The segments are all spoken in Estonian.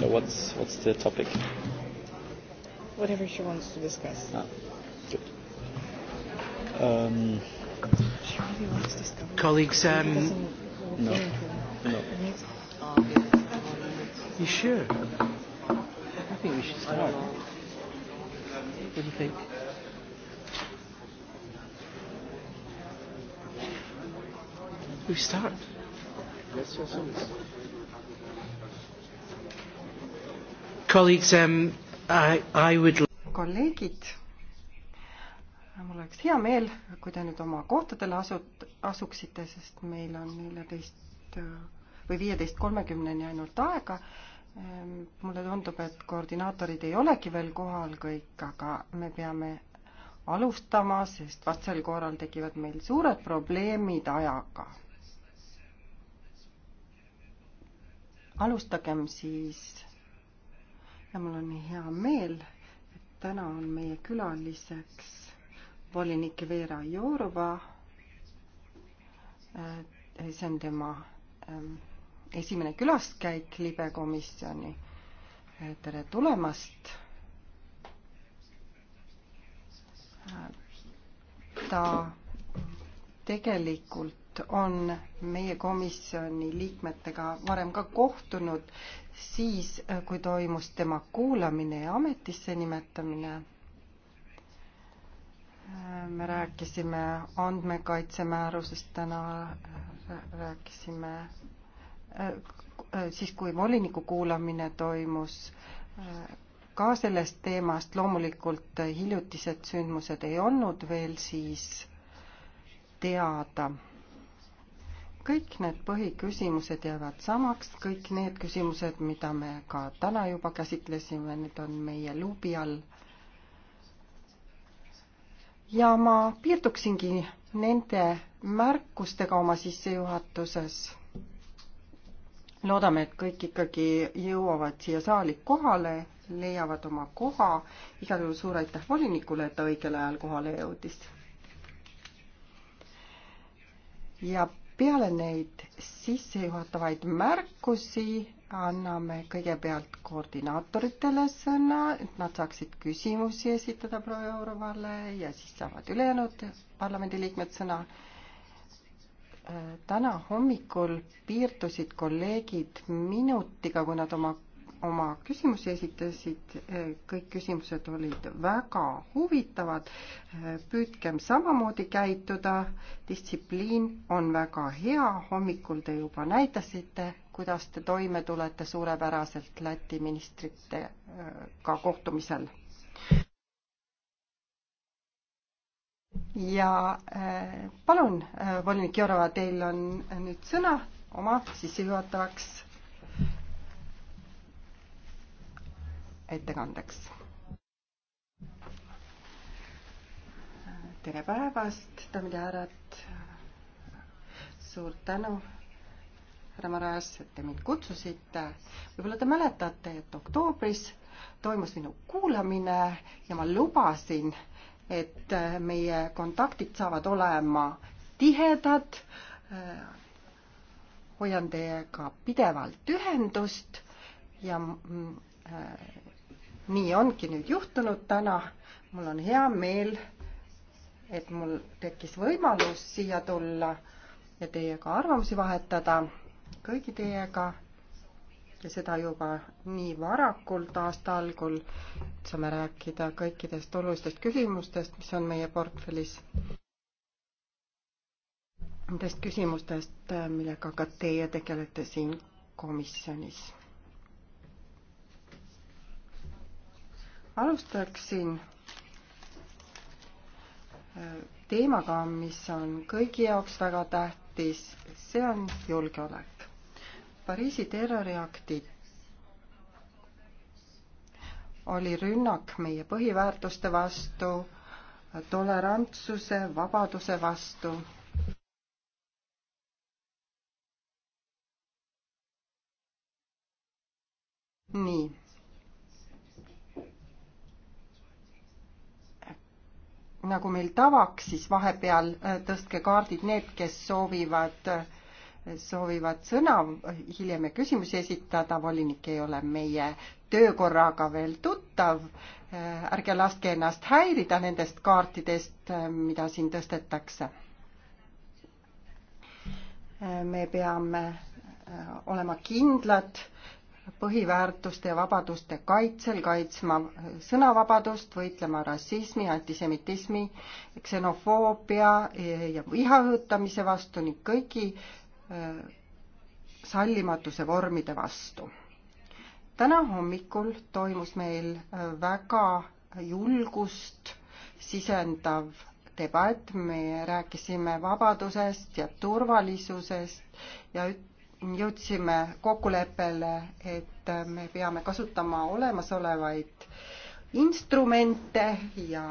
No, what's, what's the topic? Whatever she wants to discuss. Ah, good. Um, she really wants this cover. Colleagues, um, no. no. You sure? I think we should start. What do you think? We start. Yes, yes, yes. Um, kolleegid, mul oleks hea meel, kui te nüüd oma kohtadele asut-, asuksite, sest meil on neljateist või viieteist kolmekümneni ainult aega. Ehm, mulle tundub, et koordinaatorid ei olegi veel kohal kõik, aga me peame alustama, sest vastasel korral tekivad meil suured probleemid ajaga alustagem siis ja mul on hea meel, et täna on meie külaliseks volinik Veera Jourova. Äh, see on tema ähm, esimene külaskäik libekomisjoni. Äh, tere tulemast. Äh, ta tegelikult on meie komisjoni liikmetega varem ka kohtunud siis, äh, kui toimus tema kuulamine ja ametisse nimetamine. Äh, me rääkisime andmekaitsemäärusest täna, äh, rääkisime siis, kui voliniku kuulamine toimus, ka sellest teemast, loomulikult hiljutised sündmused ei olnud veel siis teada kõik need põhiküsimused jäävad samaks, kõik need küsimused, mida me ka täna juba käsitlesime, need on meie luubi all. ja ma piirduksingi nende märkustega oma sissejuhatuses. loodame, et kõik ikkagi jõuavad siia saali kohale, leiavad oma koha. igal juhul suur aitäh volinikule, et ta õigel ajal kohale jõudis. ja peale neid sissejuhatavaid märkusi anname kõigepealt koordinaatoritele sõna, et nad saaksid küsimusi esitada proua Jourovale ja siis saavad ülejäänud parlamendiliikmed sõna. Äh, täna hommikul piirdusid kolleegid minutiga, kui nad oma oma küsimusi esitasid, kõik küsimused olid väga huvitavad. püüdkem samamoodi käituda, distsipliin on väga hea, hommikul te juba näitasite, kuidas te toime tulete suurepäraselt Läti ministritega kohtumisel. ja eh, palun, eh, volinik Jorova, teil on nüüd sõna oma sissejuhatavaks ettekandeks. tere päevast, daamid ja härrad. suur tänu, härra Maras, et te mind kutsusite. võib-olla te mäletate, et oktoobris toimus minu kuulamine ja ma lubasin, et meie kontaktid saavad olema tihedad. hoian teiega pidevalt ühendust ja mm, äh, nii ongi nüüd juhtunud täna. mul on hea meel, et mul tekkis võimalus siia tulla ja teiega arvamusi vahetada, kõigi teiega ja seda juba nii varakult aasta algul. saame rääkida kõikidest olulistest küsimustest, mis on meie portfellis. Nendest küsimustest, millega ka teie tegelete siin komisjonis alustaksin äh, teemaga, mis on kõigi jaoks väga tähtis, see on julgeolek. Pariisi terroriaktid oli rünnak meie põhiväärtuste vastu, tolerantsuse, vabaduse vastu nii, nagu meil tavaks, siis vahepeal äh, tõstke kaardid need, kes soovivad, äh, soovivad sõna, hiljem küsimusi esitada, volinik ei ole meie töökorraga veel tuttav. Äh, ärge laske ennast häirida nendest kaartidest, mida siin tõstetakse. me peame olema kindlad, põhiväärtuste ja vabaduste kaitsel, kaitsma sõnavabadust, võitlema rassismi, antisemitismi, ksenofoobia ja viha õhutamise vastu ning kõigi äh, sallimatuse vormide vastu. täna hommikul toimus meil äh, väga julgust sisendav debatt, me rääkisime vabadusest ja turvalisusest ja üt-, jõudsime kokkuleppele, et me peame kasutama olemasolevaid instrumente ja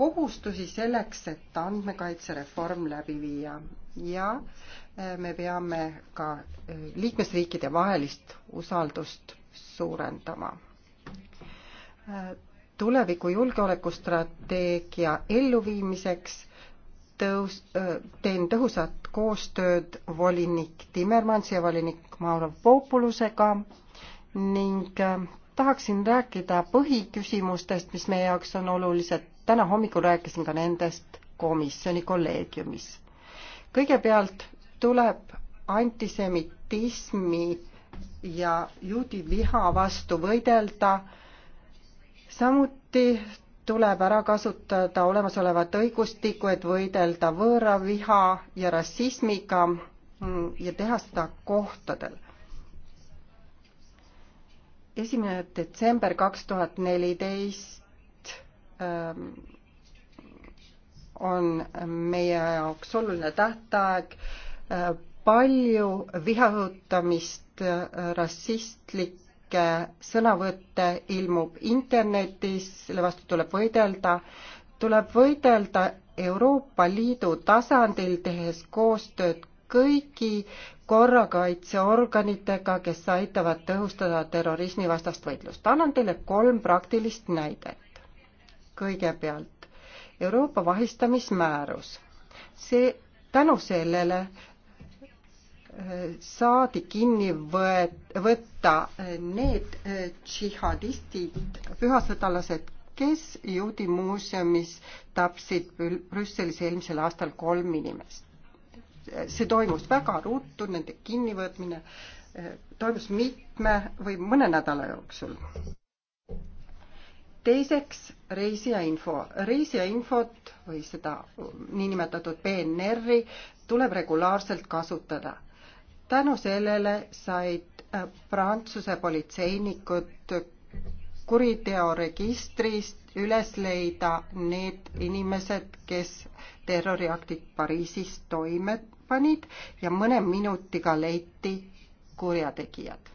kohustusi selleks, et andmekaitsereform läbi viia ja me peame ka liikmesriikide vahelist usaldust suurendama. tuleviku julgeolekustrateegia elluviimiseks tõus, teen tõhusat koostööd volinik Timmermansi ja volinik Mauro Poopulusega ning tahaksin rääkida põhiküsimustest, mis meie jaoks on olulised. täna hommikul rääkisin ka nendest komisjoni kolleegiumis. kõigepealt tuleb antisemitismi ja juudi viha vastu võidelda. samuti tuleb ära kasutada olemasolevat õigustikku, et võidelda võõraviha ja rassismiga mm, ja teha seda kohtadel. esimene detsember kaks tuhat neliteist ähm, on meie jaoks oluline tähtaeg, äh, palju viha õhutamist, äh, rassistlik, kõike sõnavõtte ilmub internetis, selle vastu tuleb võidelda, tuleb võidelda Euroopa Liidu tasandil, tehes koostööd kõigi korrakaitseorganitega, kes aitavad tõhustada terrorismivastast võitlust. annan teile kolm praktilist näidet. kõigepealt Euroopa vahistamismäärus. see tänu sellele saadi kinni võet-, võtta need äh, džihadistid, pühasõdalased, kes juudi muuseumis tapsid Brüsselis eelmisel aastal kolm inimest. see toimus väga ruttu, nende kinnivõtmine äh, toimus mitme või mõne nädala jooksul. teiseks reisijainfo, reisijainfot või seda niinimetatud PNR-i tuleb regulaarselt kasutada tänu sellele said äh, Prantsuse politseinikud kuriteoregistrist üles leida need inimesed, kes terroriaktid Pariisis toime panid ja mõne minutiga leiti kurjategijad.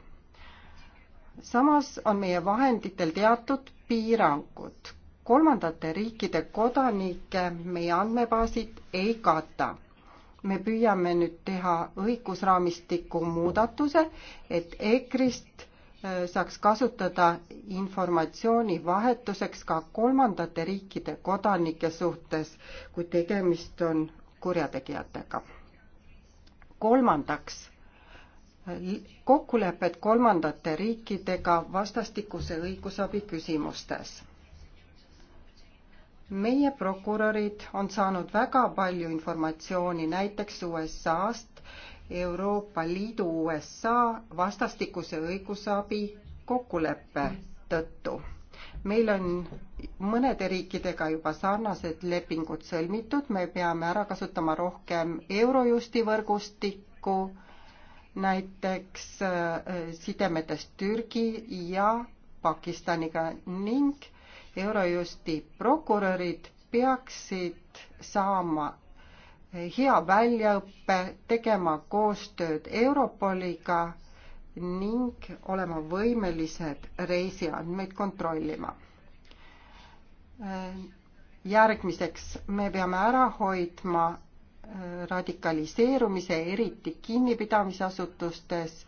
samas on meie vahenditel teatud piirangud. kolmandate riikide kodanikke meie andmebaasid ei kata me püüame nüüd teha õigusraamistiku muudatuse, et EKRE-st äh, saaks kasutada informatsiooni vahetuseks ka kolmandate riikide kodanike suhtes, kui tegemist on kurjategijatega. kolmandaks, äh, kokkulepped kolmandate riikidega vastastikuse õigusabi küsimustes meie prokurörid on saanud väga palju informatsiooni näiteks USA-st, Euroopa Liidu USA vastastikuse õigusabi kokkuleppe tõttu. meil on mõnede riikidega juba sarnased lepingud sõlmitud, me peame ära kasutama rohkem Eurojusti võrgustikku, näiteks äh, sidemetest Türgi ja Pakistaniga ning Eurojusti prokurörid peaksid saama hea väljaõppe, tegema koostööd Europoliga ning olema võimelised reisiandmeid kontrollima. järgmiseks, me peame ära hoidma radikaliseerumise, eriti kinnipidamisasutustes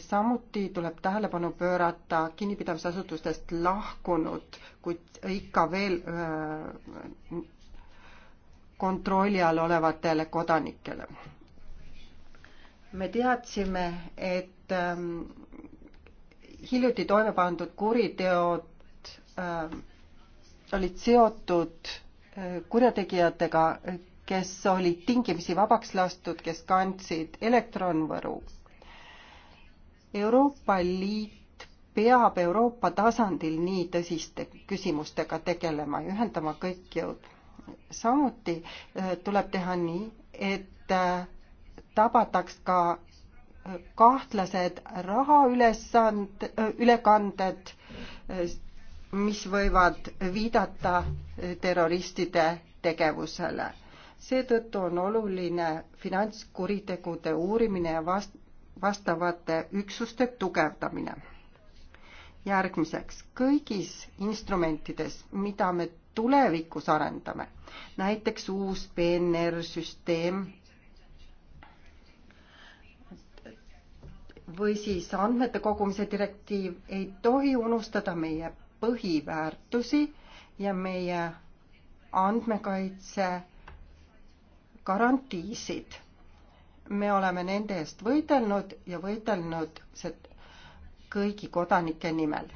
samuti tuleb tähelepanu pöörata kinnipidamisasutustest lahkunud, kuid ikka veel äh, kontrolli all olevatele kodanikele. me teadsime, et ähm, hiljuti toime pandud kuriteod äh, olid seotud äh, kurjategijatega, kes olid tingimisi vabaks lastud, kes kandsid elektronvõru Euroopa Liit peab Euroopa tasandil nii tõsiste küsimustega tegelema ja ühendama kõik jõud. samuti äh, tuleb teha nii, et äh, tabataks ka äh, kahtlased rahaülesand, ülekanded, mis võivad viidata terroristide tegevusele. seetõttu on oluline finantskuritegude uurimine ja vast-, vastavate üksuste tugevdamine. järgmiseks, kõigis instrumentides, mida me tulevikus arendame, näiteks uus PNR-süsteem või siis andmete kogumise direktiiv, ei tohi unustada meie põhiväärtusi ja meie andmekaitse garantiisid me oleme nende eest võidelnud ja võidelnud kõigi kodanike nimel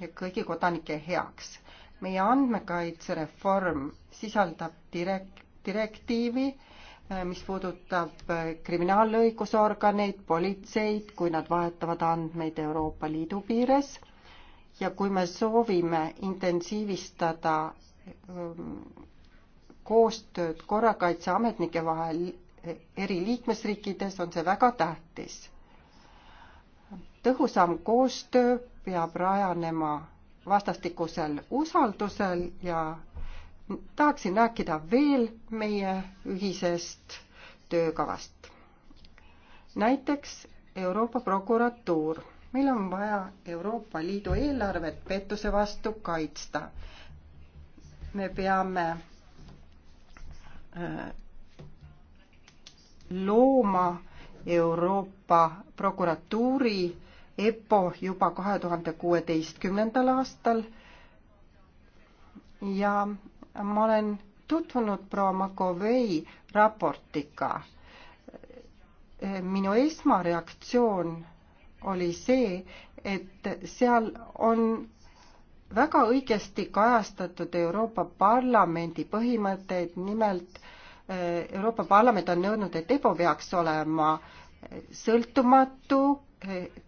ja kõigi kodanike heaks. meie andmekaitsereform sisaldab direkt-, direktiivi, eh, mis puudutab eh, kriminaalõigusorganeid, politseid, kui nad vahetavad andmeid Euroopa Liidu piires ja kui me soovime intensiivistada ehm, koostööd korrakaitseametnike vahel eri liikmesriikides on see väga tähtis. tõhusam koostöö peab rajanema vastastikusel usaldusel ja tahaksin rääkida veel meie ühisest töökavast. näiteks Euroopa prokuratuur. meil on vaja Euroopa Liidu eelarvet pettuse vastu kaitsta. me peame äh, looma Euroopa prokuratuuri EPPO juba kahe tuhande kuueteistkümnendal aastal ja ma olen tutvunud proua Makovei raportiga. minu esmareaktsioon oli see, et seal on väga õigesti kajastatud Euroopa Parlamendi põhimõtteid, nimelt äh, Euroopa Parlament on nõudnud, et EPO peaks olema sõltumatu,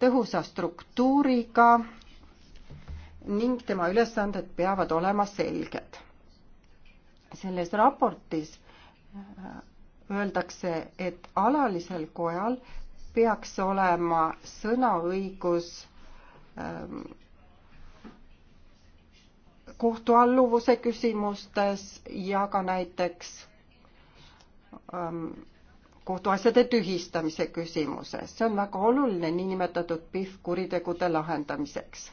tõhusa struktuuriga ning tema ülesanded peavad olema selged. selles raportis öeldakse, et alalisel kojal peaks olema sõnaõigus ähm, kohtualluvuse küsimustes ja ka näiteks Ähm, kohtuasjade tühistamise küsimuses. see on väga oluline niinimetatud PIF kuritegude lahendamiseks.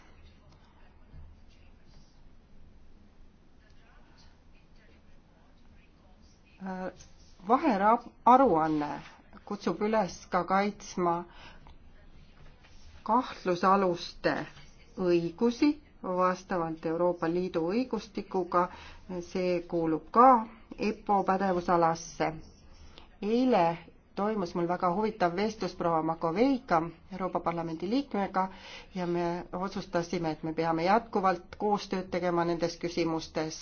Äh, vaheraruanne kutsub üles ka kaitsma kahtlusaluste õigusi vastavalt Euroopa Liidu õigustikuga, see kuulub ka EPPO pädevusalasse eile toimus mul väga huvitav vestlus proua Makoveika, Euroopa Parlamendi liikmega, ja me otsustasime, et me peame jätkuvalt koostööd tegema nendes küsimustes.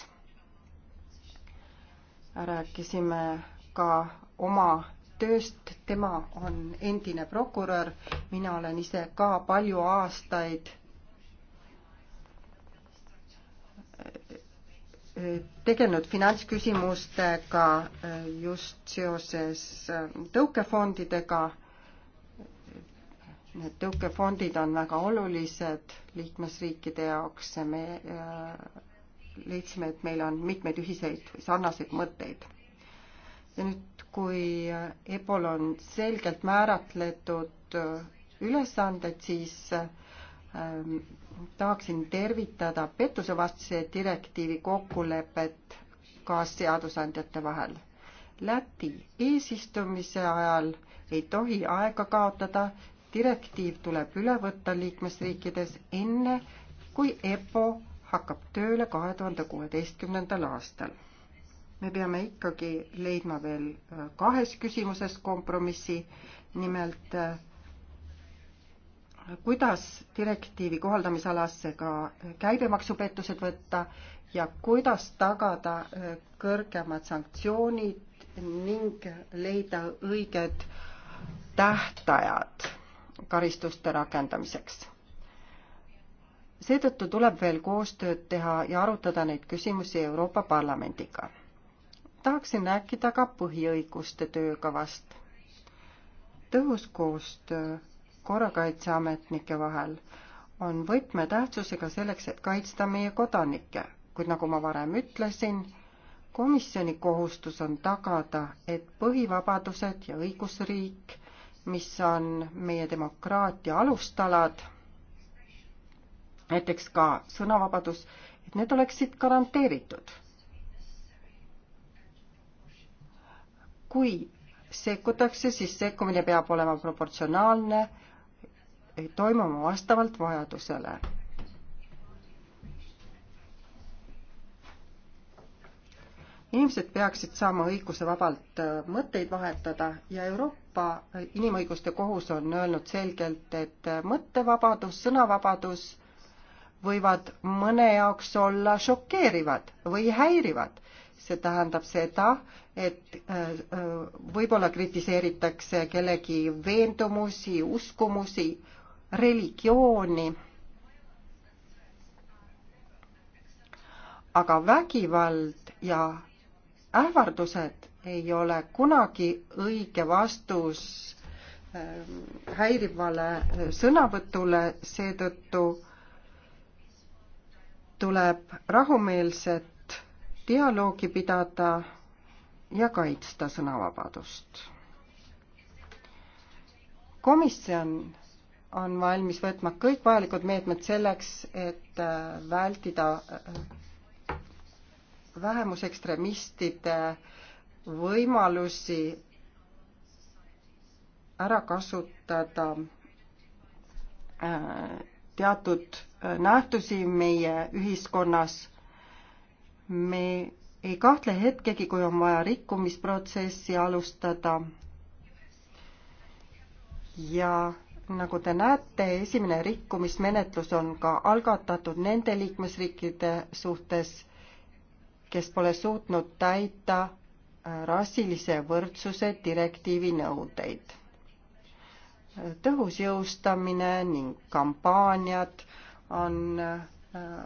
rääkisime ka oma tööst, tema on endine prokurör, mina olen ise ka palju aastaid tegelenud finantsküsimustega eh, just seoses eh, tõukefondidega. Need tõukefondid on väga olulised liikmesriikide jaoks ja me eh, leidsime, et meil on mitmeid ühiseid või sarnaseid mõtteid. ja nüüd, kui EPOL on selgelt määratletud ülesanded, siis tahaksin tervitada pettusevastase direktiivi kokkulepet kaasseadusandjate vahel. Läti eesistumise ajal ei tohi aega kaotada, direktiiv tuleb üle võtta liikmesriikides enne, kui EPO hakkab tööle kahe tuhande kuueteistkümnendal aastal. me peame ikkagi leidma veel kahes küsimuses kompromissi, nimelt kuidas direktiivi kohaldamisalasse ka käibemaksupettused võtta ja kuidas tagada äh, kõrgemad sanktsioonid ning leida õiged tähtajad karistuste rakendamiseks. seetõttu tuleb veel koostööd teha ja arutada neid küsimusi Euroopa Parlamendiga. tahaksin rääkida ka põhiõiguste töökavast. tõhus koostöö korrakaitseametnike vahel on võtmetähtsusega selleks, et kaitsta meie kodanikke, kuid nagu ma varem ütlesin, komisjoni kohustus on tagada, et põhivabadused ja õigusriik, mis on meie demokraatia alustalad, näiteks ka sõnavabadus, et need oleksid garanteeritud. kui sekkutakse, siis sekkumine peab olema proportsionaalne toimuma vastavalt vajadusele. inimesed peaksid saama õiguse vabalt äh, mõtteid vahetada ja Euroopa äh, Inimõiguste Kohus on öelnud selgelt, et äh, mõttevabadus, sõnavabadus võivad mõne jaoks olla šokeerivad või häirivad. see tähendab seda, et võib-olla kritiseeritakse kellegi veendumusi, uskumusi, religiooni. aga vägivald ja ähvardused ei ole kunagi õige vastus ähm, häirivale äh, sõnavõtule, seetõttu tuleb rahumeelset dialoogi pidada ja kaitsta sõnavabadust. komisjon on valmis võtma kõik vajalikud meetmed selleks, et äh, vältida äh, vähemusekstremistide võimalusi ära kasutada äh, teatud nähtusi meie ühiskonnas. me ei kahtle hetkegi, kui on vaja rikkumisprotsessi alustada ja nagu te näete, esimene rikkumismenetlus on ka algatatud nende liikmesriikide suhtes, kes pole suutnud täita äh, rassilise võrdsuse direktiivi nõudeid. Äh, tõhus jõustamine ning kampaaniad on äh,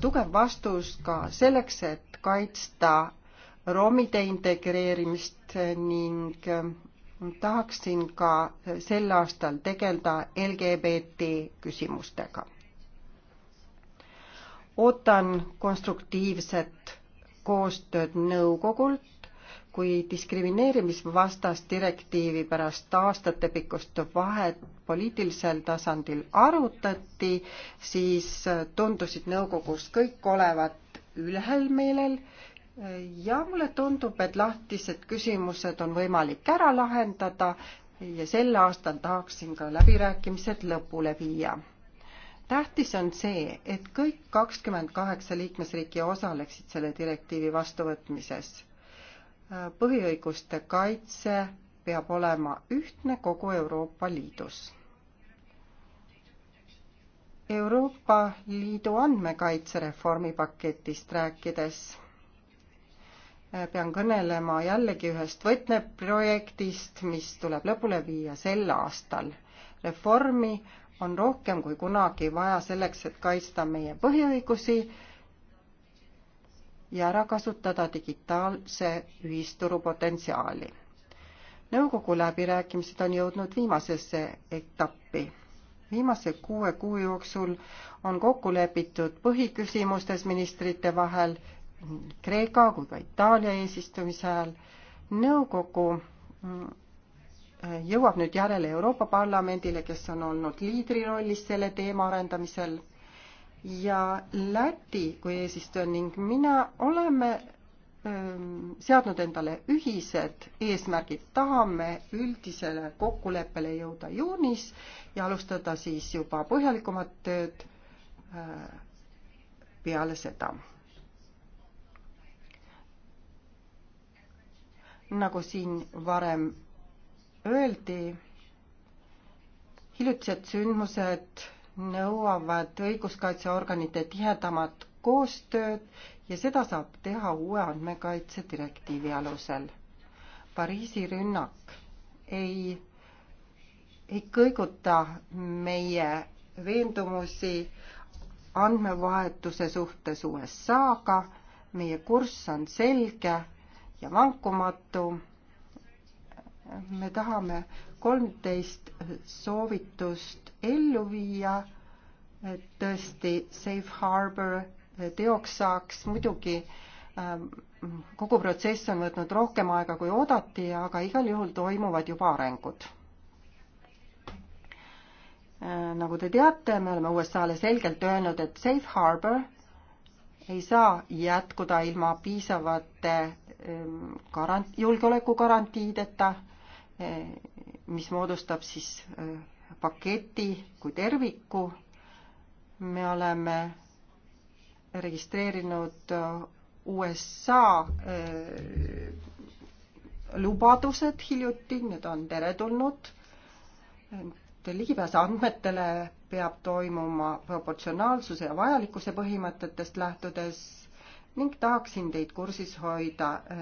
tugev vastus ka selleks, et kaitsta romide integreerimist ning tahaksin ka sel aastal tegeleda LGBT küsimustega. ootan konstruktiivset koostööd nõukogult, kui diskrimineerimisvastast direktiivi pärast aastatepikkust vahet poliitilisel tasandil arutati, siis tundusid nõukogus kõik olevat ühel meelel ja mulle tundub, et lahtised küsimused on võimalik ära lahendada ja sel aastal tahaksin ka läbirääkimised lõpule viia. tähtis on see, et kõik kakskümmend kaheksa liikmesriiki osaleksid selle direktiivi vastuvõtmises. põhiõiguste kaitse peab olema ühtne kogu Euroopa Liidus. Euroopa Liidu andmekaitsereformi paketist rääkides Äh, pean kõnelema jällegi ühest võtmeprojektist, mis tuleb lõpule viia sel aastal. reformi on rohkem kui kunagi vaja selleks, et kaitsta meie põhiõigusi ja ära kasutada digitaalse ühisturu potentsiaali. nõukogu läbirääkimised on jõudnud viimasesse etappi. viimase kuue kuu jooksul on kokku lepitud põhiküsimustes ministrite vahel nii Kreeka kui ka Itaalia eesistumise ajal. nõukogu mm, jõuab nüüd järele Euroopa Parlamendile, kes on olnud liidrirollis selle teema arendamisel ja Läti kui eesistuja ning mina oleme mm, seadnud endale ühised eesmärgid, tahame üldisele kokkuleppele jõuda juunis ja alustada siis juba põhjalikumat tööd mm, peale seda nagu siin varem öeldi, hiljutised sündmused nõuavad õiguskaitseorganite tihedamat koostööd ja seda saab teha uue andmekaitse direktiivi alusel. Pariisi rünnak ei, ei kõiguta meie veendumusi andmevahetuse suhtes USA-ga, meie kurss on selge ja vankumatu. me tahame kolmteist soovitust ellu viia, et tõesti safe harbor teoks saaks, muidugi ähm, kogu protsess on võtnud rohkem aega, kui oodati, aga igal juhul toimuvad juba arengud äh, nagu te teate, me oleme USA-le selgelt öelnud, et safe harbor ei saa jätkuda ilma piisavate Ähm, garant-, julgeolekugarantiideta, äh, mis moodustab siis äh, paketi kui terviku. me oleme registreerinud äh, USA lubadused hiljuti, need on teretulnud. ligipääs andmetele peab toimuma proportsionaalsuse ja vajalikkuse põhimõtetest lähtudes ning tahaksin teid kursis hoida äh,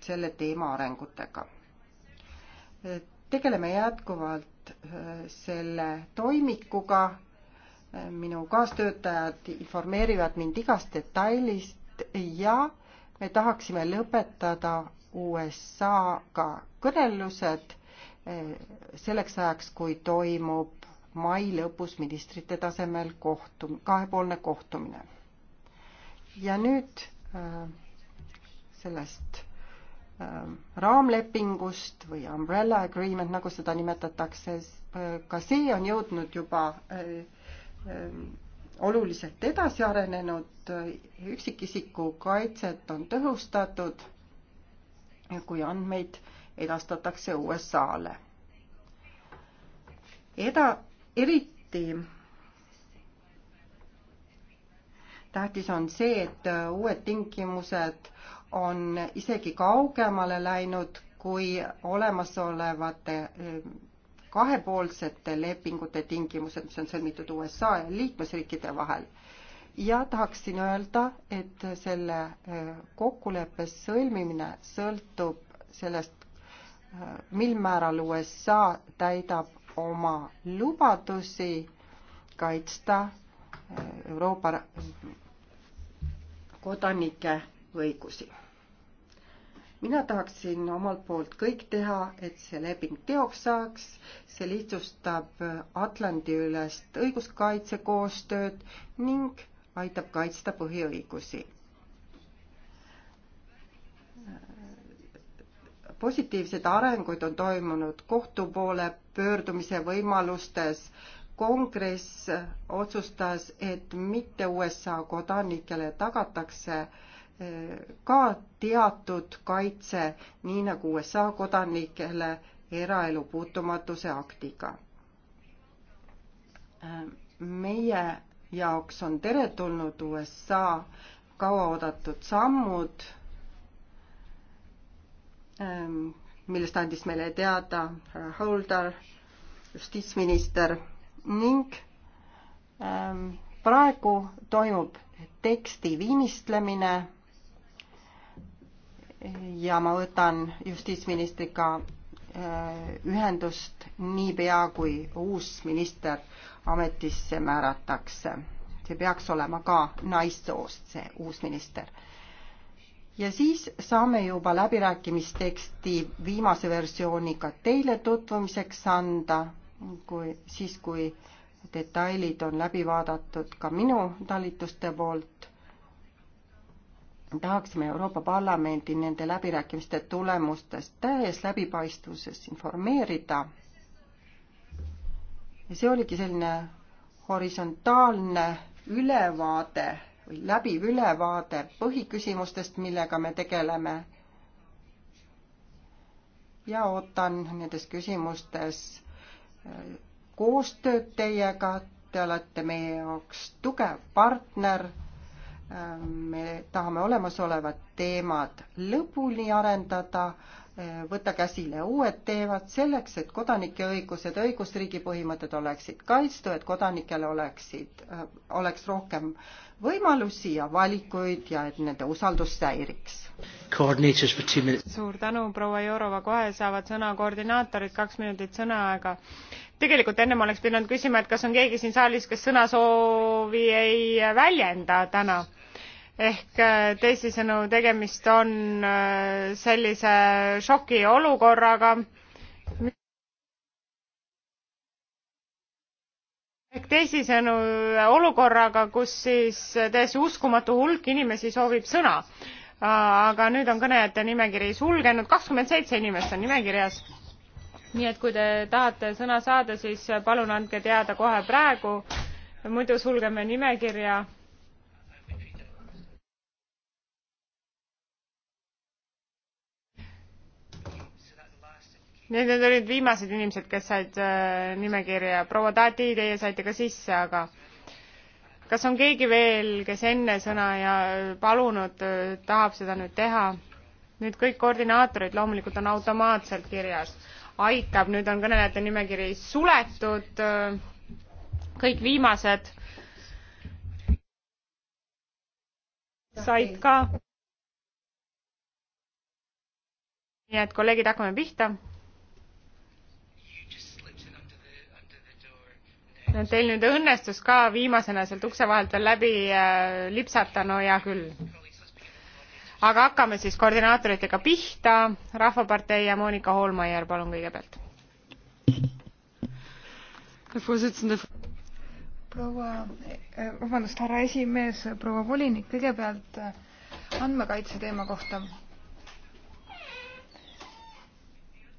selle teema arengutega. Äh, tegeleme jätkuvalt äh, selle toimikuga. minu kaastöötajad informeerivad mind igast detailist ja me tahaksime lõpetada USA-ga kõnelused selleks ajaks, kui toimub mai lõpus ministrite tasemel kohtum-, kahepoolne kohtumine ja nüüd äh, sellest äh, raamlepingust või umbrella agreement, nagu seda nimetatakse, äh, ka see on jõudnud juba oluliselt edasi arenenud, üksikisiku kaitset on tõhustatud, kui andmeid edastatakse USA-le. Eda-, eriti tähtis on see, et uued tingimused on isegi kaugemale läinud kui olemasolevate eh, kahepoolsete lepingute tingimused, mis on sõlmitud USA ja liikmesriikide vahel. ja tahaksin öelda, et selle eh, kokkuleppe sõlmimine sõltub sellest, eh, mil määral USA täidab oma lubadusi kaitsta Euroopa kodanike õigusi. mina tahaksin omalt poolt kõik teha, et see leping teoks saaks, see lihtsustab Atlandi-ülest õiguskaitsekoostööd ning aitab kaitsta põhiõigusi. positiivseid arenguid on toimunud kohtu poole pöördumise võimalustes äh, kongress otsustas, et mitte USA kodanikele tagatakse eh, ka teatud kaitse, nii nagu USA kodanikele eraelu puutumatuse aktiga. Eh, meie jaoks on teretulnud USA kauaoodatud sammud, eh, millest andis meile teada härra Holder, justiitsminister ning ähm, praegu toimub teksti viimistlemine ja ma võtan justiitsministriga äh, ühendust niipea, kui uus minister ametisse määratakse. see peaks olema ka naissoost, see uus minister. ja siis saame juba läbirääkimisteksti viimase versiooniga teile tutvumiseks anda kui, siis kui detailid on läbi vaadatud ka minu talituste poolt, tahaksime Euroopa Parlamendi nende läbirääkimiste tulemustest täies läbipaistvuses informeerida. ja see oligi selline horisontaalne ülevaade või läbiv ülevaade põhiküsimustest, millega me tegeleme. ja ootan nendes küsimustes koostööd teiega, te olete meie jaoks tugev partner. me tahame olemasolevad teemad lõpuni arendada võtta käsile uued teemad selleks, et kodanike õigused, õigusriigi põhimõtted oleksid kaitstud, et kodanikel oleksid, oleks rohkem võimalusi ja valikuid ja et nende usaldus säiriks. suur tänu, proua Jourova, kohe saavad sõna koordinaatorid, kaks minutit sõnaaega. tegelikult ennem oleks pidanud küsima, et kas on keegi siin saalis, kes sõnasoovi ei väljenda täna ehk äh, teisisõnu, tegemist on äh, sellise šokiolukorraga. ehk teisisõnu äh, olukorraga, kus siis täiesti uskumatu hulk inimesi soovib sõna aga nüüd on kõnejate nimekiri sulgenud, kakskümmend seitse inimest on nimekirjas. nii et kui te tahate sõna saada, siis palun andke teada kohe praegu, muidu sulgeme nimekirja Need, need olid viimased inimesed, kes said äh, nimekirja. proua Tati, teie saite ka sisse, aga kas on keegi veel, kes enne sõna ja äh, palunud äh, tahab seda nüüd teha? nüüd kõik koordinaatorid loomulikult on automaatselt kirjas. aitab, nüüd on kõnelejate nimekiri suletud äh,. kõik viimased said ka nii et kolleegid hakkame pihta. Teil nüüd õnnestus ka viimasena sealt ukse vahelt veel läbi äh, lipsata, no hea küll. aga hakkame siis koordinaatoritega pihta. rahvapartei ja Monika Hoolmeier, palun kõigepealt. proua, äh, vabandust, härra esimees, proua volinik, kõigepealt äh, andmekaitse teema kohta.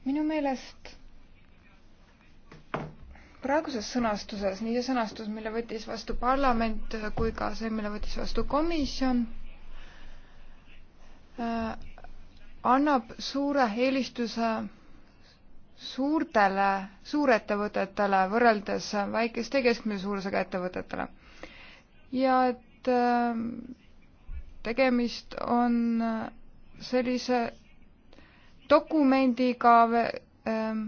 minu meelest praeguses sõnastuses, nii see sõnastus, mille võttis vastu parlament kui ka see, mille võttis vastu komisjon, äh, annab suure eelistuse suurtele, suurettevõtetele võrreldes väikeste keskmise suurusega ettevõtetele. ja et äh, tegemist on äh, sellise dokumendiga ähm,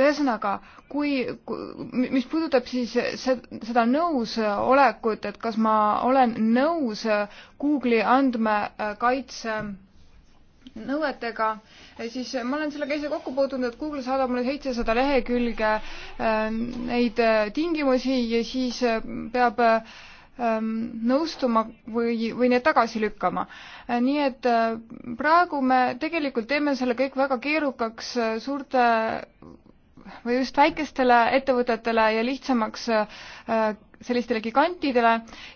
ühesõnaga, kui, kui, mis puudutab siis seda nõusolekut, et kas ma olen nõus Google'i andmekaitse äh, nõuetega, siis ma olen sellega ise kokku puutunud, et Google saadab mulle seitsesada lehekülge äh, neid äh, tingimusi ja siis peab ähm, nõustuma või, või need tagasi lükkama. nii et praegu me tegelikult teeme selle kõik väga keerukaks suurte või just väikestele ettevõtetele ja lihtsamaks äh, sellistele gigantidele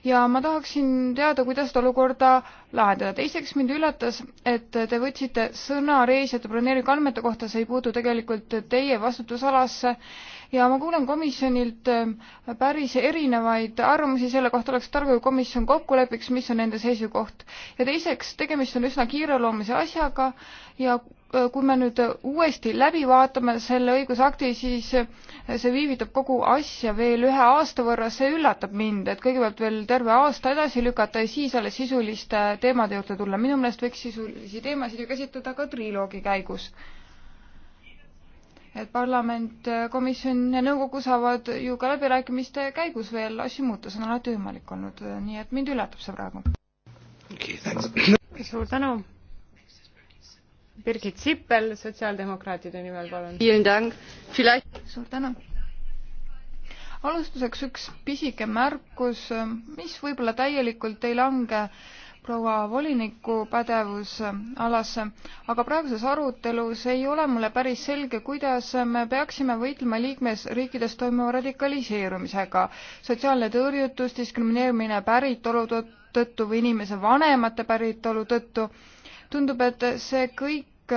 ja ma tahaksin teada, kuidas seda olukorda lahendada. teiseks mind üllatas, et te võtsite sõna reisijate broneeringuandmete kohta, see ei puutu tegelikult teie vastutusalasse ja ma kuulen komisjonilt äh, päris erinevaid arvamusi selle kohta, oleks targa, kui komisjon kokku lepiks, mis on nende seisukoht. ja teiseks, tegemist on üsna kiireloomulise asjaga ja äh, kui me nüüd uuesti läbi vaatame selle õigusakti, siis äh, see viivitab kogu asja veel ühe aasta võrra, see üllatab mind, et kõigepealt veel terve aasta edasi lükata ja siis alles sisuliste teemade juurde tulla. minu meelest võiks sisulisi teemasid ju käsitleda ka triloogi käigus et parlament, komisjon ja nõukogu saavad ju ka läbirääkimiste käigus veel asju muuta, see on alati võimalik olnud, nii et mind üllatab see praegu okay,. suur tänu. Birgit Sippel sotsiaaldemokraatide nimel, palun. suur tänu. alustuseks üks pisike märkus, mis võib-olla täielikult ei lange äh, proua voliniku pädevusalasse, aga praeguses arutelus ei ole mulle päris selge, kuidas me peaksime võitlema liikmesriikides toimuva radikaliseerumisega. sotsiaalne tõrjutus, diskrimineerimine päritolu tõttu või inimese vanemate päritolu tõttu. tundub, et see kõik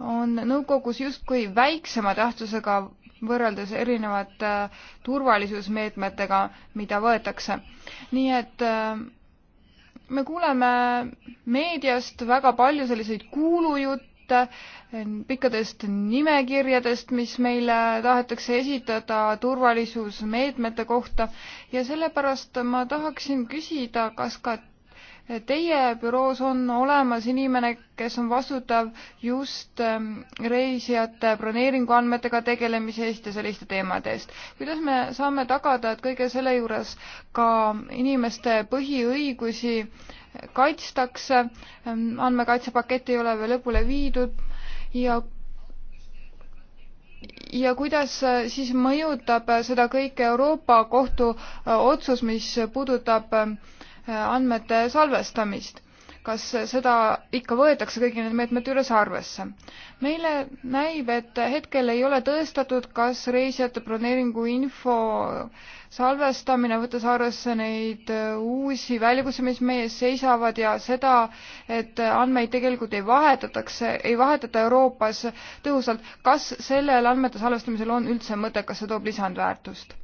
on nõukogus justkui väiksema tähtsusega võrreldes erinevate turvalisusmeetmetega, mida võetakse. nii et äh, me kuuleme meediast väga palju selliseid kuulujutte, pikkadest nimekirjadest, mis meile tahetakse esitada turvalisusmeetmete kohta ja sellepärast ma tahaksin küsida, kas ka Teie büroos on olemas inimene, kes on vastutav just ähm, reisijate broneeringuandmetega tegelemise eest ja selliste teemade eest. kuidas me saame tagada, et kõige selle juures ka inimeste põhiõigusi kaitstakse, ähm, andmekaitsepakett ei ole veel lõpule viidud ja ja kuidas äh, siis mõjutab äh, seda kõike Euroopa Kohtu äh, otsus, mis puudutab äh, andmete salvestamist. kas seda ikka võetakse kõigi nende meetmete juures arvesse? meile näib, et hetkel ei ole tõestatud, kas reisijate broneeringu info salvestamine, võttes arvesse neid uusi väljakutse, mis meie ees seisavad ja seda, et andmeid tegelikult ei vahetatakse, ei vahetata Euroopas tõhusalt, kas sellel andmete salvestamisel on üldse mõtet, kas see toob lisandväärtust?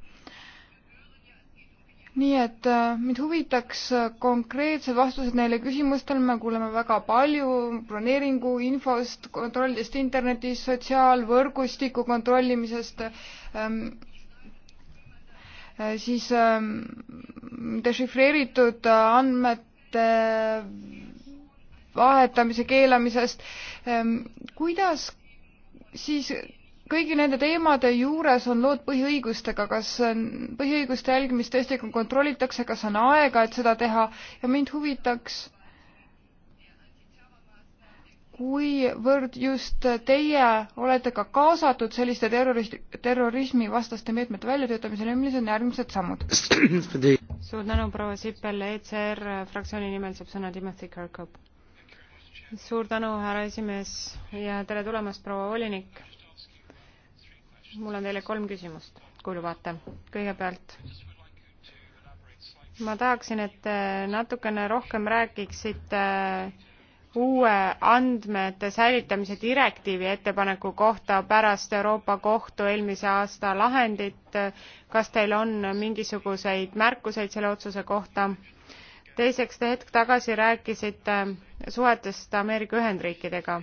nii et äh, mind huvitaks äh, konkreetsed vastused neile küsimustele, me kuuleme väga palju broneeringu infost, kontrollist internetis, sotsiaalvõrgustiku kontrollimisest ähm,, äh, siis ähm, dešifreeritud andmete vahetamise keelamisest ähm,. kuidas siis kõigi nende teemade juures on lood põhiõigustega, kas põhiõiguste jälgimist tõesti kontrollitakse, kas on aega, et seda teha ja mind huvitaks, kuivõrd just teie olete ka kaasatud selliste terrorist, terrorismivastaste meetmete väljatöötamisele ja millised on järgmised sammud? suur tänu, proua Sippel, ECR fraktsiooni nimel saab sõna Timothy Kirkup. suur tänu, härra esimees ja tere tulemast, proua volinik mul on teile kolm küsimust, kui lubate. kõigepealt ma tahaksin, et te natukene rohkem räägiksite äh, uue andmete säilitamise direktiivi ettepaneku kohta pärast Euroopa Kohtu eelmise aasta lahendit. kas teil on mingisuguseid märkuseid selle otsuse kohta? teiseks, te hetk tagasi rääkisite suhetest Ameerika Ühendriikidega.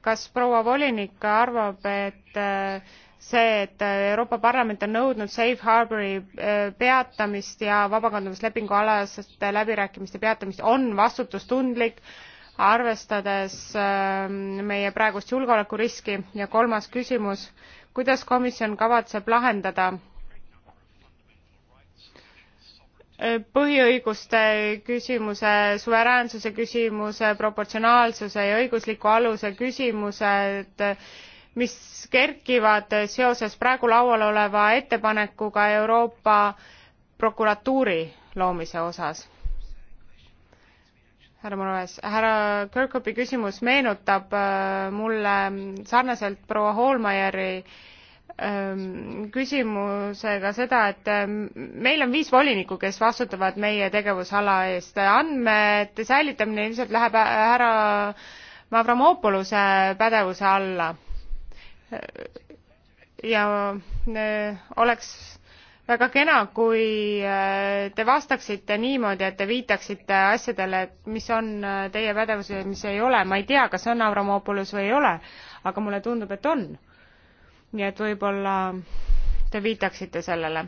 kas proua volinik arvab, et äh, see, et Euroopa Parlament on nõudnud safe harbori äh, peatamist ja vabakondamislepingu alaste läbirääkimiste peatamist, on vastutustundlik, arvestades ähm, meie praegust julgeolekuriski ja kolmas küsimus, kuidas komisjon kavatseb lahendada äh, põhiõiguste küsimuse suveräänsuse küsimuse proportsionaalsuse ja õigusliku aluse küsimused mis kerkivad seoses praegu laual oleva ettepanekuga euroopa prokuratuuri loomise osas härra Morales, härra Kirkhopi küsimus meenutab äh, mulle sarnaselt proua Hoolmeieri ähm, küsimusega seda, et ähm, meil on viis volinikku, kes vastutavad meie tegevusala eest. andmete säilitamine ilmselt läheb äh, härra Mavramopoluse pädevuse alla ja oleks väga kena, kui eh, te vastaksite niimoodi, et te viitaksite asjadele, et mis on eh, teie pädevus ja mis ei ole. ma ei tea, kas on Avramopoulos või ei ole, aga mulle tundub, et on. nii et võib-olla te viitaksite sellele.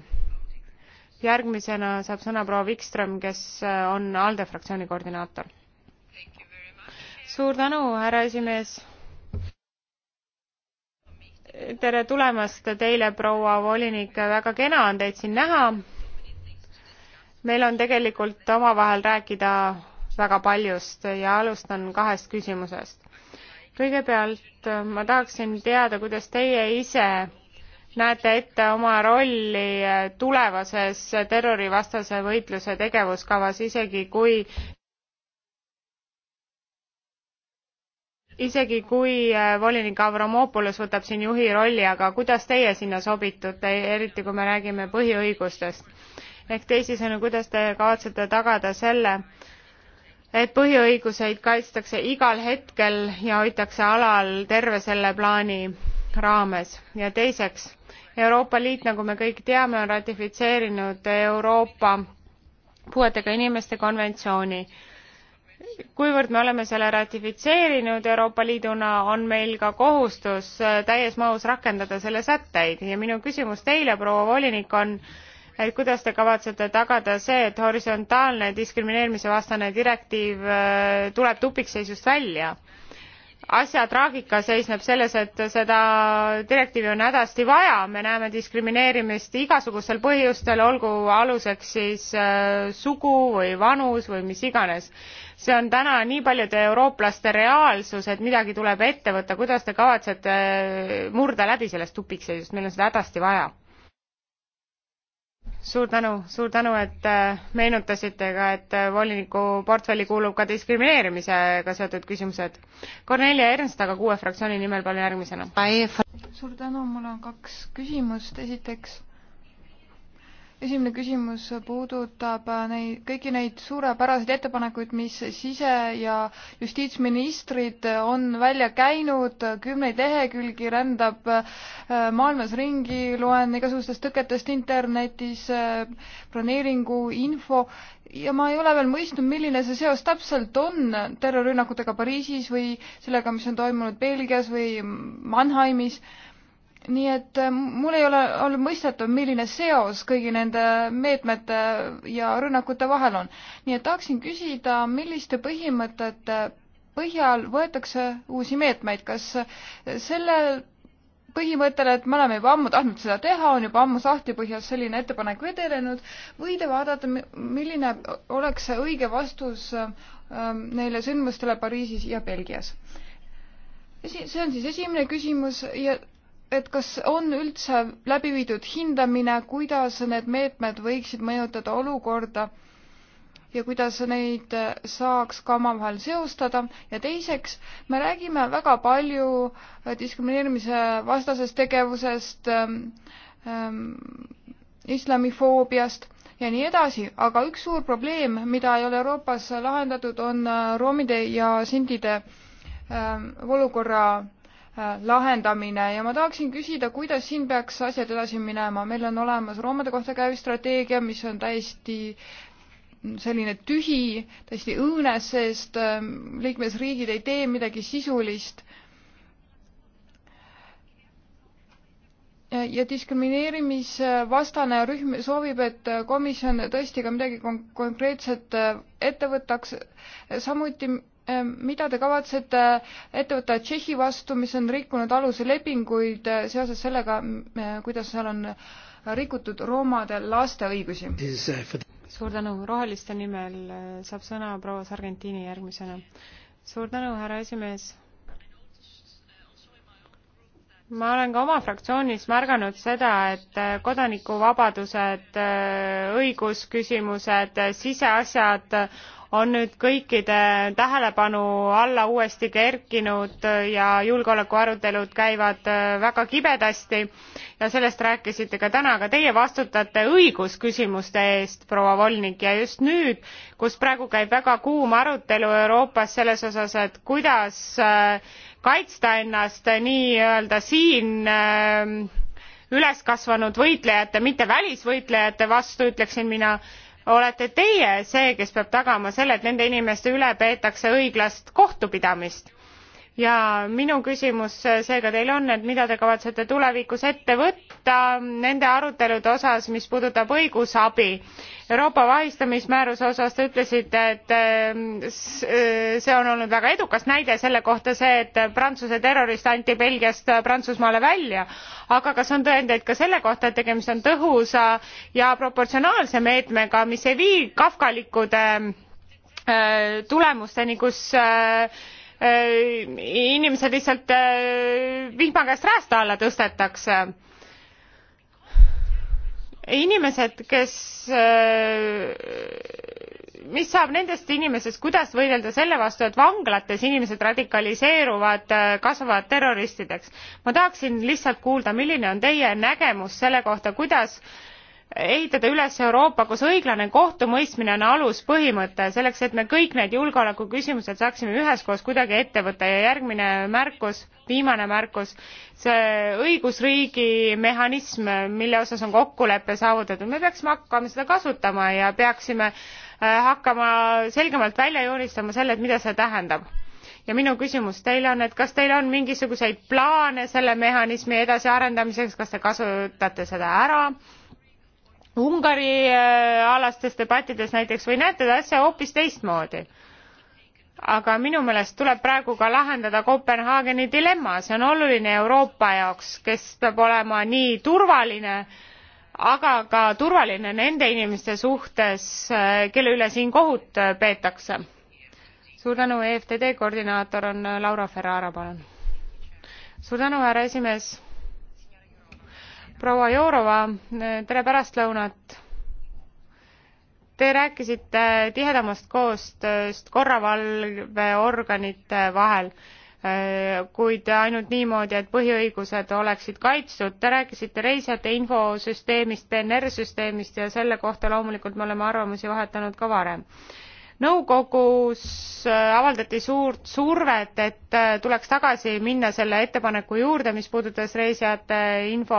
järgmisena saab sõna proua Wikström, kes eh, on ALDE fraktsiooni koordinaator. suur tänu, härra esimees tere tulemast teile, proua volinik, väga kena on teid siin näha. meil on tegelikult omavahel rääkida väga paljust ja alustan kahest küsimusest. kõigepealt ma tahaksin teada, kuidas teie ise näete ette oma rolli tulevases terrorivastase võitluse tegevuskavas, isegi kui isegi kui äh, volinik Avramopoulos võtab siin juhi rolli, aga kuidas teie sinna sobitute, eriti kui me räägime põhiõigustest? ehk teisisõnu, kuidas te kavatsete tagada selle, et põhiõiguseid kaitstakse igal hetkel ja hoitakse alal terve selle plaani raames ja teiseks euroopa liit nagu me kõik teame on ratifitseerinud euroopa puuetega inimeste konventsiooni kuivõrd me oleme selle ratifitseerinud Euroopa Liiduna, on meil ka kohustus äh, täies mahus rakendada selle sätteid ja minu küsimus teile, proua volinik, on et kuidas te kavatsete tagada see, et horisontaalne diskrimineerimise vastane direktiiv äh, tuleb tupikseisust välja? asja traagika seisneb selles, et seda direktiivi on hädasti vaja, me näeme diskrimineerimist igasugustel põhjustel, olgu aluseks siis äh, sugu või vanus või mis iganes. see on täna nii paljude eurooplaste reaalsus, et midagi tuleb ette võtta, kuidas te kavatsete äh, murda läbi sellest tupikseisust, meil on seda hädasti vaja suur tänu, suur tänu, et äh, meenutasite ka, et äh, voliniku portfelli kuulub ka diskrimineerimisega seotud küsimused. Kornelia Ernst aga kuue fraktsiooni nimel, palun järgmisena. suur tänu, mul on kaks küsimust, esiteks esimene küsimus puudutab neid, kõiki neid suurepäraseid ettepanekuid, mis sise- ja justiitsministrid on välja käinud, kümneid lehekülgi rändab äh, maailmas ringi, loen igasugustest tõketest internetis, äh, broneeringu info ja ma ei ole veel mõistnud, milline see seos täpselt on terrorirünnakutega Pariisis või sellega, mis on toimunud Belgias või Mannheimis nii et äh, mul ei ole olnud mõistetav, milline seos kõigi nende meetmete ja rünnakute vahel on. nii et tahaksin küsida, milliste põhimõtete põhjal võetakse uusi meetmeid, kas äh, sellel põhimõttele, et me oleme juba ammu tahtnud seda teha, on juba ammu sahtlipõhjas selline ettepanek vedelenud, või te vaadata, milline oleks see õige vastus äh, neile sündmustele Pariisis ja Belgias? see on siis esimene küsimus ja et kas on üldse läbi viidud hindamine, kuidas need meetmed võiksid mõjutada olukorda ja kuidas neid saaks ka omavahel seostada ja teiseks, me räägime väga palju diskrimineerimise vastasest tegevusest ähm,, ähm islamifoobiast ja nii edasi, aga üks suur probleem, mida ei ole Euroopas lahendatud, on äh, romide ja sindide ähm, olukorra Äh, lahendamine ja ma tahaksin küsida, kuidas siin peaks asjad edasi minema, meil on olemas roomade kohta käiv strateegia, mis on täiesti selline tühi, täiesti õõnes, sest ähm, liikmesriigid ei tee midagi sisulist. ja diskrimineerimisvastane rühm soovib, et komisjon tõesti ka midagi konkreetset äh, ette võtaks, samuti Ehm, mida te kavatsete äh, ette võtta Tšehhi vastu, mis on rikkunud aluslepinguid äh, seoses sellega, äh, kuidas seal on rikutud roomade laste õigusi? suur tänu, Roheliste nimel saab sõna proua Sargentini järgmisena. suur tänu, härra esimees. ma olen ka oma fraktsioonis märganud seda, et kodanikuvabadused, õigusküsimused, siseasjad on nüüd kõikide tähelepanu alla uuesti kerkinud ja julgeolekuarutelud käivad äh, väga kibedasti ja sellest rääkisite ka täna aga teie vastutate õigusküsimuste eest proua volinik ja just nüüd kus praegu käib väga kuum arutelu euroopas selles osas et kuidas äh, kaitsta ennast nii öelda siin äh, üles kasvanud võitlejate mitte välisvõitlejate vastu ütleksin mina olete teie see kes peab tagama selle et nende inimeste üle peetakse õiglast kohtupidamist ja minu küsimus seega teile on, et mida te kavatsete tulevikus ette võtta nende arutelude osas, mis puudutab õigusabi. Euroopa vahistamismääruse osas te ütlesite, et ehm, ehm, see on olnud väga edukas näide selle kohta, see, et Prantsuse terrorist anti Belgiast Prantsusmaale välja. aga kas on tõendeid ka selle kohta, et tegemist on tõhusa ja proportsionaalse meetmega, mis ei vii kafkalikude ehm, tulemusteni, kus äh, Äh, inimesed lihtsalt äh, vihma käest räästa alla tõstetakse. inimesed, kes, äh, mis saab nendest inimesest, kuidas võidelda selle vastu, et vanglates inimesed radikaliseeruvad, kasvavad terroristideks? ma tahaksin lihtsalt kuulda, milline on teie nägemus selle kohta, kuidas ehitada üles Euroopa, kus õiglane kohtumõistmine on aluspõhimõte, selleks et me kõik need julgeolekuküsimused saaksime üheskoos kuidagi ette võtta ja järgmine märkus, viimane märkus, see õigusriigi mehhanism, mille osas on kokkulepe saavutatud, me peaksime hakkama seda kasutama ja peaksime äh, hakkama selgemalt välja joonistama selle, et mida see tähendab ja minu küsimus teile on et kas teil on mingisuguseid plaane selle mehhanismi edasiarendamiseks kas te kasutate seda ära? Ungari äh, alastes debattides näiteks või näete te asja hoopis teistmoodi. aga minu meelest tuleb praegu ka lahendada Kopenhaageni dilemma, see on oluline Euroopa jaoks, kes peab olema nii turvaline, aga ka turvaline nende inimeste suhtes, äh, kelle üle siin kohut äh, peetakse. suur tänu, EFTD koordinaator on Laura Ferrara, palun. suur tänu, härra esimees proua Jourova, tere pärastlõunat. Te rääkisite tihedamast koostööst korravalveorganite vahel, kuid ainult niimoodi, et põhiõigused oleksid kaitstud. Te rääkisite reisijate infosüsteemist, PNR-süsteemist ja selle kohta loomulikult me oleme arvamusi vahetanud ka varem nõukogus avaldati suurt survet et tuleks tagasi minna selle ettepaneku juurde mis puudutas reisijate info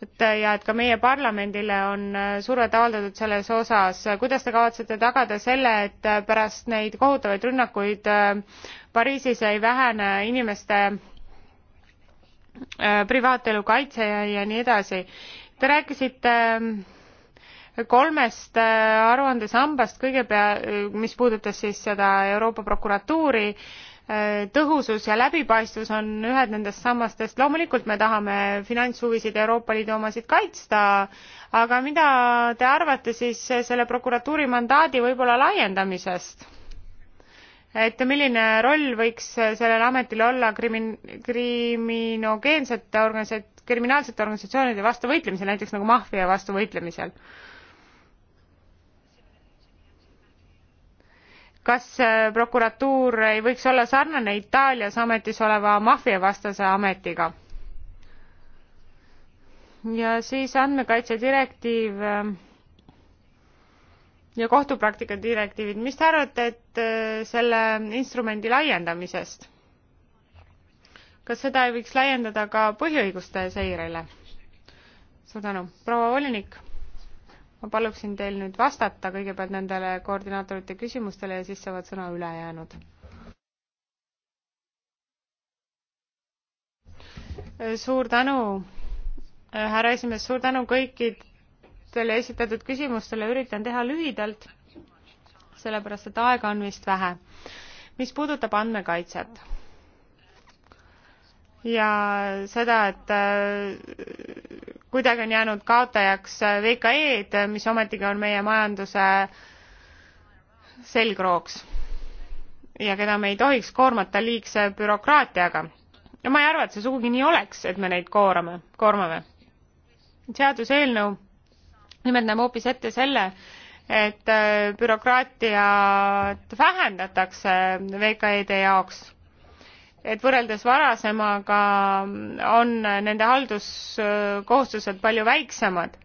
et ja et ka meie parlamendile on äh, survet avaldatud selles osas. kuidas te kavatsete tagada selle, et äh, pärast neid kohutavaid rünnakuid äh, Pariisis ei vähene inimeste privaatelu kaitse ja, ja nii edasi? Te rääkisite kolmest aruandesambast kõigepealt, mis puudutas siis seda Euroopa prokuratuuri äh, Äh, tõhusus ja läbipaistvus on ühed nendest sammastest. loomulikult me tahame finantshuvisid Euroopa Liidu omasid kaitsta, aga mida te arvate siis selle prokuratuuri mandaadi võib-olla laiendamisest? et milline roll võiks sellel ametil olla krimin-, kriminogeensete organisa-, kriminaalsete organisatsioonide vastu võitlemisel, näiteks nagu maffia vastu võitlemisel? kas äh, prokuratuur ei võiks olla sarnane Itaalias ametis oleva maffiavastase ametiga? ja siis andmekaitse direktiiv äh, ja kohtupraktika direktiivid, mis te arvate, et äh, selle instrumendi laiendamisest? kas seda ei võiks laiendada ka põhiõiguste seirele? suur tänu, proua volinik ma paluksin teil nüüd vastata kõigepealt nendele koordinaatorite küsimustele ja siis saavad sõna ülejäänud. suur tänu, härra esimees, suur tänu kõikidele esitatud küsimustele, üritan teha lühidalt, sellepärast et aega on vist vähe. mis puudutab andmekaitset ja seda, et kuidagi on jäänud kaotajaks äh, VKE-d, äh, mis ometigi on meie majanduse selgrooks ja keda me ei tohiks koormata liigse bürokraatiaga. ja ma ei arva, et see sugugi nii oleks, et me neid koorame, koormame. seaduseelnõu nimelt näeb hoopis ette selle, et äh, bürokraatiat vähendatakse VKE-de jaoks et võrreldes varasemaga on nende halduskohustused palju väiksemad.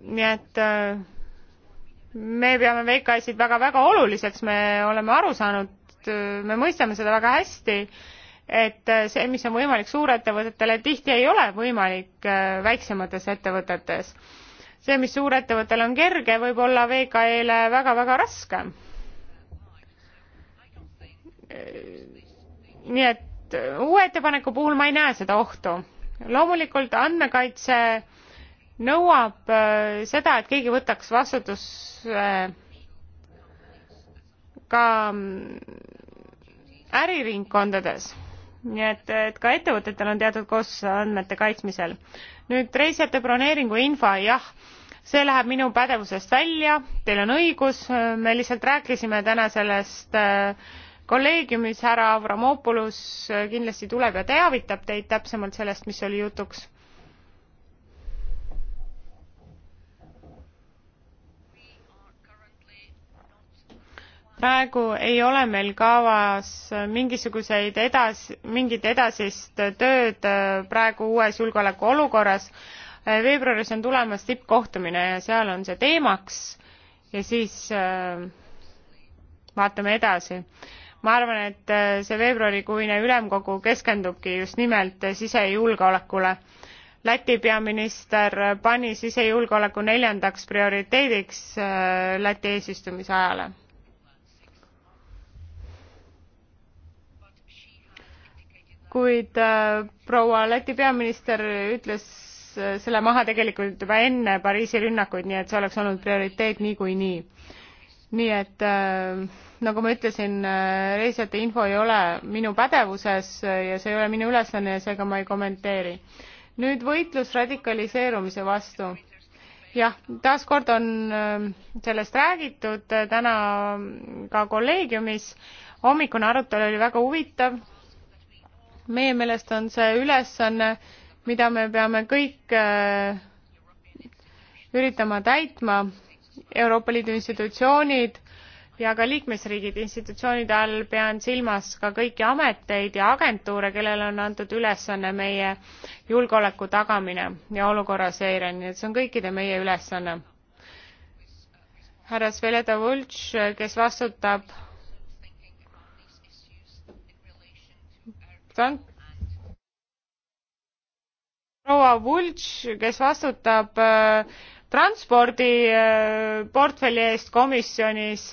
nii et äh, me peame VKS-id väga-väga oluliseks, me oleme aru saanud, äh, me mõistame seda väga hästi, et äh, see, mis on võimalik suurettevõtetele, tihti ei ole võimalik väiksemates ettevõtetes. see, mis suurettevõttel on kerge, võib olla VKE-le väga-väga raske nii et uh, uue ettepaneku puhul ma ei näe seda ohtu. loomulikult andmekaitse nõuab uh, seda, et keegi võtaks vastutuse uh, ka mm, äriringkondades. nii et, et ka ettevõtetel on teatud kohustus andmete kaitsmisel. nüüd reisijate broneeringu info, jah, see läheb minu pädevusest välja, teil on õigus, me lihtsalt rääkisime täna sellest äh, kolleegiumis härra Avramopoulos äh, kindlasti tuleb ja teavitab teid täpsemalt sellest, mis oli jutuks. praegu ei ole meil kavas mingisuguseid edas-, mingit edasist tööd äh, praegu uues julgeolekuolukorras. Äh, veebruaris on tulemas tippkohtumine ja seal on see teemaks ja siis vaatame edasi ma arvan, et äh, see veebruarikuine ülemkogu keskendubki just nimelt äh, sisejulgeolekule. Läti peaminister äh, pani sisejulgeoleku neljandaks prioriteediks Läti eesistumise ajale kuid äh, proua Läti peaminister ütles äh, selle maha tegelikult juba enne Pariisi rünnakuid, nii et see oleks olnud prioriteet niikuinii. nii et äh, nagu ma ütlesin, äh, reisijate info ei ole minu pädevuses ja see ei ole minu ülesanne ja seega ma ei kommenteeri. nüüd võitlus radikaliseerumise vastu. jah, taaskord on ähm, sellest räägitud äh, täna ka kolleegiumis. hommikune arutelu oli väga huvitav. meie meelest on see ülesanne, mida me peame kõik äh, üritama täitma. Euroopa Liidu institutsioonid ja ka liikmesriigid institutsioonide all pean silmas ka kõiki ameteid ja agentuure kellele on antud ülesanne meie julgeoleku tagamine ja olukorra seire nii et see on kõikide meie ülesanne härra Sveleda Vultš, kes vastutab Tank proua Vultš, kes vastutab äh, transpordiportfelli äh, eest komisjonis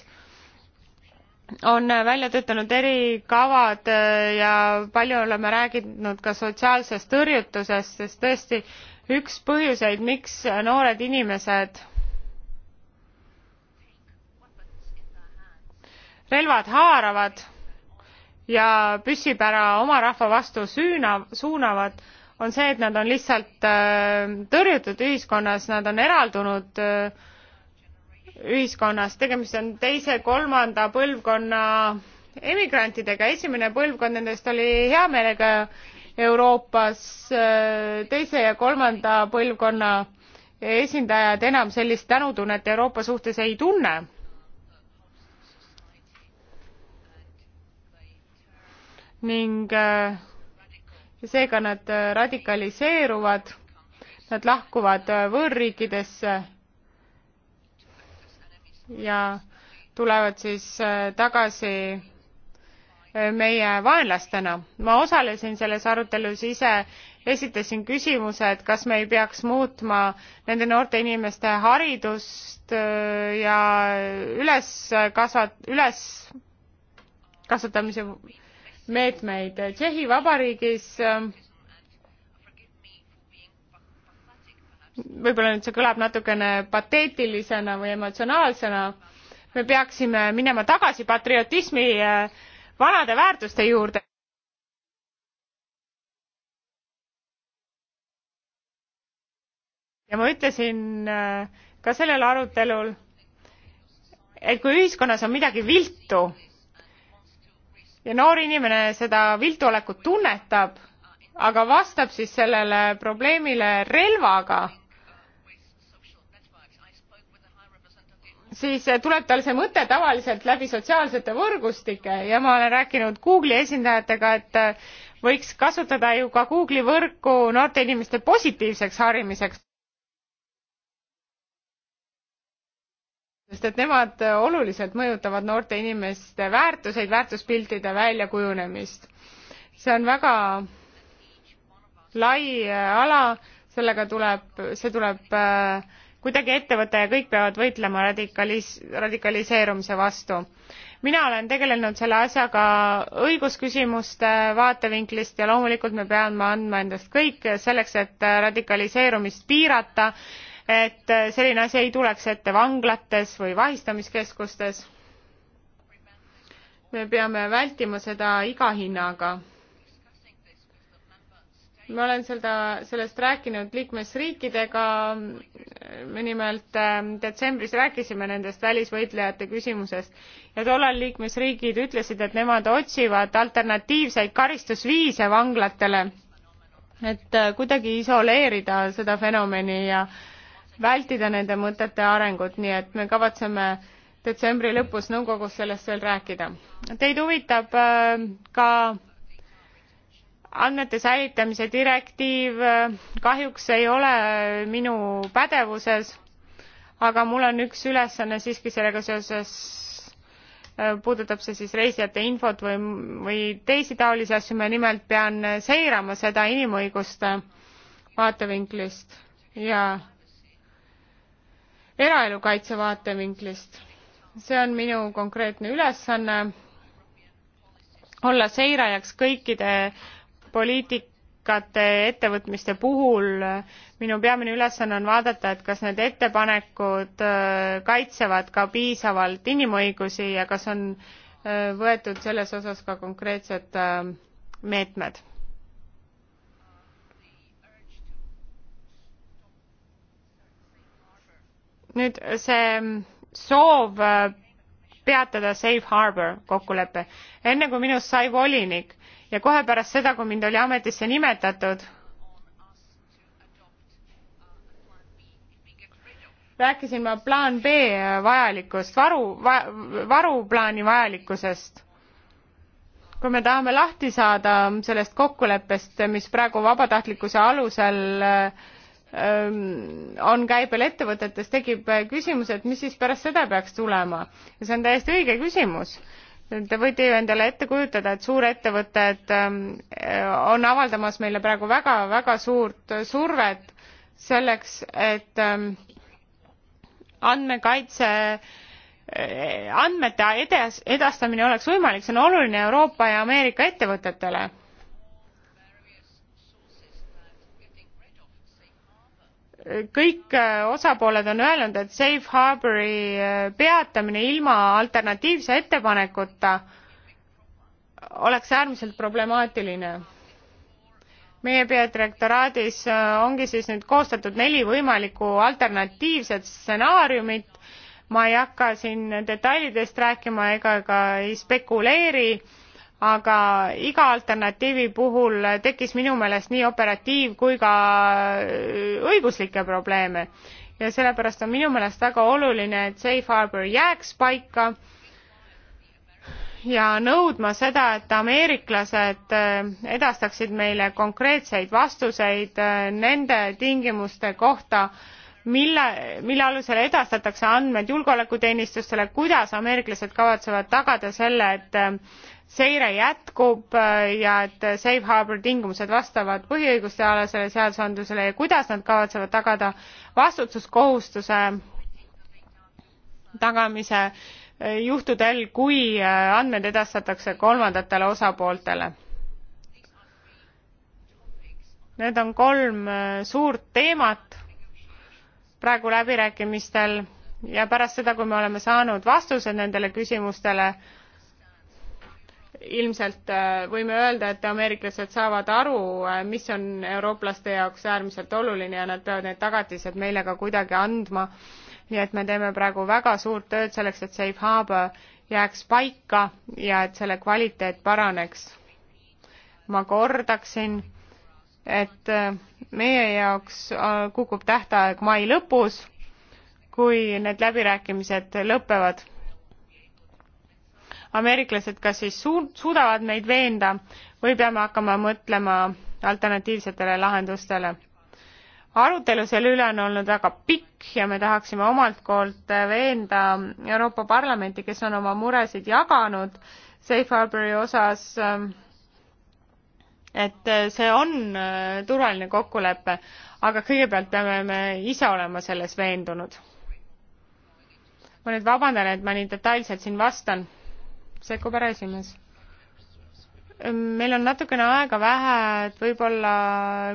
on välja töötanud erikavad äh, ja palju oleme rääkinud ka sotsiaalsest tõrjutusest, sest tõesti üks põhjuseid, miks noored inimesed relvad haaravad ja püssipära oma rahva vastu süüna, suunavad, on see, et nad on lihtsalt äh, tõrjutud ühiskonnas, nad on eraldunud äh, ühiskonnas, tegemist on teise-kolmanda põlvkonna emigrantidega, esimene põlvkond nendest oli hea meelega Euroopas, teise ja kolmanda põlvkonna esindajad enam sellist tänutunnet Euroopa suhtes ei tunne. ning äh, seega nad äh, radikaliseeruvad, nad lahkuvad võõrriikidesse ja tulevad siis äh, tagasi äh, meie vaenlastena. ma osalesin selles arutelus ise, esitasin küsimuse, et kas me ei peaks muutma nende noorte inimeste haridust äh, ja üles kasvat-, üles kasvatamise meetmeid. Tšehhi Vabariigis äh, võib-olla nüüd see kõlab natukene pateetilisena või emotsionaalsena, me peaksime minema tagasi patriotismi äh, vanade väärtuste juurde. ja ma ütlesin äh, ka sellel arutelul, et kui ühiskonnas on midagi viltu ja noor inimene seda viltuolekut tunnetab, aga vastab siis sellele probleemile relvaga siis tuleb tal see mõte tavaliselt läbi sotsiaalsete võrgustike ja ma olen rääkinud Google'i esindajatega, et äh, võiks kasutada ju ka Google'i võrku noorte inimeste positiivseks harimiseks. sest et nemad äh, oluliselt mõjutavad noorte inimeste väärtuseid, väärtuspiltide väljakujunemist. see on väga lai äh, ala, sellega tuleb, see tuleb äh, kuidagi ettevõte ja kõik peavad võitlema radikalis- radikaliseerumise vastu mina olen tegelenud selle asjaga õigusküsimuste vaatevinklist ja loomulikult me peame andma endast kõik selleks et radikaliseerumist piirata et selline asi ei tuleks ette vanglates või vahistamiskeskustes me peame vältima seda iga hinnaga ma olen seda, sellest rääkinud liikmesriikidega, me nimelt ähm, detsembris rääkisime nendest välisvõitlejate küsimusest ja tollal liikmesriigid ütlesid, et nemad otsivad alternatiivseid karistusviise vanglatele, et äh, kuidagi isoleerida seda fenomeni ja vältida nende mõtete arengut, nii et me kavatseme detsembri lõpus nõukogus sellest veel rääkida. Teid huvitab äh, ka andmete säilitamise direktiiv kahjuks ei ole minu pädevuses aga mul on üks ülesanne siiski sellega seoses äh, puudutab see siis reisijate infot või või teisi taolisi asju ma nimelt pean seirama seda inimõiguste vaatevinklist ja eraelukaitse vaatevinklist see on minu konkreetne ülesanne olla seirajaks kõikide poliitikate ettevõtmiste puhul minu peamine ülesanne on vaadata et kas need ettepanekud äh, kaitsevad ka piisavalt inimõigusi ja kas on äh, võetud selles osas ka konkreetsed äh, meetmed. nüüd see soov peatada safe harbour kokkulepe enne kui minust sai volinik ja kohe pärast seda, kui mind oli ametisse nimetatud, rääkisin ma plaan B vajalikust, varu va,, varuplaani vajalikkusest. kui me tahame lahti saada sellest kokkuleppest, mis praegu vabatahtlikkuse alusel ähm, on käibel ettevõtetes, tekib küsimus, et mis siis pärast seda peaks tulema. ja see on täiesti õige küsimus Te võite ju endale ette kujutada, et suurettevõtted ähm, äh, on avaldamas meile praegu väga-väga suurt survet selleks, et ähm, andmekaitse äh, andmete edas, edastamine oleks võimalik see on oluline euroopa ja ameerika ettevõtetele kõik äh, osapooled on öelnud, et safe harbori äh, peatamine ilma alternatiivse ettepanekuta oleks äärmiselt problemaatiline. meie peadirektoraadis äh, ongi siis nüüd koostatud neli võimalikku alternatiivset stsenaariumit. ma ei hakka siin detailidest rääkima ega ka ei spekuleeri aga iga alternatiivi puhul tekkis minu meelest nii operatiiv kui ka äh, õiguslikke probleeme ja sellepärast on minu meelest väga oluline et safe harbour jääks paika ja nõudma seda et ameeriklased äh, edastaksid meile konkreetseid vastuseid äh, nende tingimuste kohta mille mille alusel edastatakse andmed julgeolekuteenistustele kuidas ameeriklased kavatsevad tagada selle et seire jätkub äh, ja et safe harbour tingimused vastavad põhiõiguste alasele seadusandlusele ja kuidas nad kavatsevad tagada vastutuskohustuse tagamise äh, juhtudel kui äh, andmed edastatakse kolmandatele osapooltele. Need on kolm suurt teemat praegu läbirääkimistel ja pärast seda, kui me oleme saanud vastused nendele küsimustele, ilmselt äh, võime öelda, et ameeriklased saavad aru, äh, mis on eurooplaste jaoks äärmiselt oluline ja nad peavad need tagatised meile ka kuidagi andma. nii et me teeme praegu väga suurt tööd selleks, et Safe Harbor jääks paika ja et selle kvaliteet paraneks. ma kordaksin, et äh, meie jaoks kukub tähtaeg mai lõpus, kui need läbirääkimised lõpevad ameeriklased kas siis suud, suudavad meid veenda või peame hakkama mõtlema alternatiivsetele lahendustele. arutelu selle üle on olnud väga pikk ja me tahaksime omalt poolt veenda Euroopa Parlamenti, kes on oma muresid jaganud Safe Harbori osas, et see on turvaline kokkulepe, aga kõigepealt peame me ise olema selles veendunud ma nüüd vabandan et ma nii detailselt siin vastan sekkub härra esimees. meil on natukene aega vähe, et võib-olla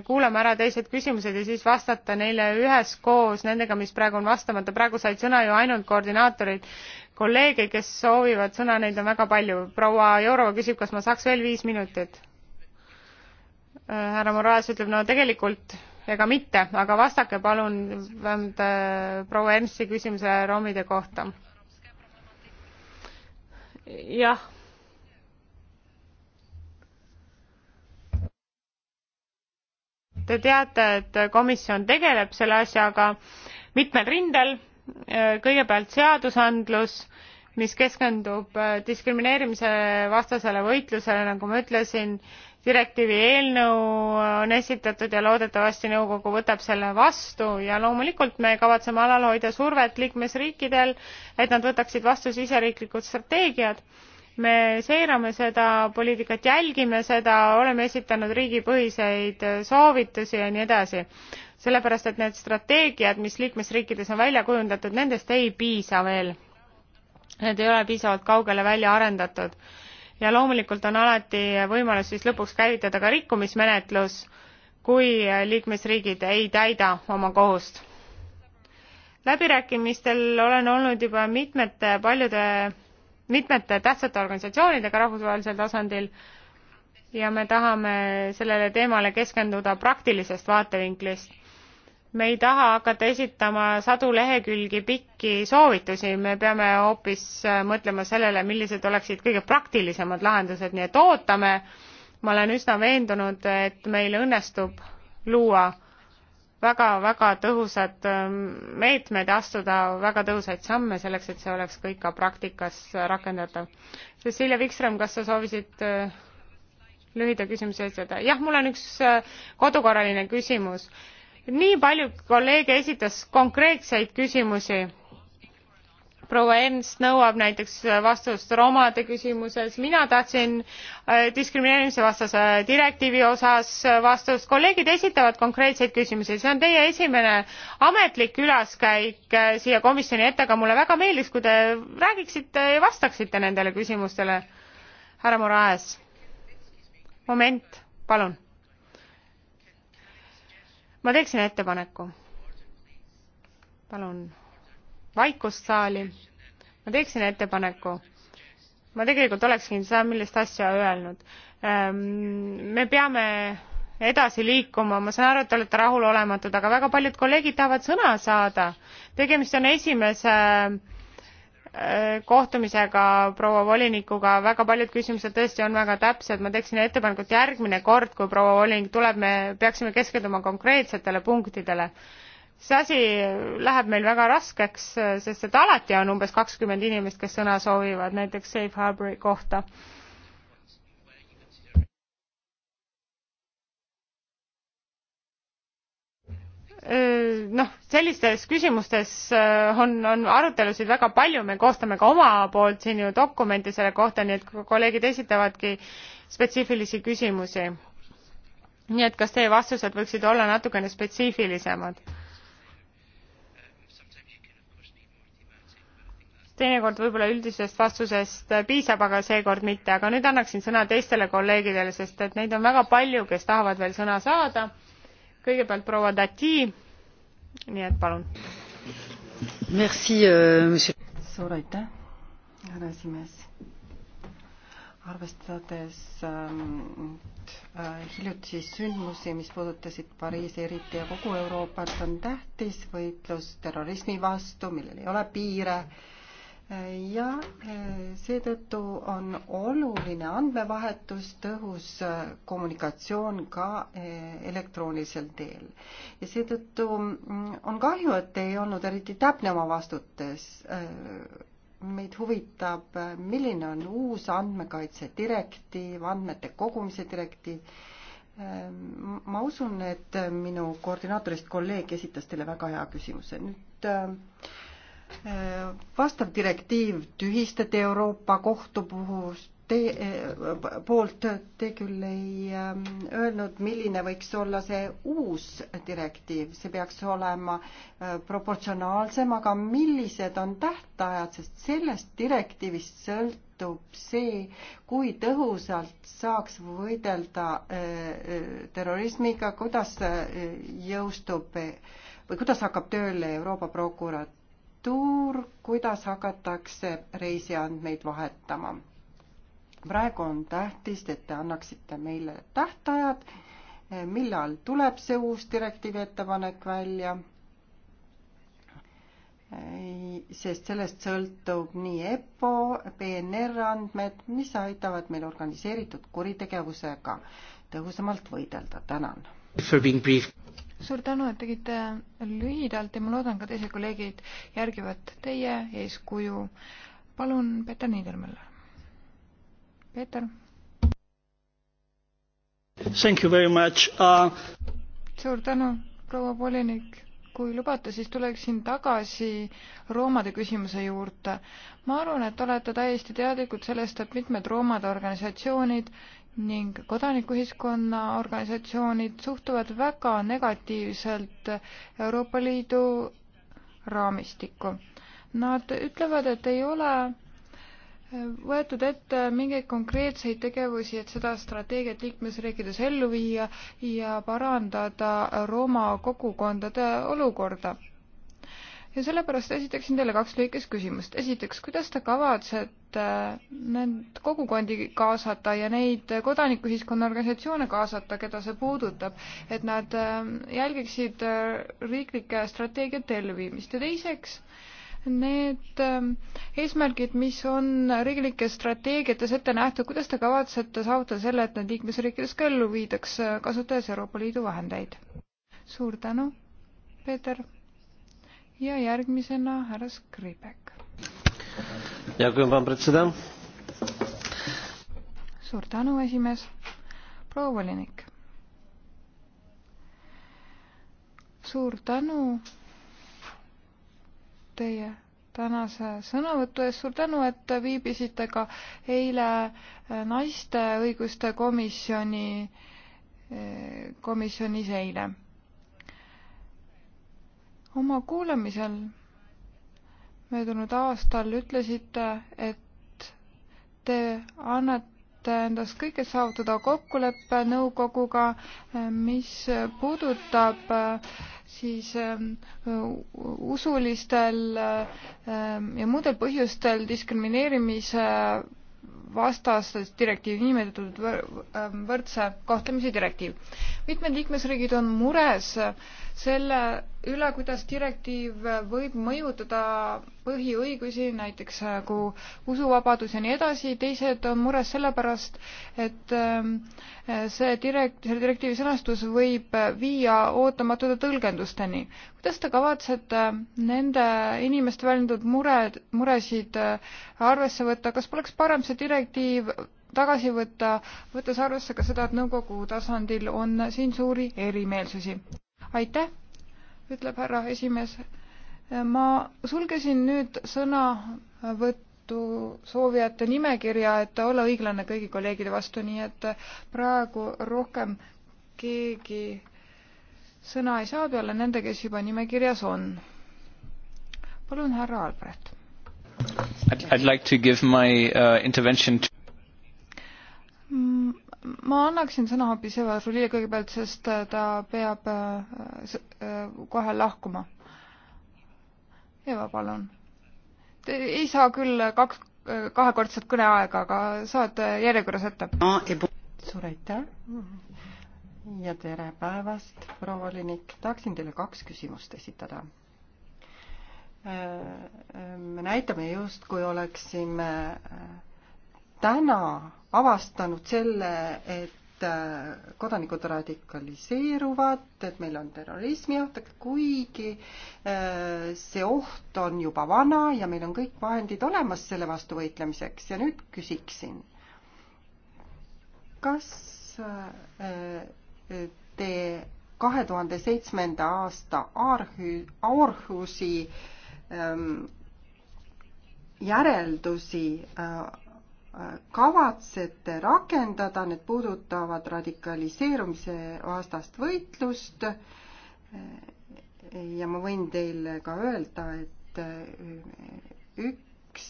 kuulame ära teised küsimused ja siis vastata neile üheskoos nendega, mis praegu on vastamata. praegu said sõna ju ainult koordinaatorid. kolleege, kes soovivad sõna, neid on väga palju. proua Jourova küsib, kas ma saaks veel viis minutit. härra Morales ütleb, no tegelikult ega mitte, aga vastake palun vähemalt äh, proua Ernsti küsimusele romide kohta jah. Te teate, et komisjon tegeleb selle asjaga mitmel rindel. kõigepealt seadusandlus, mis keskendub diskrimineerimise vastasele võitlusele, nagu ma ütlesin direktiivi eelnõu on esitatud ja loodetavasti nõukogu võtab selle vastu ja loomulikult me kavatseme alal hoida survet liikmesriikidel, et nad võtaksid vastu siseriiklikud strateegiad. me seirame seda poliitikat, jälgime seda, oleme esitanud riigipõhiseid soovitusi ja nii edasi. sellepärast, et need strateegiad, mis liikmesriikides on välja kujundatud, nendest ei piisa veel. Need ei ole piisavalt kaugele välja arendatud ja loomulikult on alati võimalus siis lõpuks käivitada ka rikkumismenetlus, kui liikmesriigid ei täida oma kohust. läbirääkimistel olen olnud juba mitmete paljude, mitmete tähtsate organisatsioonidega rahvusvahelisel tasandil ja me tahame sellele teemale keskenduda praktilisest vaatevinklist me ei taha hakata esitama sadu lehekülgi pikki soovitusi, me peame hoopis äh, mõtlema sellele, millised oleksid kõige praktilisemad lahendused, nii et ootame. ma olen üsna veendunud, et meil õnnestub luua väga-väga tõhusad ähm, meetmed ja astuda väga tõhusaid samme selleks, et see oleks kõik ka praktikas äh, rakendatav. Cecilia Wikström, kas sa soovisid äh, lühida küsimuse esitada? jah, mul on üks kodukorraline küsimus nii palju kolleege esitas konkreetseid küsimusi proua ernst nõuab näiteks vastust romade küsimuses mina tahtsin äh, diskrimineerimise vastase direktiivi osas vastust kolleegid esitavad konkreetseid küsimusi see on teie esimene ametlik külaskäik äh, siia komisjoni ette aga mulle väga meeldiks kui te räägiksite ja vastaksite nendele küsimustele härra moraes moment palun ma teeksin ettepaneku. palun vaikust saali. ma teeksin ettepaneku. ma tegelikult oleksin seda, millist asja öelnud. Ähm, me peame edasi liikuma, ma saan aru, et te olete rahulolematud, aga väga paljud kolleegid tahavad sõna saada. tegemist on esimese äh, Äh, kohtumisega proua volinikuga, väga paljud küsimused tõesti on väga täpsed, ma teeksin ettepaneku, et järgmine kord, kui proua volinik tuleb, me peaksime keskenduma konkreetsetele punktidele. see asi läheb meil väga raskeks, sest et alati on umbes kakskümmend inimest, kes sõna soovivad, näiteks Safe Harbori kohta Äh, noh, sellistes küsimustes äh, on, on arutelusid väga palju, me koostame ka oma poolt siin ju dokumente selle kohta, nii et kolleegid esitavadki spetsiifilisi küsimusi. nii et kas teie vastused võiksid olla natukene spetsiifilisemad? teinekord võib-olla üldisest vastusest piisab, aga seekord mitte, aga nüüd annaksin sõna teistele kolleegidele, sest et neid on väga palju, kes tahavad veel sõna saada kõigepealt proua Dati, nii et palun. Euh, suur aitäh, härra esimees. arvestades ähm, äh, hiljutisi sündmusi, mis puudutasid Pariisi eriti ja kogu Euroopat, on tähtis võitlus terrorismi vastu, millel ei ole piire äh,, ja eh, seetõttu on oluline andmevahetus, tõhus eh, kommunikatsioon ka eh, elektroonilisel teel. ja seetõttu mm, on kahju, et ei olnud eriti täpne oma vastutes. meid huvitab, milline on uus andmekaitse direktiiv, andmete kogumise direktiiv. ma usun, et minu koordinaatorist kolleeg esitas teile väga hea küsimuse. nüüd vastav direktiiv tühistati Euroopa Kohtu puhul te, eh, poolt, te küll ei eh, öelnud, milline võiks olla see uus direktiiv, see peaks olema eh, proportsionaalsem, aga millised on tähtajad, sest sellest direktiivist sõltub see, kui tõhusalt saaks võidelda terrorismiga, kuidas jõustub või kuidas hakkab tööle Euroopa prokurat-, struktuur, kuidas hakatakse reisiandmeid vahetama. praegu on tähtis, et te annaksite meile tähtajad, eh, millal tuleb see uus direktiivi ettepanek välja, eh, sest sellest sõltub nii EPPO, PNR andmed, mis aitavad meil organiseeritud kuritegevusega tõhusamalt võidelda. tänan! for being brief suur tänu, et tegite lühidalt ja ma loodan, ka teised kolleegid järgivad teie eeskuju. palun, Peeter Niidermüller. Peeter. Thank you very much uh.... suur tänu, proua volinik kui lubate, siis tuleksin tagasi roomade küsimuse juurde. ma arvan, et olete täiesti teadlikud sellest, et mitmed roomade organisatsioonid ning kodanikuühiskonna organisatsioonid suhtuvad väga negatiivselt Euroopa Liidu raamistikku. Nad ütlevad, et ei ole võetud ette mingeid konkreetseid tegevusi, et seda strateegiat liikmesriikides ellu viia ja parandada Rooma kogukondade olukorda ja sellepärast esitaksin teile kaks lühikest küsimust. esiteks, kuidas te kavatsete need kogukondi kaasata ja neid kodanikuühiskonna organisatsioone kaasata, keda see puudutab, et nad ähm, jälgiksid äh, riiklike strateegiate elluviimist ja teiseks, need ähm, eesmärgid, mis on riiklikes strateegiates ette nähtud, kuidas te kavatsete saavutada selle, et need liikmesriikides ka ellu viidaks, äh, kasutades Euroopa Liidu vahendeid? suur tänu, Peeter ja järgmisena härra Skripek. suur tänu, esimees. proua volinik. suur tänu teie tänase sõnavõtu eest, suur tänu, et viibisite ka eile eh, naiste õiguste komisjoni, eh, komisjonis eile oma kuulamisel möödunud aastal ütlesite, et te annate endast kõike saavutada kokkuleppe nõukoguga, mis puudutab siis usulistel ja muudel põhjustel diskrimineerimise vastasest direktiivi, niinimetatud võrdse kohtlemise direktiiv. mitmed liikmesriigid on mures selle üle, kuidas direktiiv võib mõjutada põhiõigusi, näiteks nagu usuvabadus ja nii edasi, teised on mures sellepärast, et ähm, äh, see direkt-, selle direktiivi sõnastus võib äh, viia ootamatute tõlgendusteni. kuidas te kavatsete nende inimeste väljendatud mured, muresid arvesse võtta, kas poleks parem see direktiiv tagasi võtta, võttes arvesse ka seda, et nõukogu tasandil on siin suuri erimeelsusi? aitäh! ütleb härra esimees. ma sulgesin nüüd sõnavõttu soovijate nimekirja, et olla õiglane kõigi kolleegide vastu, nii et praegu rohkem keegi sõna ei saa peale nende, kes juba nimekirjas on. palun, härra Albrecht. I'd like to give my uh, intervention to mm, ma annaksin sõna hoopis Eva Žulile kõigepealt, sest äh, ta peab äh, äh, kohe lahkuma. Eva, palun. Te ei saa küll kaks, kahekordset kõneaega, aga saate järjekorras ette. suur aitäh ja tere päevast, proua volinik. tahaksin teile kaks küsimust esitada me näitame just, kui oleksime täna avastanud selle, et äh, kodanikud radikaliseeruvad, et meil on terrorismioht, kuigi äh, see oht on juba vana ja meil on kõik vahendid olemas selle vastu võitlemiseks ja nüüd küsiksin, kas äh, te kahe tuhande seitsmenda aasta Aarhu, Aarhusi ähm, järeldusi äh, kavatsete rakendada, need puudutavad radikaliseerumise vastast võitlust. ja ma võin teile ka öelda, et üks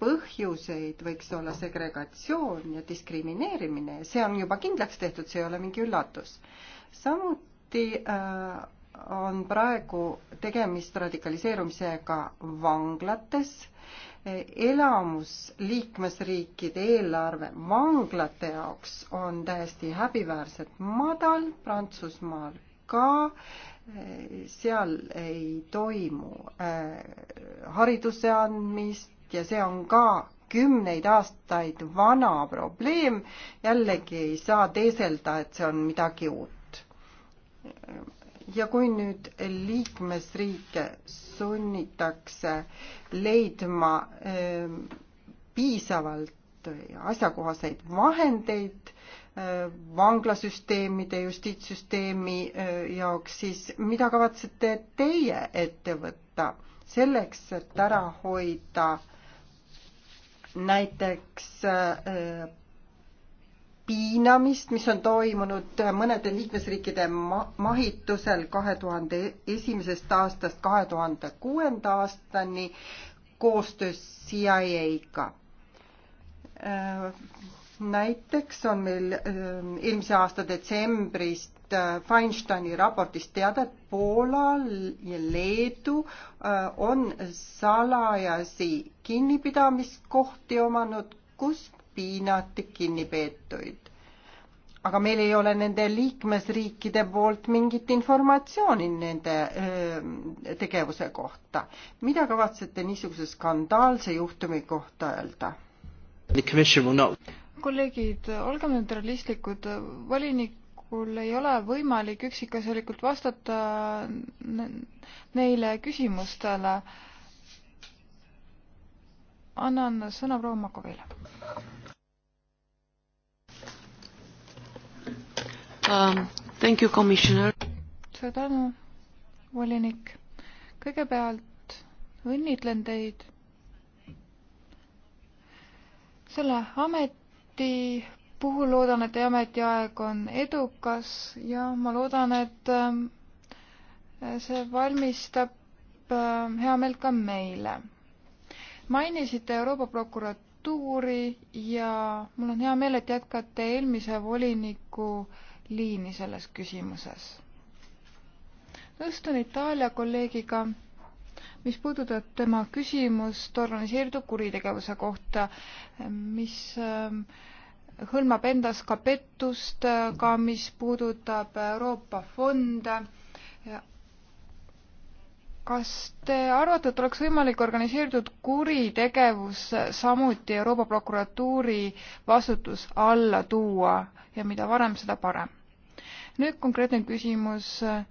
põhjuseid võiks olla segregatsioon ja diskrimineerimine, see on juba kindlaks tehtud, see ei ole mingi üllatus. samuti äh, on praegu tegemist radikaliseerumisega vanglates elamus liikmesriikide eelarve vanglate jaoks on täiesti häbiväärselt madal, Prantsusmaal ka, eh, seal ei toimu eh, hariduse andmist ja see on ka kümneid aastaid vana probleem, jällegi ei saa teeselda, et see on midagi uut ja kui nüüd liikmesriike sunnitakse leidma ähm, piisavalt asjakohaseid vahendeid äh, vanglasüsteemide, justiitssüsteemi äh, jaoks, siis mida kavatsete teie ette võtta selleks, et ära hoida näiteks äh, piinamist, mis on toimunud mõnede liikmesriikide ma mahitusel kahe tuhande esimesest aastast kahe tuhande kuuenda aastani koostöös CIA-ga. Äh, näiteks on meil äh, eelmise aasta detsembrist äh, Feinsteini raportis teada, et Poola ja Leedu on salajasi kinnipidamiskohti omanud, kus piinati kinnipeetuid. aga meil ei ole nende liikmesriikide poolt mingit informatsiooni nende öö, tegevuse kohta. mida kavatsete niisuguse skandaalse juhtumi kohta öelda? kolleegid, olgem nüüd realistlikud, volinik mul ei ole võimalik üksikasjalikult vastata neile küsimustele. annan sõna proua Makovile. um,. Thank you, commissioner. suur tänu, volinik. kõigepealt õnnitlen teid selle ameti puhul loodan, et teie ametiaeg on edukas ja ma loodan, et ähm, see valmistab ähm, hea meelt ka meile. mainisite Euroopa prokuratuuri ja mul on hea meel, et jätkate eelmise voliniku äh, liini selles küsimuses. nõustun Itaalia kolleegiga, mis puudutab tema küsimust organiseeritud kuritegevuse kohta, mis ähm, hõlmab endas ka pettust, ka mis puudutab Euroopa fonde. kas te arvate, et oleks võimalik organiseeritud kuritegevus samuti Euroopa prokuratuuri vastutus alla tuua ja mida varem, seda parem? nüüd konkreetne küsimus. Äh,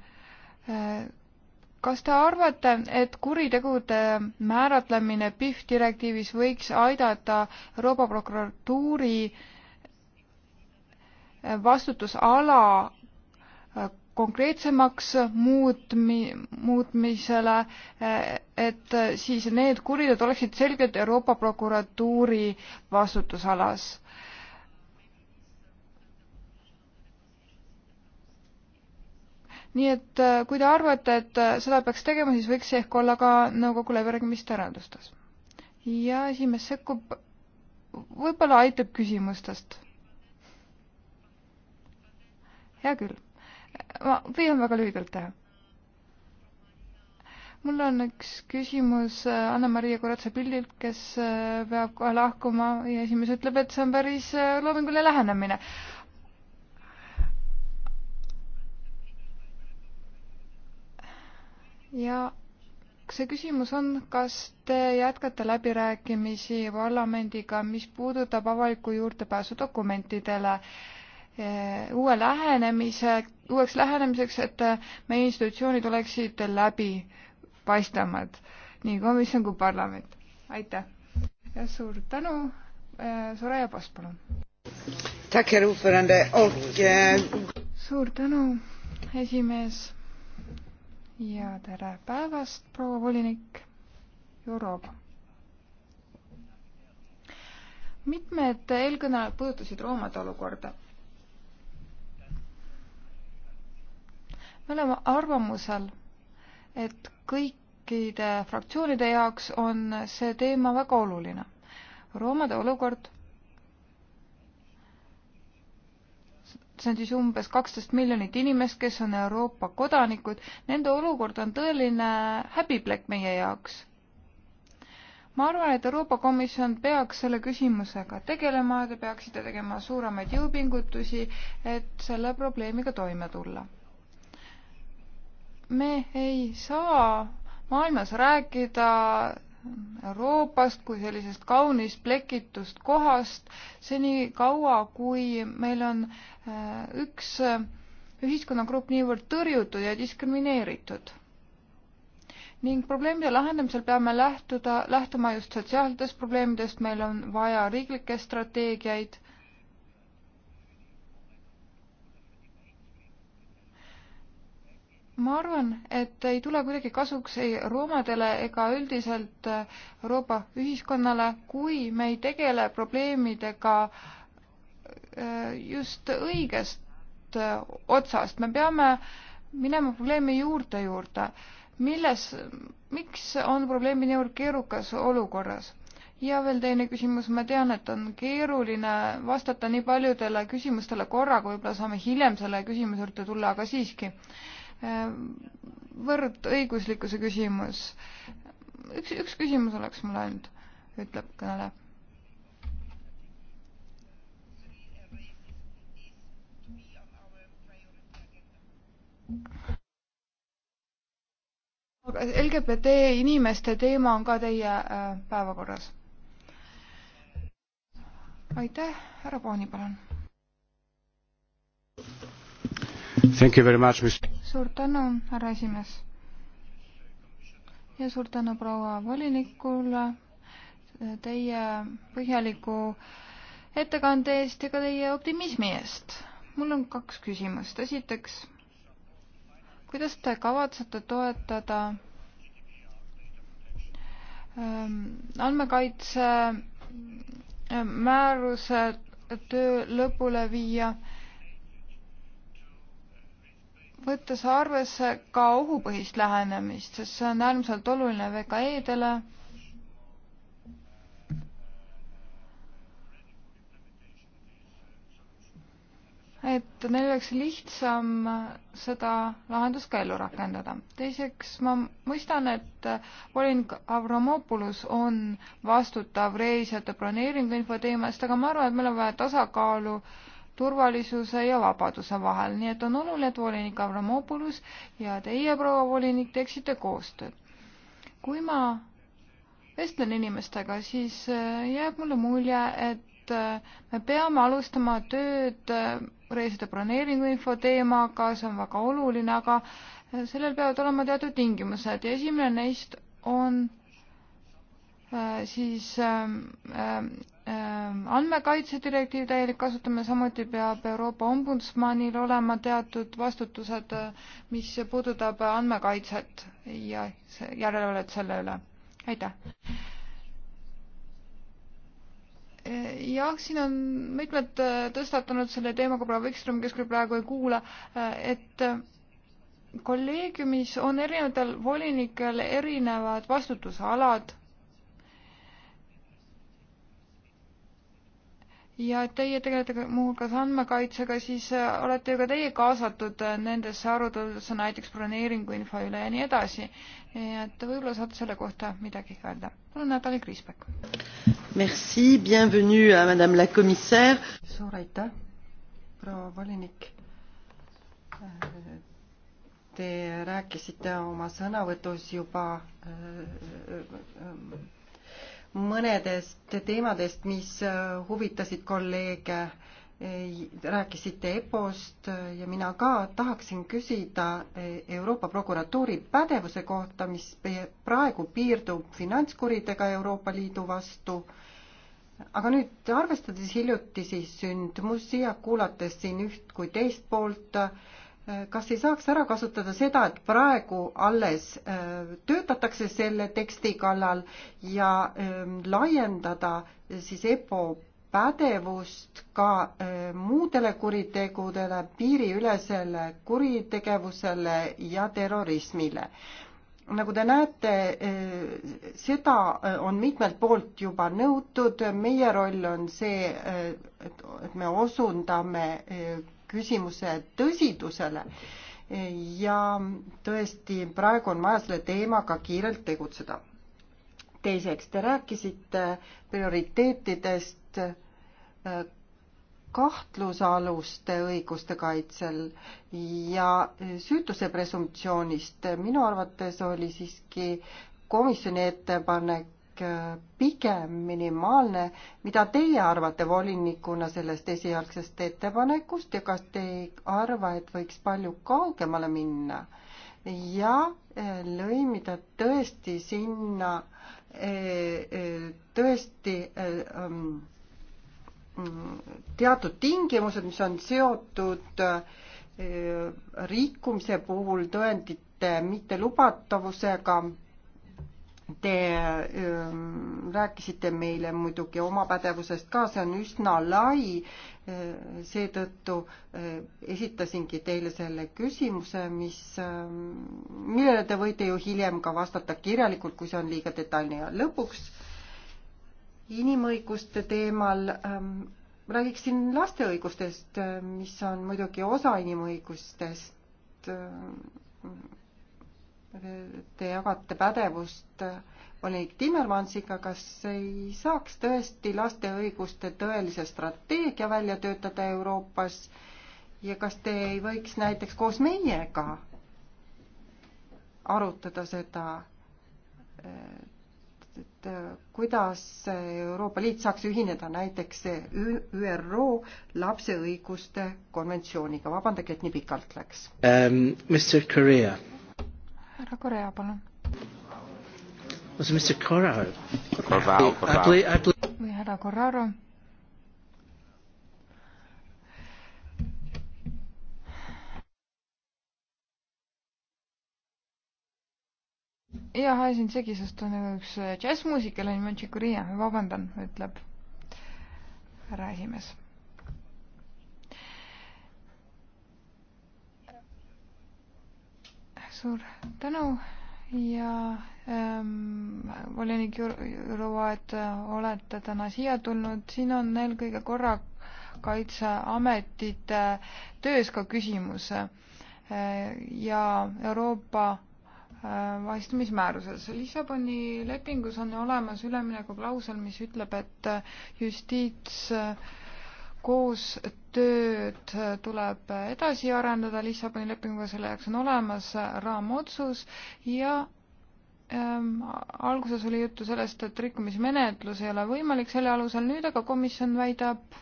kas te arvate, et kuritegude määratlemine PIF direktiivis võiks aidata Euroopa prokuratuuri äh, vastutusala äh, konkreetsemaks muutmi-, muutmisele, et siis need kuriteod oleksid selgelt Euroopa prokuratuuri vastutusalas. nii et äh, kui te arvate, et äh, seda peaks tegema, siis võiks see ehk olla ka nõukogu läbirääkimiste järeldustes. ja esimees sekkub, võib-olla aitab küsimustest. hea küll, ma püüan väga lühidalt teha. mul on üks küsimus äh, Anna-Maria Kuratsa-Pillilt, kes peab kohe lahkuma ja esimees ütleb, et see on päris loominguline lähenemine ja see küsimus on, kas te jätkate läbirääkimisi parlamendiga, mis puudutab avalikku juurdepääsu dokumentidele eh, uue lähenemise, uueks lähenemiseks, et eh, meie institutsioonid oleksid läbipaistvamad, nii komisjon kui parlament. aitäh! ja suur tänu, eh, Soraya Post, palun! suur tänu, esimees ja tere päevast, proua volinik Jurova. mitmed eelkõnelejad puudutasid roomade olukorda. me oleme arvamusel, et kõikide fraktsioonide jaoks on see teema väga oluline. roomade olukord see on siis umbes kaksteist miljonit inimest, kes on Euroopa kodanikud, nende olukord on tõeline häbiplekk meie jaoks. ma arvan, et Euroopa Komisjon peaks selle küsimusega tegelema, te peaksite tegema suuremaid jõupingutusi, et selle probleemiga toime tulla. me ei saa maailmas rääkida Euroopast kui sellisest kaunist plekitust kohast, senikaua kui meil on äh, üks äh, ühiskonnagrupp niivõrd tõrjutud ja diskrimineeritud. ning probleemide lahendamisel peame lähtuda, lähtuma just sotsiaalsetest probleemidest, meil on vaja riiklikke strateegiaid ma arvan, et ei tule kuidagi kasuks ei roomadele ega üldiselt Euroopa ühiskonnale, kui me ei tegele probleemidega äh, just õigest äh, otsast. me peame minema probleemi juurte juurde, milles, miks on probleemid niivõrd keerukas olukorras? ja veel teine küsimus, ma tean, et on keeruline vastata nii paljudele küsimustele korraga, võib-olla saame hiljem selle küsimuse juurde tulla, aga siiski äh, võrdõiguslikkuse küsimus. üks, üks küsimus oleks mul ainult, ütleb kõneleja. aga LGBT inimeste teema on ka teie äh, päevakorras. aitäh, härra Paani, palun. Thank you very much, Mr suur tänu, härra esimees. ja suur tänu proua volinikule teie põhjaliku ettekande eest ja ka teie optimismi eest. mul on kaks küsimust. esiteks, kuidas te kavatsete toetada ähm, andmekaitse äh, määruse töö lõpule viia äh, võttes arvesse ka ohupõhist lähenemist, sest see on äärmiselt oluline VKE-dele, et neil oleks lihtsam seda lahendust ka ellu rakendada. teiseks, ma mõistan, et volinik Avramopoulos on vastutav reisijate broneeringu info teema eest, aga ma arvan, et meil on vaja tasakaalu äh, turvalisuse ja vabaduse vahel, nii et on oluline, et volinik Avramopoulos ja teie, proua volinik, teeksite koostööd. kui ma vestlen inimestega, siis äh, jääb mulle mulje, et äh, me peame alustama tööd äh, reiside broneeringu info teemaga, see on väga oluline, aga sellel peavad olema teatud tingimused ja esimene neist on siis ähm, Ehm, andmekaitse direktiivi täielik kasutamine, samuti peab Euroopa Ombudsmanil olema teatud vastutused, mis puudutab andmekaitset ja järelevalvet selle üle. aitäh! Ehm, jah, siin on mitmed äh, tõstatanud selle teemaga, proua Vikström, kes küll praegu ei kuula, äh, et äh, kolleegiumis on erinevatel volinikel erinevad vastutusalad ja et teie tegelete muuhulgas andmekaitsega, siis äh, olete ju ka teie kaasatud äh, nendesse aruteludesse näiteks broneeringuinfo üle ja nii edasi. et võib-olla saate selle kohta midagi ka öelda. palun, Natalja Kriisbeck. Merci, bienvenue à madame la commissaire. suur aitäh, proua volinik. Te rääkisite oma sõnavõtus juba äh, äh, äh, mõnedest teemadest, mis äh, huvitasid kolleege. rääkisite EPO-st äh, ja mina ka tahaksin küsida äh, Euroopa prokuratuuri pädevuse kohta, mis praegu piirdub finantskuritega Euroopa Liidu vastu. aga nüüd arvestades hiljutisi sündmusi ja kuulates siin üht kui teist poolt, kas ei saaks ära kasutada seda, et praegu alles äh, töötatakse selle teksti kallal ja ähm, laiendada äh, siis EPO pädevust ka äh, muudele kuritegudele, piiriülesele kuritegevusele ja terrorismile nagu te näete, seda on mitmelt poolt juba nõutud, meie roll on see, et me osundame küsimuse tõsidusele. ja tõesti, praegu on vaja selle teemaga kiirelt tegutseda. teiseks, te rääkisite prioriteetidest äh, kahtlusaluste õiguste kaitsel ja süütuse presumptsioonist. minu arvates oli siiski komisjoni ettepanek pigem minimaalne. mida teie arvate volinikuna sellest esialgsest ettepanekust ja kas te ei arva, et võiks palju kaugemale minna ja eh, lõimida tõesti sinna eh, eh, tõesti mm, mm, teatud tingimused, mis on seotud rikkumise puhul tõendite mittelubatavusega Te ähm, rääkisite meile muidugi oma pädevusest ka, see on üsna lai, äh, seetõttu äh, esitasingi teile selle küsimuse, mis, ähm, millele te võite ju hiljem ka vastata kirjalikult, kui see on liiga detailne ja lõpuks inimõiguste teemal ähm, räägiksin laste õigustest, äh, mis on muidugi osa inimõigustest te jagate pädevust volinik Timmermansiga, kas ei saaks tõesti laste õiguste tõelise strateegia välja töötada Euroopas ja kas te ei võiks näiteks koos meiega arutada seda, et kuidas Euroopa Liit saaks ühineda näiteks ÜRO lapse õiguste konventsiooniga, vabandage, et nii pikalt läks um,. Mr Korea härra Korea, palun. või härra Corraro. jah, ajasin segi, sest on nagu üks džässmuusikaline, vabandan, ütleb härra esimees suur tänu ja ähm, volinik Jurova, et äh, olete täna siia tulnud. siin on eelkõige korrakaitseametite töös ka küsimus äh, ja Euroopa äh, vahistumismääruses. Lissaboni lepingus on olemas üleminekuklausel, mis ütleb, et äh, justiits äh, koos tööd tuleb edasi arendada, Lissaboni lepinguga selle jaoks on olemas raamotsus ja ähm, alguses oli juttu sellest, et rikkumismenetlus ei ole võimalik selle alusel, nüüd aga komisjon väidab,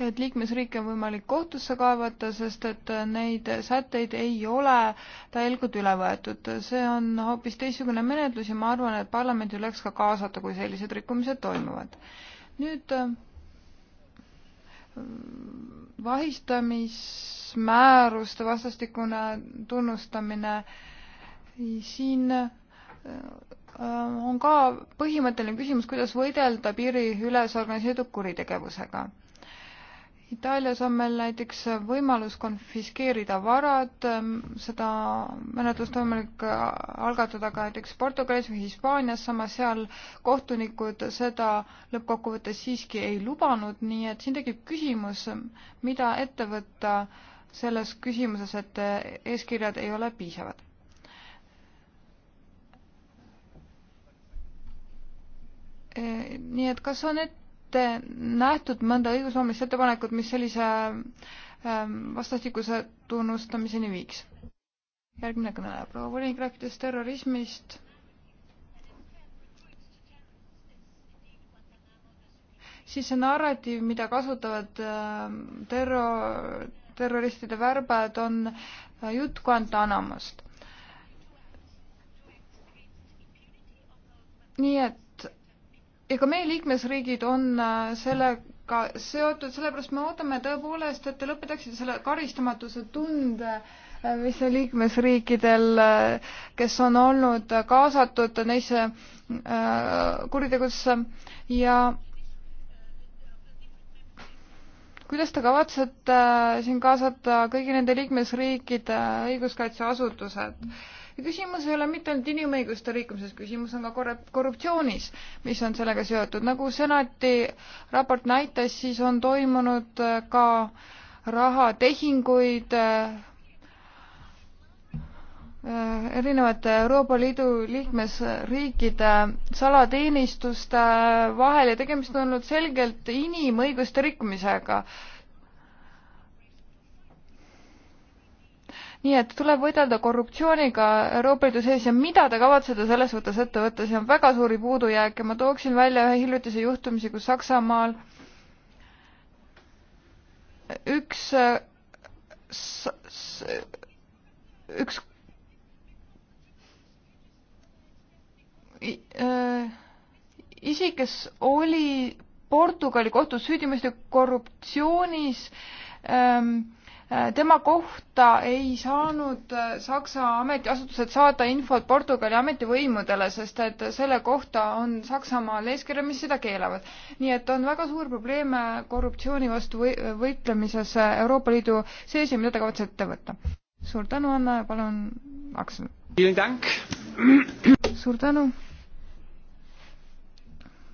et liikmesriike on võimalik kohtusse kaevata, sest et neid sätteid ei ole täielikult üle võetud. see on hoopis teistsugune menetlus ja ma arvan, et parlamendi tuleks ka kaasata, kui sellised rikkumised toimuvad. nüüd äh, vahistamismääruste vastastikune tunnustamine, siin äh, on ka põhimõtteline küsimus, kuidas võidelda piiriülese organiseeritud kuritegevusega. Itaalias on meil näiteks võimalus konfiskeerida varad, ähm, seda menetlust on võimalik äh, algatada ka näiteks Portugalis või Hispaanias, samas seal kohtunikud seda lõppkokkuvõttes siiski ei lubanud, nii et siin tekib küsimus, mida ette võtta selles küsimuses, et äh, eeskirjad ei ole piisavad. Äh, nii et kas on ette ette nähtud mõnda õigusloomist ettepanekut, mis sellise ähm, vastastikuse tunnustamiseni viiks. järgmine kõneleja, proua volinik, rääkides terrorismist. siis see narratiiv, mida kasutavad ähm, terro-, terroristide värbajad, on äh, jutt Guantanamost. nii et ja ka meie liikmesriigid on äh, sellega seotud, sellepärast me ootame tõepoolest, et te lõpetaksite selle karistamatuse tunde, äh, mis on liikmesriikidel, äh, kes on olnud kaasatud neisse kuritegusse ja kuidas te kavatsete siin kaasata kõigi nende liikmesriikide õiguskaitseasutused mm.? ja küsimus ei ole mitte ainult inimõiguste rikkumises, küsimus on ka korruptsioonis, mis on sellega seotud. nagu senati raport näitas, siis on toimunud äh, ka rahatehinguid äh, äh, erinevate Euroopa Liidu liikmesriikide salateenistuste vahel ja tegemist on olnud selgelt inimõiguste rikkumisega nii et tuleb võidelda korruptsiooniga Euroopa Liidu sees ja mida te kavatsete selles suhtes ette võtta, siin on väga suuri puudujääke, ma tooksin välja ühe hiljutise juhtumisi, kus Saksamaal üks, üks isik, kes oli Portugali kohtus süüdi mõistetud korruptsioonis ähm,, tema kohta ei saanud äh, Saksa ametiasutused saada infot Portugali ametivõimudele, sest et selle kohta on Saksamaal eeskirjad, mis seda keelavad. nii et on väga suur probleem äh, korruptsiooni vastu või võitlemises äh, Euroopa Liidu sees ja mida te kavatsete ette võtta? suur tänu, Anna ja palun, Aksel. suur tänu.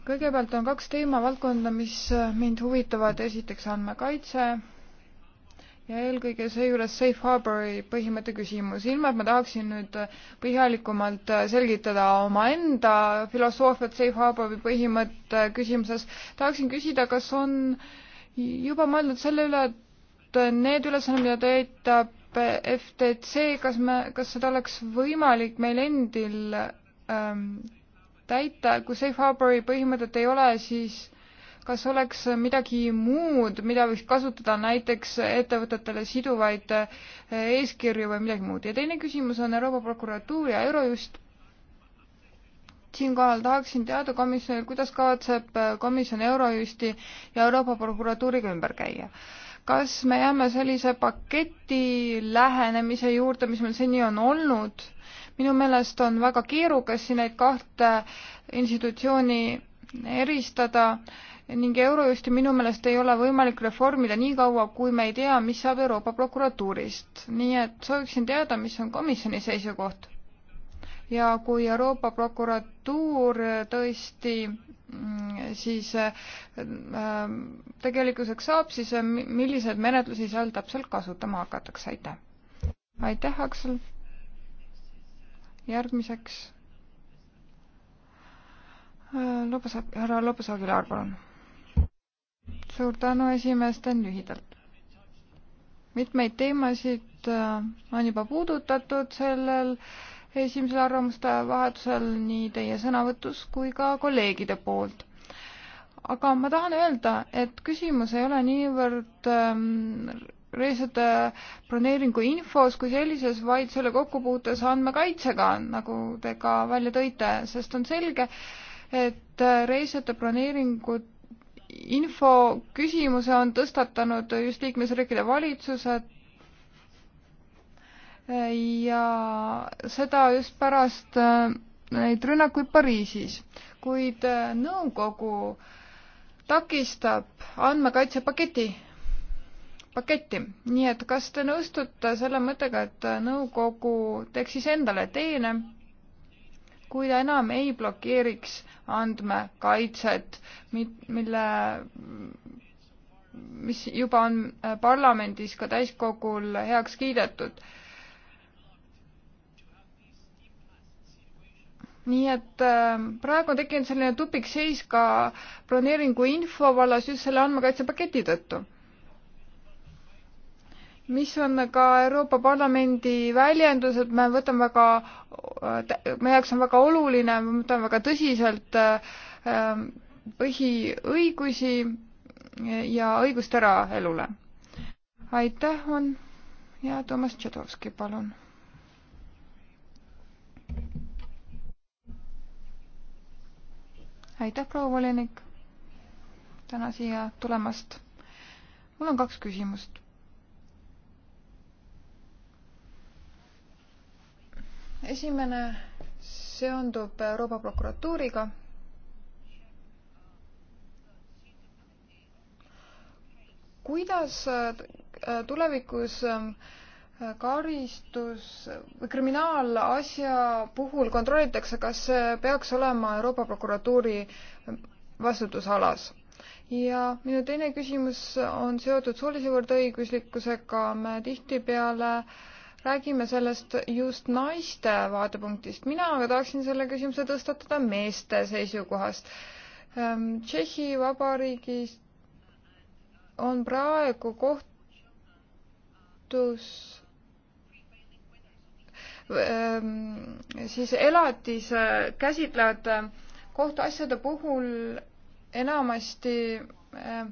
kõigepealt on kaks teemavaldkonda, mis mind huvitavad, esiteks andmekaitse ja eelkõige seejuures safe harbori põhimõtte küsimus. ilma, et ma tahaksin nüüd põhjalikumalt äh, selgitada omaenda filosoofiat safe harbori põhimõtte küsimuses, tahaksin küsida, kas on juba mõeldud selle üle, et need ülesanded, mida töötab FTC, kas me, kas seda oleks võimalik meil endil ähm, täita, kui safe harbori põhimõtet ei ole, siis kas oleks midagi muud, mida võiks kasutada näiteks ettevõtetele siduvaid eh, eeskirju või midagi muud? ja teine küsimus on Euroopa Prokuratuur ja Eurojust. siinkohal tahaksin teada komisjonil, kuidas kavatseb eh, komisjon Eurojusti ja Euroopa Prokuratuuriga ümber käia kas me jääme sellise paketi lähenemise juurde, mis meil seni on olnud? minu meelest on väga keerukas siin neid kahte institutsiooni eristada ning Eurojusti minu meelest ei ole võimalik reformida nii kaua, kui me ei tea, mis saab Euroopa prokuratuurist. nii et sooviksin teada, mis on komisjoni seisukoht. ja kui Euroopa prokuratuur tõesti mm, siis äh, tegelikkuseks saab, siis äh, milliseid menetlusi seal täpselt kasutama hakatakse, aitäh. aitäh, Aksel. järgmiseks äh, Lobas, härra Lobas Aguilar, palun suur tänu, esimees, teen lühidalt. mitmeid teemasid äh, on juba puudutatud sellel esimesel arvamuste vahetusel nii teie sõnavõtus kui ka kolleegide poolt. aga ma tahan öelda, et küsimus ei ole niivõrd ähm, reisijate broneeringu infos kui sellises, vaid selle kokkupuutes andmekaitsega, nagu te ka välja tõite, sest on selge, et äh, reisijate broneeringut info küsimuse on tõstatanud just liikmesriikide valitsused ja seda just pärast äh, neid rünnakuid Pariisis, kuid äh, nõukogu takistab andmekaitsepaketi, paketti, nii et kas te nõustute selle mõttega, et nõukogu teeks siis endale teene kui ta enam ei blokeeriks andmekaitset, mille, mis juba on äh, parlamendis ka täiskogul heaks kiidetud nii et äh, praegu on tekkinud selline tupikseis ka broneeringu info vallas just selle andmekaitsepaketi tõttu mis on ka Euroopa Parlamendi väljendus, et me võtame väga, meie jaoks on väga oluline, me võtame väga tõsiselt ähm, põhiõigusi ja õigust ära elule. aitäh, on ja Toomas Tšedovski, palun. aitäh, proua volinik, täna siia tulemast. mul on kaks küsimust esimene seondub Euroopa prokuratuuriga. kuidas äh, tulevikus ähm, karistus või äh, kriminaalasja puhul kontrollitakse, kas see peaks olema Euroopa prokuratuuri ähm, vastutusalas? ja minu teine küsimus on seotud soolise võrdõiguslikkusega, me tihtipeale äh, räägime sellest just naiste vaatepunktist. mina aga tahaksin selle küsimuse tõstatada meeste seisukohast. Ähm, Tšehhi Vabariigis on praegu kohtus ähm, siis elatise äh, käsitlevate kohtuasjade puhul enamasti äh,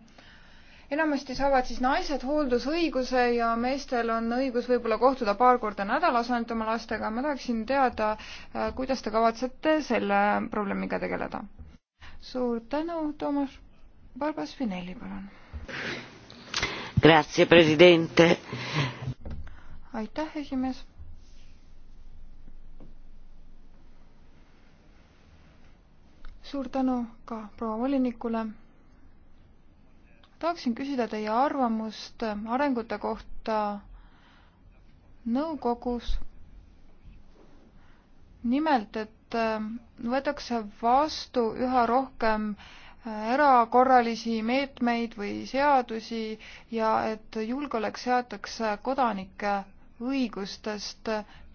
enamasti saavad siis naised hooldusõiguse ja meestel on õigus võib-olla kohtuda paar korda nädalas ainult oma lastega. ma tahaksin teada, äh, kuidas te kavatsete selle probleemiga tegeleda? suur tänu, Toomas. Barbara Spinelli, palun. Grazie, president. aitäh, esimees suur tänu ka proua volinikule tahaksin küsida teie arvamust äh, arengute kohta nõukogus. nimelt, et äh, võetakse vastu üha rohkem äh, erakorralisi meetmeid või seadusi ja et julgeolek seatakse kodanike õigustest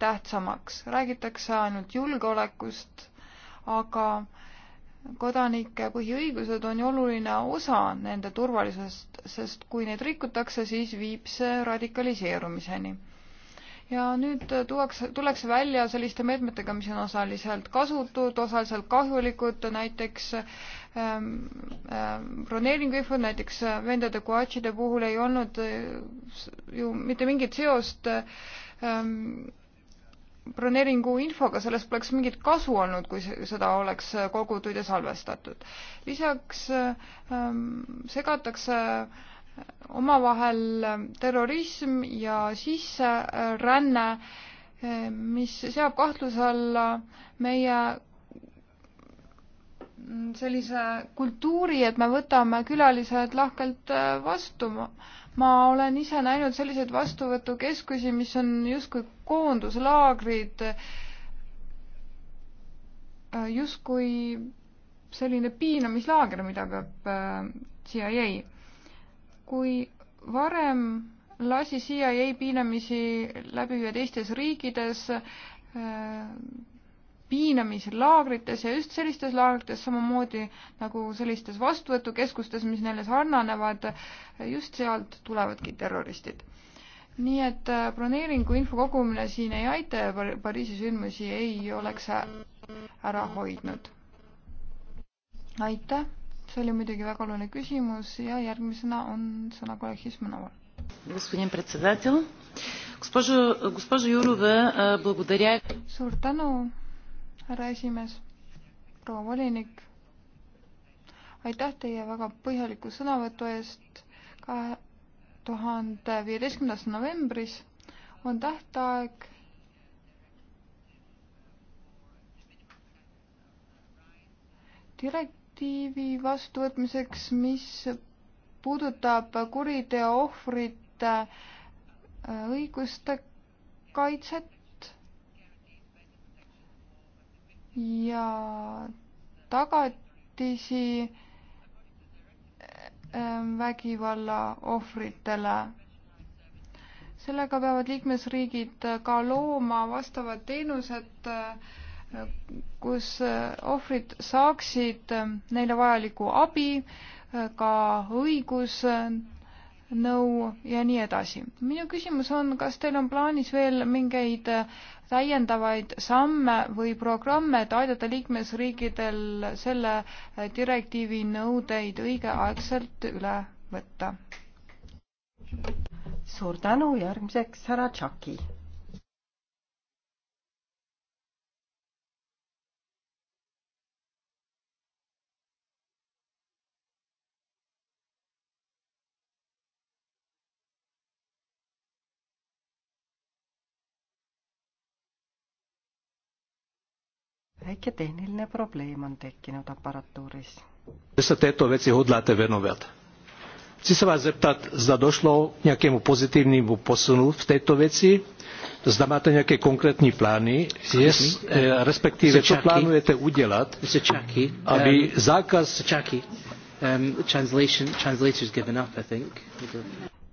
tähtsamaks. räägitakse ainult julgeolekust, aga äh, kodanike põhiõigused on ju oluline osa nende turvalisusest, sest kui neid rikutakse, siis viib see radikaliseerumiseni. ja nüüd tuuakse, tullakse välja selliste meetmetega, mis on osaliselt kasutud, osaliselt kahjulikud, näiteks ähm, ähm, broneeringuinfod, näiteks vendade kuatšide puhul ei olnud äh, ju mitte mingit seost ähm, broneeringu infoga, sellest poleks mingit kasu olnud, kui seda oleks äh, kogutud ja salvestatud. lisaks äh, ähm, segatakse äh, omavahel terrorism ja sisseränne, mis seab kahtluse alla meie mm, sellise kultuuri, et me võtame külalised lahkelt vastu ma olen ise näinud selliseid vastuvõtukeskusi, mis on justkui koonduslaagrid, äh, justkui selline piinamislaager, mida peab äh, CIA. kui varem lasi CIA piinamisi läbi viia teistes riikides, äh, piinamislaagrites ja just sellistes laagrites samamoodi nagu sellistes vastuvõtukeskustes, mis neile sarnanevad, just sealt tulevadki terroristid. nii et äh, broneeringu info kogumine siin ei aita ja Pariisi sündmusi ei oleks ära hoidnud. aitäh, see oli muidugi väga oluline küsimus ja järgmisena on sõna kolleeg Hismanoval. господин председател, госпожо, госпожо Юрова, благодаря. suur tänu härra esimees, proua volinik. aitäh teie väga põhjaliku sõnavõtu eest. kahe tuhande viieteistkümnendas novembris on tähtaeg direktiivi vastuvõtmiseks, mis puudutab kuriteo ohvrite õiguste kaitset ja tagatisi äh, vägivalla ohvritele. sellega peavad liikmesriigid ka looma vastavad teenused, äh, kus äh, ohvrid saaksid neile vajalikku abi, ka õigus nõu ja nii edasi. minu küsimus on, kas teil on plaanis veel mingeid täiendavaid samme või programme, et aidata liikmesriikidel selle direktiivi nõudeid õigeaegselt üle võtta? suur tänu, järgmiseks härra Tšaki väike tehniline probleem on tekkinud aparatuuris. sa teto vetsi hodláte venovat. Chci se vás zeptat, zda došlo k nějakému pozitivnímu posunu v této věci, zda máte nějaké konkrétní plány, jest, eh, respektive co plánujete udělat, Chucky, aby um, zákaz... Chucky, um, translation, translator's given up, I think.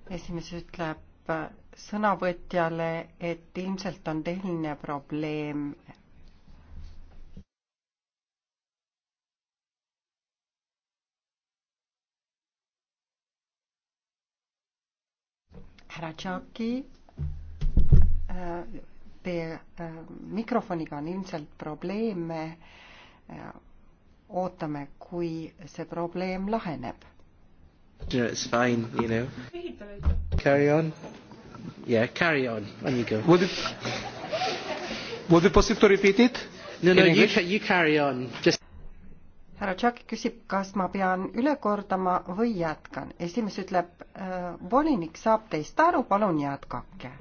Esimees ütleb eh, sõnavõtjale, et ilmselt on tehniline probleem härra Tšaki, äh, teie äh, mikrofoniga on ilmselt probleeme. Äh, ootame, kui see probleem laheneb. It's fine, you know. Carry on. Yeah, carry on. On you go. Would it, would it possible to repeat it? No, no, you, you carry on. Just härra Tšaki küsib, kas ma pean üle kordama või jätkan. esimees ütleb, äh, volinik saab teist aru, palun jätkake.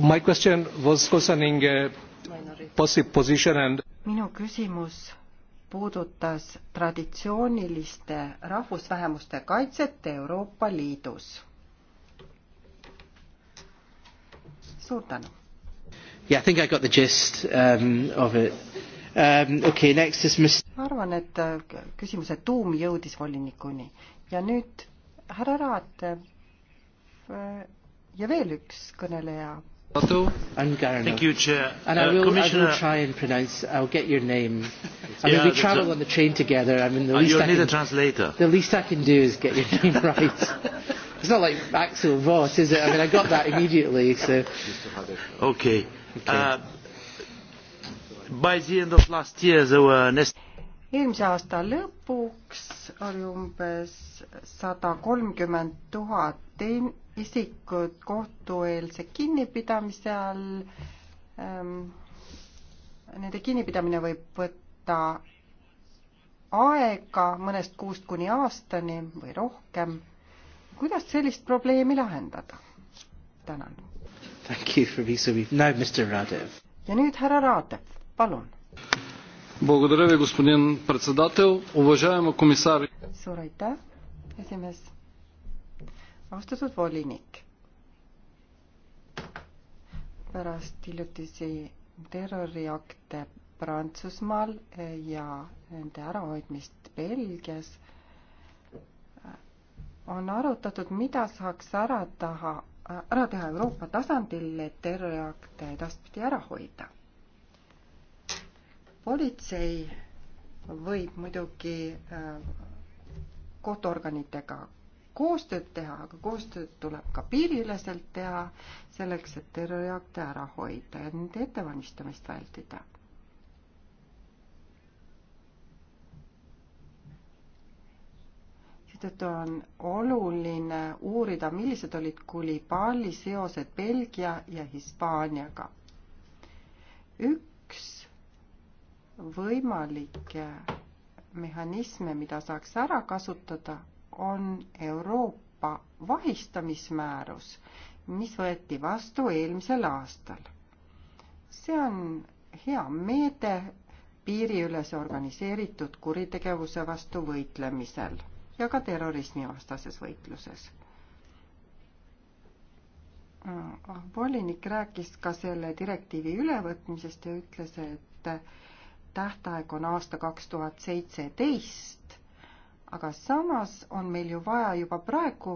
My question was concerning äh, passive position and minu küsimus puudutas traditsiooniliste rahvusvähemuste kaitset Euroopa Liidus. suur tänu. Yeah, I think I got the gist um, of it Um, okay, next is mis... ma arvan, et äh, küsimuse tuum jõudis volinikuni ja nüüd härra Raat äh, ja veel üks kõneleja. Thank you, Chair. And I uh, will, uh, Commissioner... I will try and pronounce, I'll get your name. I mean, yeah, we travel on the train together. I mean, the uh, least, I can, a translator. the least I can do is get your name right. it's not like Axel Voss, is it? I mean, I got that immediately. So. Okay. okay. Uh, eelmise aasta lõpuks oli umbes sada kolmkümmend tuhat isikut kohtueelse kinnipidamise all ähm,. Nende kinnipidamine võib võtta aega mõnest kuust kuni aastani või rohkem. kuidas sellist probleemi lahendada? tänan. ja nüüd härra Raadev palun. suur aitäh, esimees. austatud volinik. pärast hiljutisi terroriakte Prantsusmaal ja nende ärahoidmist Belgias on arutatud, mida saaks ära taha, ära teha Euroopa tasandil, et terroriakte edaspidi ära hoida politsei võib muidugi äh, kohtuorganitega koostööd teha, aga koostööd tuleb ka piiriüleselt teha selleks, et terroriakte ära hoida ja nende ettevalmistamist vältida. seetõttu on oluline uurida, millised olid Kulibali seosed Belgia ja Hispaaniaga. üks võimalikke mehhanisme, mida saaks ära kasutada, on Euroopa vahistamismäärus, mis võeti vastu eelmisel aastal. see on hea meede piiriülese organiseeritud kuritegevuse vastu võitlemisel ja ka terrorismivastases võitluses. volinik rääkis ka selle direktiivi ülevõtmisest ja ütles, et tähtaeg on aasta kaks tuhat seitseteist, aga samas on meil ju vaja juba praegu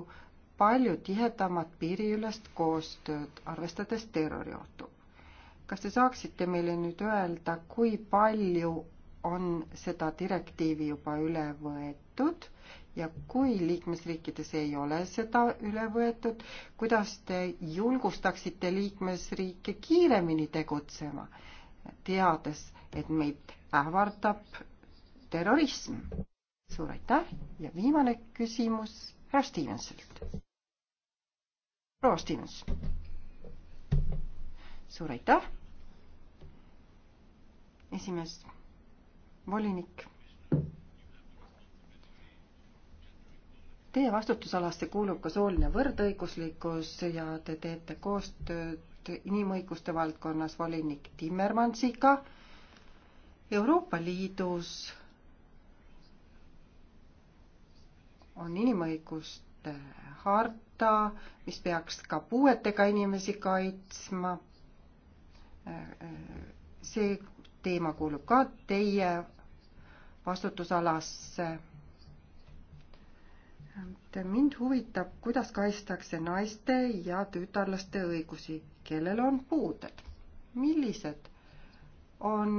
palju tihedamat piiriülest koostööd, arvestades terroriohtu. kas te saaksite meile nüüd öelda, kui palju on seda direktiivi juba üle võetud ja kui liikmesriikides ei ole seda üle võetud, kuidas te julgustaksite liikmesriike kiiremini tegutsema? teades, et meid ähvardab terrorism. suur aitäh ja viimane küsimus härra Stevensilt. proua Stevens. suur aitäh. esimees, volinik. Teie vastutusalasse kuulub ka sooline võrdõiguslikkus ja te teete koostööd koostööd inimõiguste valdkonnas volinik Timmermansiga Euroopa Liidus on inimõiguste harta, mis peaks ka puuetega inimesi kaitsma. see teema kuulub ka teie vastutusalasse mind huvitab, kuidas kaitstakse naiste ja tütarlaste õigusi, kellel on puuded. millised on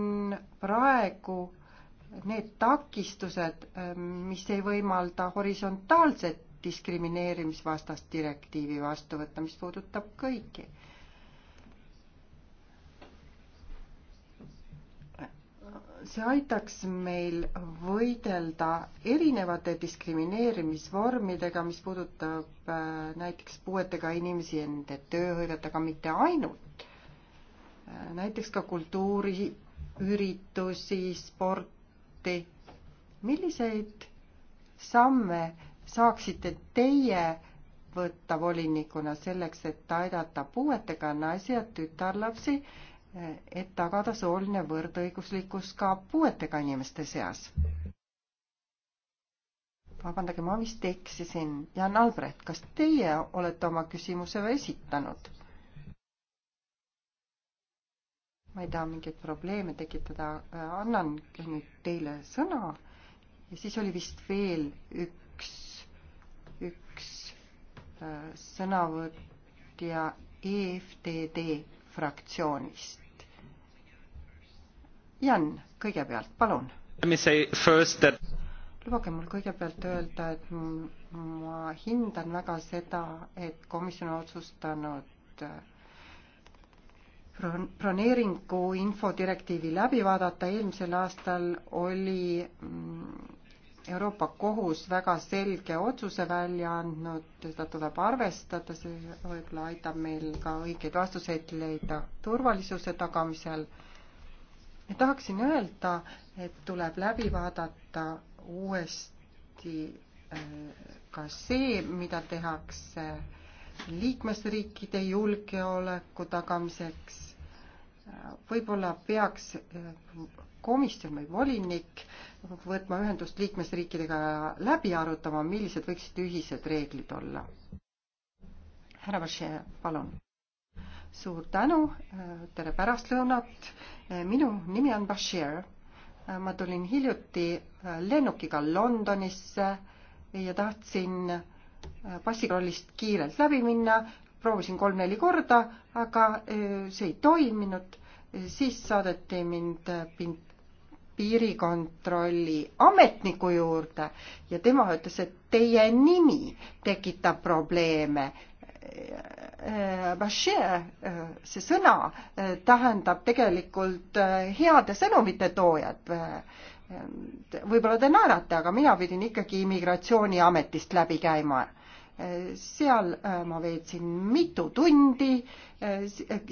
praegu need takistused, mis ei võimalda horisontaalset diskrimineerimisvastast direktiivi vastu võtta, mis puudutab kõiki see aitaks meil võidelda erinevate diskrimineerimisvormidega, mis puudutab äh, näiteks puuetega inimesi enda tööhõivet, aga mitte ainult. Äh, näiteks ka kultuuriüritusi, sporti. milliseid samme saaksite teie võtta volinikuna selleks, et aidata puuetega naisi ja tütarlapsi et tagada sooline võrdõiguslikkus ka puuetega inimeste seas. vabandage, ma vist eksisin. Jan Albrecht, kas teie olete oma küsimuse esitanud? ma ei taha mingeid probleeme tekitada, annan nüüd teile sõna ja siis oli vist veel üks, üks äh, sõnavõtja EFTD fraktsioonist. Jan, kõigepealt, palun. That... lubage mul kõigepealt öelda, et ma hindan väga seda, et komisjon otsustanud äh, broneeringu infodirektiivi läbi vaadata. eelmisel aastal oli mm, Euroopa Kohus väga selge otsuse välja andnud, seda tuleb arvestada, see võib-olla aitab meil ka õigeid vastuseid leida turvalisuse tagamisel tahaksin öelda, et tuleb läbi vaadata uuesti äh, ka see, mida tehakse liikmesriikide julgeoleku tagamiseks. võib-olla peaks äh, komisjon või volinik võtma ühendust liikmesriikidega ja läbi arutama, millised võiksid ühised reeglid olla. härra Vaše, palun suur tänu, tere pärastlõunat. minu nimi on Bashir. ma tulin hiljuti äh, lennukiga Londonisse ja tahtsin äh, passikontrollist kiirelt läbi minna. proovisin kolm-neli korda, aga äh, see ei toiminud. siis saadeti mind piirikontrolli ametniku juurde ja tema ütles, et teie nimi tekitab probleeme Bashir, see sõna eh, tähendab tegelikult eh, heade sõnumite toojad. Eh, võib-olla te naerate, aga mina pidin ikkagi immigratsiooniametist läbi käima seal ma veetsin mitu tundi,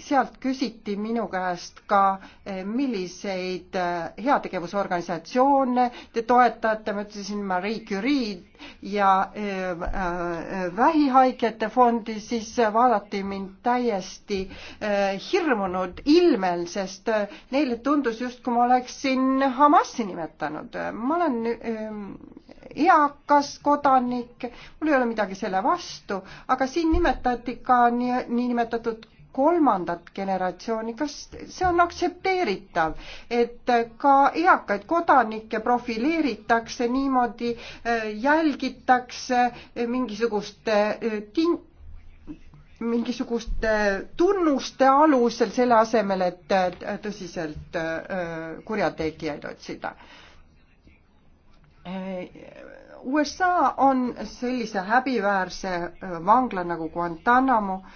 sealt küsiti minu käest ka, milliseid äh, heategevusorganisatsioone te toetate, ma ütlesin Marie Curie ja äh, äh, vähihaigete fondi, siis vaadati mind täiesti hirmunud ilmel, sest neile tundus justkui ma oleksin Hamasi nimetanud. ma olen eakas kodanik, mul ei ole midagi selle vastu, aga siin nimetati ka nii, niinimetatud kolmandat generatsiooni, kas see on aktsepteeritav, et ka eakaid kodanikke profileeritakse niimoodi, äh, jälgitakse äh, mingisuguste äh, tin-, mingisuguste tunnuste alusel, selle asemel, et tõsiselt kurjategijaid otsida. USA on sellise häbiväärse vangla nagu Guantanamo äh,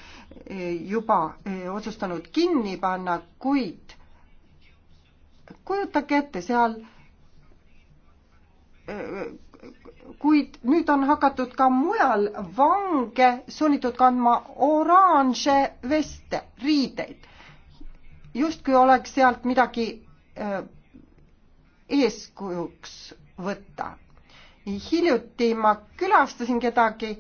juba eh, otsustanud kinni panna, kuid kujutage ette, seal eh, kuid nüüd on hakatud ka mujal vange sunnitud kandma oranže veste, riideid. justkui oleks sealt midagi eh, eeskujuks võtta. hiljuti ma külastasin kedagi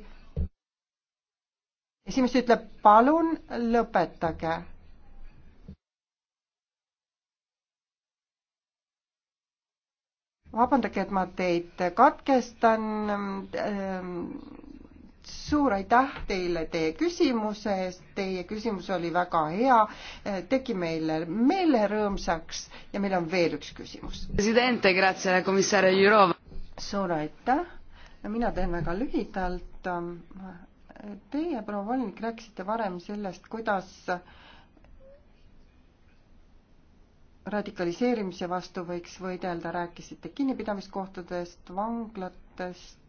esimees ütleb, palun lõpetage. vabandage, et ma teid katkestan. Ehm, suur aitäh teile teie küsimuse eest, teie küsimus oli väga hea, eh, tegi meile meele rõõmsaks ja meil on veel üks küsimus. suur aitäh, mina teen väga lühidalt Teie, proua volinik, rääkisite varem sellest, kuidas radikaliseerimise vastu võiks võidelda, rääkisite kinnipidamiskohtadest, vanglatest,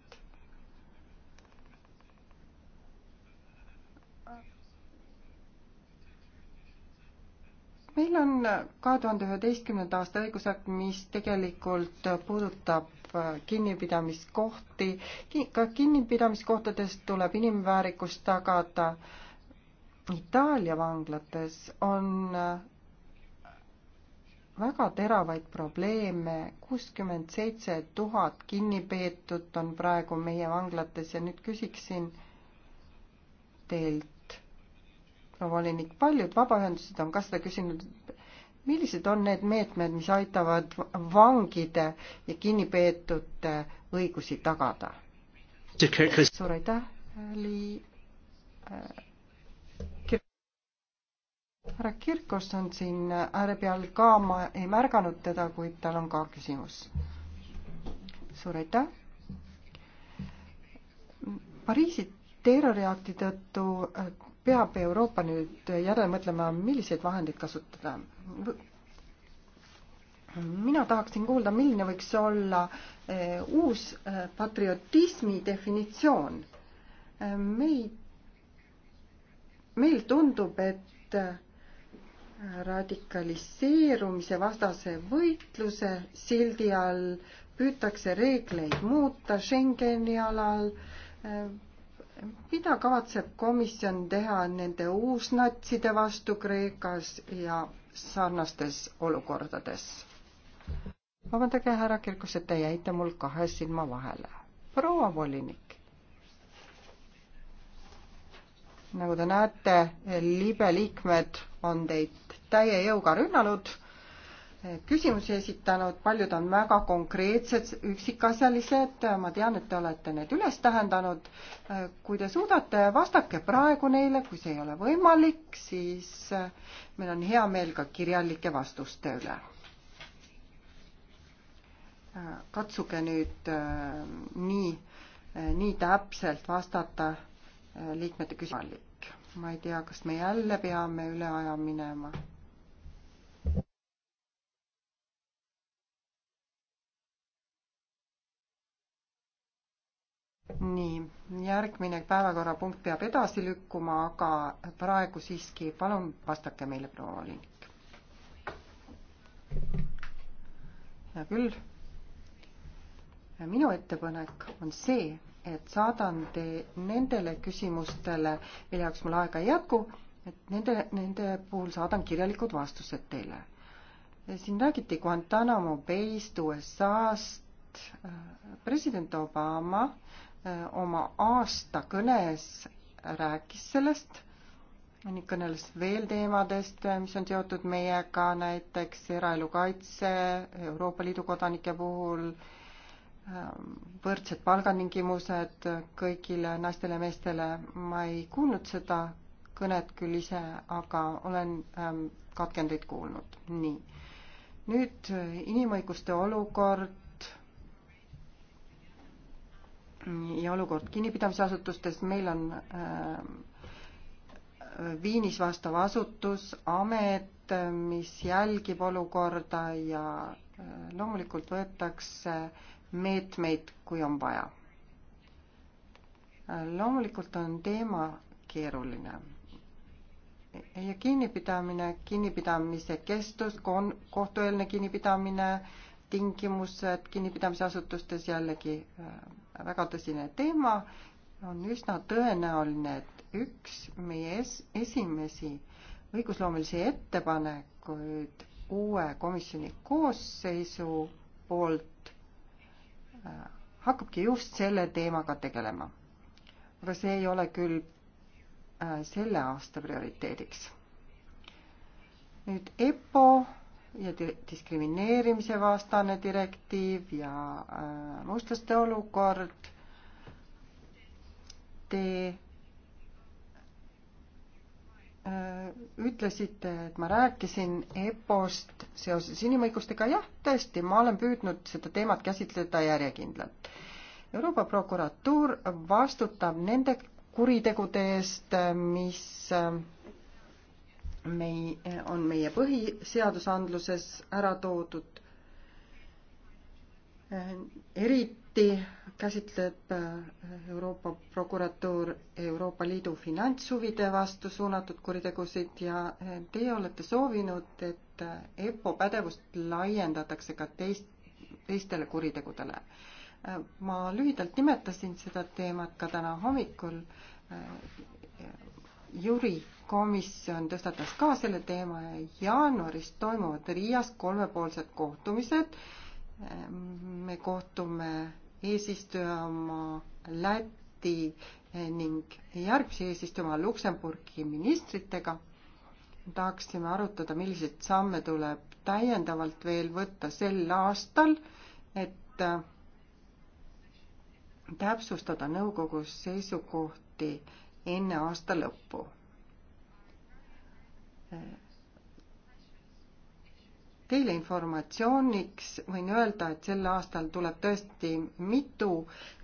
meil on kahe tuhande üheteistkümnenda aasta õigusakt, mis tegelikult puudutab äh, kinnipidamiskohti, ka kinnipidamiskohtadest tuleb inimväärikust tagada. Itaalia vanglates on äh, väga teravaid probleeme, kuuskümmend seitse tuhat kinnipeetut on praegu meie vanglates ja nüüd küsiksin teilt, proua volinik, paljud vabaühendused on ka seda küsinud, millised on need meetmed, mis aitavad vangide ja kinnipeetute õigusi tagada? suur aitäh, Li- äh,. härra Kirkos on siin ääre peal ka, ma ei märganud teda, kuid tal on ka küsimus. suur aitäh. Pariisi terroriakti tõttu peab Euroopa nüüd järele mõtlema, milliseid vahendeid kasutada. mina tahaksin kuulda, milline võiks olla eh, uus eh, patriotismi definitsioon. Eh, meid, meil tundub, et radikaliseerumise vastase võitluse sildi all püütakse reegleid muuta Schengeni alal mida kavatseb komisjon teha nende uusnatside vastu Kreekas ja sarnastes olukordades? vabandage, härra Kirkus, et te jäite mul kahe silma vahele. proua volinik. nagu te näete, libe liikmed on teid täie jõuga rünnanud küsimusi esitanud, paljud on väga konkreetsed, üksikasjalised, ma tean, et te olete need üles tähendanud. kui te suudate, vastake praegu neile, kui see ei ole võimalik, siis meil on hea meel ka kirjalike vastuste üle. katsuge nüüd nii, nii täpselt vastata liikmete küsimusele. ma ei tea, kas me jälle peame üle aja minema nii, järgmine päevakorrapunkt peab edasi lükkuma, aga praegu siiski palun vastake meile, proua Link. hea küll. minu ettepanek on see, et saadan te nendele küsimustele, mille jaoks mul aega ei jätku, et nende, nende puhul saadan kirjalikud vastused teile. siin räägiti Guantanamo Bay'st, USA-st, et äh, president Obama äh, oma aastakõnes rääkis sellest, kõneles veel teemadest, äh, mis on seotud meiega, näiteks eraelu kaitse Euroopa Liidu kodanike puhul, ähm, võrdsed palgatingimused kõigile naistele ja meestele. ma ei kuulnud seda kõnet küll ise, aga olen ähm, katkendeid kuulnud. nii. nüüd inimõiguste olukord ja olukord kinnipidamisasutustes, meil on äh, Viinis vastav asutus, amet, äh, mis jälgib olukorda ja äh, loomulikult võetakse meetmeid, kui on vaja. loomulikult on teema keeruline ja kinnipidamine, kinnipidamise kestus, kohtueelne kinnipidamine, tingimused kinnipidamisasutustes jällegi äh, väga tõsine teema, on üsna tõenäoline, et üks meie es-, esimesi õigusloomelisi ettepanekuid uue komisjoni koosseisu poolt äh, hakkabki just selle teemaga tegelema. aga see ei ole küll äh, selle aasta prioriteediks. nüüd EPPO ja diskrimineerimise vastane direktiiv ja äh, mustlaste olukord. Te äh, ütlesite, et ma rääkisin EPO-st seoses inimõigustega, jah, tõesti, ma olen püüdnud seda teemat käsitleda järjekindlalt. Euroopa prokuratuur vastutab nende kuritegude eest, mis äh, mei-, on meie põhiseadusandluses ära toodud. eriti käsitleb äh, Euroopa prokuratuur Euroopa Liidu finantshuvide vastu suunatud kuritegusid ja äh, teie olete soovinud, et äh, EPPO pädevust laiendatakse ka teist, teistele kuritegudele. ma lühidalt nimetasin seda teemat ka täna hommikul. Jüri komisjon tõstatas ka selle teema ja jaanuaris toimuvad Riias kolmepoolsed kohtumised. me kohtume eesistuja oma Läti ning järgmise eesistuja oma Luksemburgi ministritega. tahaksime arutada, milliseid samme tuleb täiendavalt veel võtta sel aastal, et täpsustada nõukogus seisukohti enne aasta lõppu Teile informatsiooniks võin öelda, et sel aastal tuleb tõesti mitu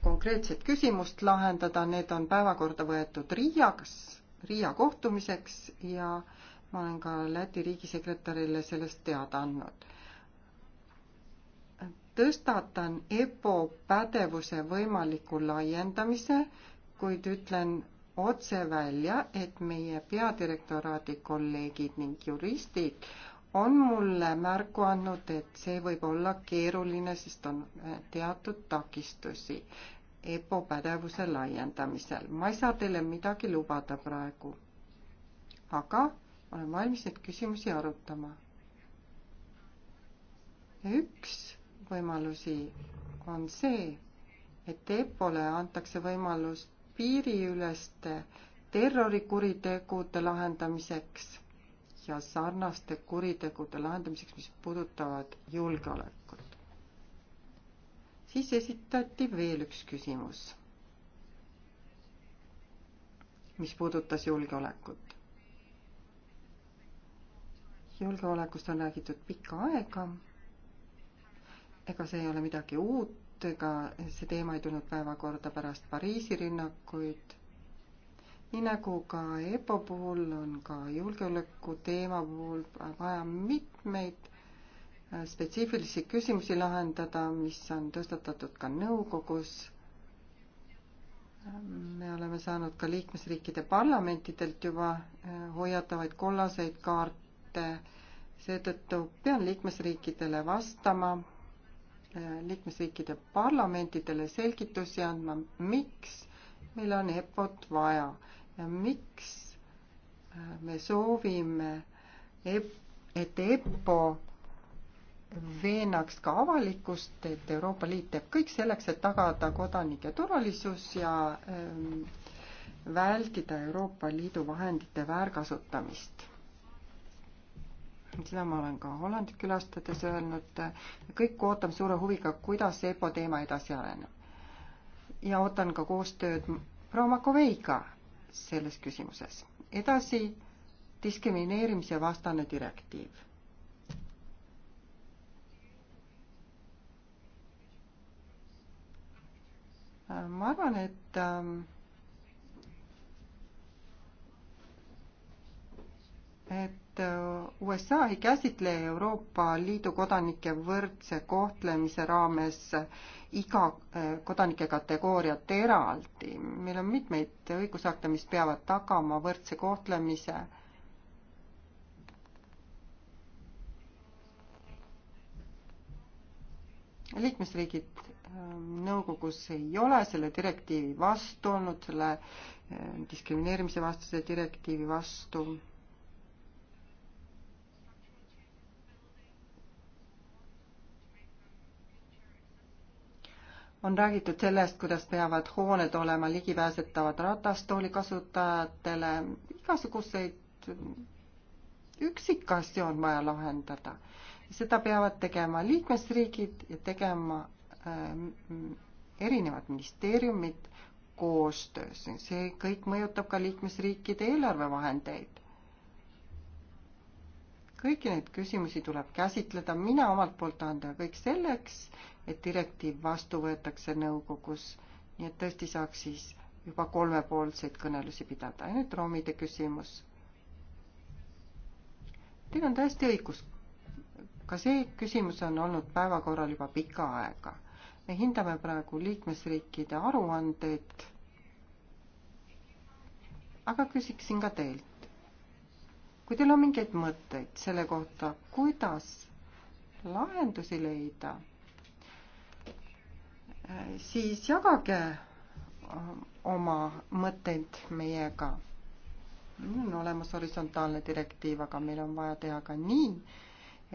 konkreetset küsimust lahendada, need on päevakorda võetud Riiaks, Riia kohtumiseks ja ma olen ka Läti riigisekretärile sellest teada andnud. tõstatan EPPO pädevuse võimaliku laiendamise, kuid ütlen otse välja, et meie peadirektoraadi kolleegid ning juristid on mulle märku andnud, et see võib olla keeruline, sest on äh, teatud takistusi EPO pädevuse laiendamisel. ma ei saa teile midagi lubada praegu. aga olen valmis neid küsimusi arutama. ja üks võimalusi on see, et EPO-le antakse võimalus piiriüleste terrorikuritegude lahendamiseks ja sarnaste kuritegude lahendamiseks, mis puudutavad julgeolekut. siis esitati veel üks küsimus, mis puudutas julgeolekut. julgeolekust on räägitud pikka aega. ega see ei ole midagi uut ega see teema ei tulnud päevakorda pärast Pariisi rünnakuid. nii nagu ka EPO puhul on ka julgeoleku teema puhul vaja mitmeid äh, spetsiifilisi küsimusi lahendada, mis on tõstatatud ka nõukogus. me oleme saanud ka liikmesriikide parlamentidelt juba äh, hoiatavaid kollaseid kaarte seetõttu pean liikmesriikidele vastama liikmesriikide parlamentidele selgitusi andma, miks meil on EPO-t vaja ja miks äh, me soovime, et EPO veenaks ka avalikkust, et Euroopa Liit teeb kõik selleks, et tagada kodanike turvalisus ja ähm, vältida Euroopa Liidu vahendite väärkasutamist seda ma olen ka Hollandit külastades öelnud, kõik ootame suure huviga, kuidas EPO teema edasi areneb. ja ootan ka koostööd proua Makoveiga selles küsimuses. edasi diskrimineerimise vastane direktiiv. ma arvan, et ähm, et äh, USA ei käsitle Euroopa Liidu kodanike võrdse kohtlemise raames iga äh, kodanike kategooriat eraldi. meil on mitmeid õigusakte, mis peavad tagama võrdse kohtlemise. liikmesriigid ähm, nõukogus ei ole selle direktiivi vastu olnud, selle äh, diskrimineerimise vastase direktiivi vastu on räägitud sellest, kuidas peavad hooned olema ligipääsetavad ratastooli kasutajatele, igasuguseid üksikasju on vaja lahendada. seda peavad tegema liikmesriigid ja tegema äh, erinevad ministeeriumid koostöös, see kõik mõjutab ka liikmesriikide eelarvevahendeid. kõiki neid küsimusi tuleb käsitleda, mina omalt poolt tahan teha kõik selleks, et direktiiv vastu võetakse nõukogus, nii et tõesti saaks siis juba kolmepoolseid kõnelusi pidada. ja nüüd roomide küsimus. Teil on täiesti õigus. ka see küsimus on olnud päevakorral juba pikka aega. me hindame praegu liikmesriikide aruandeid. aga küsiksin ka teilt. kui teil on mingeid mõtteid selle kohta, kuidas lahendusi leida siis jagage äh, oma mõtteid meiega. meil on olemas horisontaalne direktiiv, aga meil on vaja teha ka nii,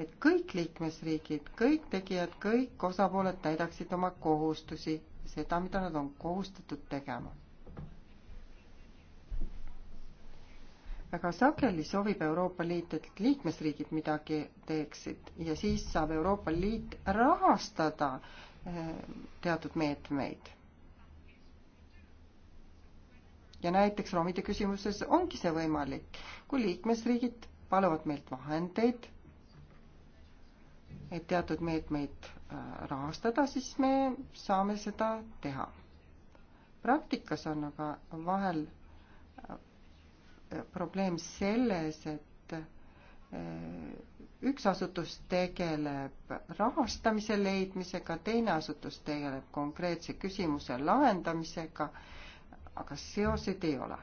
et kõik liikmesriigid, kõik tegijad, kõik osapooled täidaksid oma kohustusi, seda, mida nad on kohustatud tegema. väga sageli soovib Euroopa Liit, et liikmesriigid midagi teeksid ja siis saab Euroopa Liit rahastada teatud meetmeid. ja näiteks romide küsimuses ongi see võimalik, kui liikmesriigid paluvad meilt vahendeid, et teatud meetmeid äh, rahastada, siis me saame seda teha. praktikas on aga vahel äh, probleem selles, et Äh, üks asutus tegeleb rahastamise leidmisega, teine asutus tegeleb konkreetse küsimuse lahendamisega, aga seoseid ei ole.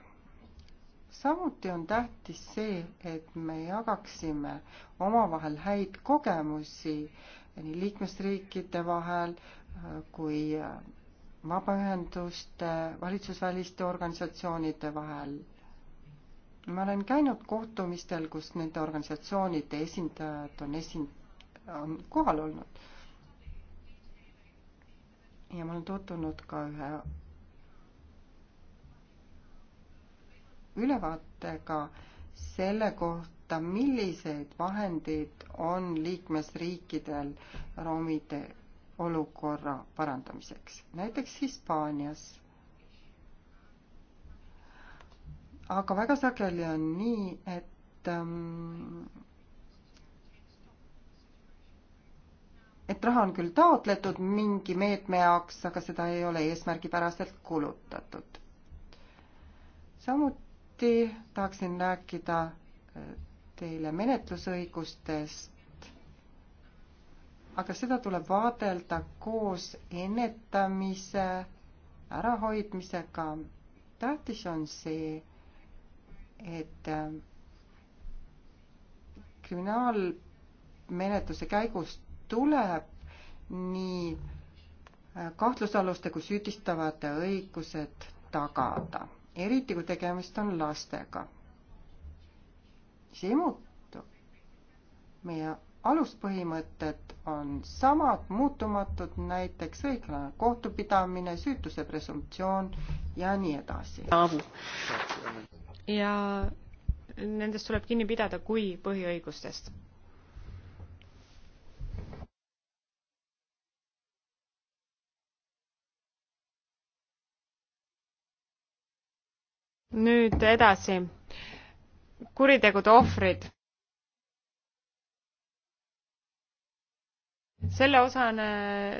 samuti on tähtis see, et me jagaksime omavahel häid kogemusi nii liikmesriikide vahel äh, kui äh, vabaühenduste, valitsusväliste organisatsioonide vahel ma olen käinud kohtumistel, kus nende organisatsioonide esindajad on esin-, on kohal olnud. ja ma olen tutvunud ka ühe ülevaatega selle kohta, milliseid vahendeid on liikmesriikidel romide olukorra parandamiseks. näiteks Hispaanias aga väga sageli on nii, et ähm, et raha on küll taotletud mingi meetme jaoks, aga seda ei ole eesmärgipäraselt kulutatud. samuti tahaksin rääkida äh, teile menetlusõigustest, aga seda tuleb vaadelda koos ennetamise, ärahoidmisega. tähtis on see, et äh, kriminaalmenetluse käigus tuleb nii äh, kahtlusaluste kui süüdistavate õigused tagada, eriti kui tegemist on lastega. see ei muutu. meie aluspõhimõtted on samad, muutumatud, näiteks õiglane kohtupidamine, süütuse presumptsioon ja nii edasi ja nendest tuleb kinni pidada kui põhiõigustest. nüüd edasi, kuritegude ohvrid. selle osane,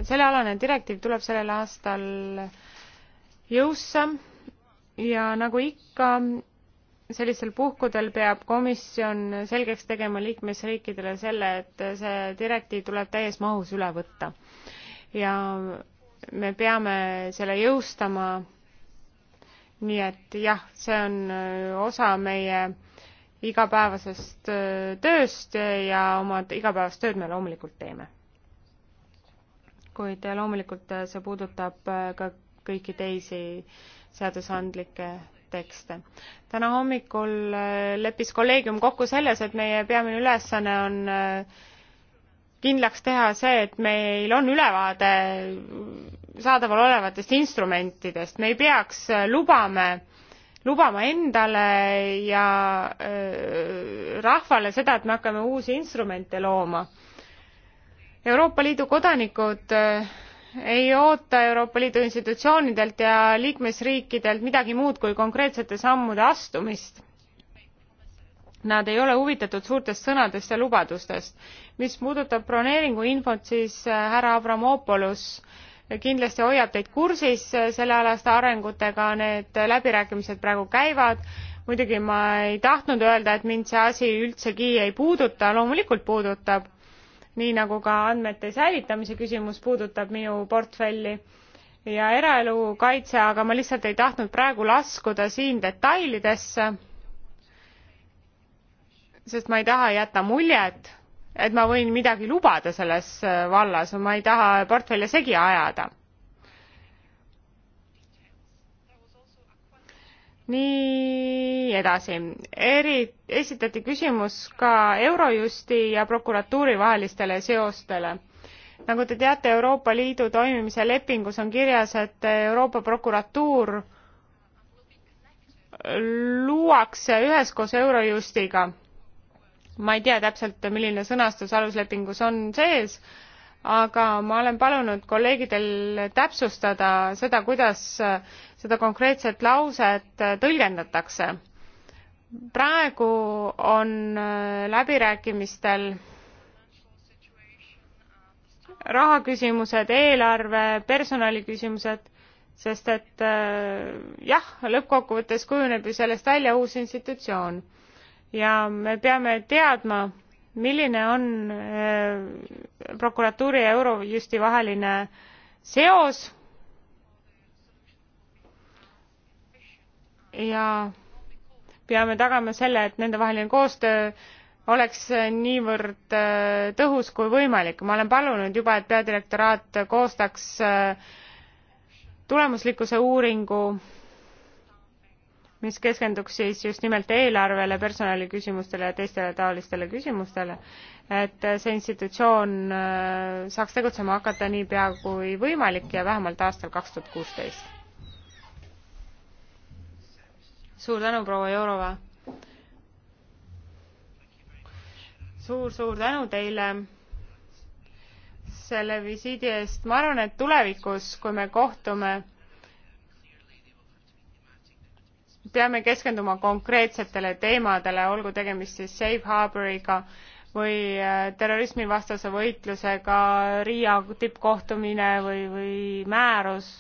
sellealane direktiiv tuleb sellel aastal jõusse ja nagu ikka sellistel puhkudel peab komisjon selgeks tegema liikmesriikidele selle, et see direktiiv tuleb täies mahus üle võtta. ja me peame selle jõustama, nii et jah, see on osa meie igapäevasest tööst ja oma igapäevast tööd me loomulikult teeme. kuid loomulikult see puudutab ka kõiki teisi seadusandlikke tekste. täna hommikul äh, leppis kolleegium kokku selles, et meie peamine ülesanne on äh, kindlaks teha see, et meil on ülevaade saadaval olevatest instrumentidest, me ei peaks äh, lubame lubama endale ja öö, rahvale seda, et me hakkame uusi instrumente looma. Euroopa Liidu kodanikud öö, ei oota Euroopa Liidu institutsioonidelt ja liikmesriikidelt midagi muud kui konkreetsete sammude astumist. Nad ei ole huvitatud suurtest sõnadest ja lubadustest. mis puudutab broneeringuinfot, siis äh, härra Avramopoulos kindlasti hoiab teid kursis äh, sellealaste arengutega, need äh, läbirääkimised praegu käivad muidugi ma ei tahtnud öelda et mind see asi üldsegi ei puuduta loomulikult puudutab nii nagu ka andmete säilitamise küsimus puudutab minu portfelli ja eraelu kaitse, aga ma lihtsalt ei tahtnud praegu laskuda siin detailidesse, sest ma ei taha jätta muljet, et ma võin midagi lubada selles vallas, ma ei taha portfelle segi ajada nii edasi. eri, esitati küsimus ka Eurojusti ja prokuratuuri vahelistele seostele. nagu te teate, Euroopa Liidu toimimise lepingus on kirjas, et Euroopa prokuratuur luuakse üheskoos Eurojustiga. ma ei tea täpselt, milline sõnastus aluslepingus on sees aga ma olen palunud kolleegidel täpsustada seda, kuidas äh, seda konkreetset lauset äh, tõlgendatakse. praegu on äh, läbirääkimistel rahaküsimused, eelarve, personaliküsimused, sest et jah, lõppkokkuvõttes kujuneb ju sellest välja uus institutsioon. ja me peame teadma, milline on äh, prokuratuuri ja Eurojusti vaheline seos ja peame tagama selle, et nendevaheline koostöö oleks niivõrd äh, tõhus kui võimalik. ma olen palunud juba, et peadirektoraat koostaks äh, tulemuslikkuse uuringu mis keskenduks siis just nimelt eelarvele, personaliküsimustele ja teistele taolistele küsimustele, et see institutsioon äh, saaks tegutsema hakata niipea kui võimalik ja vähemalt aastal kaks tuhat kuusteist. suur tänu, proua Jourova suur,! suur-suur tänu teile selle visiidi eest, ma arvan, et tulevikus, kui me kohtume peame keskenduma konkreetsetele teemadele, olgu tegemist siis safe harboriga või äh, terrorismivastase võitlusega, Riia tippkohtumine või, või määrus.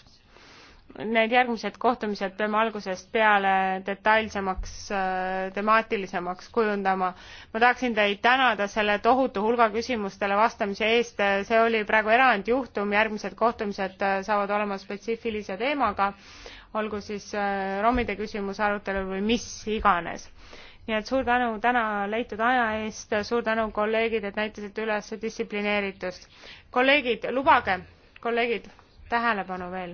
Need järgmised kohtumised peame algusest peale detailsemaks, äh, temaatilisemaks kujundama. ma tahaksin teid tänada selle tohutu hulga küsimustele vastamise eest, see oli praegu erandjuhtum, järgmised kohtumised äh, saavad olema spetsiifilise teemaga olgu siis äh, romide küsimuse arutelu või mis iganes. nii et suur tänu täna leitud aja eest, suur tänu kolleegid, et näitasite üles distsiplineeritust. kolleegid, lubage, kolleegid, tähelepanu veel.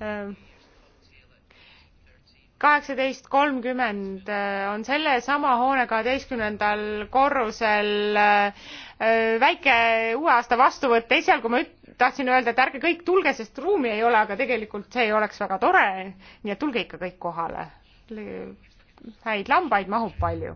Äh, kaheksateist kolmkümmend äh, on sellesama hoone kaheteistkümnendal korrusel väike uue aasta vastuvõtt, esialgu ma üt-, tahtsin öelda, et ärge kõik tulge, sest ruumi ei ole, aga tegelikult see oleks väga tore, nii et tulge ikka kõik kohale. häid lambaid mahub palju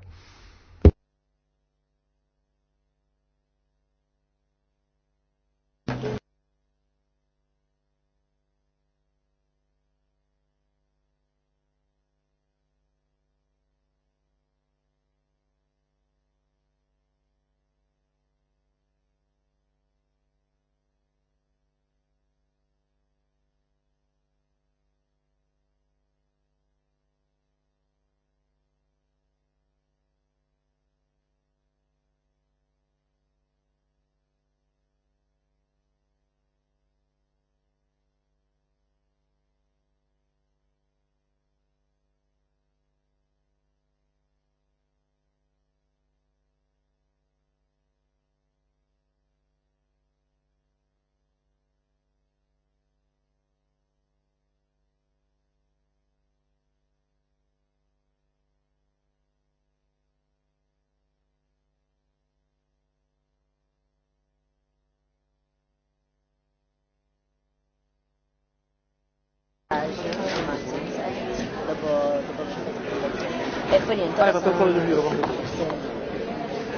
pretty endorsed. I thought you were going to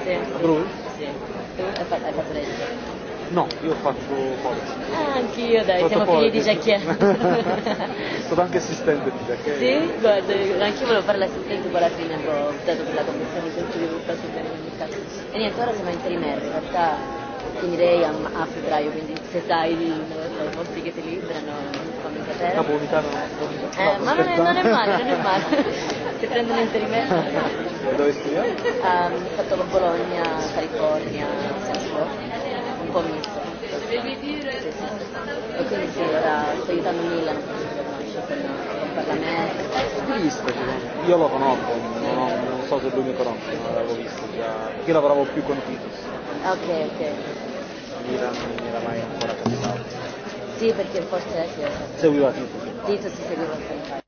Sì. Bruce? Sì. Tu hai fatto, hai fatto lei? No, io faccio Forest. Ah, anch'io, dai, siamo figli di Jacquier. Sono anche assistente di Jacquier. Sì, guarda, anch'io volevo fare l'assistente, poi alla fine ho optato per la commissione di sviluppo sul piano del mercato. E niente, ora siamo in trimestre, in realtà finirei a, a febbraio, quindi se sai i posti che ti liberano vero? No, può evitare, non può evitare. Eh, no, ma non è, non è male, non è male. Se prendo un interimento. E dove studiare? Um, ho fatto Bologna, California, un po' misto. E quindi sì, ora sto aiutando Milano il Parlamento. Ho visto, io lo conosco, non, ho, non so se lui mi conosce, ma l'avevo visto già. Io lavoravo più con Titus. Ok, ok. Milano non mi era mai ancora capitato. Sì, perché forse è... Seguiva tutto. Dito si seguiva sempre.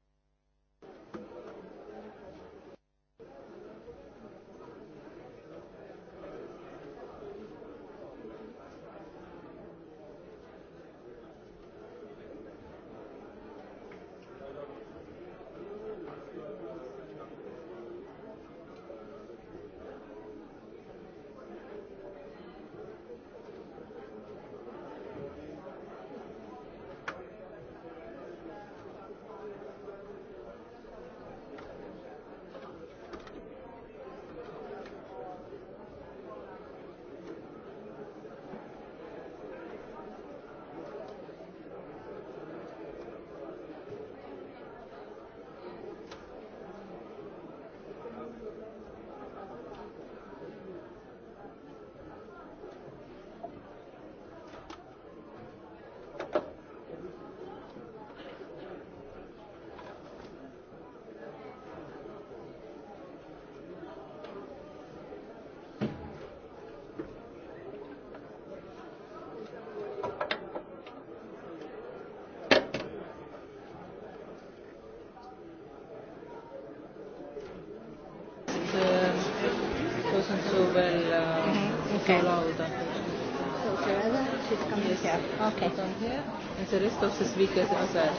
rest of this week as well.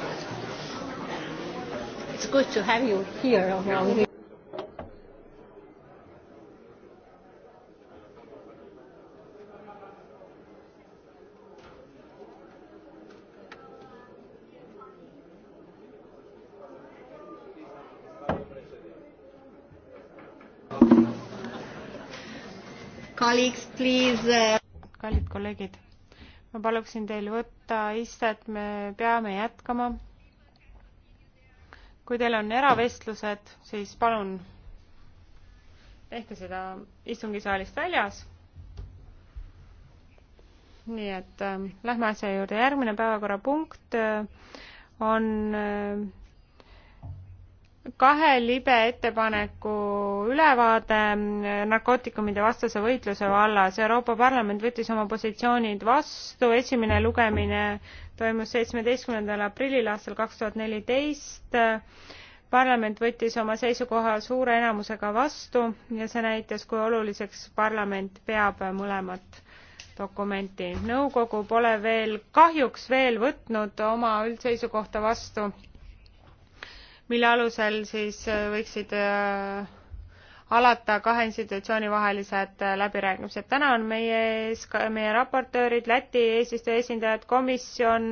It's good to have you here around here. Uh, kallid kolleegid ma paluksin teil võtta seisukoht ja hääletada! võtta istet, me peame jätkama. kui teil on eravestlused, siis palun tehke seda istungisaalist väljas. nii et äh, lähme asja juurde, järgmine päevakorrapunkt äh, on äh, kahe libe ettepaneku ülevaade narkootikumide vastase võitluse vallas. Euroopa Parlament võttis oma positsioonid vastu, esimene lugemine toimus seitsmeteistkümnendal aprillil aastal kaks tuhat neliteist. parlament võttis oma seisukoha suure enamusega vastu ja see näitas, kui oluliseks parlament peab mõlemat dokumenti. nõukogu pole veel kahjuks veel võtnud oma üldseisukohta vastu mille alusel siis äh, võiksid äh, alata kahe institutsiooni vahelised äh, läbirääkimised. täna on meie ees ka meie raportöörid, Läti eesistuja esindajad, komisjon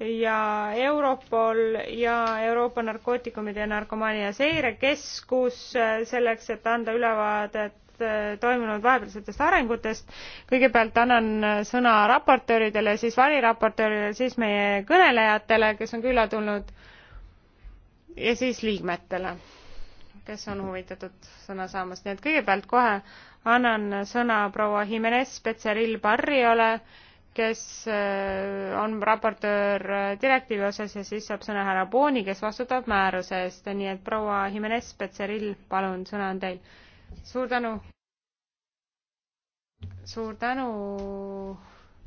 ja Europol ja Euroopa narkootikumide ja narkomaania seirekeskus selleks, et anda ülevaadet toimunud vahepealsetest arengutest. kõigepealt annan sõna raportööridele, siis variraportööridele, siis meie kõnelejatele, kes on külla tulnud ja siis liikmetele, kes on huvitatud sõna saamast, nii et kõigepealt kohe annan sõna proua Jimenez Petseril Barriole, kes äh, on raportöör äh, direktiivi osas ja siis saab sõna härra Booni, kes vastutab määruse eest, nii et proua Jimenez Petseril, palun, sõna on teil. suur tänu. suur tänu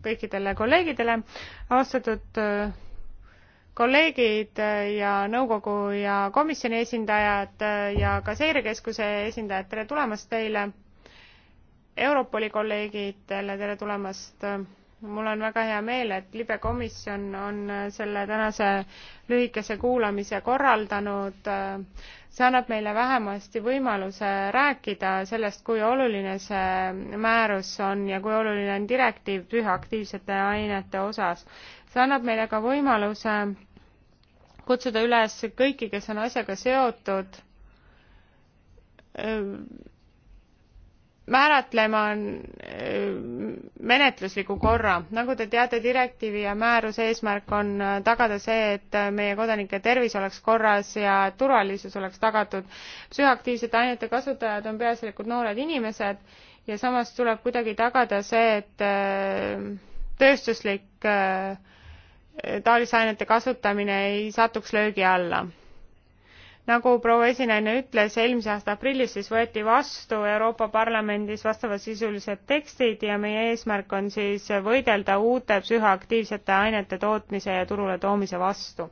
kõikidele kolleegidele, austatud äh, kolleegid ja nõukogu ja komisjoni esindajad ja ka seirekeskuse esindajad, tere tulemast teile! Europoli kolleegidele tere tulemast! mul on väga hea meel, et libe komisjon on selle tänase lühikese kuulamise korraldanud. see annab meile vähemasti võimaluse rääkida sellest, kui oluline see määrus on ja kui oluline on direktiiv psühhoaktiivsete ainete osas. see annab meile ka võimaluse kutsuda üles kõiki, kes on asjaga seotud, ähm, määratlema ähm, menetlusliku korra. nagu te teate, direktiivi ja määruse eesmärk on äh, tagada see, et äh, meie kodanike tervis oleks korras ja turvalisus oleks tagatud. psühhoaktiivsete ainete kasutajad on peaasjalikult noored inimesed ja samas tuleb kuidagi tagada see, et äh, tööstuslik äh, taolisainete kasutamine ei satuks löögi alla. nagu proua esinaine ütles, eelmise aasta aprillis siis võeti vastu Euroopa Parlamendis vastavasisulised tekstid ja meie eesmärk on siis võidelda uute psühhoaktiivsete ainete tootmise ja turule toomise vastu.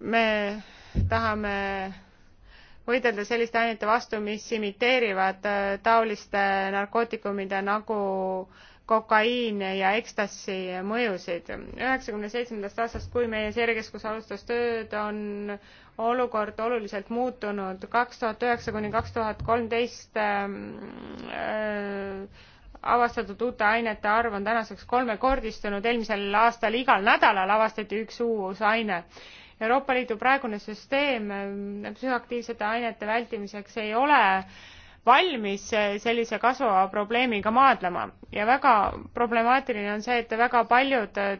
me tahame võidelda selliste ainete vastu, mis imiteerivad äh, taoliste narkootikumide nagu äh, kokaiin ja ekstasi mõjusid. üheksakümne seitsmendast aastast, kui meie seirekeskus alustas tööd, on olukord oluliselt muutunud. kaks tuhat üheksa kuni kaks tuhat kolmteist ähm, äh, avastatud uute ainete arv on tänaseks kolmekordistunud. eelmisel aastal igal nädalal avastati üks uus aine. Euroopa Liidu praegune süsteem äh, psühhoaktiivsete ainete vältimiseks ei ole äh, valmis sellise kasvava probleemiga maadlema ja väga problemaatiline on see, et väga paljud äh,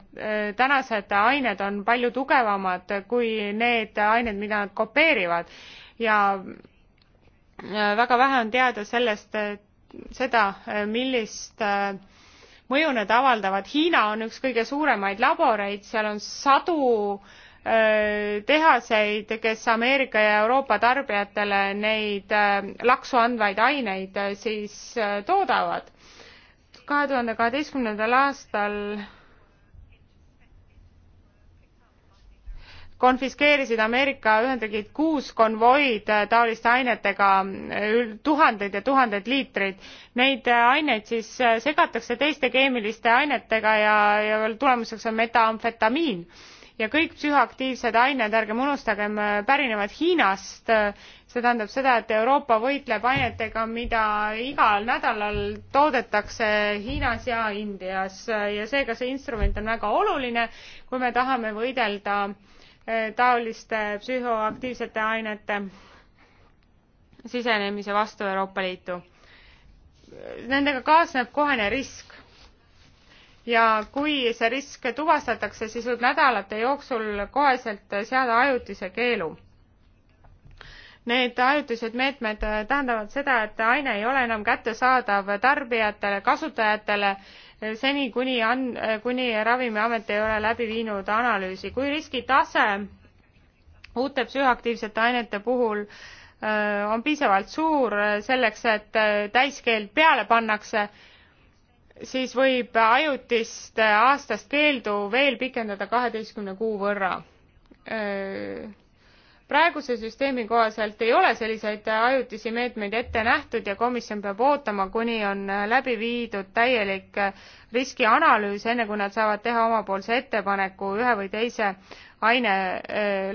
tänased ained on palju tugevamad kui need ained, mida nad kopeerivad ja äh, väga vähe on teada sellest, äh, seda, millist mõju need avaldavad. Hiina on üks kõige suuremaid laboreid, seal on sadu äh, Äh, tehaseid, kes Ameerika ja Euroopa tarbijatele neid äh, laksu andvaid aineid äh, siis toodavad. kahe tuhande kaheteistkümnendal aastal konfiskeerisid Ameerika Ühendriigid kuus konvoid taoliste ainetega, tuhandeid ja tuhandeid liitreid. Neid aineid siis segatakse teiste keemiliste ainetega ja, ja tulemuseks on metamfetamiin ja kõik psühhoaktiivsed ained, ärgem unustagem, äh, pärinevad Hiinast. see tähendab seda, et Euroopa võitleb ainetega, mida igal nädalal toodetakse Hiinas ja Indias ja seega see instrument on väga oluline, kui me tahame võidelda äh, taoliste psühhoaktiivsete ainete sisenemise vastu Euroopa Liitu. Nendega kaasneb kohene risk ja kui see risk tuvastatakse, siis võib nädalate jooksul koheselt seada ajutise keelu. Need ajutised meetmed tähendavad seda, et aine ei ole enam kättesaadav tarbijatele, kasutajatele seni, kuni on, kuni Ravimiamet ei ole läbi viinud analüüsi. kui riskitase uute psühhoaktiivsete ainete puhul äh, on piisavalt suur selleks, et täiskeeld peale pannakse, siis võib ajutist aastast keeldu veel pikendada kaheteistkümne kuu võrra praeguse süsteemi kohaselt ei ole selliseid ajutisi meetmeid ette nähtud ja komisjon peab ootama, kuni on läbi viidud täielik riskianalüüs, enne kui nad saavad teha omapoolse ettepaneku ühe või teise aine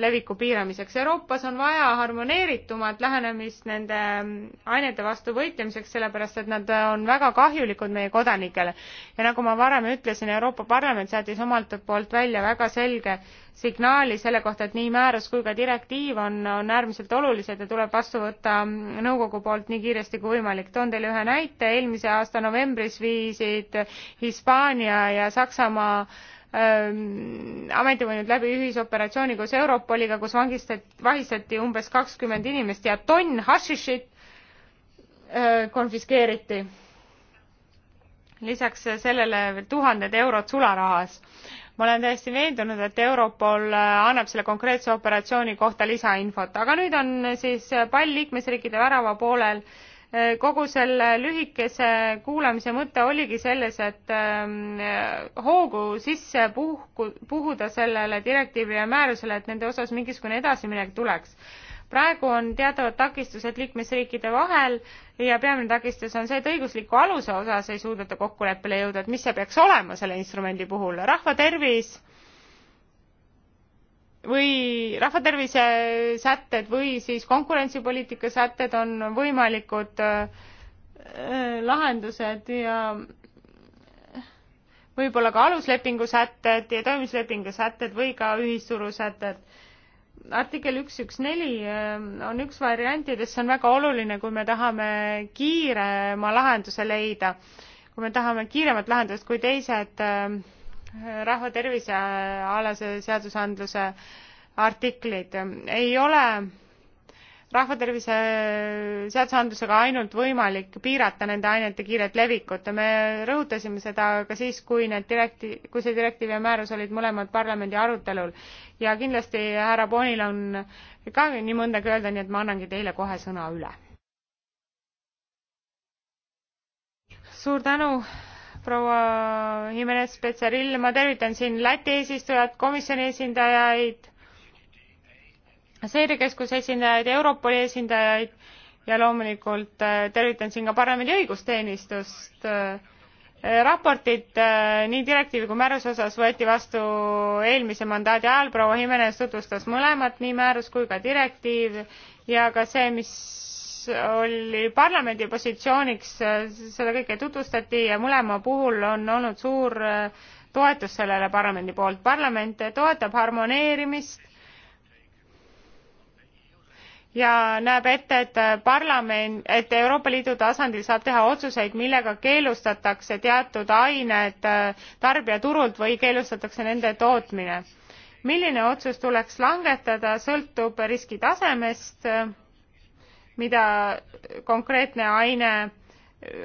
leviku piiramiseks. Euroopas on vaja harmoneeritumat lähenemist nende ainete vastu võitlemiseks, sellepärast et nad on väga kahjulikud meie kodanikele. ja nagu ma varem ütlesin, Euroopa Parlament saatis omalt poolt välja väga selge signaali selle kohta, et nii määrus kui ka direktiiv on, on äärmiselt olulised ja tuleb vastu võtta nõukogu poolt nii kiiresti kui võimalik. toon teile ühe näite, eelmise aasta novembris viisid Hispaania ja Saksamaa ähm, ametivõimud läbi ühisoperatsiooni koos Europoliga, kus vangistati, vahistati umbes kakskümmend inimest ja tonn hašišit äh, konfiskeeriti lisaks sellele veel tuhanded eurod sularahas ma olen täiesti veendunud, et Europol äh, annab selle konkreetse operatsiooni kohta lisainfot, aga nüüd on äh, siis äh, pall liikmesriikide värava poolel. kogu selle lühikese kuulamise mõte oligi selles, et ähm, hoogu sisse puhku, puhuda sellele direktiivile ja määrusele, et nende osas mingisugune edasiminek tuleks praegu on teatavad takistused liikmesriikide vahel ja peamine takistus on see, et õigusliku aluse osas ei suudeta kokkuleppele jõuda, et mis see peaks olema selle instrumendi puhul, rahvatervis või rahvatervise sätted või siis konkurentsipoliitika sätted on võimalikud äh, äh, lahendused ja võib-olla ka aluslepingu sätted ja toimimislepingu sätted või ka ühisturu sätted artikkel üks üks neli äh, on üks variantidest, see on väga oluline, kui me tahame kiirema lahenduse leida, kui me tahame kiiremat lahendust kui teised äh, rahva tervisealase seadusandluse artiklid. ei ole rahvatervise seadusandlusega ainult võimalik piirata nende ainete kiiret levikut ja me rõhutasime seda ka siis, kui need direkti-, kui see direktiiv ja määrus olid mõlemad parlamendi arutelul. ja kindlasti härra Boonil on ka nii mõndagi öelda, nii et ma annangi teile kohe sõna üle. suur tänu, proua Jimenez-Petserill, ma tervitan siin Läti eesistujat, komisjoni esindajaid seirekeskuse esindajaid, Europoli esindajaid ja loomulikult äh, tervitan siin ka parlamendi õigusteenistust. Äh, raportid äh, nii direktiivi kui määruse osas võeti vastu eelmise mandaadi ajal, proua Jimenez tutvustas mõlemat, nii määrus kui ka direktiiv ja ka see, mis oli parlamendi positsiooniks, seda kõike tutvustati ja mõlema puhul on olnud suur toetus sellele parlamendi poolt. parlament toetab harmoneerimist ja näeb ette, et parlament, et Euroopa Liidu tasandil saab teha otsuseid, millega keelustatakse teatud ained äh, tarbijaturult või keelustatakse nende tootmine. milline otsus tuleks langetada, sõltub riskitasemest, mida konkreetne aine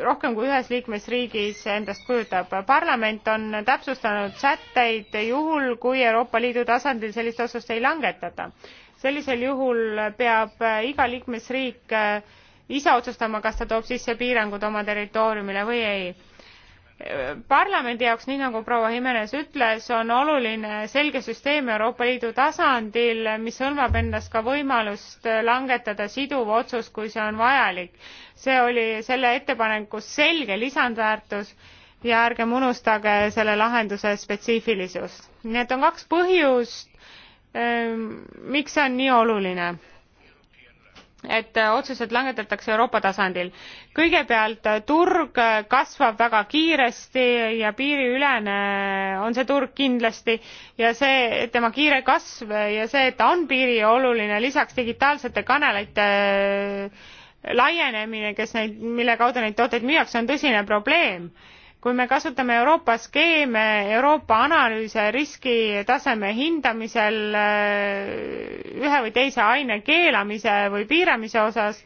rohkem kui ühes liikmesriigis endast kujutab. parlament on täpsustanud sätteid juhul, kui Euroopa Liidu tasandil sellist otsust ei langetata sellisel juhul peab äh, iga liikmesriik äh, ise otsustama kas ta toob sisse piirangud oma territooriumile või ei äh, parlamendi jaoks nii nagu proua jimenez ütles on oluline selge süsteem euroopa liidu tasandil mis hõlmab endas ka võimalust langetada siduv otsus kui see on vajalik see oli selle ettepaneku selge lisandväärtus ja ärgem unustage selle lahenduse spetsiifilisust nii et on kaks põhjust Ehm, miks see on nii oluline? et äh, otsused langetatakse Euroopa tasandil. kõigepealt äh, turg äh, kasvab väga kiiresti ja piiriülene on see turg kindlasti ja see, tema kiire kasv ja see, et ta on piirioluline, lisaks digitaalsete kanalite laienemine, kes neid, mille kaudu neid tooteid müüakse, on tõsine probleem kui me kasutame Euroopa skeeme, Euroopa analüüse riskitaseme hindamisel äh, ühe või teise aine keelamise või piiramise osas,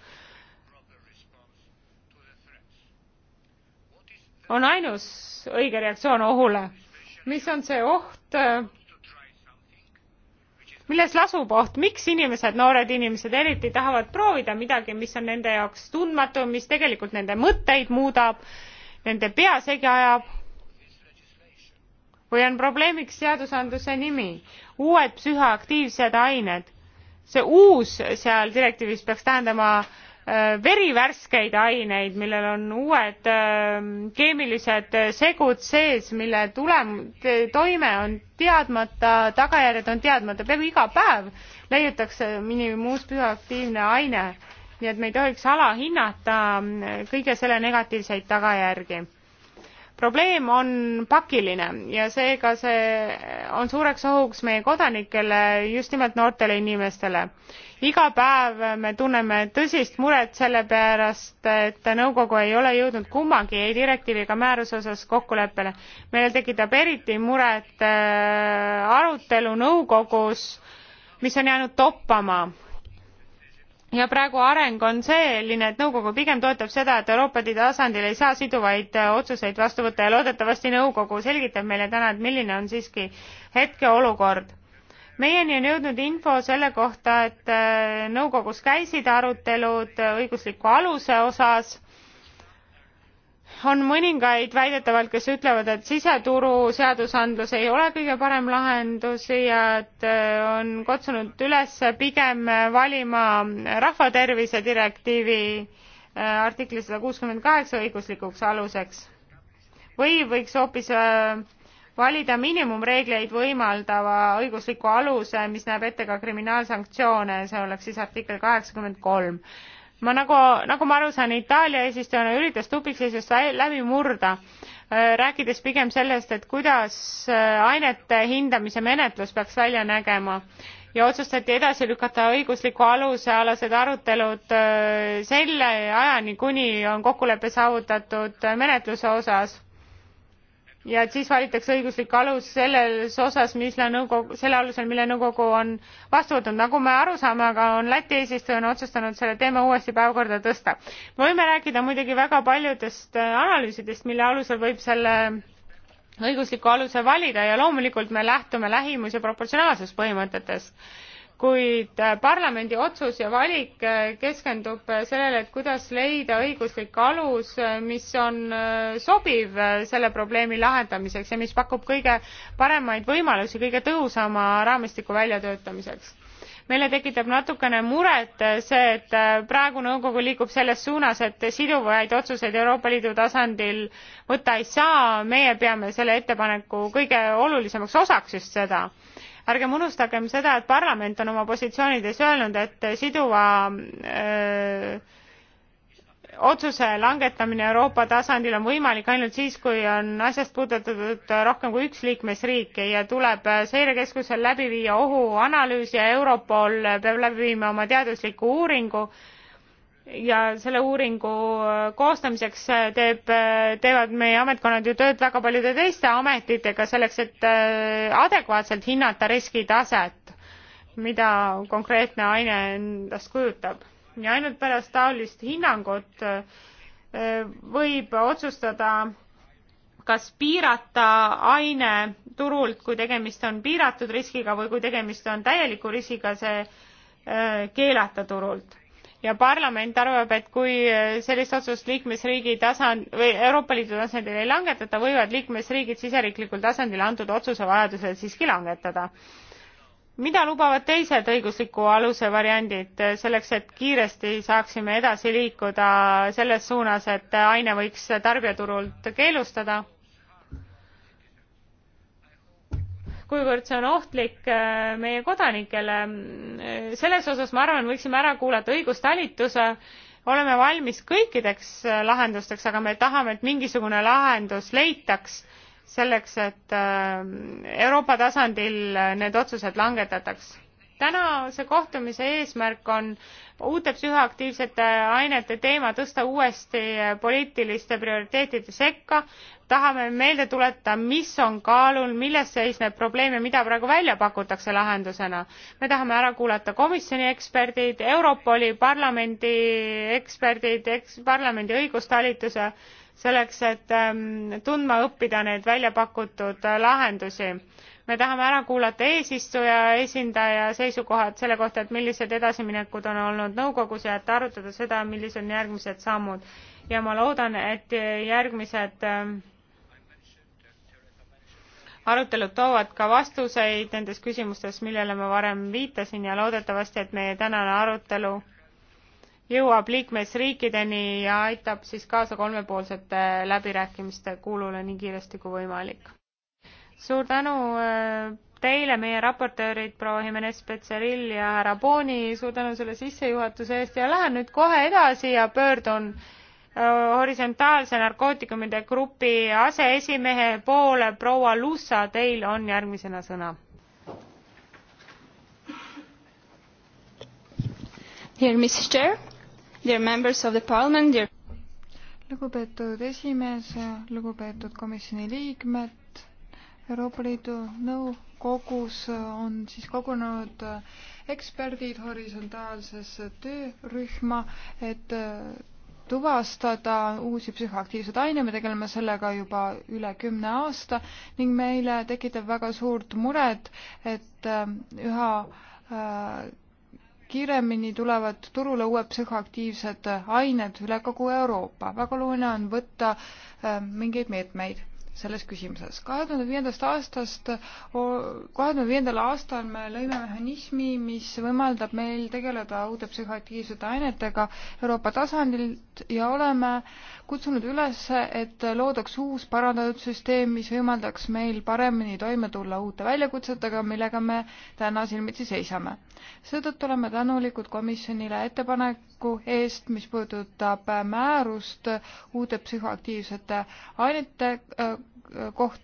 on ainus õige reaktsioon ohule. mis on see oht, äh, milles lasub oht, miks inimesed, noored inimesed eriti tahavad proovida midagi, mis on nende jaoks tundmatu, mis tegelikult nende mõtteid muudab nende pea segi ajab või on probleemiks seadusandluse nimi, uued psühhoaktiivsed ained. see uus seal direktiivis peaks tähendama äh, verivärskeid aineid, millel on uued äh, keemilised äh, segud sees, mille tulem-, toime on teadmata, tagajärjed on teadmata, peaaegu iga päev leiutakse mingi uus psühhoaktiivne aine nii et me ei tohiks alahinnata mm, kõige selle negatiivseid tagajärgi probleem on pakiline ja seega see on suureks ohuks meie kodanikele just nimelt noortele inimestele iga päev me tunneme tõsist muret selle pärast et nõukogu ei ole jõudnud kummagi ei direktiivi ega määruse osas kokkuleppele meile tekitab eriti muret äh, arutelu nõukogus mis on jäänud toppama ja praegu areng on selline, et nõukogu pigem toetab seda, et Euroopa Liidu tasandil ei saa siduvaid äh, otsuseid vastu võtta ja loodetavasti nõukogu selgitab meile täna, et milline on siiski hetkeolukord. meieni on jõudnud info selle kohta, et äh, nõukogus käisid arutelud õigusliku aluse osas on mõningaid väidetavalt, kes ütlevad, et siseturu seadusandlus ei ole kõige parem lahendus ja et äh, on kutsunud üles pigem valima rahvatervise direktiivi äh, artikli sada kuuskümmend kaheksa õiguslikuks aluseks või võiks hoopis äh, valida miinimumreegleid võimaldava õigusliku aluse, mis näeb ette ka kriminaalsanktsioone, see oleks siis artikkel kaheksakümmend kolm ma nagu, nagu ma aru saan, Itaalia eesistujana üritas tupikseisust läbi murda, äh, rääkides pigem sellest, et kuidas äh, ainete hindamise menetlus peaks välja nägema ja otsustati edasi lükata õigusliku aluse alased arutelud äh, selle ajani, kuni on kokkulepe saavutatud menetluse osas ja et siis valitakse õiguslik alus selles osas, mille nõukogu, selle alusel, mille nõukogu on vastu võtnud. nagu me aru saame, aga on Läti eesistujana otsustanud selle teema uuesti päevakorda tõsta. me võime rääkida muidugi väga paljudest äh, analüüsidest, mille alusel võib selle õigusliku aluse valida ja loomulikult me lähtume lähimus ja proportsionaalsuspõhimõtetest kuid äh, parlamendi otsus ja valik äh, keskendub äh, sellele et kuidas leida õiguslik alus mis on sobiv selle probleemi lahendamiseks ja mis pakub kõige paremaid võimalusi kõige tõhusama raamistiku väljatöötamiseks meile tekitab natukene muret see et praegu nõukogu liigub selles suunas et siduvaid otsuseid euroopa liidu tasandil võtta ei saa meie peame selle ettepaneku kõige olulisemaks osaks just seda ärgem unustagem seda, et parlament on oma positsioonides öelnud, et siduva öö, otsuse langetamine Euroopa tasandil on võimalik ainult siis, kui on asjast puudutatud rohkem kui üks liikmesriik ja tuleb seirekeskusel läbi viia ohuanalüüs ja Europol peab läbi viima oma teadusliku uuringu ja selle uuringu äh, koostamiseks äh, teeb, äh, teevad meie ametkonnad ju tööd väga paljude teiste ametitega selleks, et adekvaatselt hinnata riskitaset, mida konkreetne aine endast kujutab. ja ainult pärast taolist hinnangut võib otsustada, kas piirata aine turult, kui tegemist on piiratud riskiga või kui tegemist on täieliku riskiga, see keelata turult ja parlament arvab, et kui sellist otsust liikmesriigi tasand või Euroopa Liidu tasandil ei langetata, võivad liikmesriigid siseriiklikul tasandil antud otsuse vajadusel siiski langetada mida lubavad teised õigusliku aluse variandid selleks, et kiiresti saaksime edasi liikuda selles suunas, et aine võiks tarbijaturult keelustada? kuivõrd see on ohtlik äh, meie kodanikele. selles osas ma arvan, võiksime ära kuulata õigustalituse, oleme valmis kõikideks äh, lahendusteks, aga me tahame, et mingisugune lahendus leitaks selleks, et äh, Euroopa tasandil need otsused langetataks tänase kohtumise eesmärk on uute psühhoaktiivsete ainete teema tõsta uuesti poliitiliste prioriteetide sekka tahame meelde tuletada mis on kaalul milles seisneb probleem ja mida praegu välja pakutakse lahendusena me tahame ära kuulata komisjoni eksperdid europoli parlamendi eksperdid eks parlamendi õigustalituse selleks et ähm, tundma õppida neid välja pakutud äh, lahendusi me tahame ära kuulata eesistuja esindaja seisukohad selle kohta, et millised edasiminekud on olnud nõukogus ja et arutada seda, millised on järgmised sammud. ja ma loodan, et järgmised ähm, arutelud toovad ka vastuseid nendes küsimustes, millele ma varem viitasin ja loodetavasti, et meie tänane arutelu jõuab liikmesriikideni ja aitab siis kaasa kolmepoolsete läbirääkimiste kuulule nii kiiresti kui võimalik suur tänu äh, teile, meie raportöörid, proua Jimenez Petseril ja härra Booni, suur tänu selle sissejuhatuse eest ja lähen nüüd kohe edasi ja pöördun äh, horisontaalse narkootikumide grupi aseesimehe poole, proua Lussa, teil on järgmisena sõna. Dear Mrs Chair, dear members of the parliament, dear lugupeetud esimees, lugupeetud komisjoni liikmed, Euroopa Liidu nõukogus on siis kogunenud eksperdid horisontaalsesse töörühma, et tuvastada uusi psühhoaktiivseid aine, me tegeleme sellega juba üle kümne aasta ning meile tekitab väga suurt muret, et äh, üha äh, kiiremini tulevad turule uued psühhoaktiivsed ained üle kogu Euroopa. väga oluline on võtta äh, mingeid meetmeid selles küsimuses. kahe tuhande viiendast aastast, kahe tuhande viiendal aastal me lõime mehhanismi, mis võimaldab meil tegeleda uute psühhoaktiivsete ainetega Euroopa tasandilt ja oleme kutsunud üles, et loodaks uus parandatud süsteem, mis võimaldaks meil paremini toime tulla uute väljakutsetega, millega me täna silmitsi seisame. seetõttu oleme tänulikud komisjonile ettepaneku eest, mis puudutab määrust uute psühhoaktiivsete ainete äh, koht,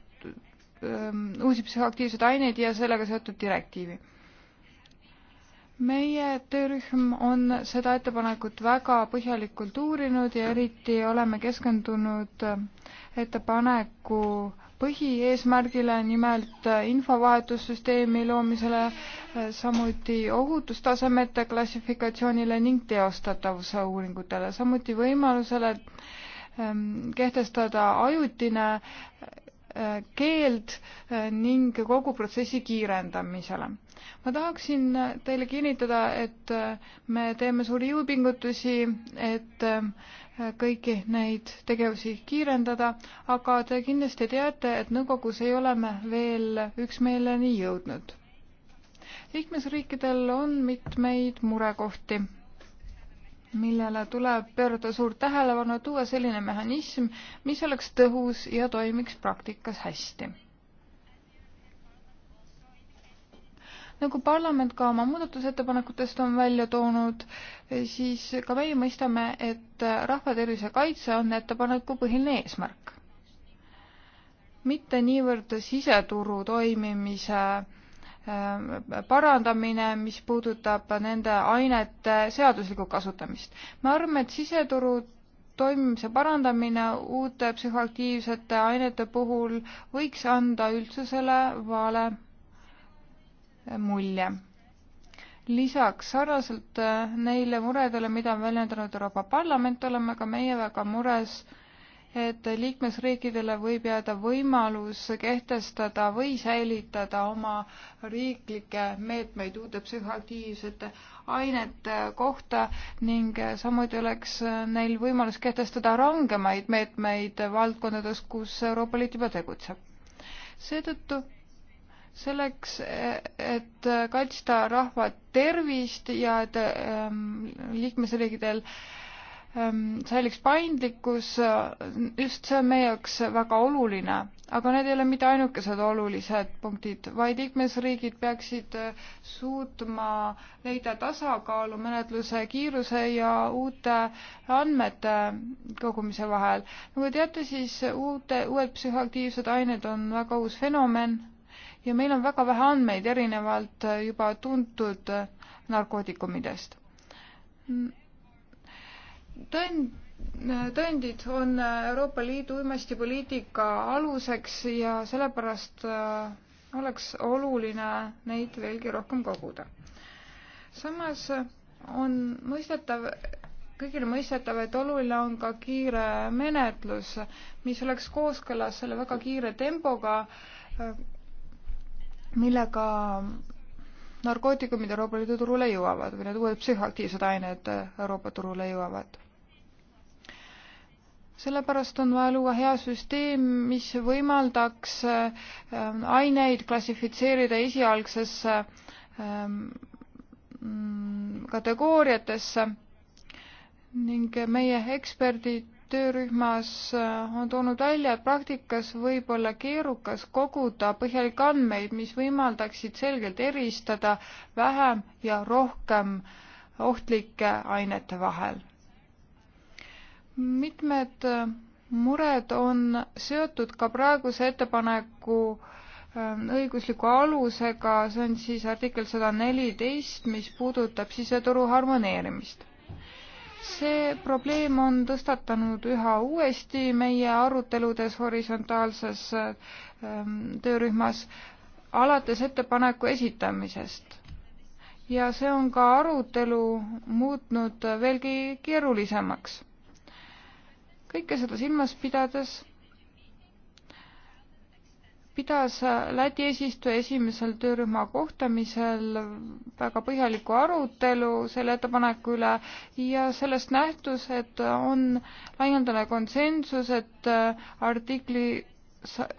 ähm, uusi psühhoaktiivseid aineid ja sellega seotud direktiivi. meie töörühm on seda ettepanekut väga põhjalikult uurinud ja eriti oleme keskendunud äh, ettepaneku põhieesmärgile, nimelt äh, infovahetussüsteemi loomisele, äh, samuti ohutustasemete klassifikatsioonile ning teostatavuse uuringutele, samuti võimalusele, et Ähm, kehtestada ajutine äh, keeld äh, ning kogu protsessi kiirendamisele. ma tahaksin teile kinnitada, et äh, me teeme suuri jõupingutusi, et kõiki neid tegevusi kiirendada, aga te kindlasti teate, et nõukogus ei ole me veel üksmeeleni jõudnud. liikmesriikidel on mitmeid murekohti millele tuleb pöörata suurt tähelepanu, et tuua selline mehhanism, mis oleks tõhus ja toimiks praktikas hästi. nagu parlament ka oma muudatusettepanekutest on välja toonud, siis ka meie mõistame, et rahvatervise kaitse on ettepaneku põhiline eesmärk. mitte niivõrd siseturu toimimise Äh, parandamine, mis puudutab nende ainete seaduslikku kasutamist. me arvame, et siseturu toimimise parandamine uute psühhoaktiivsete ainete puhul võiks anda üldsusele vale mulje. lisaks sarnaselt neile muredele, mida on väljendanud Euroopa Parlament, oleme ka meie väga mures äh, et liikmesriikidele võib jääda võimalus kehtestada või säilitada oma riiklikke meetmeid uute psühhoaktiivsete ainete kohta ning samuti oleks neil võimalus kehtestada rangemaid meetmeid valdkondades, kus Euroopa Liit juba tegutseb. seetõttu selleks, et kaitsta rahva tervist ja et ehm, liikmesriikidel äh, Ähm, säiliks paindlikkus, just see on meie jaoks väga oluline, aga need ei ole mitte ainukesed olulised punktid, vaid liikmesriigid peaksid äh, suutma leida tasakaalu menetluse kiiruse ja uute andmete kogumise vahel. nagu teate, siis uute, uued psühhoaktiivsed ained on väga uus fenomen ja meil on väga vähe andmeid erinevalt juba tuntud narkootikumidest tõend, tõendid on Euroopa Liidu uimestipoliitika aluseks ja sellepärast äh, oleks oluline neid veelgi rohkem koguda. samas on mõistetav, kõigile mõistetav, et oluline on ka kiire menetlus, mis oleks kooskõlas selle väga kiire tempoga, äh, millega narkootikumid Euroopa Liidu turule jõuavad või need uued psühhoaktiivsed ained Euroopa turule jõuavad sellepärast on vaja luua hea süsteem, mis võimaldaks ähm, aineid klassifitseerida esialgsesse ähm, mm, kategooriatesse ning meie eksperdid töörühmas äh, on toonud välja, et praktikas võib olla keerukas koguda põhjalikke andmeid, mis võimaldaksid selgelt eristada vähem ja rohkem ohtlike ainete vahel mitmed äh, mured on seotud ka praeguse ettepaneku ähm, õigusliku alusega, see on siis artikkel sada neliteist, mis puudutab siseturu harmoneerimist. see probleem on tõstatanud üha uuesti meie aruteludes horisontaalses ähm, töörühmas alates ettepaneku esitamisest ja see on ka arutelu muutnud veelgi keerulisemaks kõike seda silmas pidades pidas Läti eesistuja esimesel töörühma kohtamisel väga põhjaliku arutelu selle ettepaneku üle ja sellest nähtus, et on laialdane konsensus, et artikli,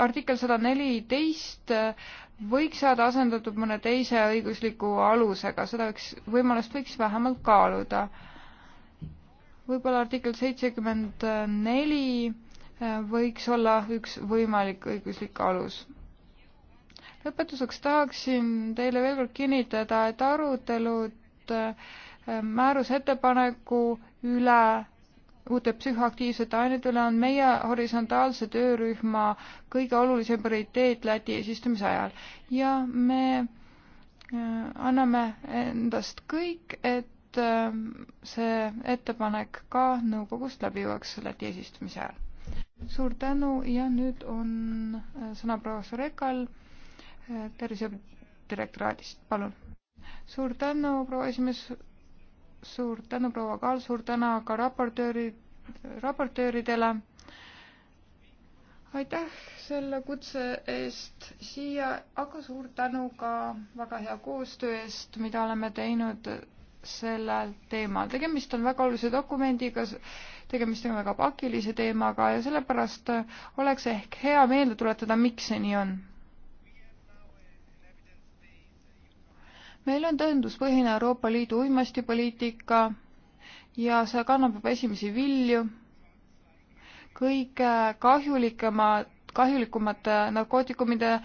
artikkel sada neliteist võiks saada asendatud mõne teise õigusliku alusega, seda võiks, võimalust võiks vähemalt kaaluda võib-olla artikkel seitsekümmend neli äh, võiks olla üks võimalik õiguslik alus. lõpetuseks tahaksin teile veel kord kinnitada, et arutelud äh, määruse ettepaneku üle uute psühhoaktiivsete ainete üle on meie horisontaalse töörühma kõige olulisem prioriteet Läti eesistumise ajal ja me äh, anname endast kõik, et et ähm, see ettepanek ka nõukogust läbi jõuaks Läti eesistumise ajal. suur tänu ja nüüd on äh, sõna professor Ekal äh, tervisedirektoraadist, palun. suur tänu, proua esimees, suur tänu, proua Kaal, suur tänu ka raportööri, raportööridele aitäh selle kutse eest siia, aga suur tänu ka väga hea koostöö eest, mida oleme teinud sellel teemal. tegemist on väga olulise dokumendiga, tegemist on väga pakilise teemaga ja sellepärast oleks ehk hea meelde tuletada, miks see nii on. meil on tõenduspõhine Euroopa Liidu uimastipoliitika ja see kannab juba esimesi vilju. kõige kahjulikumad kahjulikumate äh, narkootikumide äh,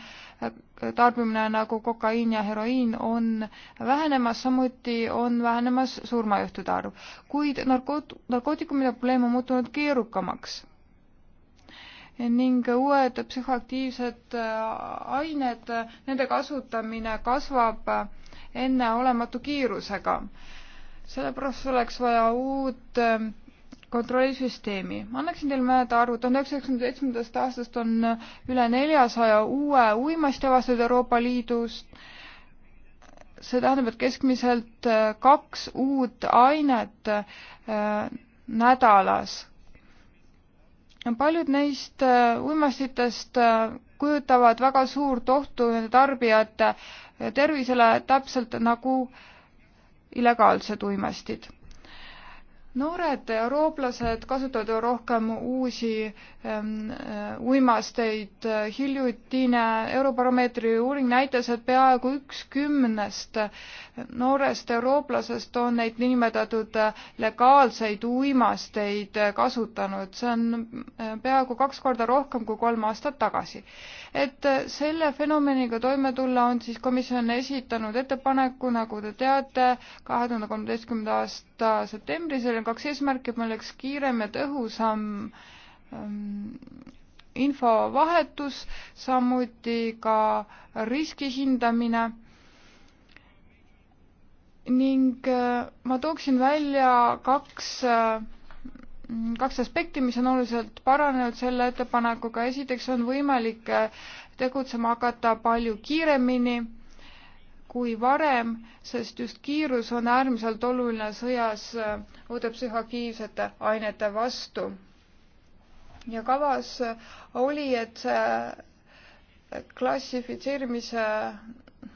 tarbimine nagu kokaiin ja heroiin on vähenemas, samuti on vähenemas surmajuhtude arv. kuid narkoot-, narkootikumide probleem on muutunud keerukamaks ning uued psühhoaktiivsed äh, ained, nende kasutamine kasvab enneolematu kiirusega. sellepärast oleks vaja uut kontrollisüsteemi. ma annaksin teile mõned arvud, tuhande üheksasaja üheksakümne seitsmendast aastast on üle neljasaja uue uimasti avastatud Euroopa Liidust. see tähendab, et keskmiselt äh, kaks uut ainet äh, nädalas. paljud neist äh, uimastitest kujutavad väga suurt ohtu nende tarbijate tervisele, täpselt nagu illegaalsed uimastid noored eurooplased kasutavad ju rohkem uusi ähm, äh, uimasteid. Äh, hiljutine Eurobaromeetri uuring näitas, et peaaegu üks kümnest noorest eurooplasest on neid niinimetatud äh, legaalseid uimasteid kasutanud. see on peaaegu kaks korda rohkem kui kolm aastat tagasi et äh, selle fenomeniga toime tulla, on siis komisjon esitanud ettepaneku, nagu te teate, kahe tuhande kolmeteistkümnenda aasta septembris, seal on kaks eesmärki, et meil oleks kiirem ja tõhusam ähm, infovahetus, samuti ka riski hindamine ning äh, ma tooksin välja kaks äh, Mm, kaks aspekti, mis on oluliselt paranenud selle ettepanekuga. esiteks on võimalik äh, tegutsema hakata palju kiiremini kui varem, sest just kiirus on äärmiselt oluline sõjas äh, uute psühhoaktiivsete ainete vastu. ja kavas äh, oli, et see klassifitseerimise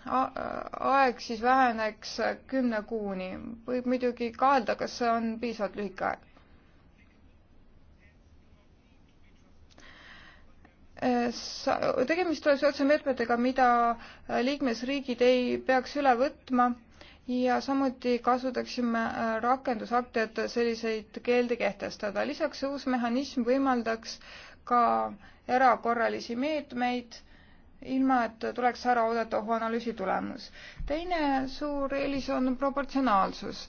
aeg siis väheneks kümne kuuni. võib muidugi kaelda, kas see on piisavalt lühike aeg tegemist on sotsiaalmeetmetega, mida liikmesriigid ei peaks üle võtma ja samuti kasutaksime äh, rakendusakte, et selliseid keelde kehtestada. lisaks uus mehhanism võimaldaks ka erakorralisi meetmeid, ilma et tuleks ära oodata ohuanalüüsi tulemus. teine suur eelis on proportsionaalsus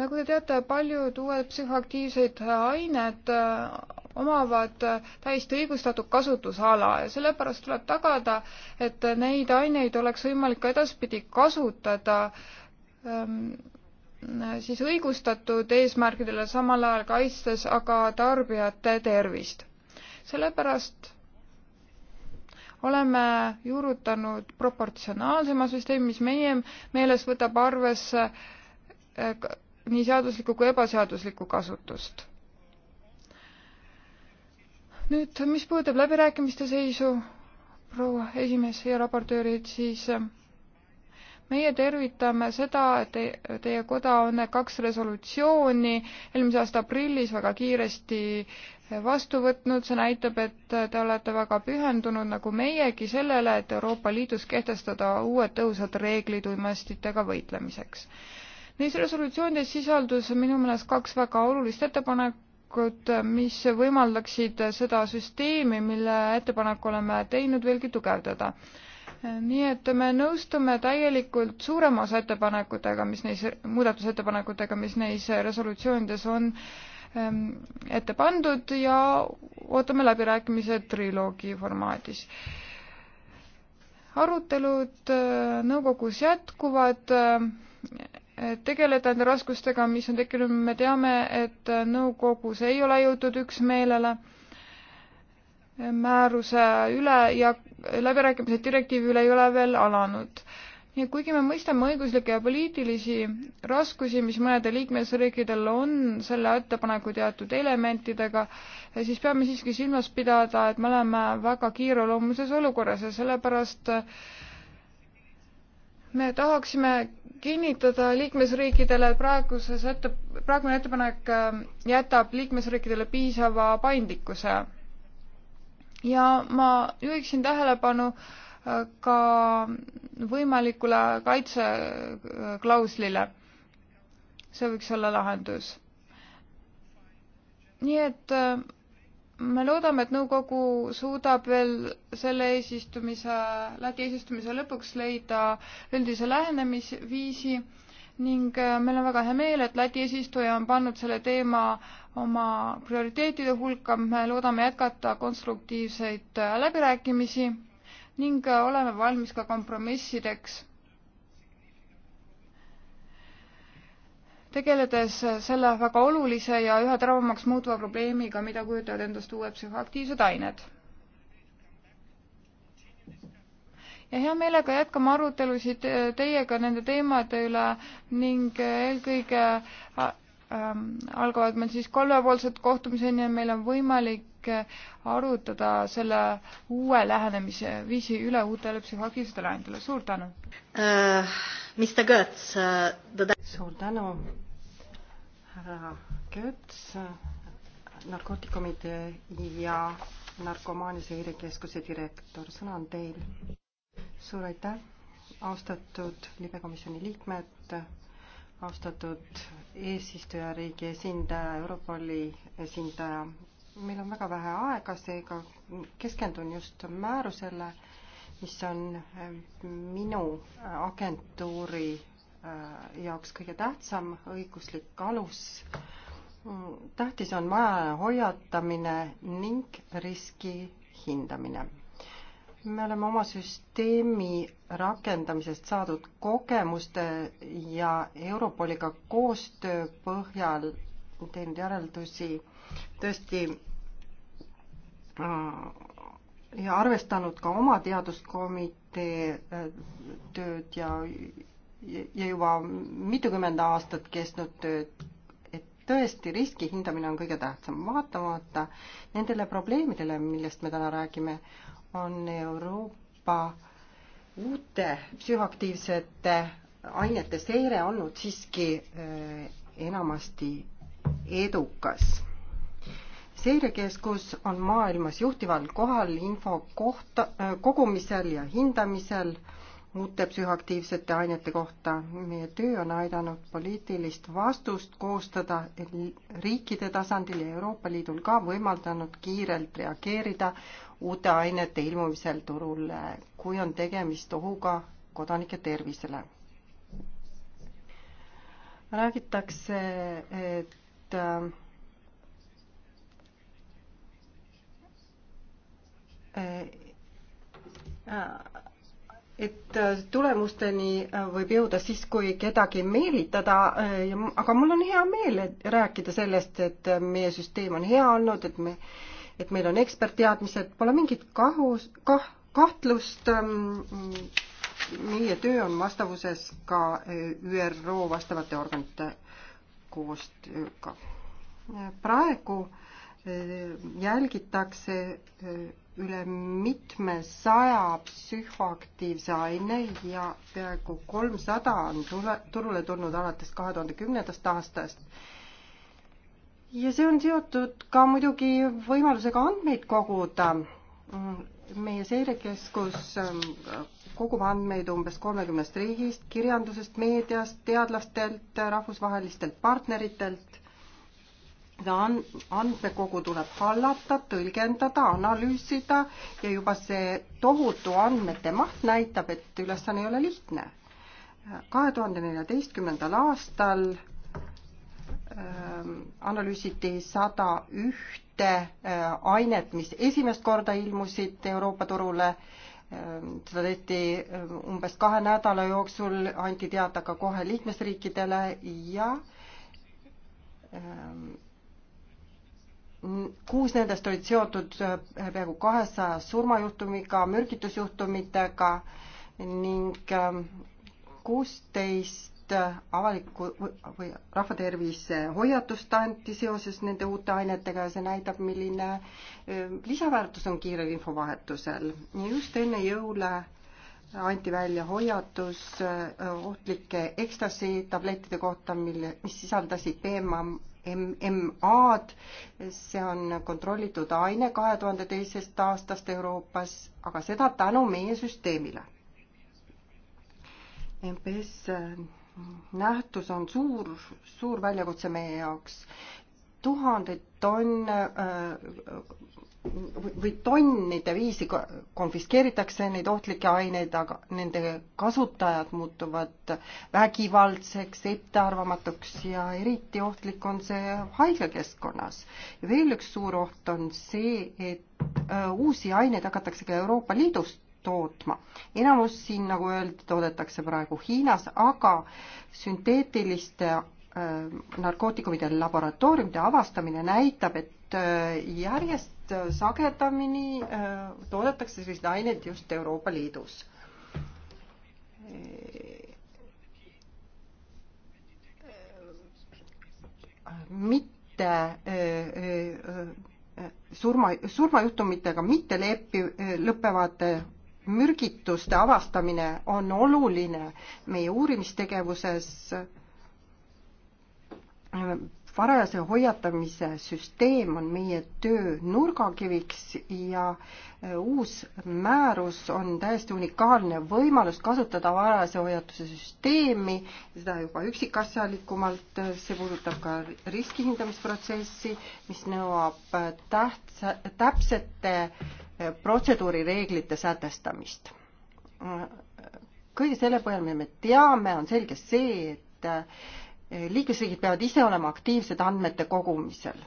nagu te teate, paljud uued psühhoaktiivsed ained äh, omavad äh, täiesti õigustatud kasutusala ja sellepärast tuleb tagada, et neid aineid oleks võimalik ka edaspidi kasutada ähm, siis õigustatud eesmärkidele, samal ajal kaitstes aga tarbijate tervist. sellepärast oleme juurutanud proportsionaalsema süsteemi, mis meie meeles võtab arvesse äh, nii seaduslikku kui ebaseaduslikku kasutust. nüüd, mis puudutab läbirääkimiste seisu, proua esimees ja raportöörid, siis äh, meie tervitame seda, et teie koda on need kaks resolutsiooni eelmise aasta aprillis väga kiiresti äh, vastu võtnud, see näitab, et äh, te olete väga pühendunud nagu meiegi sellele, et Euroopa Liidus kehtestada uued tõhusad reeglid uimastitega võitlemiseks. Neis resolutsioonides sisaldus minu meelest kaks väga olulist ettepanekut, mis võimaldaksid seda süsteemi, mille ettepaneku oleme teinud, veelgi tugevdada. nii et me nõustume täielikult suurema osa ettepanekutega, mis neis, muudatusettepanekutega, mis neis resolutsioonides on ehm, ette pandud ja ootame läbirääkimised triloogi formaadis arutelud äh, nõukogus jätkuvad äh, tegeleda nende raskustega, mis on tekkinud, me teame, et nõukogus ei ole jõutud üksmeelele määruse üle ja läbirääkimised direktiivi üle ei ole veel alanud. nii et kuigi me mõistame õiguslikke ja poliitilisi raskusi, mis mõnedel liikmesriikidel on selle ettepaneku teatud elementidega, siis peame siiski silmas pidada, et me oleme väga kiireloomulises olukorras ja sellepärast äh, me tahaksime kinnitada liikmesriikidele, et praeguses ette, praegune ettepanek äh, jätab liikmesriikidele piisava paindlikkuse. ja ma juhiksin tähelepanu äh, ka võimalikule kaitseklauslile. see võiks olla lahendus. nii et äh, me loodame, et nõukogu suudab veel selle eesistumise, Läti eesistumise lõpuks leida üldise lähenemisviisi ning äh, meil on väga hea meel, et Läti eesistuja on pannud selle teema oma prioriteetide hulka, me loodame jätkata konstruktiivseid äh, läbirääkimisi ning äh, oleme valmis ka kompromissideks tegeledes selle väga olulise ja üha teravamaks muutuva probleemiga, mida kujutavad endast uued psühhoaktiivsed ained. ja hea meelega jätkame arutelusid teiega nende teemade üle ning eelkõige ähm, algavad meil siis kolmepoolsed kohtumised, nii et meil on võimalik arutada selle uue lähenemise viisi üle uutele psühhoaktiivsetele ainetele. suur tänu uh,! Mr Götz uh,, the... suur tänu, härra Götz, narkootikumitee ja narkomaani seirekeskuse direktor, sõna on teil. suur aitäh, austatud libekomisjoni liikmed, austatud eesistujariigi esindaja, Europoli esindaja, meil on väga vähe aega, seega keskendun just määrusele, mis on ähm, minu agentuuri äh, jaoks kõige tähtsam õiguslik alus. tähtis on vaja hoiatamine ning riski hindamine. me oleme oma süsteemi rakendamisest saadud kogemuste ja Europoliga koostöö põhjal teinud järeldusi tõesti Äh, ja arvestanud ka oma teaduskomitee äh, tööd ja, ja juba mitukümmend aastat kestnud tööd, et tõesti riski hindamine on kõige tähtsam. vaatamata nendele probleemidele, millest me täna räägime, on Euroopa uute psühhoaktiivsete ainete seire olnud siiski äh, enamasti edukas seirekeskus on maailmas juhtival kohal info kohta, äh, kogumisel ja hindamisel uute psühhoaktiivsete ainete kohta. meie töö on aidanud poliitilist vastust koostada riikide tasandil ja Euroopa Liidul ka võimaldanud kiirelt reageerida uute ainete ilmumisel turule, kui on tegemist ohuga kodanike tervisele. räägitakse, et äh, Äh, äh, et äh, tulemusteni võib jõuda siis, kui kedagi meelitada, aga mul on hea meel rääkida sellest, et meie süsteem on hea olnud, et me, et meil on ekspertteadmised, pole mingit kahus, kah-, kahtlust, ähm, meie töö on vastavuses ka ÜRO vastavate organite koostööga. praegu jälgitakse üle mitmesaja psühhoaktiivse aine ja peaaegu kolmsada on tule, turule tulnud alates kahe tuhande kümnendast aastast. ja see on seotud ka muidugi võimalusega andmeid koguda. meie seirekeskus ähm, kogub andmeid umbes kolmekümnest riigist, kirjandusest, meediast, teadlastelt, rahvusvahelistelt partneritelt andmekogu tuleb hallata, tõlgendada, analüüsida ja juba see tohutu andmete maht näitab, et ülesanne ei ole lihtne. kahe tuhande neljateistkümnendal aastal ähm, analüüsiti sada ühte äh, ainet, mis esimest korda ilmusid Euroopa turule. Ähm, seda tehti ähm, umbes kahe nädala jooksul, anti teada ka kohe liikmesriikidele ja kuus nendest olid seotud äh, peaaegu kahesaja surmajuhtumiga, mürgitusjuhtumitega ning ähm, kuusteist äh, avaliku või rahvatervise hoiatust anti seoses nende uute ainetega ja see näitab, milline äh, lisaväärtus on kiirel infovahetusel. just enne jõule anti välja hoiatus ohtlike ekstasi tablettide kohta, mille, mis sisaldasid PMA MMA-d, see on kontrollitud aine kahe tuhande teisest aastast Euroopas, aga seda tänu meie süsteemile. MPS nähtus on suur, suur väljakutse meie jaoks. tuhandeid tonne äh, või tonnide viisi konfiskeeritakse neid ohtlikke aineid, aga nende kasutajad muutuvad vägivaldseks, ettearvamatuks ja eriti ohtlik on see haiglakeskkonnas. ja veel üks suur oht on see, et äh, uusi aineid hakatakse ka Euroopa Liidus tootma. enamus siin, nagu öeldi, toodetakse praegu Hiinas, aga sünteetiliste äh, narkootikumide laboratooriumide avastamine näitab, et äh, järjest järjest äh, sagedamini äh, toodetakse selliseid aineid just Euroopa Liidus. mitte äh, surma, surmajuhtumitega mitte lepi, lõppevate mürgituste avastamine on oluline meie uurimistegevuses varajase hoiatamise süsteem on meie töö nurgakiviks ja äh, uus määrus on täiesti unikaalne võimalus kasutada varajase hoiatuse süsteemi, seda juba üksikasjalikumalt, see puudutab ka riskihindamisprotsessi, mis nõuab äh, tähtsa, täpsete äh, protseduurireeglite sätestamist. kõige selle põhjal, mida me teame, on selge see, et liikmesriigid peavad ise olema aktiivsed andmete kogumisel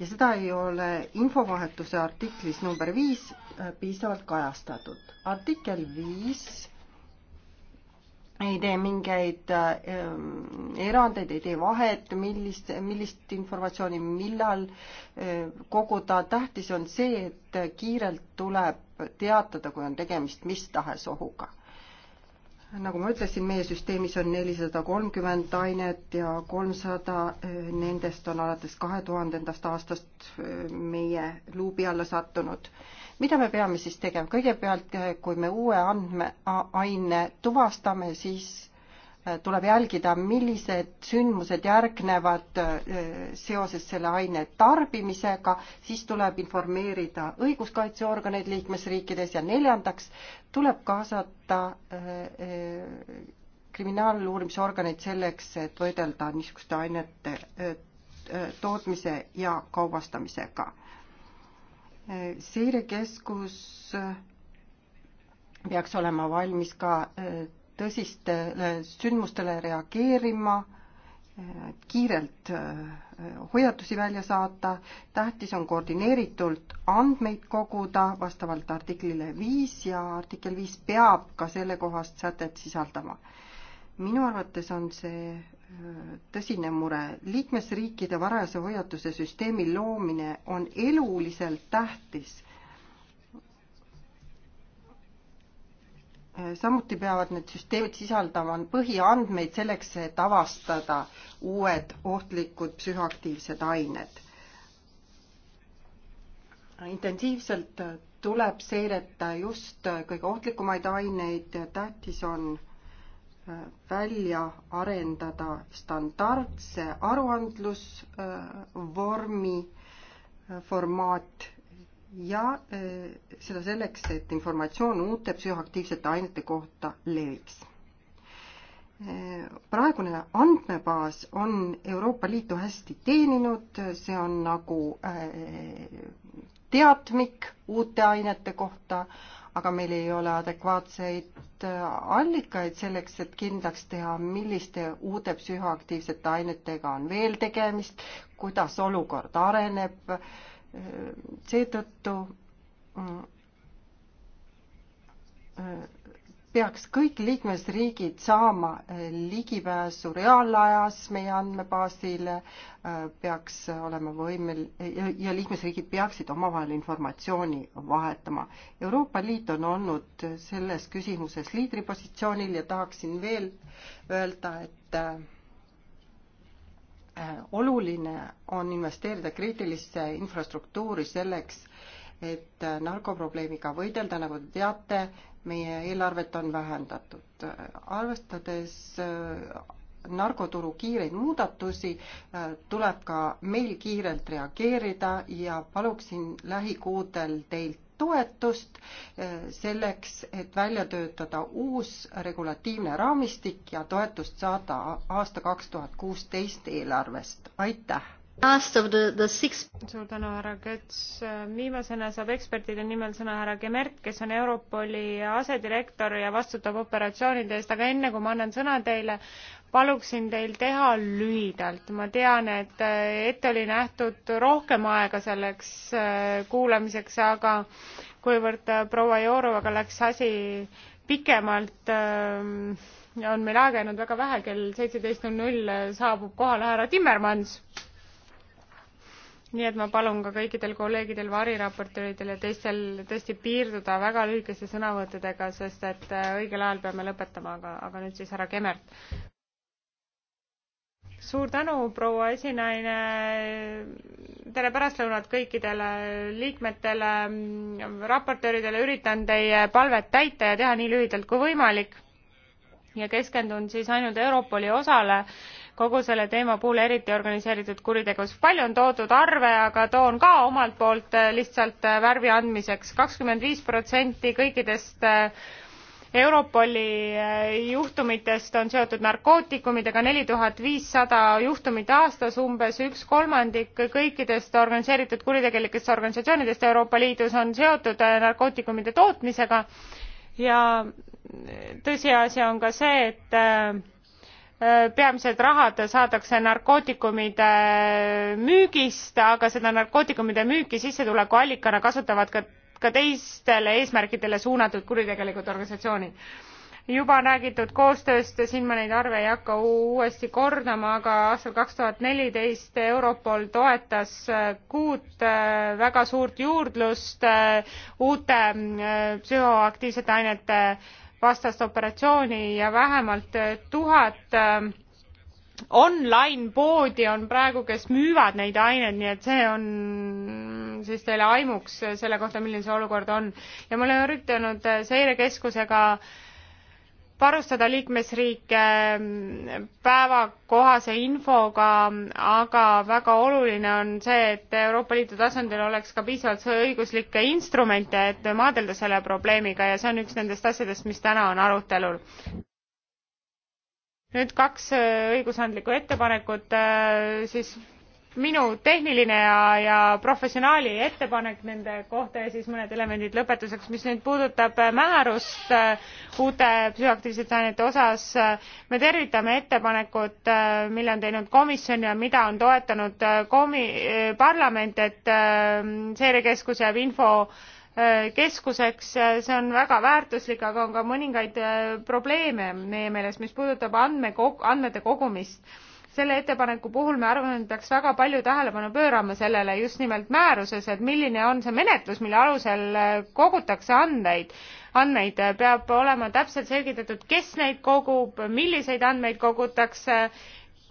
ja seda ei ole infovahetuse artiklis number viis äh, piisavalt kajastatud. artikkel viis ei tee mingeid ähm, erandeid, ei tee vahet, millist, millist informatsiooni millal äh, koguda. tähtis on see, et kiirelt tuleb teatada, kui on tegemist mis tahes ohuga nagu ma ütlesin, meie süsteemis on nelisada kolmkümmend ainet ja kolmsada eh, nendest on alates kahe tuhandendast aastast eh, meie luubi alla sattunud. mida me peame siis tegema? kõigepealt, eh, kui me uue andme, aine tuvastame, siis tuleb jälgida, millised sündmused järgnevad äh, seoses selle aine tarbimisega, siis tuleb informeerida õiguskaitseorganeid liikmesriikides ja neljandaks tuleb kaasata äh, äh, kriminaaluurimisorganeid selleks, et võidelda niisuguste ainete tootmise ja kaubastamisega. seirekeskus peaks olema valmis ka tõsistele sündmustele reageerima, kiirelt äh, hoiatusi välja saata, tähtis on koordineeritult andmeid koguda vastavalt artiklile viis ja artikkel viis peab ka sellekohast sätet sisaldama. minu arvates on see äh, tõsine mure. liikmesriikide varajase hoiatuse süsteemi loomine on eluliselt tähtis samuti peavad need süsteemid sisaldama põhiandmeid selleks, et avastada uued ohtlikud psühhoaktiivsed ained. intensiivselt tuleb seireta just kõige ohtlikumaid aineid, tähtis on äh, välja arendada standardse aruandlusvormi äh, formaat ja eh, seda selleks, et informatsioon uute psühhoaktiivsete ainete kohta leviks. Eh, praegune andmebaas on Euroopa Liitu hästi teeninud, see on nagu eh, teadmik uute ainete kohta, aga meil ei ole adekvaatseid allikaid selleks, et kindlaks teha, milliste uute psühhoaktiivsete ainetega on veel tegemist, kuidas olukord areneb seetõttu äh, äh, peaks kõik liikmesriigid saama äh, ligipääsu reaalajas meie andmebaasile, peaks olema võimel- ja liikmesriigid peaksid omavahel informatsiooni vahetama. Euroopa Liit on olnud selles küsimuses liidripositsioonil ja tahaksin veel öelda, et Äh, oluline on investeerida kriitilisse infrastruktuuri selleks, et äh, narkoprobleemiga võidelda, nagu te teate, meie eelarvet on vähendatud. Äh, arvestades narkoturu kiireid muudatusi, tuleb ka meil kiirelt reageerida ja paluksin lähikuudel teilt toetust eh, selleks, et välja töötada uus regulatiivne raamistik ja toetust saada aasta kaks tuhat kuusteist eelarvest. aitäh! suur tänu, härra Köts. viimasena saab ekspertide nimel sõna härra Gemert, kes on Europoli asedirektor ja vastutab operatsioonide eest, aga enne kui ma annan sõna teile, paluksin teil teha lühidalt. ma tean, et äh, ette oli nähtud rohkem aega selleks äh, kuulamiseks, aga kuivõrd äh, proua Jourovaga läks asi pikemalt, on meil aega jäänud väga vähe, kell seitseteist null null saabub kohale härra Timmermans. nii et ma palun ka kõikidel kolleegidel, variraportööridel ja teistel tõesti piirduda väga lühikeste sõnavõttudega, sest et õigel ajal peame lõpetama, aga, aga nüüd siis härra Kemert suur tänu, proua esinaine. tere pärastlõunat kõikidele liikmetele, raportööridele, üritan teie palvet täita ja teha nii lühidalt kui võimalik. ja keskendun siis ainult Europoli osale kogu selle teema puhul, eriti organiseeritud kuritegevus. palju on toodud arve, aga toon ka omalt poolt lihtsalt värvi andmiseks. kakskümmend viis protsenti kõikidest äh, Europoli eh, juhtumitest on seotud narkootikumidega, neli tuhat viissada juhtumit aastas, umbes üks kolmandik kõikidest organiseeritud kuritegelikest organisatsioonidest Euroopa Liidus on seotud eh, narkootikumide tootmisega ja tõsiasi on ka see, et eh, peamised rahad saadakse narkootikumide müügist, aga seda narkootikumide müüki sissetulekuallikana kasutavad ka ka teistele eesmärkidele suunatud kuritegelikud organisatsioonid. juba on räägitud koostööst, siin ma neid arve ei hakka uuesti kordama, aga aastal kaks tuhat neliteist Europol toetas äh, kuut äh, väga suurt juurdlust äh, uute psühhoaktiivsete ainete vastast operatsiooni ja vähemalt tuhat online poodi on praegu, kes müüvad neid aineid, nii et see on siis teile aimuks selle kohta, milline see olukord on. ja ma olen üritanud seirekeskusega varustada liikmesriike päevakohase infoga, aga väga oluline on see, et Euroopa Liidu tasandil oleks ka piisavalt õiguslikke instrumente, et maadelda selle probleemiga ja see on üks nendest asjadest, mis täna on arutelul. nüüd kaks õigusandlikku ettepanekut äh, siis minu tehniline ja, ja professionaali ettepanek nende kohta ja siis mõned elemendid lõpetuseks, mis nüüd puudutab äh, määrust äh, uute psühhoaktiivsete ainete osas. Äh, me tervitame ettepanekut, mille on teinud komisjon ja mida on toetanud komi-, parlament, et seirekeskus jääb info keskuseks, see on väga väärtuslik, aga on ka mõningaid probleeme meie meelest, mis puudutab andmekog-, andmete kogumist selle ettepaneku puhul me arvame, et peaks väga palju tähelepanu pöörama sellele just nimelt määruses, et milline on see menetlus, mille alusel äh, kogutakse andeid. andmeid äh, peab olema täpselt selgitatud, kes neid kogub, milliseid andmeid kogutakse,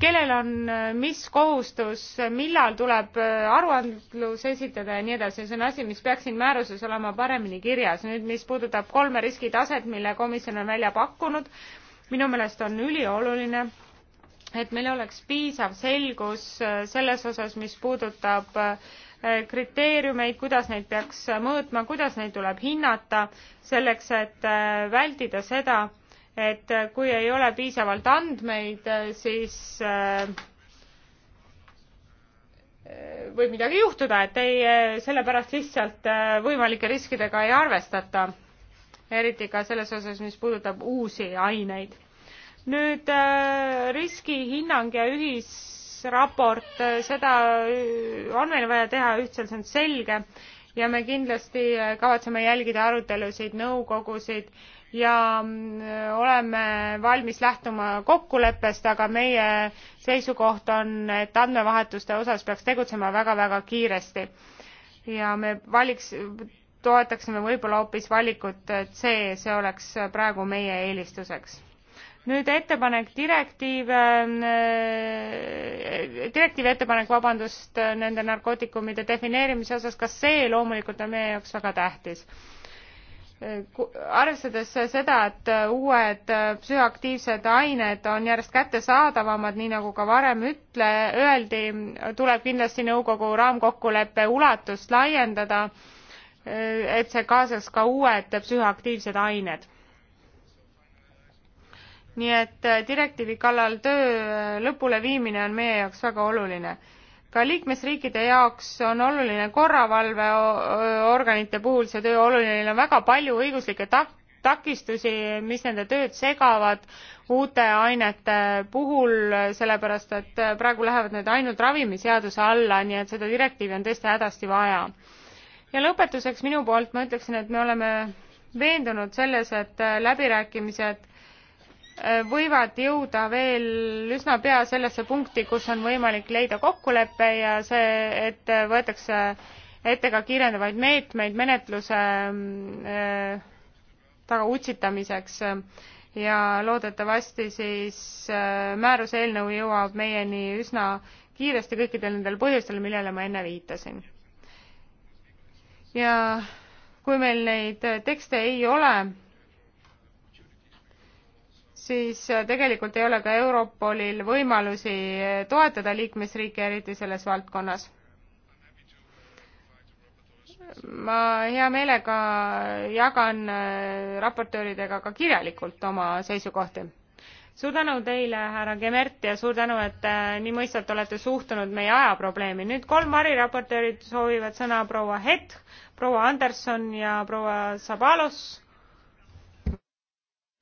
kellel on äh, mis kohustus, millal tuleb aruandlus esitada ja nii edasi, see on asi, mis peaks siin määruses olema paremini kirjas. nüüd, mis puudutab kolme riskitaset, mille komisjon on välja pakkunud, minu meelest on ülioluline et meil oleks piisav selgus äh, selles osas, mis puudutab äh, kriteeriumeid, kuidas neid peaks mõõtma, kuidas neid tuleb hinnata, selleks et äh, vältida seda, et kui ei ole piisavalt andmeid, siis võib midagi juhtuda, et ei, sellepärast lihtsalt võimalike riskidega ei arvestata. eriti ka selles osas, mis puudutab uusi aineid nüüd äh, riskihinnang ja ühisraport, äh, seda äh, on meil vaja teha ühtsel, see on selge ja me kindlasti kavatseme jälgida arutelusid, nõukogusid ja mm, oleme valmis lähtuma kokkuleppest, aga meie seisukoht on, et andmevahetuste osas peaks tegutsema väga-väga kiiresti. ja me valiks, toetaksime võib-olla hoopis valikut C, see oleks praegu meie eelistuseks nüüd ettepanek direktiiv, äh, direktiivi ettepanek, vabandust, nende narkootikumide defineerimise osas, kas see loomulikult on meie jaoks väga tähtis? Äh, arvestades seda, et uued äh, psühhoaktiivsed ained on järjest kättesaadavamad, nii nagu ka varem ütle, öeldi, tuleb kindlasti nõukogu raamkokkuleppe ulatust laiendada, et see kaasaks ka uued psühhoaktiivsed ained nii et äh, direktiivi kallal töö äh, lõpuleviimine on meie jaoks väga oluline. ka liikmesriikide jaoks on oluline korravalveorganite puhul see töö oluline, neil on väga palju õiguslikke tak-, takistusi, mis nende tööd segavad uute ainete puhul, sellepärast et äh, praegu lähevad need ainult ravimiseaduse alla, nii et seda direktiivi on tõesti hädasti vaja. ja lõpetuseks minu poolt ma ütleksin, et me oleme veendunud selles, et läbirääkimised Äh, võivad jõuda veel üsna pea sellesse punkti, kus on võimalik leida kokkulepe ja see, et võetakse ette ka kiirendavaid meetmeid menetluse äh, taga utsitamiseks ja loodetavasti siis äh, määruse eelnõu jõuab meieni üsna kiiresti kõikidel nendel põhjustel, millele ma enne viitasin. ja kui meil neid tekste ei ole, siis äh, tegelikult ei ole ka Europolil võimalusi äh, toetada liikmesriike, eriti selles valdkonnas. ma hea meelega jagan äh, raportööridega ka kirjalikult oma seisukohti. suur tänu teile, härra Gemert, ja suur tänu, et nii mõistvalt olete suhtunud meie ajaprobleemi. nüüd kolm variraportöörid soovivad sõna proua Hett, proua Anderson ja proua Sabalos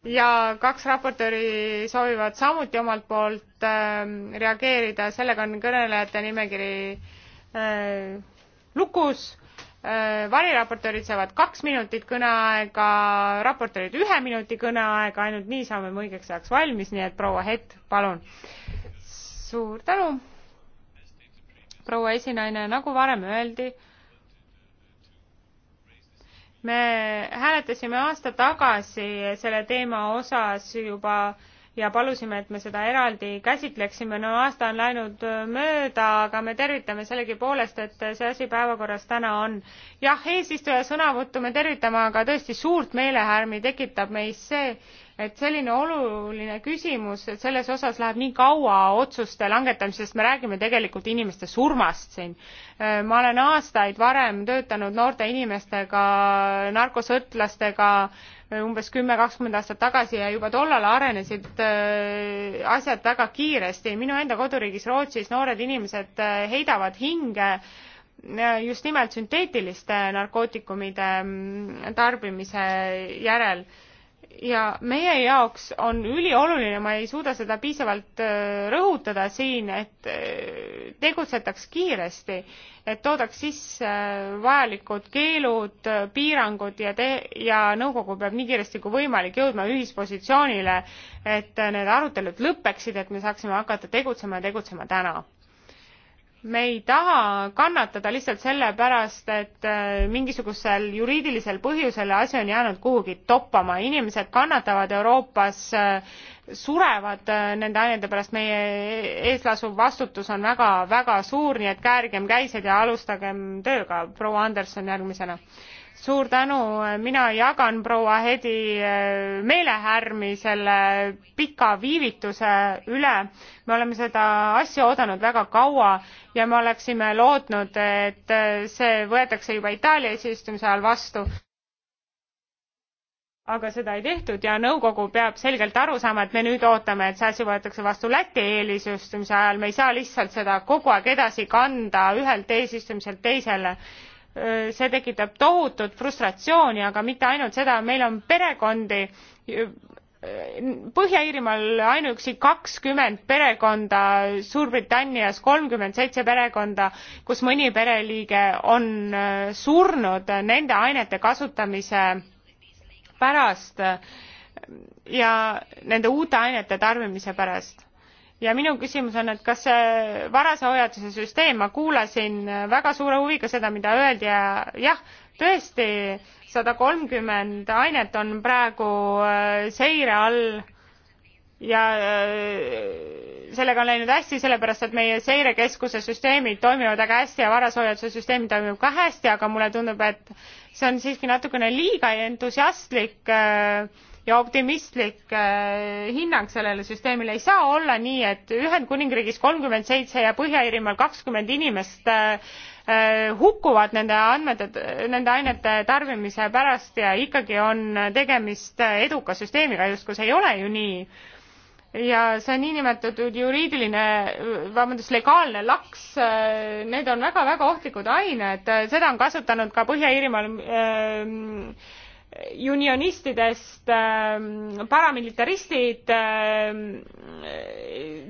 ja kaks raportööri soovivad samuti omalt poolt äh, reageerida, sellega on kõnelejate nimekiri äh, lukus äh,. variraportöörid saavad kaks minutit kõneaega, raportöörid ühe minuti kõneaega, ainult nii saame me õigeks ajaks valmis, nii et proua Hett, palun. suur tänu, proua esinaine, nagu varem öeldi äh,, me hääletasime aasta tagasi selle teema osas juba äh, ja palusime, et me seda eraldi käsitleksime. no aasta on läinud äh, mööda, aga me tervitame sellegipoolest, et äh, see asi päevakorras täna on. jah, eesistuja sõnavõttu me tervitame, aga tõesti suurt meelehärmi tekitab meis see, et selline oluline küsimus, et selles osas läheb nii kaua otsuste langetamisest, me räägime tegelikult inimeste surmast siin. Äh, ma olen aastaid varem töötanud noorte inimestega, narkosõltlastega, umbes kümme kakskümmend aastat tagasi ja juba tollal arenesid äh, asjad väga kiiresti minu enda koduriigis rootsis noored inimesed äh, heidavad hinge äh, just nimelt sünteetiliste narkootikumide mm, tarbimise järel ja meie jaoks on ülioluline, ma ei suuda seda piisavalt äh, rõhutada siin, et äh, tegutsetaks kiiresti, et toodaks sisse äh, vajalikud keelud, piirangud ja te- ja nõukogu peab nii kiiresti kui võimalik jõudma ühispositsioonile, et need arutelud lõpeksid, et me saaksime hakata tegutsema ja tegutsema täna me ei taha kannatada lihtsalt sellepärast, et äh, mingisugusel juriidilisel põhjusel asi on jäänud kuhugi toppama. inimesed kannatavad Euroopas, äh, surevad äh, nende ainete pärast, meie ees lasuv vastutus on väga-väga suur, nii et käärgem käised ja alustagem tööga. proua Anderson järgmisena suur tänu, mina jagan proua Hedi eh, meelehärmi selle pika viivituse üle. me oleme seda asja oodanud väga kaua ja me oleksime lootnud, et eh, see võetakse juba Itaalia eesistumise ajal vastu aga seda ei tehtud ja nõukogu peab selgelt aru saama, et me nüüd ootame, et see asi võetakse vastu Läti eelistumise ajal, me ei saa lihtsalt seda kogu aeg edasi kanda ühelt eesistumiselt teisele see tekitab tohutut frustratsiooni, aga mitte ainult seda, meil on perekondi, Põhja-Iirimaal ainuüksi kakskümmend perekonda, Suurbritannias kolmkümmend seitse perekonda, kus mõni pereliige on äh, surnud nende ainete kasutamise pärast ja nende uute ainete tarbimise pärast ja minu küsimus on, et kas see varase hoiatuse süsteem, ma kuulasin väga suure huviga seda, mida öeldi ja jah, tõesti, sada kolmkümmend ainet on praegu äh, seire all ja äh, sellega on läinud hästi, sellepärast et meie seirekeskuse süsteemid toimivad väga hästi ja varasoojatuse süsteem toimib ka hästi, aga mulle tundub, et see on siiski natukene liiga entusiastlik äh, ja optimistlik äh, hinnang sellele süsteemile. ei saa olla nii, et Ühendkuningriigis kolmkümmend seitse ja Põhja-Iirimaal kakskümmend inimest äh, äh, hukkuvad nende andmete, nende ainete tarbimise pärast ja ikkagi on tegemist eduka süsteemiga, justkui see ei ole ju nii ja see niinimetatud juriidiline, vabandust, legaalne laks, need on väga-väga ohtlikud ained, seda on kasutanud ka Põhja-Iirimaal äh, unionistidest äh, paramilitaristid äh,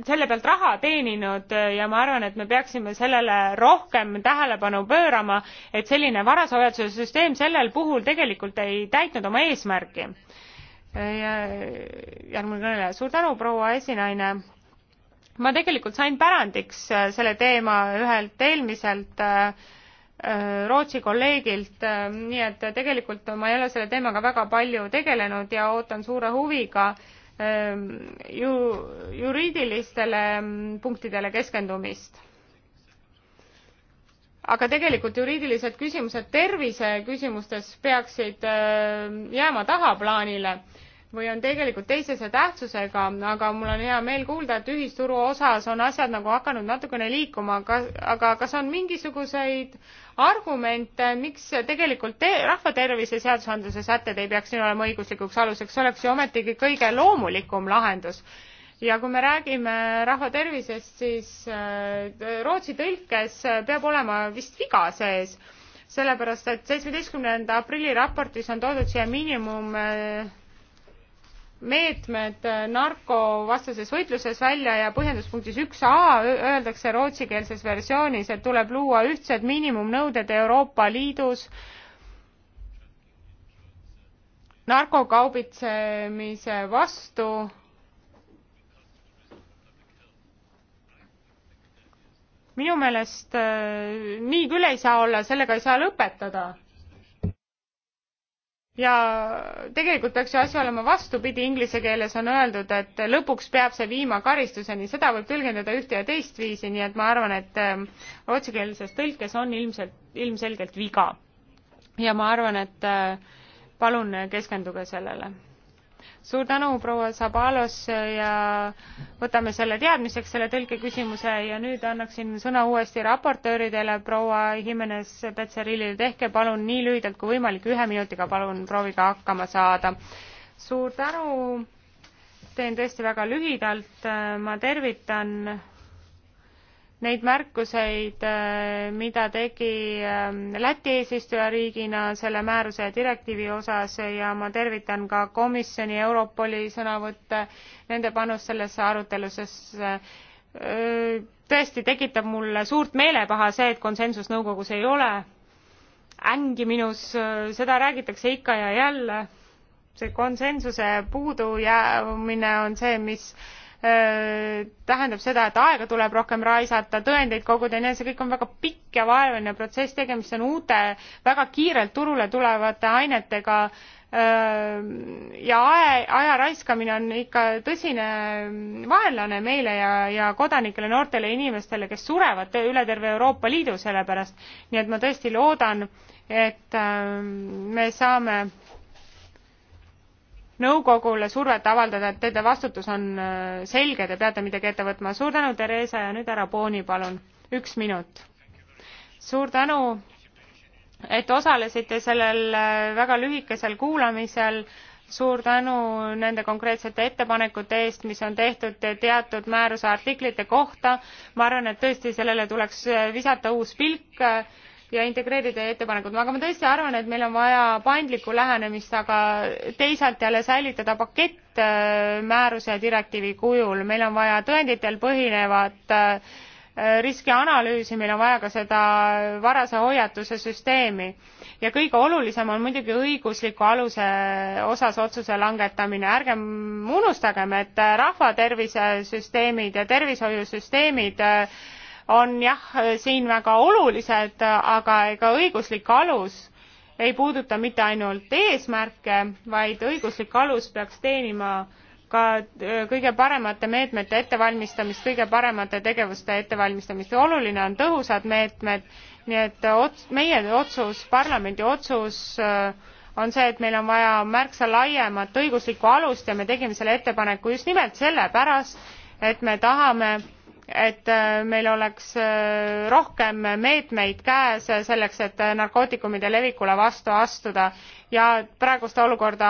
selle pealt raha teeninud äh, ja ma arvan, et me peaksime sellele rohkem tähelepanu pöörama, et selline varasoojatuse süsteem sellel puhul tegelikult ei täitnud oma eesmärki. järgmine kõneleja, suur tänu, proua esinaine. ma tegelikult sain pärandiks äh, selle teema ühelt eelmiselt äh, Äh, Rootsi kolleegilt, äh, nii et tegelikult ma ei ole selle teemaga väga palju tegelenud ja ootan suure huviga ähm, ju juriidilistele mm, punktidele keskendumist. aga tegelikult juriidilised küsimused terviseküsimustes peaksid äh, jääma tahaplaanile või on tegelikult teisese tähtsusega, aga mul on hea meel kuulda, et ühisturu osas on asjad nagu hakanud natukene liikuma, kas, aga kas on mingisuguseid argumente, miks tegelikult te, rahvatervise seadusandluse sätted ei peaks siin olema õiguslikuks aluseks, see oleks ju ometigi kõige loomulikum lahendus. ja kui me räägime rahvatervisest, siis äh, Rootsi tõlkes äh, peab olema vist viga sees, sellepärast et seitsmeteistkümnenda aprilli raportis on toodud siia miinimum äh, meetmed äh, narkovastases võitluses välja ja põhjenduspunktis üks A öeldakse rootsikeelses versioonis, et tuleb luua ühtsed miinimumnõuded Euroopa Liidus narkokaubitsemise vastu. minu meelest äh, nii küll ei saa olla, sellega ei saa lõpetada ja tegelikult peaks ju asi olema vastupidi, inglise keeles on öeldud, et lõpuks peab see viima karistuseni, seda võib tõlgendada ühte ja teist viisi, nii et ma arvan, et rootsikeelses ähm, tõlkes on ilmselt, ilmselgelt viga. ja ma arvan, et äh, palun keskenduge sellele suur tänu, proua Sabalos ja võtame selle teadmiseks, selle tõlkeküsimuse ja nüüd annaksin sõna uuesti raportööridele, proua Jimenez Petserilile, tehke palun nii lühidalt kui võimalik, ühe minutiga palun proovige hakkama saada. suur tänu, teen tõesti väga lühidalt, ma tervitan neid märkuseid, äh, mida tegi ähm, Läti eesistujariigina selle määruse ja direktiivi osas ja ma tervitan ka komisjoni Europoli sõnavõtte, nende panus sellesse arutelusesse. Äh, tõesti tekitab mulle suurt meelepaha see, et konsensus nõukogus ei ole. ängi minus, äh, seda räägitakse ikka ja jälle. see konsensuse puudujäämine on see, mis Äh, tähendab seda, et aega tuleb rohkem raisata, tõendeid koguda ja nii edasi, see kõik on väga pikk ja vaevaline protsess, tegemist on uute, väga kiirelt turule tulevate ainetega äh, ja ae, aja raiskamine on ikka tõsine vaenlane meile ja, ja kodanikele, noortele inimestele, kes surevad üle terve Euroopa Liidu selle pärast. nii et ma tõesti loodan, et äh, me saame nõukogule survet avaldada, et teie vastutus on äh, selge, te peate midagi ette võtma. suur tänu, Theresa, ja nüüd härra Booni, palun, üks minut. suur tänu, et osalesite sellel äh, väga lühikesel kuulamisel. suur tänu nende konkreetsete ettepanekute eest, mis on tehtud teatud määruse artiklite kohta. ma arvan, et tõesti sellele tuleks äh, visata uus pilk ja integreerida ettepanekud, aga ma tõesti arvan, et meil on vaja paindlikku lähenemist, aga teisalt jälle säilitada pakett äh, määruse ja direktiivi kujul, meil on vaja tõenditel põhinevat äh, riskianalüüsi, meil on vaja ka seda varase hoiatuse süsteemi ja kõige olulisem on muidugi õigusliku aluse osas otsuse langetamine. ärgem unustagem, et rahvatervise süsteemid ja tervishoiusüsteemid äh, on jah siin väga olulised, aga ega õiguslik alus ei puuduta mitte ainult eesmärke, vaid õiguslik alus peaks teenima ka äh, kõige paremate meetmete ettevalmistamist, kõige paremate tegevuste ettevalmistamist. oluline on tõhusad meetmed, nii et ots-, meie otsus, parlamendi otsus äh, on see, et meil on vaja märksa laiemat õiguslikku alust ja me tegime selle ettepaneku just nimelt sellepärast, et me tahame et äh, meil oleks äh, rohkem meetmeid käes selleks, et narkootikumide levikule vastu astuda ja praegust olukorda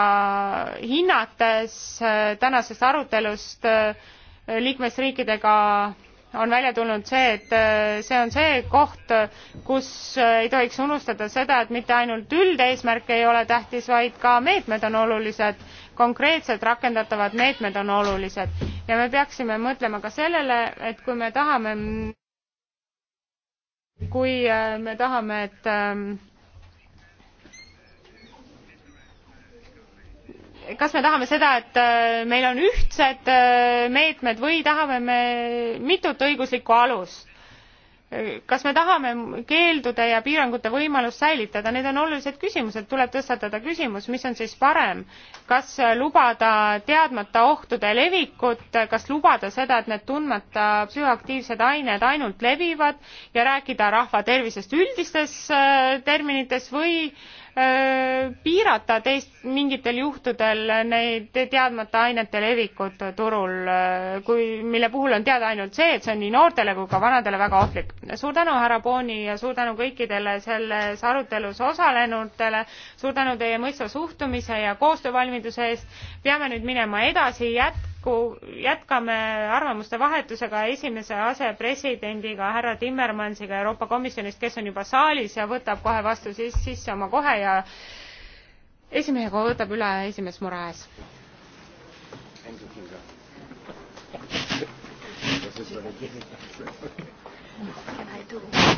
hinnates äh, tänasest arutelust liikmesriikidega on välja tulnud see, et see on see koht, kus ei tohiks unustada seda, et mitte ainult üldeesmärk ei ole tähtis, vaid ka meetmed on olulised konkreetselt rakendatavad meetmed on olulised ja me peaksime mõtlema ka sellele et kui me tahame kui äh, me tahame et ähm, kas me tahame seda et äh, meil on ühtsed äh, meetmed või tahame me mitut õiguslikku alust? kas me tahame keeldude ja piirangute võimalust säilitada, need on olulised küsimused, tuleb tõstatada küsimus, mis on siis parem, kas lubada teadmata ohtude levikut, kas lubada seda, et need tundmata psühhoaktiivsed ained ainult levivad ja rääkida rahva tervisest üldistes äh, terminites või Äh, piirata teist mingitel juhtudel neid teadmata ainete levikut turul, äh, kui, mille puhul on teada ainult see, et see on nii noortele kui ka vanadele väga ohtlik. suur tänu, härra Booni ja suur tänu kõikidele selles arutelus osalenutele, suur tänu teie mõistva suhtumise ja koostöövalmiduse eest. peame nüüd minema edasi, jätkama jätku, jätkame arvamuste vahetusega esimese asepresidendiga härra Timmermansiga Euroopa Komisjonist, kes on juba saalis ja võtab kohe vastu siis sisse oma kohe ja esimehega võtab üle esimees Moraes. What can I do?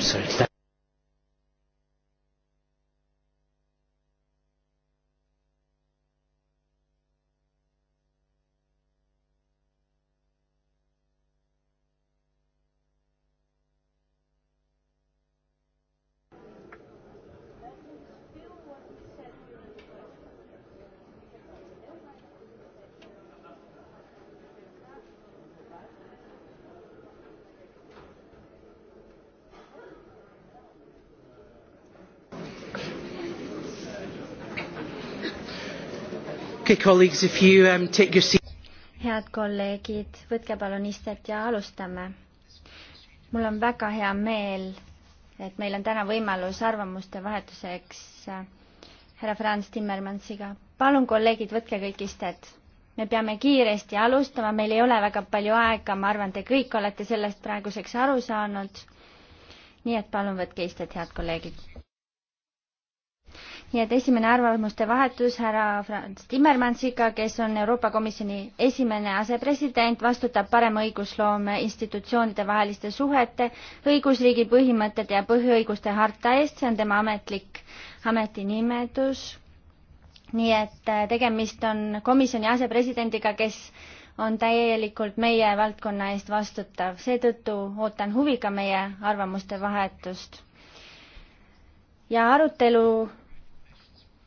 Sorry. Okay, colleagues, if you um, take your seat. head kolleegid, võtke palun istet ja alustame. mul on väga hea meel, et meil on täna võimalus arvamuste vahetuseks äh, härra Franz Timmermansiga. palun, kolleegid, võtke kõik istet. me peame kiiresti alustama, meil ei ole väga palju aega, ma arvan, te kõik olete sellest praeguseks aru saanud. nii et palun võtke istet, head kolleegid nii et esimene arvamuste vahetus härra Franz Timmermansiga, kes on Euroopa Komisjoni esimene asepresident, vastutab parema õigusloome institutsioonide vaheliste suhete, õigusriigi põhimõtted ja põhiõiguste harta eest, see on tema ametlik ametinimetus. nii et äh, tegemist on komisjoni asepresidendiga, kes on täielikult meie valdkonna eest vastutav, seetõttu ootan huviga meie arvamuste vahetust. ja arutelu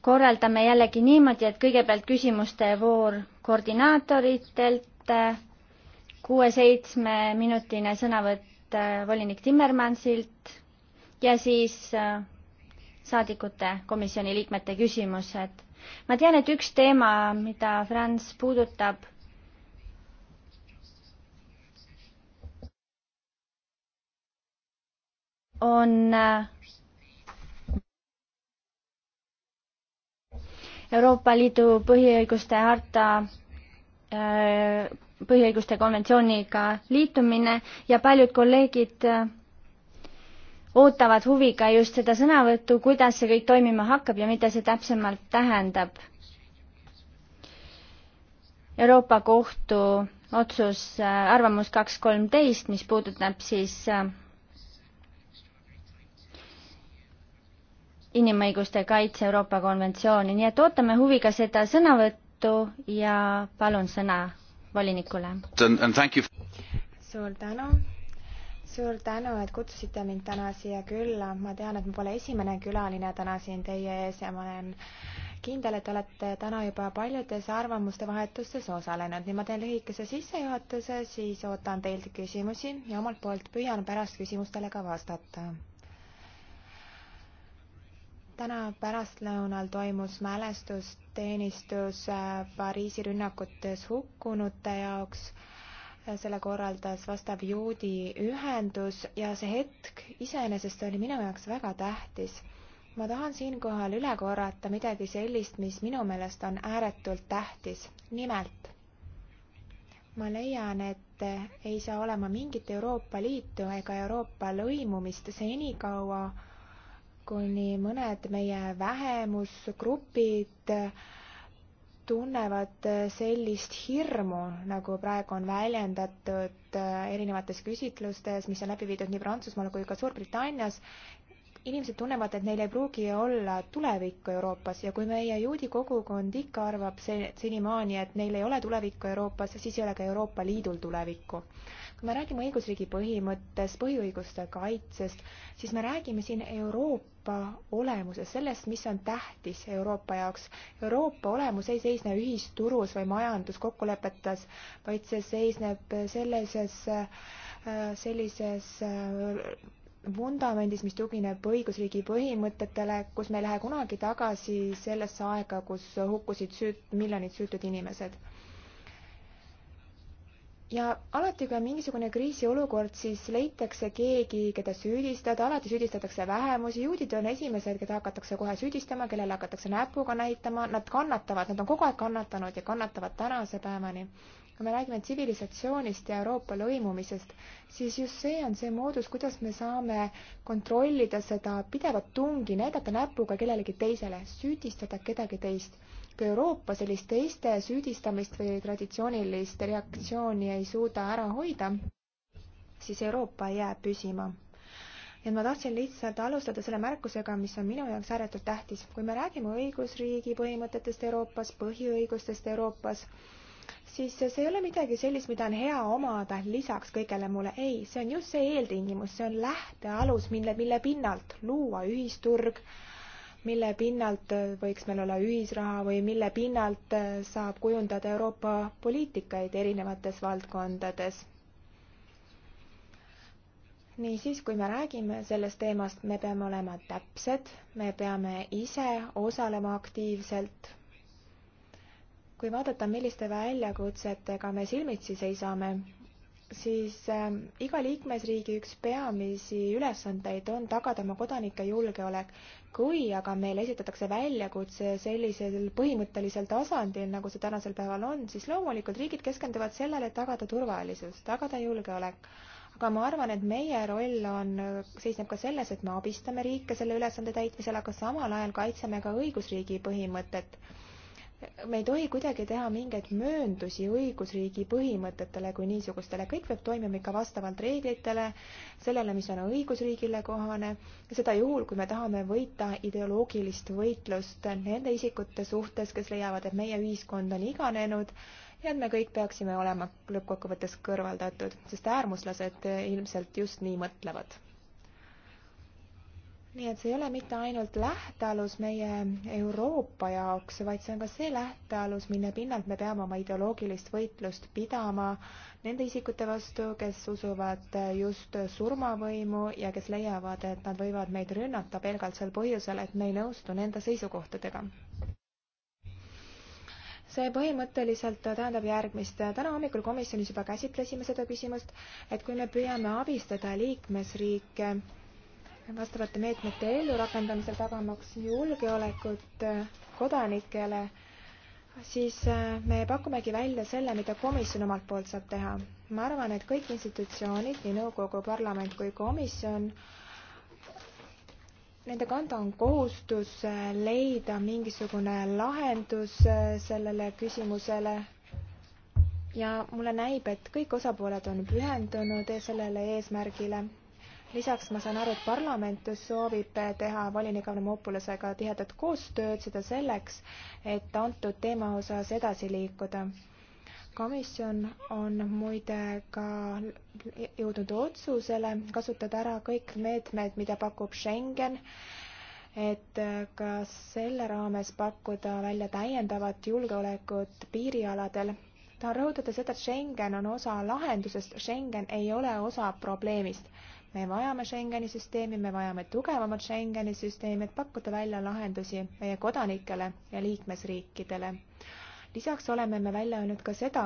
korraldame jällegi niimoodi, et kõigepealt küsimuste voor koordinaatoritelt, kuue-seitsmeminutine sõnavõtt äh, volinik Timmermansilt ja siis äh, saadikute komisjoni liikmete küsimused. ma tean, et üks teema, mida Franz puudutab, on äh, Euroopa Liidu põhiõiguste harta äh, põhiõiguste konventsiooniga liitumine ja paljud kolleegid äh, ootavad huviga just seda sõnavõttu, kuidas see kõik toimima hakkab ja mida see täpsemalt tähendab. Euroopa Kohtu otsus, äh, arvamus kaks kolmteist, mis puudutab siis inimõiguste kaitse Euroopa konventsiooni, nii et ootame huviga seda sõnavõttu ja palun sõna volinikule. suur tänu, suur tänu, et kutsusite mind täna siia külla, ma tean, et ma pole esimene külaline täna siin teie ees ja ma olen kindel, et olete täna juba paljudes arvamuste vahetustes osalenud, nii ma teen lühikese sissejuhatuse, siis ootan teilt küsimusi ja omalt poolt püüan pärast küsimustele ka vastata täna pärastlõunal toimus mälestusteenistus äh, Pariisi rünnakutes hukkunute jaoks. Äh, selle korraldas vastav juudi ühendus ja see hetk iseenesest oli minu jaoks väga tähtis. ma tahan siinkohal üle korrata midagi sellist, mis minu meelest on ääretult tähtis. nimelt, ma leian, et äh, ei saa olema mingit Euroopa Liitu ega Euroopa lõimumist senikaua, kuni mõned meie vähemusgrupid tunnevad sellist hirmu, nagu praegu on väljendatud äh, erinevates küsitlustes, mis on läbi viidud nii Prantsusmaal kui ka Suurbritannias, inimesed tunnevad, et neil ei pruugi olla tulevikku Euroopas ja kui meie juudi kogukond ikka arvab see senimaani, et neil ei ole tulevikku Euroopas, siis ei ole ka Euroopa Liidul tulevikku. kui me räägime õigusriigi põhimõttest, põhiõiguste kaitsest, siis me räägime siin Euroopa Euroopa olemusest, sellest, mis on tähtis Euroopa jaoks. Euroopa olemus ei seisne ühisturus või majanduskokkulepetes, vaid see seisneb sellises, sellises äh, vundamendis, mis tugineb õigusriigi põhimõtetele, kus me ei lähe kunagi tagasi sellesse aega, kus hukkusid süüt-, miljonid süütud inimesed ja alati, kui on mingisugune kriisiolukord, siis leitakse keegi, keda süüdistada, alati süüdistatakse vähemusi, juudid on esimesed, keda hakatakse kohe süüdistama, kellele hakatakse näpuga näitama, nad kannatavad, nad on kogu aeg kannatanud ja kannatavad tänase päevani kui me räägime tsivilisatsioonist ja Euroopa lõimumisest, siis just see on see moodus, kuidas me saame kontrollida seda pidevat tungi, näidata näpuga kellelegi teisele, süüdistada kedagi teist ka Euroopa sellist teiste süüdistamist või traditsioonilist reaktsiooni ei suuda ära hoida, siis Euroopa ei jää püsima et ma tahtsin lihtsalt alustada selle märkusega, mis on minu jaoks ääretult tähtis. kui me räägime õigusriigi põhimõtetest Euroopas, põhiõigustest Euroopas, siis see ei ole midagi sellist, mida on hea omada lisaks kõigele muule. ei, see on just see eeltingimus, see on lähtealus, mille, mille pinnalt luua ühisturg, mille pinnalt võiks meil olla ühisraha või mille pinnalt saab kujundada Euroopa poliitikaid erinevates valdkondades. niisiis, kui me räägime sellest teemast, me peame olema täpsed, me peame ise osalema aktiivselt. kui vaadata, milliste väljakutsetega me silmitsi seisame siis äh, iga liikmesriigi üks peamisi ülesandeid on tagada oma kodanike julgeolek. kui aga meile esitatakse väljakutse sellisel põhimõttelisel tasandil, nagu see tänasel päeval on, siis loomulikult riigid keskenduvad sellele, et tagada turvalisus, tagada julgeolek aga ma arvan, et meie roll on, seisneb ka selles, et me abistame riike selle ülesande täitmisel, aga samal ajal kaitseme ka õigusriigi põhimõtet me ei tohi kuidagi teha mingeid mööndusi õigusriigi põhimõtetele kui niisugustele, kõik peab toimima ikka vastavalt reeglitele, sellele, mis on õigusriigile kohane, seda juhul, kui me tahame võita ideoloogilist võitlust nende isikute suhtes, kes leiavad, et meie ühiskond on iganenud ja et me kõik peaksime olema lõppkokkuvõttes kõrvaldatud, sest äärmuslased ilmselt just nii mõtlevad nii et see ei ole mitte ainult lähtealus meie Euroopa jaoks, vaid see on ka see lähtealus, mille pinnalt me peame oma ideoloogilist võitlust pidama nende isikute vastu, kes usuvad just surmavõimu ja kes leiavad, et nad võivad meid rünnata pelgalt sel põhjusel, et me ei nõustu nende seisukohtadega see põhimõtteliselt tähendab järgmist. täna hommikul komisjonis juba käsitlesime seda küsimust, et kui me püüame abistada liikmesriike vastavate meetmete ellurakendamisel, tagamaks julgeolekut äh, kodanikele, siis äh, me pakumegi välja selle, mida komisjon omalt poolt saab teha. ma arvan, et kõik institutsioonid, nii nõukogu, parlament kui komisjon, nende kanda on kohustus äh, leida mingisugune lahendus sellele küsimusele ja mulle näib, et kõik osapooled on pühendunud sellele eesmärgile lisaks ma saan aru, et parlament soovib teha volinik Avramopoulosega tihedat koostööd, seda selleks, et antud teema osas edasi liikuda. komisjon on muide ka jõudnud otsusele kasutada ära kõik meetmed, mida pakub Schengen, et ka selle raames pakkuda välja täiendavat julgeolekut piirialadel tahan rõhutada seda, et Schengen on osa lahendusest, Schengen ei ole osa probleemist me vajame Schengeni süsteemi, me vajame tugevamat Schengeni süsteemi, et pakkuda välja lahendusi meie kodanikele ja liikmesriikidele. lisaks oleme me välja öelnud ka seda,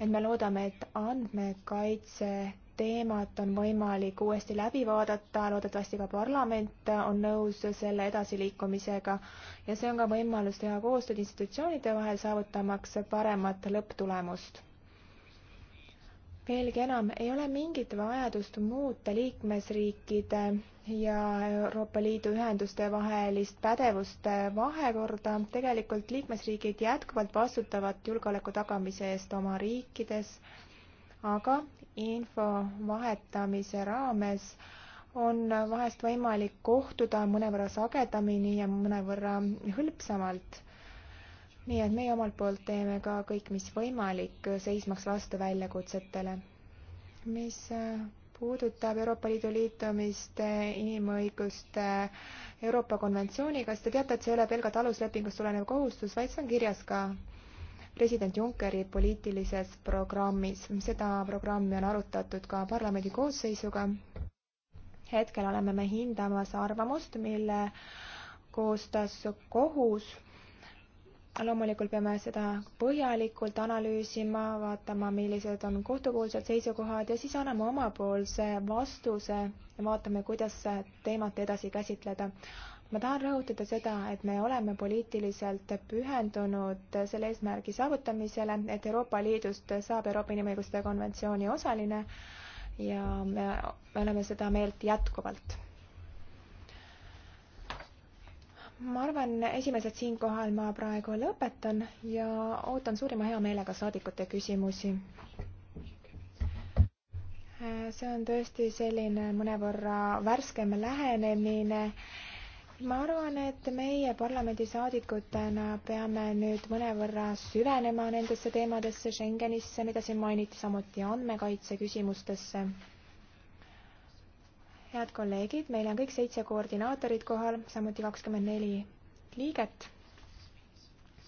et me loodame, et andmekaitse teemat on võimalik uuesti läbi vaadata, loodetavasti ka parlament on nõus selle edasiliikumisega ja see on ka võimalus teha koostööd institutsioonide vahel, saavutamaks paremat lõpptulemust veelgi enam, ei ole mingit vajadust muuta liikmesriikide ja Euroopa Liidu ühenduste vahelist pädevuste vahekorda. tegelikult liikmesriigid jätkuvalt vastutavad julgeoleku tagamise eest oma riikides, aga info vahetamise raames on vahest võimalik kohtuda mõnevõrra sagedamini ja mõnevõrra hõlpsamalt nii et meie omalt poolt teeme ka kõik, mis võimalik, seismaks vastu väljakutsetele. mis äh, puudutab Euroopa Liidu liitumist äh, inimõiguste äh, Euroopa konventsiooniga, siis te teate, et see ei ole pelgalt aluslepingust tulenev kohustus, vaid see on kirjas ka president Junckeri poliitilises programmis. seda programmi on arutatud ka parlamendi koosseisuga. hetkel oleme me hindamas arvamust, mille koostas kohus loomulikult peame seda põhjalikult analüüsima, vaatama, millised on kohtupoolsed seisukohad ja siis anname omapoolse vastuse ja vaatame, kuidas teemat edasi käsitleda. ma tahan rõhutada seda, et me oleme poliitiliselt pühendunud selle eesmärgi saavutamisele, et Euroopa Liidust saab Euroopa Inimõiguste Konventsiooni osaline ja me oleme seda meelt jätkuvalt ma arvan, esimesed siinkohal ma praegu lõpetan ja ootan suurima heameelega saadikute küsimusi. see on tõesti selline mõnevõrra värskem lähenemine. ma arvan, et meie parlamendisaadikutena peame nüüd mõnevõrra süvenema nendesse teemadesse, Schengenisse, mida siin mainiti, samuti andmekaitse küsimustesse head kolleegid, meil on kõik seitse koordinaatorit kohal, samuti kakskümmend neli liiget.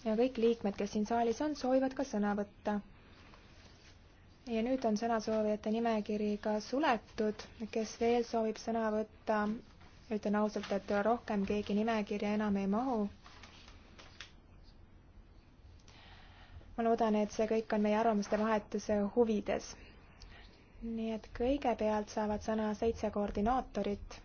ja kõik liikmed, kes siin saalis on, soovivad ka sõna võtta. ja nüüd on sõnasoovijate nimekiri ka suletud, kes veel soovib sõna võtta, ütlen ausalt, et rohkem keegi nimekirja enam ei mahu. ma loodan, et see kõik on meie arvamuste vahetuse huvides nii et kõigepealt saavad sõna seitse koordinaatorit,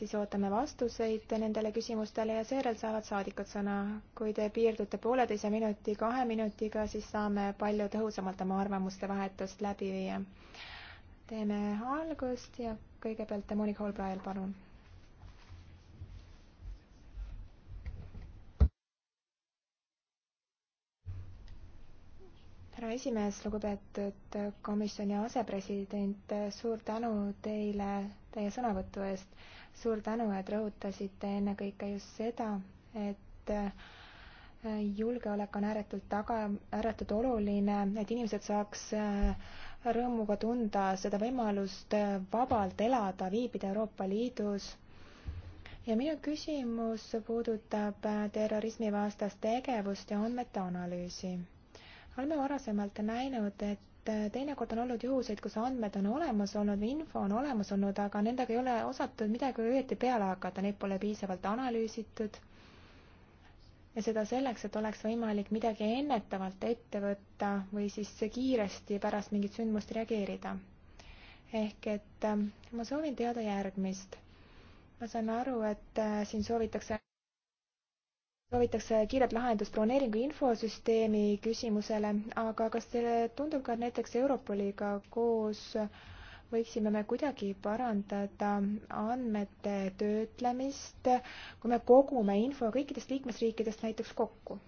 siis ootame vastuseid nendele küsimustele ja seejärel saavad saadikud sõna. kui te piirdute pooleteise minuti, kahe minutiga, siis saame palju tõhusamalt oma arvamuste vahetust läbi viia. teeme algust ja kõigepealt Monika Holbrael, palun härra esimees, lugupeetud komisjoni asepresident, suur tänu teile teie sõnavõtu eest. suur tänu, et rõhutasite ennekõike just seda, et äh, julgeolek on ääretult taga, ääretult oluline, et inimesed saaks äh, rõõmuga tunda seda võimalust äh, vabalt elada, viibida Euroopa Liidus. ja minu küsimus puudutab terrorismivastast tegevust ja andmete analüüsi oleme varasemalt näinud, et äh, teinekord on olnud juhuseid, kus andmed on olemas olnud või info on olemas olnud, aga nendega ei ole osatud midagi õieti peale hakata, neid pole piisavalt analüüsitud. ja seda selleks, et oleks võimalik midagi ennetavalt ette võtta või siis kiiresti pärast mingit sündmust reageerida. ehk et äh, ma soovin teada järgmist. ma saan aru, et äh, siin soovitakse soovitakse kiiret lahendust broneeringu infosüsteemi küsimusele, aga kas teile tundub ka näiteks Europoliga koos võiksime me kuidagi parandada andmete töötlemist, kui me kogume info kõikidest liikmesriikidest näiteks kokku?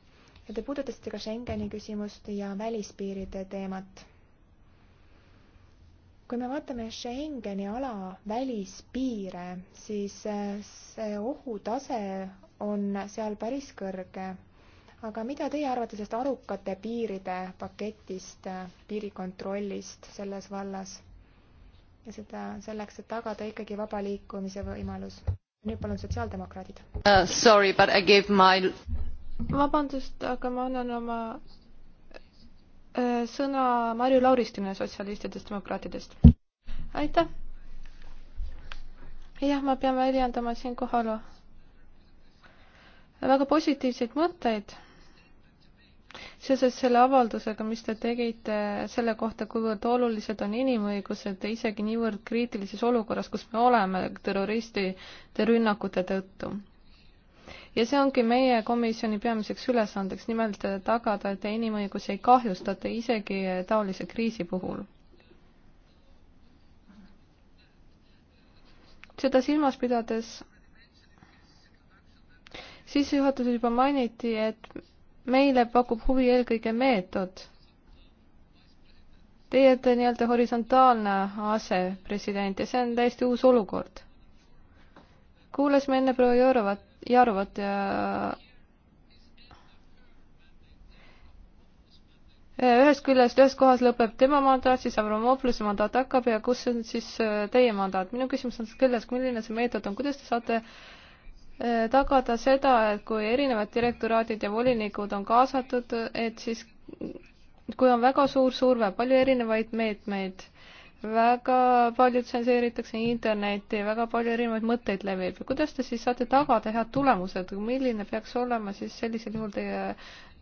ja te puudutasite ka Schengeni küsimust ja välispiiride teemat. kui me vaatame Schengeni ala välispiire, siis see ohutase on seal päris kõrge. aga mida teie arvate sellest arukate piiride paketist, piirikontrollist selles vallas? ja seda selleks, et tagada ikkagi vaba liikumise võimalus. nüüd palun sotsiaaldemokraadid uh,. Sorry, but I gave my. vabandust, aga ma annan oma uh, sõna Marju Lauristine sotsialistidest, demokraatidest. aitäh. jah, ma pean väljendama siin kohaolu väga positiivseid mõtteid seoses selle avaldusega, mis te tegite selle kohta, kuivõrd olulised on inimõigused isegi niivõrd kriitilises olukorras, kus me oleme terroristide rünnakute tõttu. ja see ongi meie komisjoni peamiseks ülesandeks, nimelt tagada, et inimõigusi ei kahjustata isegi taolise kriisi puhul. seda silmas pidades sissejuhatuses juba mainiti, et meile pakub huvi eelkõige meetod. Teie olete nii-öelda horisontaalne asepresident ja see on täiesti uus olukord. kuulasime enne proua Jorovat, Jarovat ja ühest küljest ühes kohas lõpeb tema mandaat, siis Avramopoulose mandaat hakkab ja kus on siis äh, teie mandaat? minu küsimus on selles, milline see meetod on, kuidas te saate äh, Äh, tagada seda, et kui erinevad direktoraadid ja volinikud on kaasatud, et siis kui on väga suur surve, palju erinevaid meetmeid, väga palju tsenseeritakse internetti, väga palju erinevaid mõtteid levib, kuidas te siis saate tagada head tulemused, milline peaks olema siis sellisel juhul teie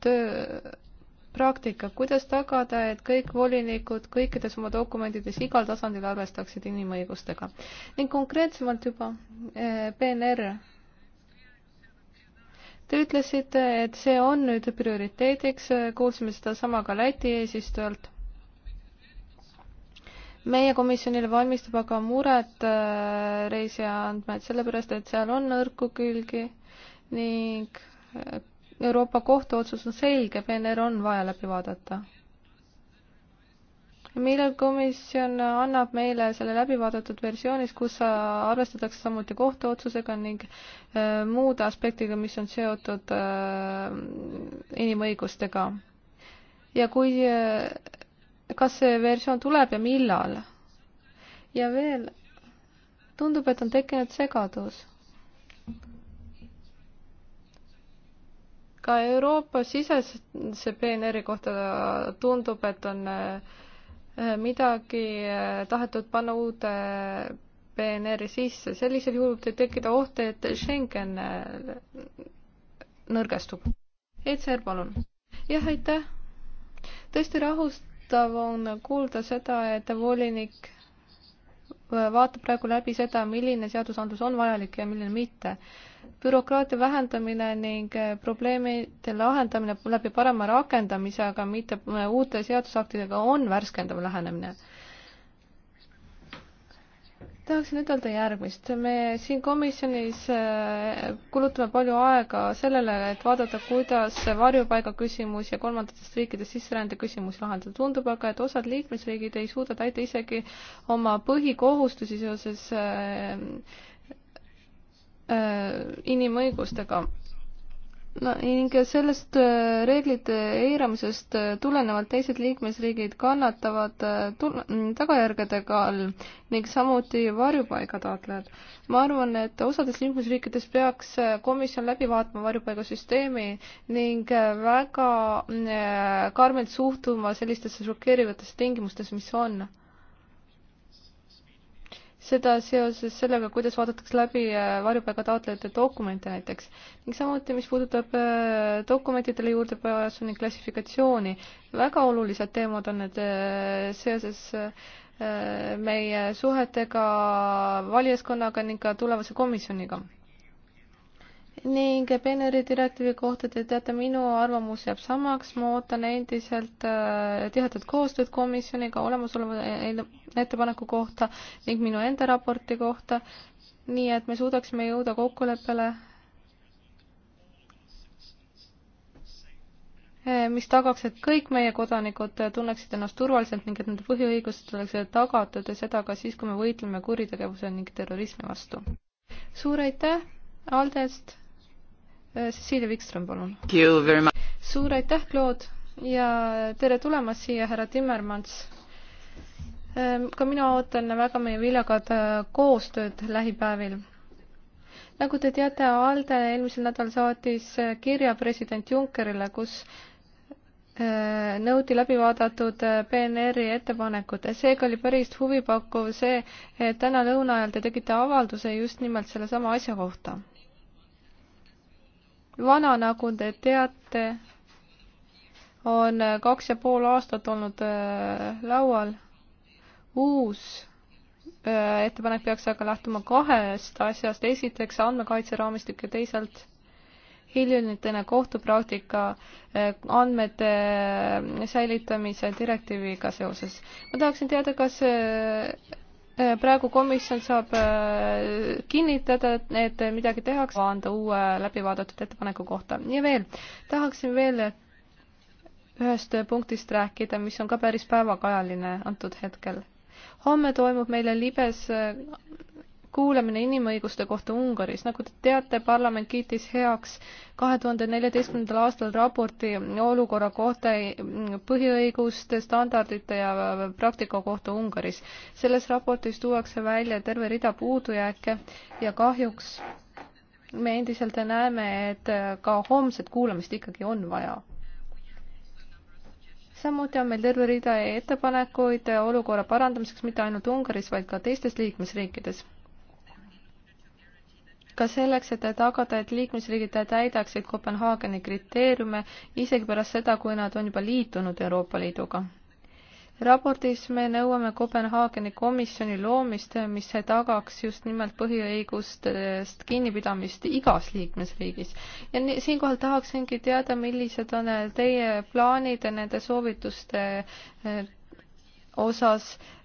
tööpraktika, kuidas tagada, et kõik volinikud kõikides oma dokumentides igal tasandil arvestaksid inimõigustega? ning konkreetsemalt juba äh, PNR Te ütlesite, et see on nüüd prioriteediks, kuulsime sedasama ka Läti eesistujalt. meie komisjonile valmistab aga muret äh, reisiandmed, sellepärast et seal on nõrku külgi ning Euroopa Kohtu otsus on selge, PNR on vaja läbi vaadata millal komisjon annab meile selle läbivaadatud versioonis, kus arvestatakse samuti kohtuotsusega ning äh, muude aspektiga, mis on seotud äh, inimõigustega? ja kui, äh, kas see versioon tuleb ja millal? ja veel, tundub, et on tekkinud segadus. ka Euroopa sisese PNR-i kohta tundub, et on äh, Äh, midagi äh, tahetud panna uude PNR-i äh, sisse, sellisel juhul võib tekkida oht, et Schengen nõrgestub. Eetser, palun. jah, aitäh. tõesti rahustav on kuulda seda, et volinik vaatab praegu läbi seda, milline seadusandlus on vajalik ja milline mitte bürokraatia vähendamine ning äh, probleemide lahendamine läbi parema rakendamise, aga mitte äh, uute seadusaktidega, on värskendav lähenemine. tahaksin ütelda järgmist. me siin komisjonis äh, kulutame palju aega sellele, et vaadata, kuidas varjupaiga küsimus ja kolmandatest riikidest sisserände küsimus lahendada. tundub aga, et osad liikmesriigid ei suuda täita isegi oma põhikohustusi seoses äh, Äh, inimõigustega no ning sellest äh, reeglite eiramisest äh, tulenevalt teised liikmesriigid kannatavad mm, tagajärgedega all ning samuti varjupaigataotlejad. ma arvan, et osades liikmesriikides peaks komisjon läbi vaatama varjupaigasüsteemi ning väga karmilt suhtuma sellistesse šokeerivatesse tingimustesse, mis on seda seoses sellega, kuidas vaadatakse läbi äh, varjupaiga taotlejate dokumente näiteks ning samuti, mis puudutab äh, dokumentidele juurdepääsu ning klassifikatsiooni. väga olulised teemad on need äh, seoses meie suhetega valijaskonnaga ning ka tulevase komisjoniga ning peenari direktiivi kohta te teate, minu arvamus jääb samaks, ma ootan endiselt äh, tihedat koostööd komisjoniga olemasoleva ettepaneku kohta ning minu enda raporti kohta, nii et me suudaksime jõuda kokkuleppele, äh, mis tagaks, et kõik meie kodanikud tunneksid ennast turvaliselt ning et nende põhiõigused oleksid tagatud ja seda ka siis, kui me võitleme kuritegevuse ning terrorismi vastu. suur aitäh, Aldest! Eh, Cecilia Wikström, palun. suur aitäh, Claude ja tere tulemast siia, härra Timmermans. Ehm, ka mina ootan väga meie viljakat äh, koostööd lähipäevil. nagu te teate, ALDE eelmisel nädalal saatis äh, kirja president Junckerile, kus äh, nõuti läbi vaadatud PNR-i ettepanekut. seega oli päris huvipakkuv see, et täna lõuna ajal te tegite avalduse just nimelt sellesama asja kohta vana, nagu te teate, on kaks ja pool aastat olnud äh, laual. uus äh, ettepanek peaks aga lähtuma kahest asjast, esiteks andmekaitseraamistik ja teisalt hiljutine kohtupraktika äh, andmete säilitamise direktiiviga seoses. ma tahaksin teada, kas Äh, praegu komisjon saab äh, kinnitada, et äh, midagi tehakse, anda uue läbivaadatud ettepaneku kohta ja veel tahaksin veel ühest punktist rääkida, mis on ka päris päevakajaline antud hetkel. homme toimub meile libes kuulamine inimõiguste kohta Ungaris. nagu te teate, parlament kiitis heaks kahe tuhande neljateistkümnendal aastal raporti olukorra kohta põhiõiguste, standardite ja praktika kohta Ungaris. selles raportis tuuakse välja terve rida puudujääke ja kahjuks me endiselt näeme, et ka homset kuulamist ikkagi on vaja samuti on meil terve rida ettepanekuid olukorra parandamiseks mitte ainult Ungaris, vaid ka teistes liikmesriikides ka selleks, et tagada, et liikmesriigid täidaksid Kopenhaageni kriteeriume isegi pärast seda, kui nad on juba liitunud Euroopa Liiduga. raportis me nõuame Kopenhaageni komisjoni loomist, mis tagaks just nimelt põhiõigustest kinnipidamist igas liikmesriigis. ja nii, siinkohal tahaksingi teada, millised on teie plaanid nende soovituste eh, osas äh,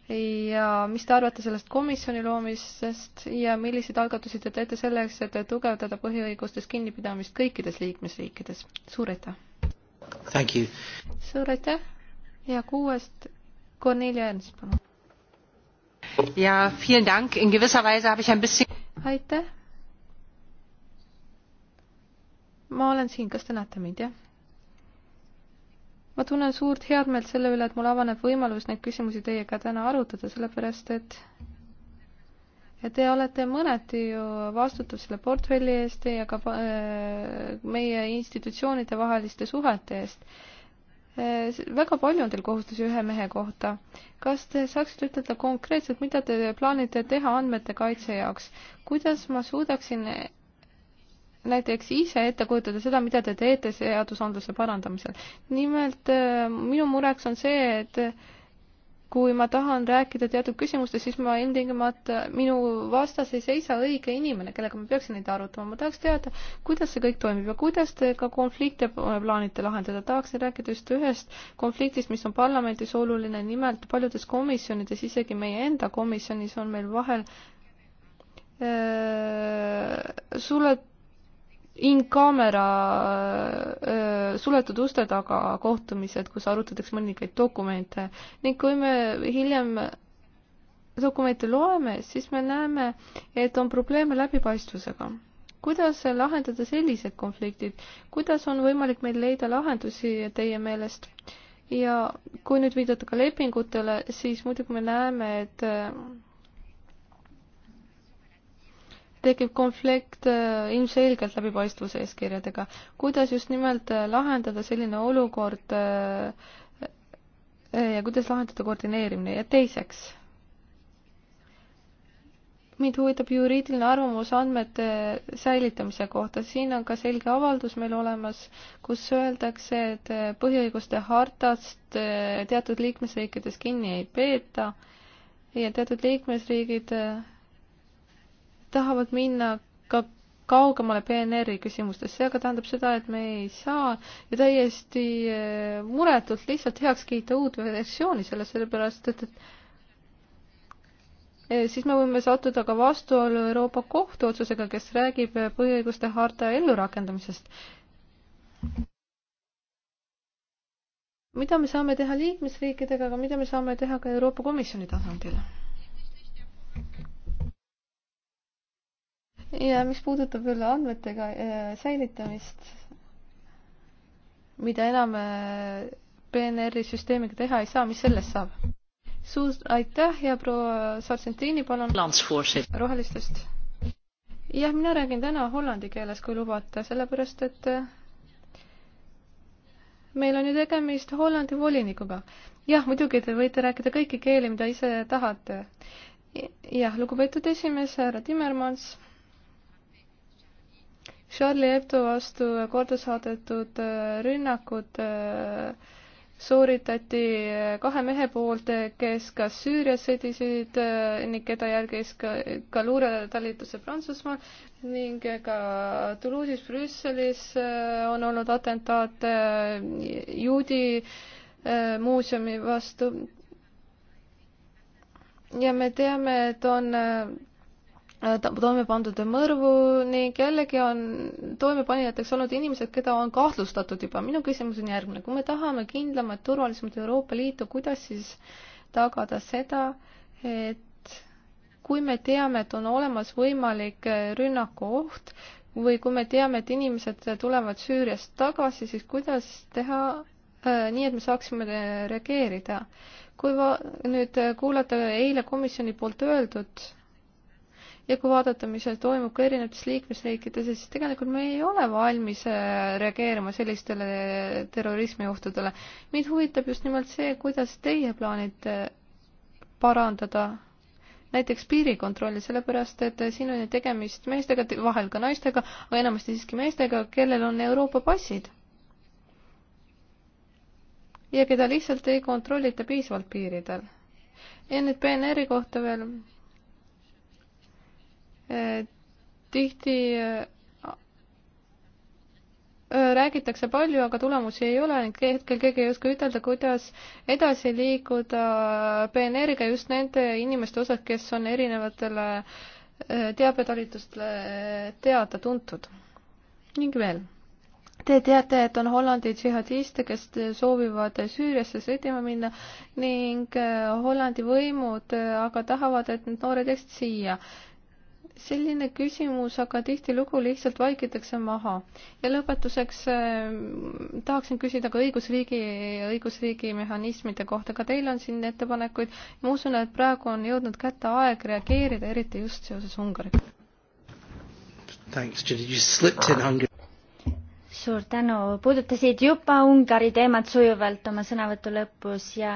ja mis te arvate sellest komisjoni loomisest ja milliseid algatusi te teete selleks, et tugevdada põhiõigustest kinnipidamist kõikides liikmesriikides? suur aitäh! suur aitäh ja kuuest Cornelia Ernst, palun! ja, aitäh! ma olen siin, kas te näete mind, jah? ma tunnen suurt headmeelt selle üle, et mul avaneb võimalus neid küsimusi teiega täna arutada, sellepärast et ja te olete mõneti ju vastutav selle portfelli eest ja ka äh, meie institutsioonide vaheliste suhete eest. Äh, väga palju on teil kohustusi ühe mehe kohta. kas te saaksite ütelda konkreetselt, mida te plaanite teha andmete kaitse jaoks? kuidas ma suudaksin näiteks ise ette kujutada seda, mida te teete seadusandluse parandamisel. nimelt äh, minu mureks on see, et kui ma tahan rääkida teatud küsimustest, siis ma ilmtingimata, minu vastas ei seisa õige inimene, kellega ma peaksin neid arutama. ma tahaks teada, kuidas see kõik toimib ja kuidas te ka konflikte plaanite lahendada. tahaksin rääkida just ühest konfliktist, mis on parlamendis oluline, nimelt paljudes komisjonides, isegi meie enda komisjonis on meil vahel äh, suletud in kaamera äh, äh, suletud uste taga kohtumised, kus arutatakse mõningaid dokumente ning kui me hiljem dokumente loeme, siis me näeme, et on probleeme läbipaistvusega. kuidas lahendada sellised konfliktid, kuidas on võimalik meil leida lahendusi teie meelest? ja kui nüüd viidata ka lepingutele, siis muidugi me näeme, et äh, tekib konflikt äh, ilmselgelt läbipaistvuse eeskirjadega. kuidas just nimelt äh, lahendada selline olukord äh, ja kuidas lahendada koordineerimine ja teiseks, mind huvitab juriidiline arvamus andmete säilitamise kohta. siin on ka selge avaldus meil olemas, kus öeldakse, et põhiõiguste hartast teatud liikmesriikides kinni ei peeta ja teatud liikmesriigid tahavad minna ka kaugemale PNR-i küsimustes, see aga tähendab seda, et me ei saa ju täiesti eh, muretult lihtsalt heaks kiita uut versiooni sellest, sellepärast et, et eh, siis me võime sattuda ka vastuollu Euroopa Kohtu otsusega, kes räägib põhiõiguste harta ellurakendamisest. mida me saame teha liikmesriikidega, aga mida me saame teha ka Euroopa Komisjoni tasandil? ja mis puudutab veel andmetega äh, säilitamist, mida enam äh, PNR-i süsteemiga teha ei saa, mis sellest saab? suur aitäh ja proua Sargentini, palun. rohelistest. jah, mina räägin täna hollandi keeles, kui lubate, sellepärast et äh, meil on ju tegemist Hollandi volinikuga. jah, muidugi te võite rääkida kõiki keeli, mida ise tahate. jah, lugupeetud esimees, härra Timmermans Charlie Hebdo vastu korda saadetud äh, rünnakud äh, sooritati äh, kahe mehe poolt, kes kas Süürias sõdisid ning keda järgis ka, ka luuretalituse Prantsusmaal ning ka Toulouse'is, Brüsselis on olnud atentaate juudi muuseumi vastu. ja me teame, et on Äh, toime pandud mõrvu ning jällegi on toimepanijateks olnud inimesed, keda on kahtlustatud juba. minu küsimus on järgmine, kui me tahame kindlamat, turvalisemat Euroopa Liitu, kuidas siis tagada seda, et kui me teame, et on olemas võimalik rünnaku oht või kui me teame, et inimesed tulevad Süüriast tagasi, siis kuidas teha äh, nii, et me saaksime äh, reageerida. kui va-, nüüd äh, kuulata eile komisjoni poolt öeldud, ja kui vaadata, mis toimub ka erinevates liikmesriikides, siis tegelikult me ei ole valmis äh, reageerima sellistele terrorismiohtudele. mind huvitab just nimelt see, kuidas teie plaanite äh, parandada näiteks piirikontrolli, sellepärast et äh, siin on ju tegemist meestega, vahel ka naistega, aga enamasti siiski meestega, kellel on Euroopa passid. ja keda lihtsalt ei kontrollita piisavalt piiridel. ja nüüd PNR-i kohta veel tihti äh, äh, räägitakse palju, aga tulemusi ei ole ning hetkel keegi ei oska ütelda, kuidas edasi liikuda PNR-iga just nende inimeste osas, kes on erinevatele äh, teabetalitustele teada-tuntud. ning veel. Te teate, et on Hollandi džihadiste, kes soovivad Süüriasse sõdima minna ning Hollandi võimud aga tahavad, et need noored jääksid siia selline küsimus aga tihtilugu lihtsalt vaikitakse maha. ja lõpetuseks äh, tahaksin küsida ka õigusriigi, õigusriigi mehhanismide kohta, ka teil on siin ettepanekuid. ma usun, et praegu on jõudnud kätte aeg reageerida, eriti just seoses Ungariga. suur tänu, puudutasid juba Ungari teemat sujuvalt oma sõnavõtu lõpus ja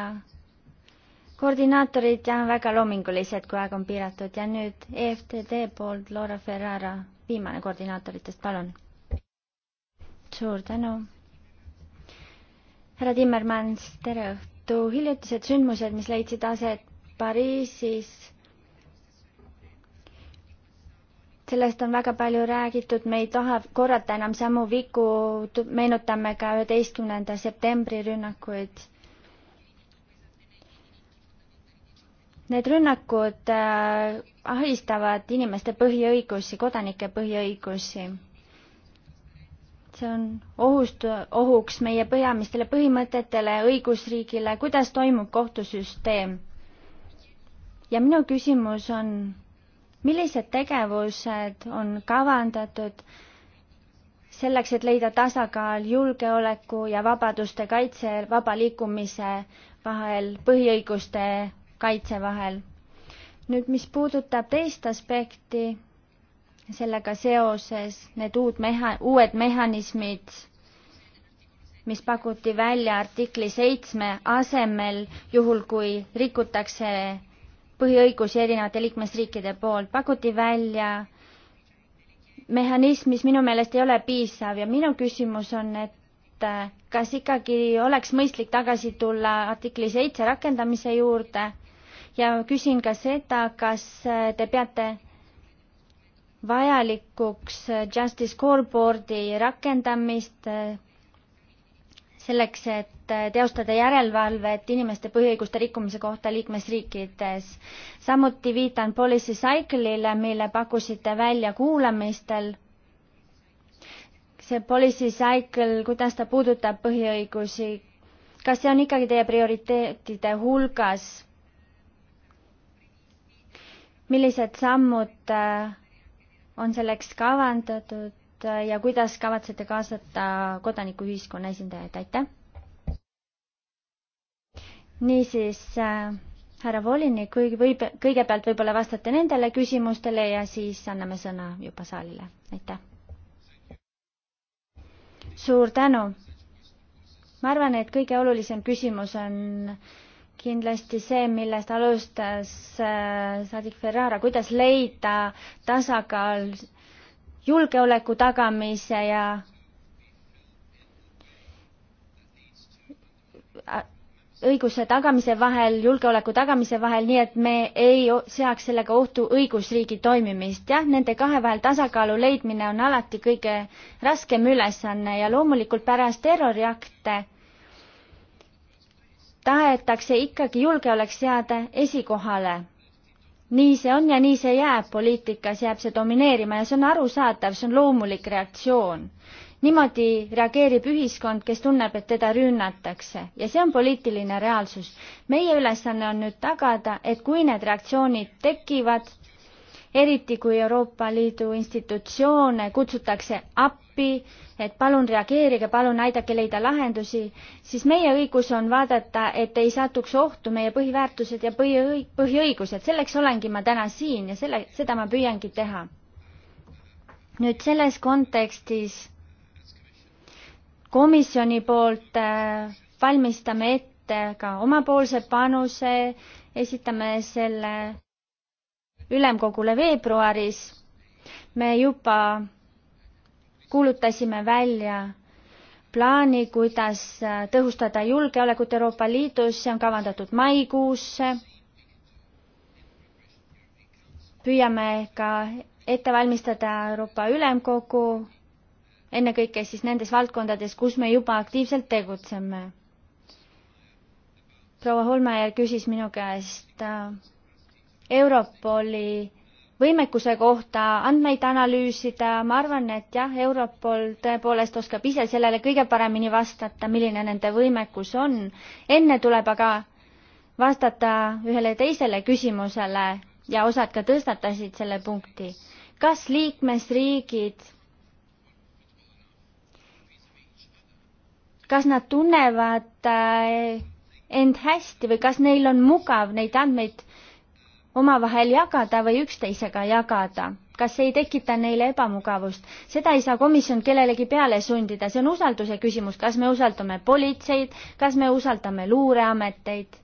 koordinaatorid ja väga loomingulised, kui aeg on piiratud ja nüüd EFTD poolt Laura Ferrara, viimane koordinaatoritest, palun. suur tänu. härra Timmermans, tere õhtu. hiljutised sündmused, mis leidsid aset Pariisis sellest on väga palju räägitud, me ei taha korrata enam samu vigu, meenutame ka üheteistkümnenda septembri rünnakuid. Need rünnakud äh, ahistavad inimeste põhiõigusi, kodanike põhiõigusi. see on ohust, ohuks meie peamistele põhimõtetele, õigusriigile, kuidas toimub kohtusüsteem. ja minu küsimus on, millised tegevused on kavandatud selleks, et leida tasakaal julgeoleku ja vabaduste kaitse, vaba liikumise vahel põhiõiguste kaitse vahel. nüüd, mis puudutab teist aspekti, sellega seoses need uud meha-, uued mehhanismid, mis pakuti välja artikli seitsme asemel, juhul kui rikutakse põhiõigusi erinevate liikmesriikide poolt, pakuti välja mehhanism, mis minu meelest ei ole piisav ja minu küsimus on, et äh, kas ikkagi oleks mõistlik tagasi tulla artikli seitse rakendamise juurde ja küsin ka seda, kas äh, te peate vajalikuks äh, Justice Scoreboardi rakendamist äh, selleks, et teostada järelevalvet inimeste põhiõiguste rikkumise kohta liikmesriikides. samuti viitan Policy Cycle'ile, mille pakkusite välja kuulamistel. see Policy Cycle, kuidas ta puudutab põhiõigusi, kas see on ikkagi teie prioriteetide hulgas? millised sammud äh, on selleks kavandatud äh, ja kuidas kavatsete kaasata kodanikuühiskonna esindajaid, aitäh! niisiis äh,, härra volinik, kuigi võib, kõigepealt võib-olla vastate nendele küsimustele ja siis anname sõna juba saalile, aitäh! suur tänu! ma arvan, et kõige olulisem küsimus on äh, kindlasti see, millest alustas äh, saadik Ferrara, kuidas leida tasakaal julgeoleku tagamise ja äh, õiguse tagamise vahel, julgeoleku tagamise vahel, nii et me ei seaks sellega ohtu õigusriigi toimimist. jah, nende kahe vahel tasakaalu leidmine on alati kõige raskem ülesanne ja loomulikult pärast terroriakte tahetakse ikkagi julgeolek seada esikohale. nii see on ja nii see jääb, poliitikas jääb see domineerima ja see on arusaadav, see on loomulik reaktsioon. niimoodi reageerib ühiskond, kes tunneb, et teda rünnatakse ja see on poliitiline reaalsus. meie ülesanne on nüüd tagada, et kui need reaktsioonid tekivad, eriti kui Euroopa Liidu institutsioone kutsutakse appi, et palun reageerige, palun aidake leida lahendusi, siis meie õigus on vaadata, et ei satuks ohtu meie põhiväärtused ja põhi, põhiõigused, selleks olengi ma täna siin ja selle, seda ma püüangi teha. nüüd selles kontekstis komisjoni poolt äh, valmistame ette ka omapoolse panuse, esitame selle ülemkogule veebruaris. me juba kuulutasime välja plaani, kuidas tõhustada julgeolekut Euroopa Liidus, see on kavandatud maikuusse. püüame ka ette valmistada Euroopa Ülemkogu, ennekõike siis nendes valdkondades, kus me juba aktiivselt tegutseme. proua Holmajärv küsis minu käest Europoli võimekuse kohta andmeid analüüsida, ma arvan, et jah, Europol tõepoolest oskab ise sellele kõige paremini vastata, milline nende võimekus on. enne tuleb aga vastata ühele teisele küsimusele ja osad ka tõstatasid selle punkti. kas liikmesriigid, kas nad tunnevad äh, end hästi või kas neil on mugav neid andmeid omavahel jagada või üksteisega jagada? kas ei tekita neile ebamugavust? seda ei saa komisjon kellelegi peale sundida, see on usalduse küsimus, kas me usaldame politseid, kas me usaldame luureameteid?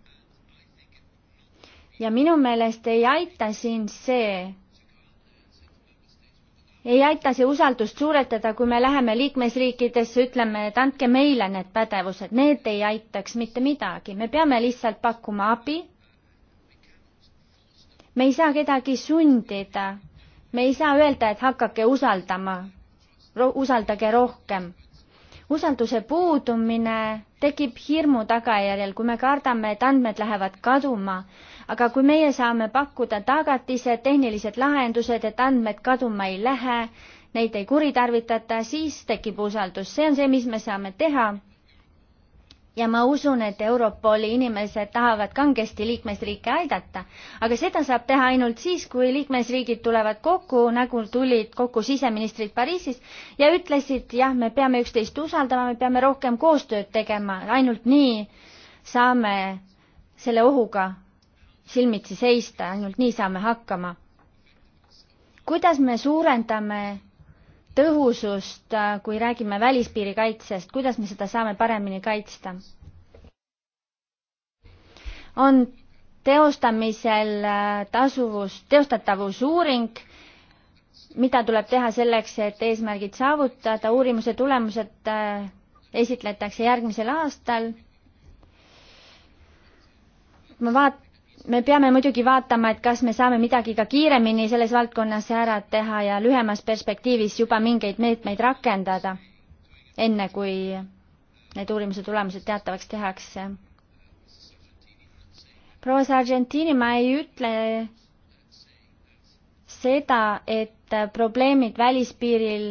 ja minu meelest ei aita siin see, ei aita see usaldust suuretada, kui me läheme liikmesriikidesse, ütleme, et andke meile need pädevused, need ei aitaks mitte midagi, me peame lihtsalt pakkuma abi me ei saa kedagi sundida, me ei saa öelda, et hakake usaldama Ro, usaldage rohkem. usalduse puudumine tekib hirmu tagajärjel, kui me kardame, et andmed lähevad kaduma aga kui meie saame pakkuda tagatised, tehnilised lahendused, et andmed kaduma ei lähe, neid ei kuritarvitata, siis tekib usaldus, see on see, mis me saame teha ja ma usun, et Europoli inimesed tahavad kangesti liikmesriike aidata, aga seda saab teha ainult siis, kui liikmesriigid tulevad kokku, nagu tulid kokku siseministrid Pariisis ja ütlesid, jah, me peame üksteist usaldama, me peame rohkem koostööd tegema, ainult nii saame selle ohuga silmitsi seista, ainult nii saame hakkama. kuidas me suurendame tõhusust, äh, kui räägime välispiiri kaitsest, kuidas me seda saame paremini kaitsta? on teostamisel äh, tasuvus, teostatavusuuring, mida tuleb teha selleks, et eesmärgid saavutada, uurimuse tulemused äh, esitletakse järgmisel aastal. ma vaat-, me peame muidugi vaatama, et kas me saame midagi ka kiiremini selles valdkonnas ära teha ja lühemas perspektiivis juba mingeid meetmeid rakendada, enne kui need uurimuse tulemused teatavaks tehakse. proua Sargentini, ma ei ütle seda, et probleemid välispiiril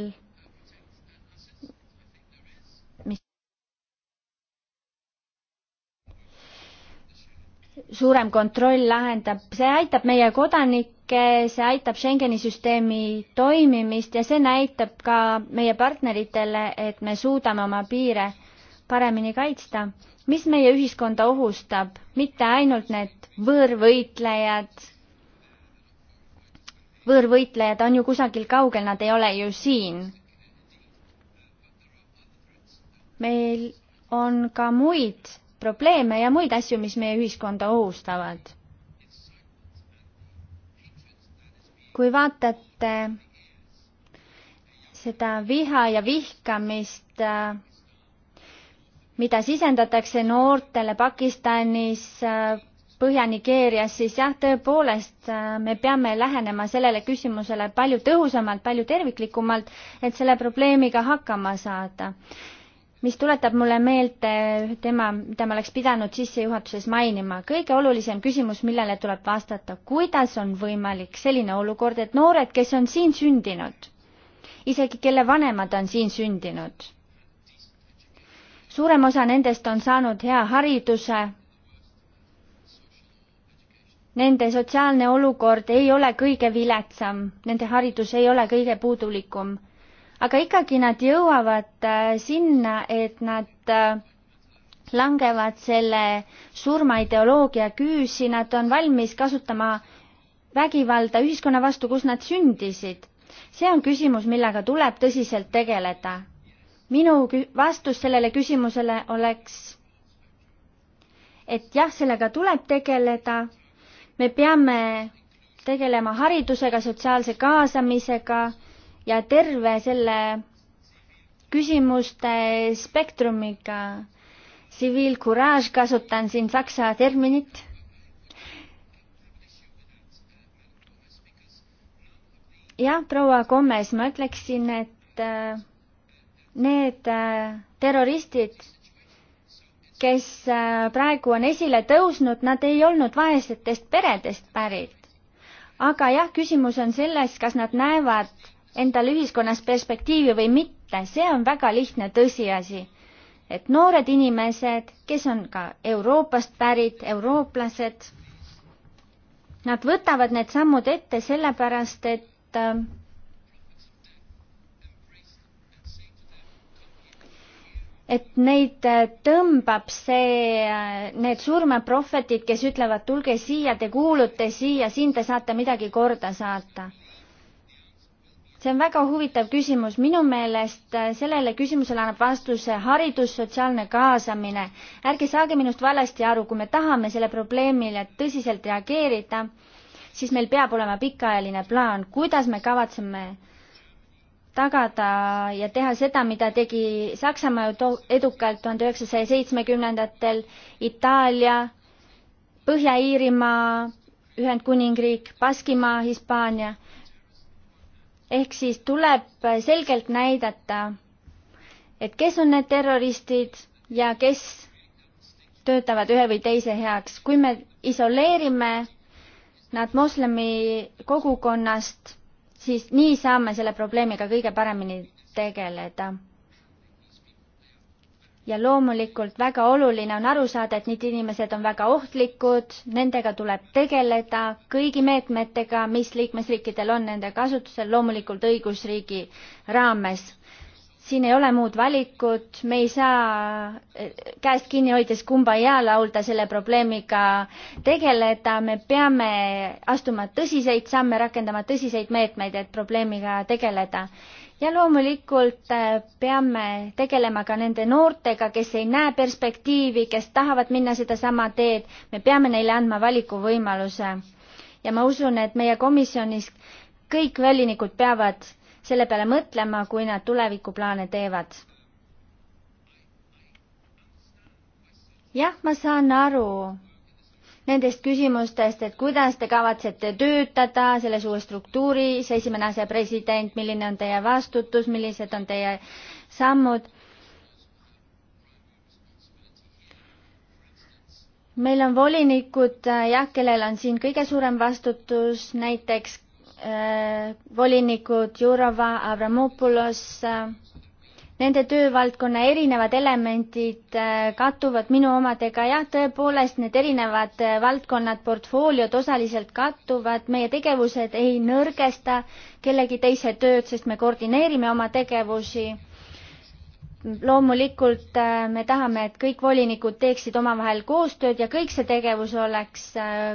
suurem kontroll lahendab, see aitab meie kodanikke, see aitab Schengeni süsteemi toimimist ja see näitab ka meie partneritele, et me suudame oma piire paremini kaitsta. mis meie ühiskonda ohustab, mitte ainult need võõrvõitlejad, võõrvõitlejad on ju kusagil kaugel, nad ei ole ju siin. meil on ka muid probleeme ja muid asju, mis meie ühiskonda ohustavad. kui vaatate seda viha ja vihkamist, mida sisendatakse noortele Pakistanis, Põhja-Nigeerias, siis jah, tõepoolest me peame lähenema sellele küsimusele palju tõhusamalt, palju terviklikumalt, et selle probleemiga hakkama saada mis tuletab mulle meelde tema, mida ma oleks pidanud sissejuhatuses mainima. kõige olulisem küsimus, millele tuleb vastata, kuidas on võimalik selline olukord, et noored, kes on siin sündinud, isegi kelle vanemad on siin sündinud, suurem osa nendest on saanud hea hariduse, nende sotsiaalne olukord ei ole kõige viletsam, nende haridus ei ole kõige puudulikum aga ikkagi nad jõuavad äh, sinna, et nad äh, langevad selle surmaideoloogia küüsi, nad on valmis kasutama vägivalda ühiskonna vastu, kus nad sündisid. see on küsimus, millega tuleb tõsiselt tegeleda. minu vastus sellele küsimusele oleks, et jah, sellega tuleb tegeleda, me peame tegelema haridusega, sotsiaalse kaasamisega ja terve selle küsimuste spektrumiga. tsiviilkuraaž, kasutan siin saksa terminit. jah, proua Kommes, ma ütleksin, et äh, need äh, terroristid, kes äh, praegu on esile tõusnud, nad ei olnud vaesetest peredest pärit. aga jah, küsimus on selles, kas nad näevad endale ühiskonnas perspektiivi või mitte, see on väga lihtne tõsiasi. et noored inimesed, kes on ka Euroopast pärit, eurooplased, nad võtavad need sammud ette sellepärast, et ähm, et neid äh, tõmbab see, äh, need surmaprohvetid, kes ütlevad, tulge siia, te kuulute siia, siin te saate midagi korda saata see on väga huvitav küsimus, minu meelest äh, sellele küsimusele annab vastuse haridus, sotsiaalne kaasamine. ärge saage minust valesti aru, kui me tahame selle probleemile tõsiselt reageerida, siis meil peab olema pikaajaline plaan, kuidas me kavatseme tagada ja teha seda, mida tegi Saksamaa edukalt tuhande üheksasaja seitsmekümnendatel, Itaalia, Põhja-Iirimaa, Ühendkuningriik, Baskimaa, Hispaania ehk siis tuleb selgelt näidata, et kes on need terroristid ja kes töötavad ühe või teise heaks. kui me isoleerime nad moslemi kogukonnast, siis nii saame selle probleemiga kõige paremini tegeleda ja loomulikult väga oluline on aru saada, et need inimesed on väga ohtlikud, nendega tuleb tegeleda kõigi meetmetega, mis liikmesriikidel on nende kasutusel, loomulikult õigusriigi raames. siin ei ole muud valikut, me ei saa e, käest kinni hoides kumba jaa laulda, selle probleemiga tegeleda, me peame astuma tõsiseid samme, rakendama tõsiseid meetmeid, et probleemiga tegeleda ja loomulikult äh, peame tegelema ka nende noortega, kes ei näe perspektiivi, kes tahavad minna sedasama teed, me peame neile andma valikuvõimaluse. ja ma usun, et meie komisjonis kõik välinikud peavad selle peale mõtlema, kui nad tulevikuplaane teevad. jah, ma saan aru nendest küsimustest, et kuidas te kavatsete töötada selles uues struktuuris, esimene asepresident, milline on teie vastutus, millised on teie sammud meil on volinikud jah, kellel on siin kõige suurem vastutus, näiteks äh, volinikud Jurova, Avramopoulos äh,, nende töövaldkonna erinevad elemendid äh, kattuvad minu omadega, jah, tõepoolest need erinevad äh, valdkonnad, portfooliod osaliselt kattuvad, meie tegevused ei nõrgesta kellegi teise tööd, sest me koordineerime oma tegevusi loomulikult äh, me tahame, et kõik volinikud teeksid omavahel koostööd ja kõik see tegevus oleks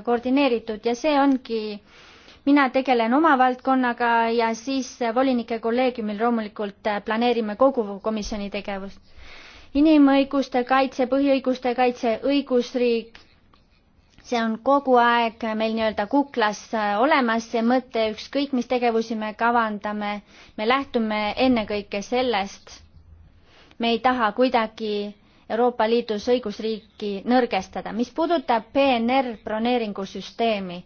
koordineeritud ja see ongi äh, mina tegelen oma valdkonnaga ja siis eh, volinike kolleegiumil loomulikult eh, planeerime kogu komisjoni tegevust. inimõiguste kaitse, põhiõiguste kaitse, õigusriik see on kogu aeg meil nii-öelda kuklas eh, olemas, see mõte, ükskõik mis tegevusi me kavandame, me lähtume ennekõike sellest. me ei taha kuidagi Euroopa Liidus õigusriiki nõrgestada. mis puudutab PNR broneeringusüsteemi,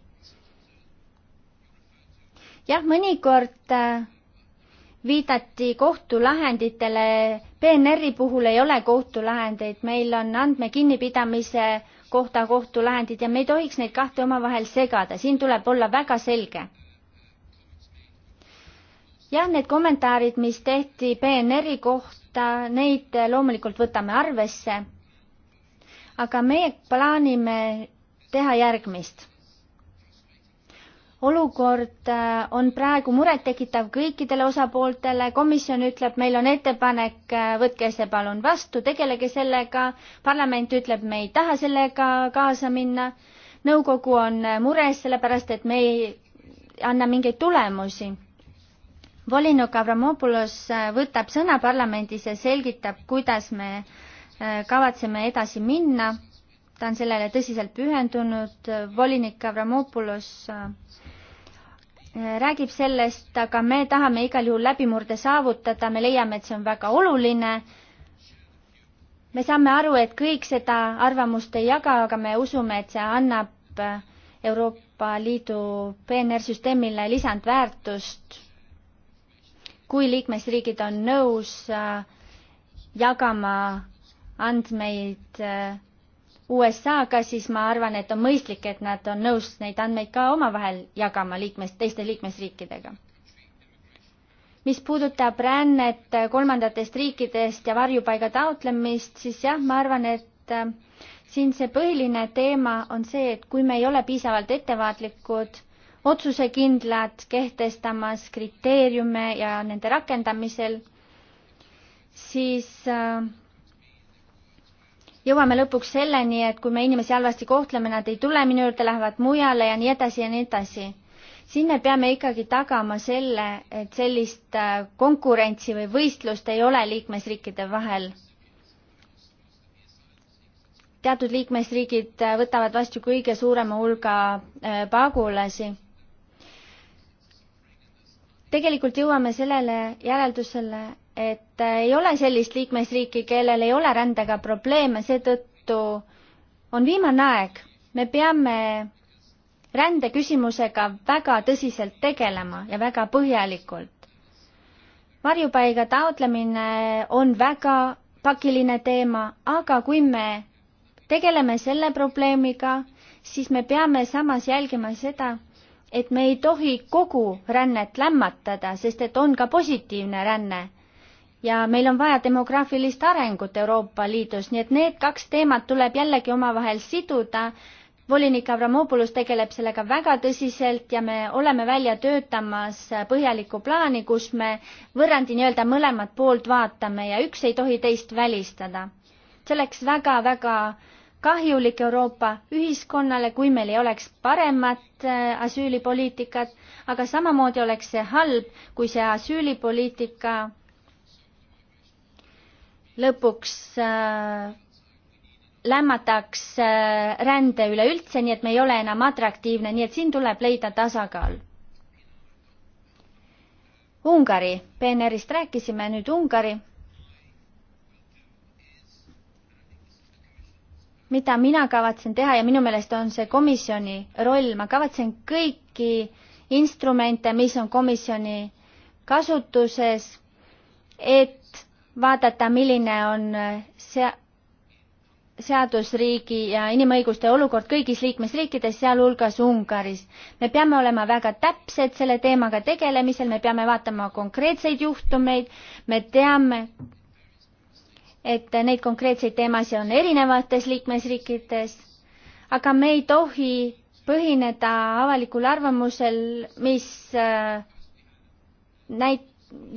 jah, mõnikord äh, viidati kohtulahenditele, PNR-i puhul ei ole kohtulahendeid, meil on andmekinnipidamise kohta kohtulahendid ja me ei tohiks neid kahte omavahel segada, siin tuleb olla väga selge. jah, need kommentaarid, mis tehti PNR-i kohta, neid äh, loomulikult võtame arvesse, aga meie plaanime teha järgmist olukord äh, on praegu murettekitav kõikidele osapooltele, komisjon ütleb, meil on ettepanek, äh, võtke see palun vastu, tegelege sellega, parlament ütleb, me ei taha sellega kaasa minna, nõukogu on äh, mures, sellepärast et me ei anna mingeid tulemusi. volinik Avramopoulos võtab sõna parlamendis ja selgitab, kuidas me kavatseme edasi minna, ta on sellele tõsiselt pühendunud, volinik Avramopoulos äh, räägib sellest, aga me tahame igal juhul läbimurde saavutada, me leiame, et see on väga oluline. me saame aru, et kõik seda arvamust ei jaga, aga me usume, et see annab Euroopa Liidu PNR-süsteemile lisandväärtust, kui liikmesriigid on nõus äh, jagama andmeid äh, USA-ga, siis ma arvan, et on mõistlik, et nad on nõus neid andmeid ka omavahel jagama liikmes, teiste liikmesriikidega. mis puudutab rännet kolmandatest riikidest ja varjupaiga taotlemist, siis jah, ma arvan, et äh, siin see põhiline teema on see, et kui me ei ole piisavalt ettevaatlikud, otsusekindlad, kehtestamas kriteeriume ja nende rakendamisel, siis äh, jõuame lõpuks selleni, et kui me inimesi halvasti kohtleme, nad ei tule minu juurde, lähevad mujale ja nii edasi ja nii edasi. siin me peame ikkagi tagama selle, et sellist äh, konkurentsi või võistlust ei ole liikmesriikide vahel. teatud liikmesriigid äh, võtavad vastu kõige suurema hulga äh, pagulasi tegelikult jõuame sellele järeldusele, et äh, ei ole sellist liikmesriiki, kellel ei ole rändega probleeme, seetõttu on viimane aeg, me peame rändeküsimusega väga tõsiselt tegelema ja väga põhjalikult. varjupaiga taotlemine on väga pakiline teema, aga kui me tegeleme selle probleemiga, siis me peame samas jälgima seda, et me ei tohi kogu rännet lämmatada, sest et on ka positiivne ränne ja meil on vaja demograafilist arengut Euroopa Liidus, nii et need kaks teemat tuleb jällegi omavahel siduda. volinik Avramopoulos tegeleb sellega väga tõsiselt ja me oleme välja töötamas põhjalikku plaani, kus me võrrandi nii-öelda mõlemat poolt vaatame ja üks ei tohi teist välistada. see oleks väga-väga kahjulik Euroopa ühiskonnale, kui meil ei oleks paremat äh, asüülipoliitikat, aga samamoodi oleks see halb, kui see asüülipoliitika lõpuks äh, lämmatakse äh, rände üleüldse, nii et me ei ole enam atraktiivne, nii et siin tuleb leida tasakaal. Ungari, PNR-ist rääkisime, nüüd Ungari mida mina kavatsen teha ja minu meelest on see komisjoni roll, ma kavatsen kõiki instrumente, mis on komisjoni kasutuses, et vaadata, milline on äh, sea-, seadusriigi ja inimõiguste olukord kõigis liikmesriikides, sealhulgas Ungaris. me peame olema väga täpsed selle teemaga tegelemisel, me peame vaatama konkreetseid juhtumeid, me teame, et neid konkreetseid teemasid on erinevates liikmesriikides, aga me ei tohi põhineda avalikul arvamusel, mis äh, näit-,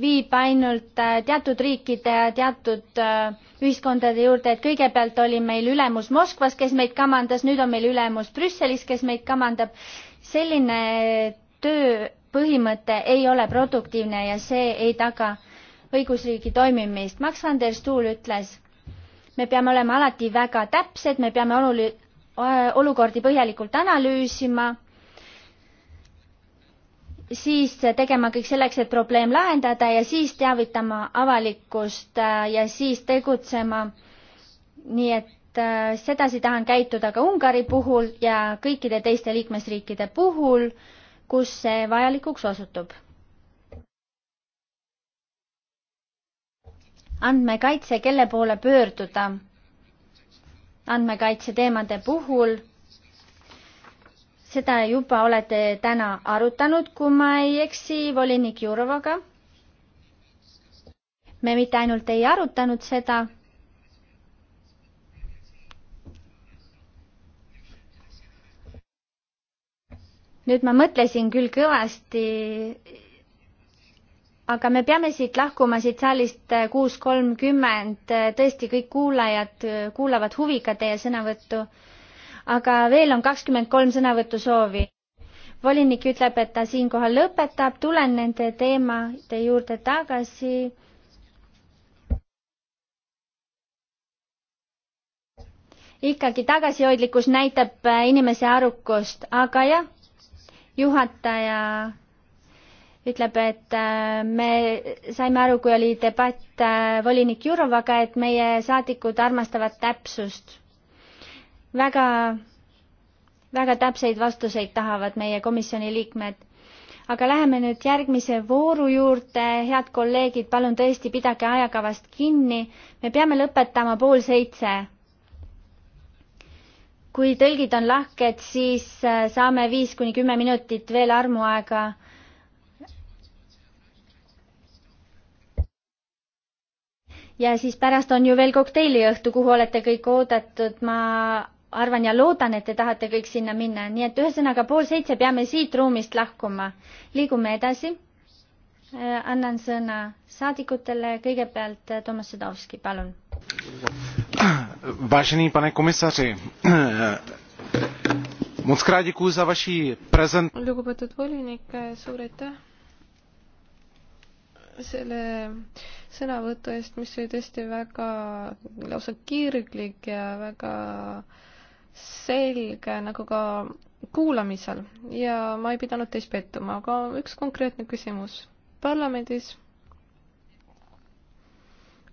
viib ainult äh, teatud riikide, teatud äh, ühiskondade juurde, et kõigepealt oli meil ülemus Moskvas, kes meid kamandas, nüüd on meil ülemus Brüsselis, kes meid kamandab. selline tööpõhimõte ei ole produktiivne ja see ei taga õigusriigi toimimist. Max van der Stuhl ütles, me peame olema alati väga täpsed, me peame oluli-, äh, olukordi põhjalikult analüüsima siis tegema kõik selleks, et probleem lahendada ja siis teavitama avalikkust äh, ja siis tegutsema. nii et äh, sedasi tahan käituda ka Ungari puhul ja kõikide teiste liikmesriikide puhul, kus see vajalikuks osutub. andmekaitse, kelle poole pöörduda? andmekaitse teemade puhul seda juba olete täna arutanud, kui ma ei eksi, volinik Jurovaga. me mitte ainult ei arutanud seda, nüüd ma mõtlesin küll kõvasti, aga me peame siit lahkuma, siit saalist kuus kolmkümmend, tõesti kõik kuulajad kuulavad huviga teie sõnavõttu aga veel on kakskümmend kolm sõnavõtusoovi. volinik ütleb, et ta siinkohal lõpetab, tulen nende teemade juurde tagasi. ikkagi tagasihoidlikkus näitab inimese arukust, aga jah, juhataja ütleb, et äh, me saime aru, kui oli debatt äh, volinik Jurovaga, et meie saadikud armastavad täpsust väga, väga täpseid vastuseid tahavad meie komisjoni liikmed. aga läheme nüüd järgmise vooru juurde, head kolleegid, palun tõesti pidage ajakavast kinni, me peame lõpetama pool seitse. kui tõlgid on lahked, siis äh, saame viis kuni kümme minutit veel armuaega ja siis pärast on ju veel kokteiliõhtu, kuhu olete kõik oodatud, ma arvan ja loodan, et te tahate kõik sinna minna, nii et ühesõnaga pool seitse peame siit ruumist lahkuma. liigume edasi. Äh, annan sõna saadikutele, kõigepealt äh, Toomas Sedovski, palun. Vážený pane komisaři, äh, moc krát děkuji za vaši prezent-. lugupeetud volinik, suur aitäh selle sõnavõtu eest, mis oli tõesti väga lausa kirglik ja väga äh, selge nagu ka kuulamisel ja ma ei pidanud teist pettuma, aga üks konkreetne küsimus. parlamendis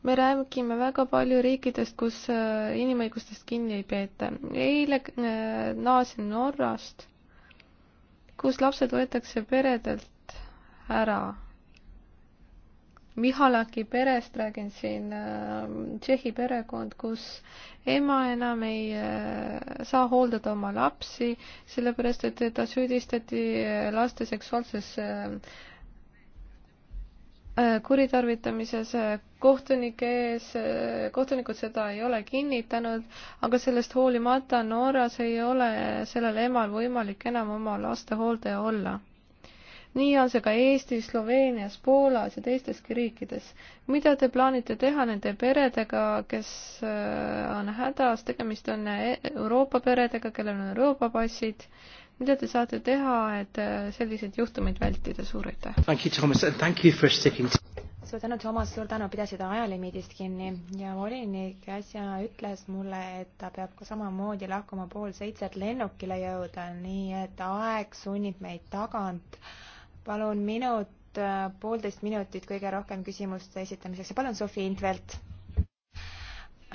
me räägime väga palju riikidest, kus äh, inimõigustest kinni ei peeta. eile äh, naasin Norrast, kus lapsed võetakse peredelt ära Mihalaki perest räägin siin, äh, Tšehhi perekond, kus ema enam ei äh, saa hooldada oma lapsi, sellepärast et teda süüdistati äh, laste seksuaalses kuritarvitamises kohtunike ees, kohtunikud seda ei ole kinnitanud, aga sellest hoolimata Norras ei ole sellel emal võimalik enam oma laste hooldaja olla nii on see ka Eestis, Sloveenias, Poolas ja teisteski riikides. mida te plaanite teha nende peredega, kes äh, on hädas, tegemist on äh, Euroopa peredega, kellel on Euroopa passid, mida te saate teha, et äh, selliseid juhtumeid vältida, suur aitäh! suur tänu, Toomas, suur tänu, pidasid ajalimiidist kinni ja volinik äsja ütles mulle, et ta peab ka samamoodi lahkuma pool seitset lennukile jõuda, nii et aeg sunnib meid tagant äh, palun minut, äh, poolteist minutit kõige rohkem küsimuste esitamiseks ja palun, Sofi Intvelt.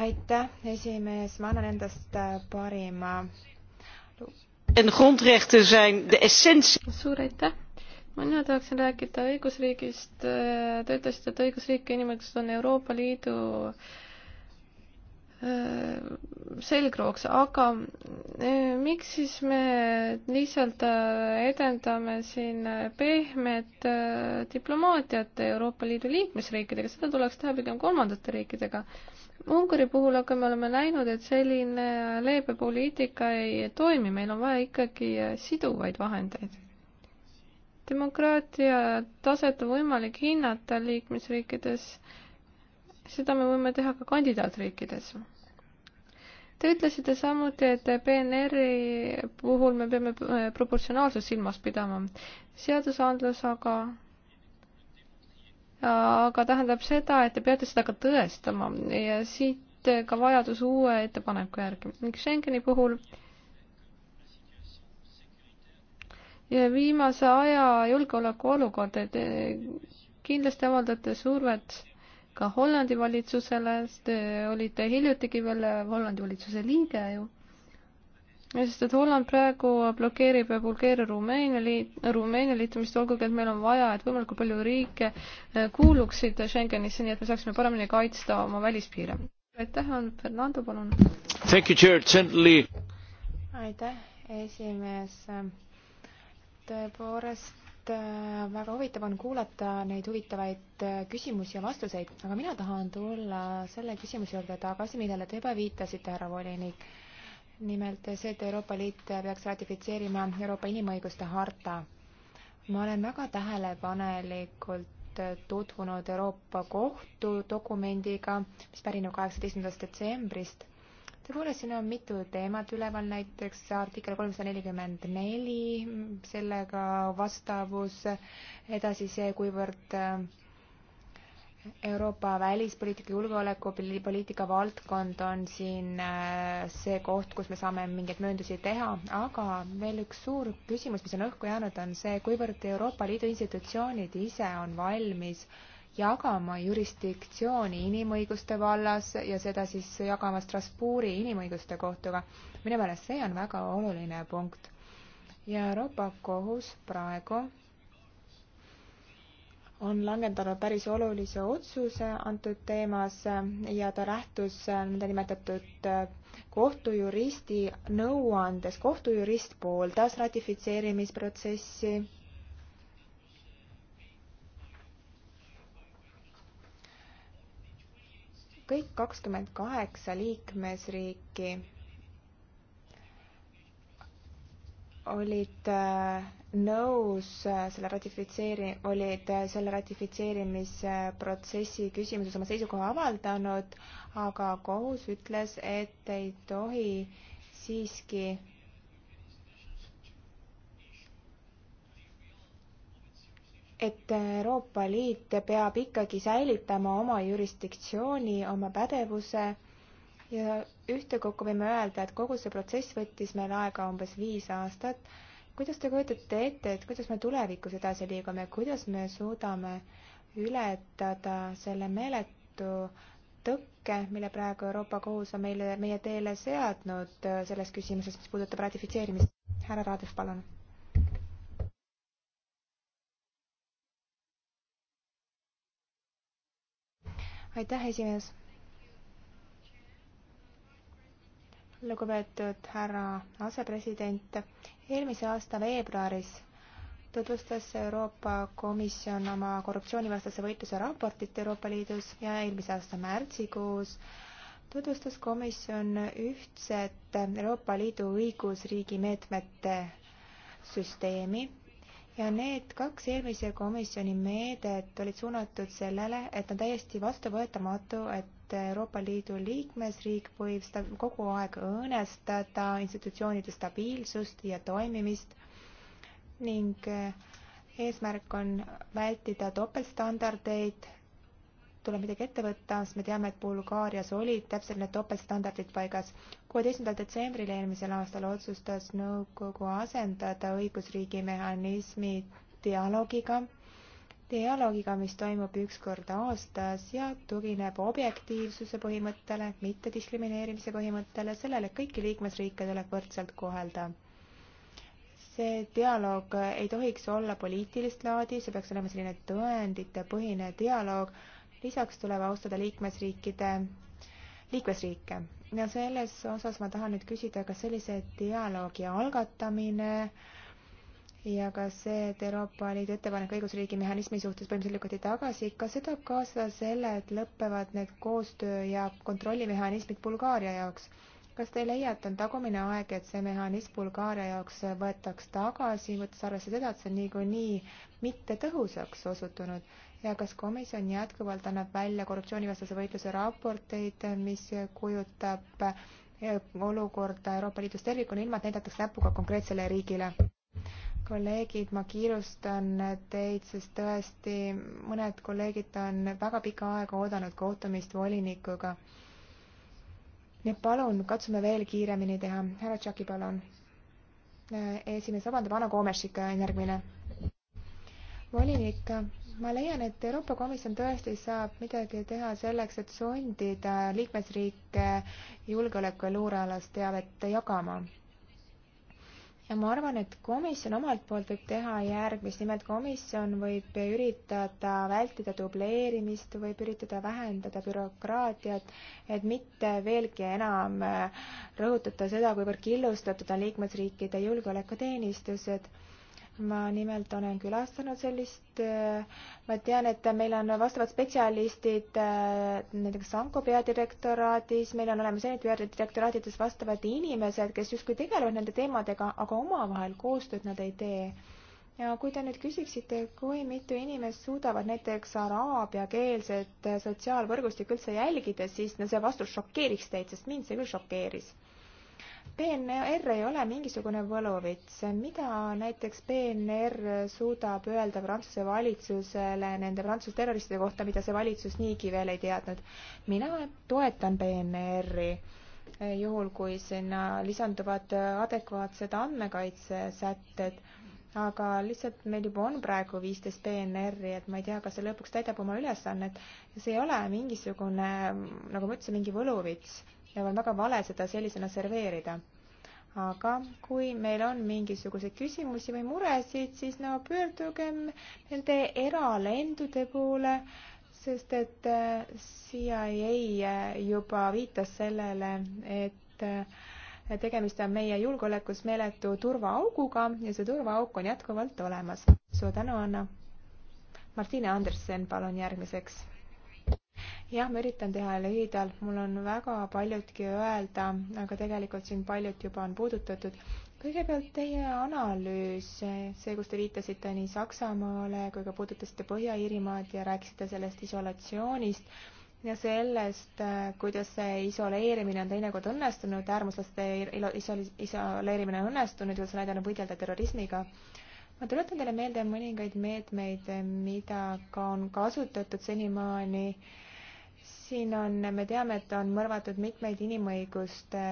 aitäh, esimees, ma annan endast äh, parima. suur aitäh mina tahaksin rääkida õigusriigist, te ütlesite, et õigusriik ja inimõigused on Euroopa Liidu äh, Äh, selgrooks, aga äh, miks siis me lihtsalt äh, edendame siin pehmet diplomaatiat Euroopa Liidu liikmesriikidega, seda tuleks teha pigem kolmandate riikidega. Ungari puhul aga me oleme näinud, et selline leebe poliitika ei toimi, meil on vaja ikkagi siduvaid vahendeid. demokraatia taset on võimalik hinnata liikmesriikides, seda me võime teha ka kandidaatriikides Te ütlesite samuti, et PNR-i puhul me peame eh, proportsionaalsust silmas pidama. seadusandlus aga aga tähendab seda, et te peate seda ka tõestama ja siit ka vajadus uue ettepaneku järgi. Schengeni puhul ja viimase aja julgeolekuolukord, et kindlasti avaldate survet ka Hollandi valitsusele, sest te olite hiljutigi veel Hollandi valitsuse liige ju. sest et Holland praegu blokeerib Bulgaaria Rumeenia liit, Rumeenia liitumist, olgugi et meil on vaja, et võimalikult palju riike eh, kuuluksid Schengenisse, nii et me saaksime paremini kaitsta oma välispiire. aitäh, Fernando, palun. aitäh, esimees. tõepoolest et äh, väga huvitav on kuulata neid huvitavaid äh, küsimusi ja vastuseid, aga mina tahan tulla selle küsimuse juurde tagasi, millele te juba viitasite, härra volinik. nimelt see, et Euroopa Liit peaks ratifitseerima Euroopa inimõiguste harta. ma olen väga tähelepanelikult äh, tutvunud Euroopa Kohtu dokumendiga, mis pärineb kaheksateistkümnendast detsembrist tõepoolest, siin on mitu teemat üleval, näiteks artikkel kolmsada nelikümmend neli, sellega vastavus, edasi see, kuivõrd äh, Euroopa välispoliitika, julgeolekupoliitika valdkond on siin äh, see koht, kus me saame mingeid mööndusi teha, aga veel üks suur küsimus, mis on õhku jäänud, on see, kuivõrd Euroopa Liidu institutsioonid ise on valmis äh, jagama jurisdiktsiooni inimõiguste vallas ja seda siis jagama Strasbourgi inimõiguste kohtuga. minu meelest see on väga oluline punkt. ja Euroopa Kohus praegu on langetanud päris olulise otsuse antud teemas ja ta lähtus nõndanimetatud kohtujuristi nõuandes. kohtujurist pooldas ratifitseerimisprotsessi kõik kakskümmend kaheksa liikmesriiki olid äh, nõus äh, selle ratifitseeri-, olid äh, selle ratifitseerimisprotsessi küsimuses oma seisukoha avaldanud, aga kohus ütles, et ei tohi siiski et Euroopa Liit peab ikkagi säilitama oma jurisdiktsiooni, oma pädevuse ja ühtekokku võime öelda, et kogu see protsess võttis meil aega umbes viis aastat. kuidas te kujutate ette, et kuidas me tulevikus edasi liigume, kuidas me suudame ületada selle meeletu tõkke, mille praegu Euroopa Kohus on meile, meie teele seadnud äh, selles küsimuses, mis puudutab ratifitseerimist? härra Raadev, palun aitäh, esimees. lugupeetud härra asepresident, eelmise aasta veebruaris tutvustas Euroopa Komisjon oma korruptsioonivastase võitluse raportit Euroopa Liidus ja eelmise aasta märtsikuus tutvustas komisjon ühtset Euroopa Liidu õigusriigi meetmete süsteemi ja need kaks eelmise komisjoni meedet olid suunatud sellele, et on täiesti vastuvõetamatu, et Euroopa Liidu liikmesriik võib seda kogu aeg õõnestada institutsioonide stabiilsust ja toimimist ning eh, eesmärk on vältida topeltstandardeid, tuleb midagi ette võtta, sest me teame, et Bulgaarias olid täpselt need topeltstandardid paigas kuueteistkümnendal detsembril eelmisel aastal otsustas nõukogu asendada õigusriigi mehhanismi dialoogiga, dialoogiga, mis toimub üks kord aastas ja tugineb objektiivsuse põhimõttele, mittediskrimineerimise põhimõttele, sellele, et kõiki liikmesriike tuleb võrdselt kohelda. see dialoog ei tohiks olla poliitilist laadi, see peaks olema selline tõenditepõhine dialoog, lisaks tuleb austada liikmesriikide liikmesriike. ja selles osas ma tahan nüüd küsida, kas sellise dialoogi algatamine ja ka see, et Euroopa Liidu ettepanek õigusriigi mehhanismi suhtes põhimõtteliselt lükati tagasi, kas see toob kaasa selle, et lõpevad need koostöö- ja kontrollimehhanismid Bulgaaria jaoks? kas te ei leia, et on tagumine aeg, et see mehhanism Bulgaaria jaoks võetaks tagasi, võttes arvesse seda, et see on niikuinii mittetõhusaks osutunud ja kas komisjon jätkuvalt annab välja korruptsioonivastase võitluse raporteid, mis kujutab eh, olukorda Euroopa Liidus tervikuna, ilma et näidataks näpuga konkreetsele riigile? kolleegid, ma kiirustan teid, sest tõesti mõned kolleegid on väga pikka aega oodanud kohtumist volinikuga. nii et palun, katsume veel kiiremini teha. härra Tšaki, palun. esimees vabandab, Anna Koomešik on järgmine. volinik ma leian, et Euroopa Komisjon tõesti saab midagi teha selleks, et sundida liikmesriike julgeoleku ja luurealast teavet jagama ja ma arvan, et komisjon omalt poolt võib teha järgmist, nimelt komisjon võib üritada vältida dubleerimist, võib üritada vähendada bürokraatiat, et mitte veelgi enam rõhutada seda, kuivõrd killustatud on liikmesriikide julgeolekuteenistused ma nimelt olen külastanud sellist, äh, ma tean, et meil on vastavad spetsialistid äh, näiteks Sanko peadirektoraadis, meil on olemas erinevates peadirektoraatides vastavad inimesed, kes justkui tegelevad nende teemadega, aga omavahel koostööd nad ei tee ja kui te nüüd küsiksite, kui mitu inimest suudavad näiteks araabiakeelset äh, sotsiaalvõrgustikku üldse jälgida, siis no see vastus šokeeriks teid, sest mind see küll šokeeris. PNR ei ole mingisugune võluvits, mida näiteks PNR suudab öelda Prantsuse valitsusele nende Prantsuse terroristide kohta, mida see valitsus niigi veel ei teadnud. mina toetan PNR-i eh, juhul, kui sinna lisanduvad adekvaatsed andmekaitsesätted, aga lihtsalt meil juba on praegu viisteist PNR-i, et ma ei tea, kas see lõpuks täidab oma ülesannet. see ei ole mingisugune, nagu ma ütlesin, mingi võluvits ja on väga vale seda sellisena serveerida. aga kui meil on mingisuguseid küsimusi või muresid, siis no pöördugem nende eralendude poole, sest et äh, CIA äh, juba viitas sellele, et äh, tegemist on meie julgeolekus meeletu turvaauguga ja see turvaauk on jätkuvalt olemas. suur tänu, Anna. Martina Andersen, palun järgmiseks jah, ma üritan teha lühidalt, mul on väga paljutki öelda, aga tegelikult siin paljut juba on puudutatud. kõigepealt teie analüüs, see, kus te viitasite nii Saksamaale kui ka puudutasite Põhja-Iirimaad ja rääkisite sellest isolatsioonist ja sellest, kuidas see isoleerimine on teinekord õnnestunud, äärmuslaste isol-, isoleerimine on õnnestunud ja kuidas on aidanud võidelda terrorismiga ma tuletan teile meelde mõningaid meetmeid, mida ka on kasutatud senimaani äh, siin on, me teame, et on mõrvatud mitmeid inimõiguste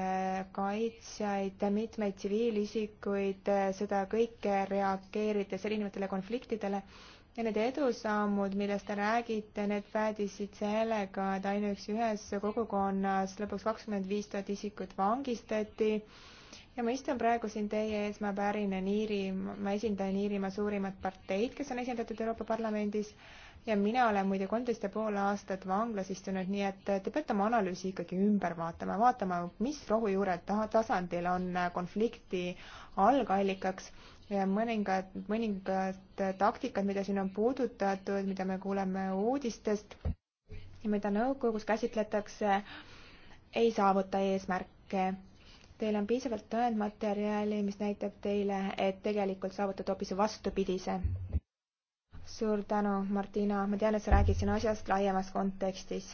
kaitsjaid, mitmeid tsiviilisikuid, seda kõike reageerides erinevatele konfliktidele ja need edusammud, millest te räägite, need päädisid sellega, et ainuüksi ühes kogukonnas lõpuks kakskümmend viis tuhat isikut vangistati ja ma istun praegu siin teie ees, ma pärinen Iiri, ma esindan Iirimaa suurimat parteid, kes on esindatud Euroopa Parlamendis ja mina olen muide kolmteist ja pool aastat vanglas istunud, nii et te peate oma analüüsi ikkagi ümber vaatama, vaatama, mis rohujuure tasandil on äh, konflikti algallikaks ja mõningad, mõningad taktikad, mida siin on puudutatud, mida me kuuleme uudistest ja mida nõukogus käsitletakse, ei saavuta eesmärke teil on piisavalt tõendmaterjali, mis näitab teile, et tegelikult saavutad hoopis vastupidise suur tänu, Martina, ma tean, et sa räägid siin asjast laiemas kontekstis.